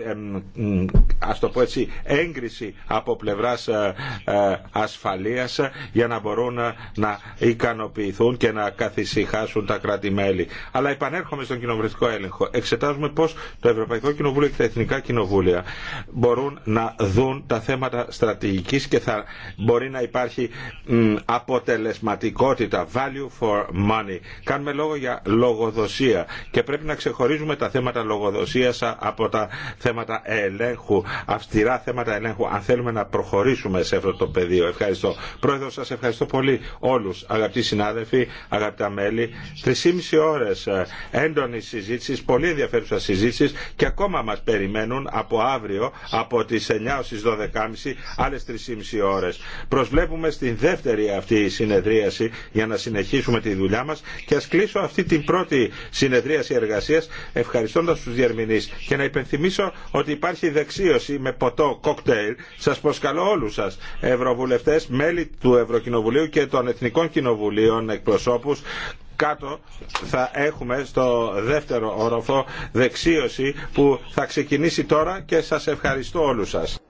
ας το πω έτσι, έγκριση από πλευράς ε, ε, ασφαλείας για να μπορούν να ικανοποιηθούν και να καθησυχάσουν τα κράτη-μέλη. Αλλά επανέρχομαι στον κοινοβουλευτικό έλεγχο. Εξετάζουμε πώς το Ευρωπαϊκό Κοινοβούλιο και τα Εθνικά Κοινοβούλια μπορούν να δουν τα θέματα στρατηγικής και θα μπορεί να υπάρχει αποτελεσματικότητα, value for money. Κάνουμε λόγο για λογοδοσία και πρέπει να ξεχωρίζουμε τα θέματα λογοδοσίας από τα θέματα ελέγχου, αυστηρά θέματα ελέγχου αν θέλουμε να προχωρήσουμε σε αυτό το πεδίο. Ευχαριστώ. Πρόεδρο σας ευχαριστώ πολύ όλους αγαπητοί συνάδελφοι, αγαπητά μέλη. 3,5 ώρες ε, έντονη συζήτηση, πολύ ενδιαφέρουσα συζήτηση και ακόμα μας περιμένουν από αύριο από τις 9 στις 12.30 άλλες 3,5 ώρες. Προσβλέπουμε στην δεύτερη αυτή συνεδρίαση για να συνεχίσουμε τη δουλειά μας και ας κλείσω αυτή τη πρώτη συνεδρίαση εργασίας ευχαριστώντας τους διερμηνείς και να υπενθυμίσω ότι υπάρχει δεξίωση με ποτό κόκτέιλ. Σας προσκαλώ όλους σας, ευρωβουλευτές, μέλη του Ευρωκοινοβουλίου και των Εθνικών Κοινοβουλίων εκπροσώπους, κάτω θα έχουμε στο δεύτερο όροφο δεξίωση που θα ξεκινήσει τώρα και σας ευχαριστώ όλους σας.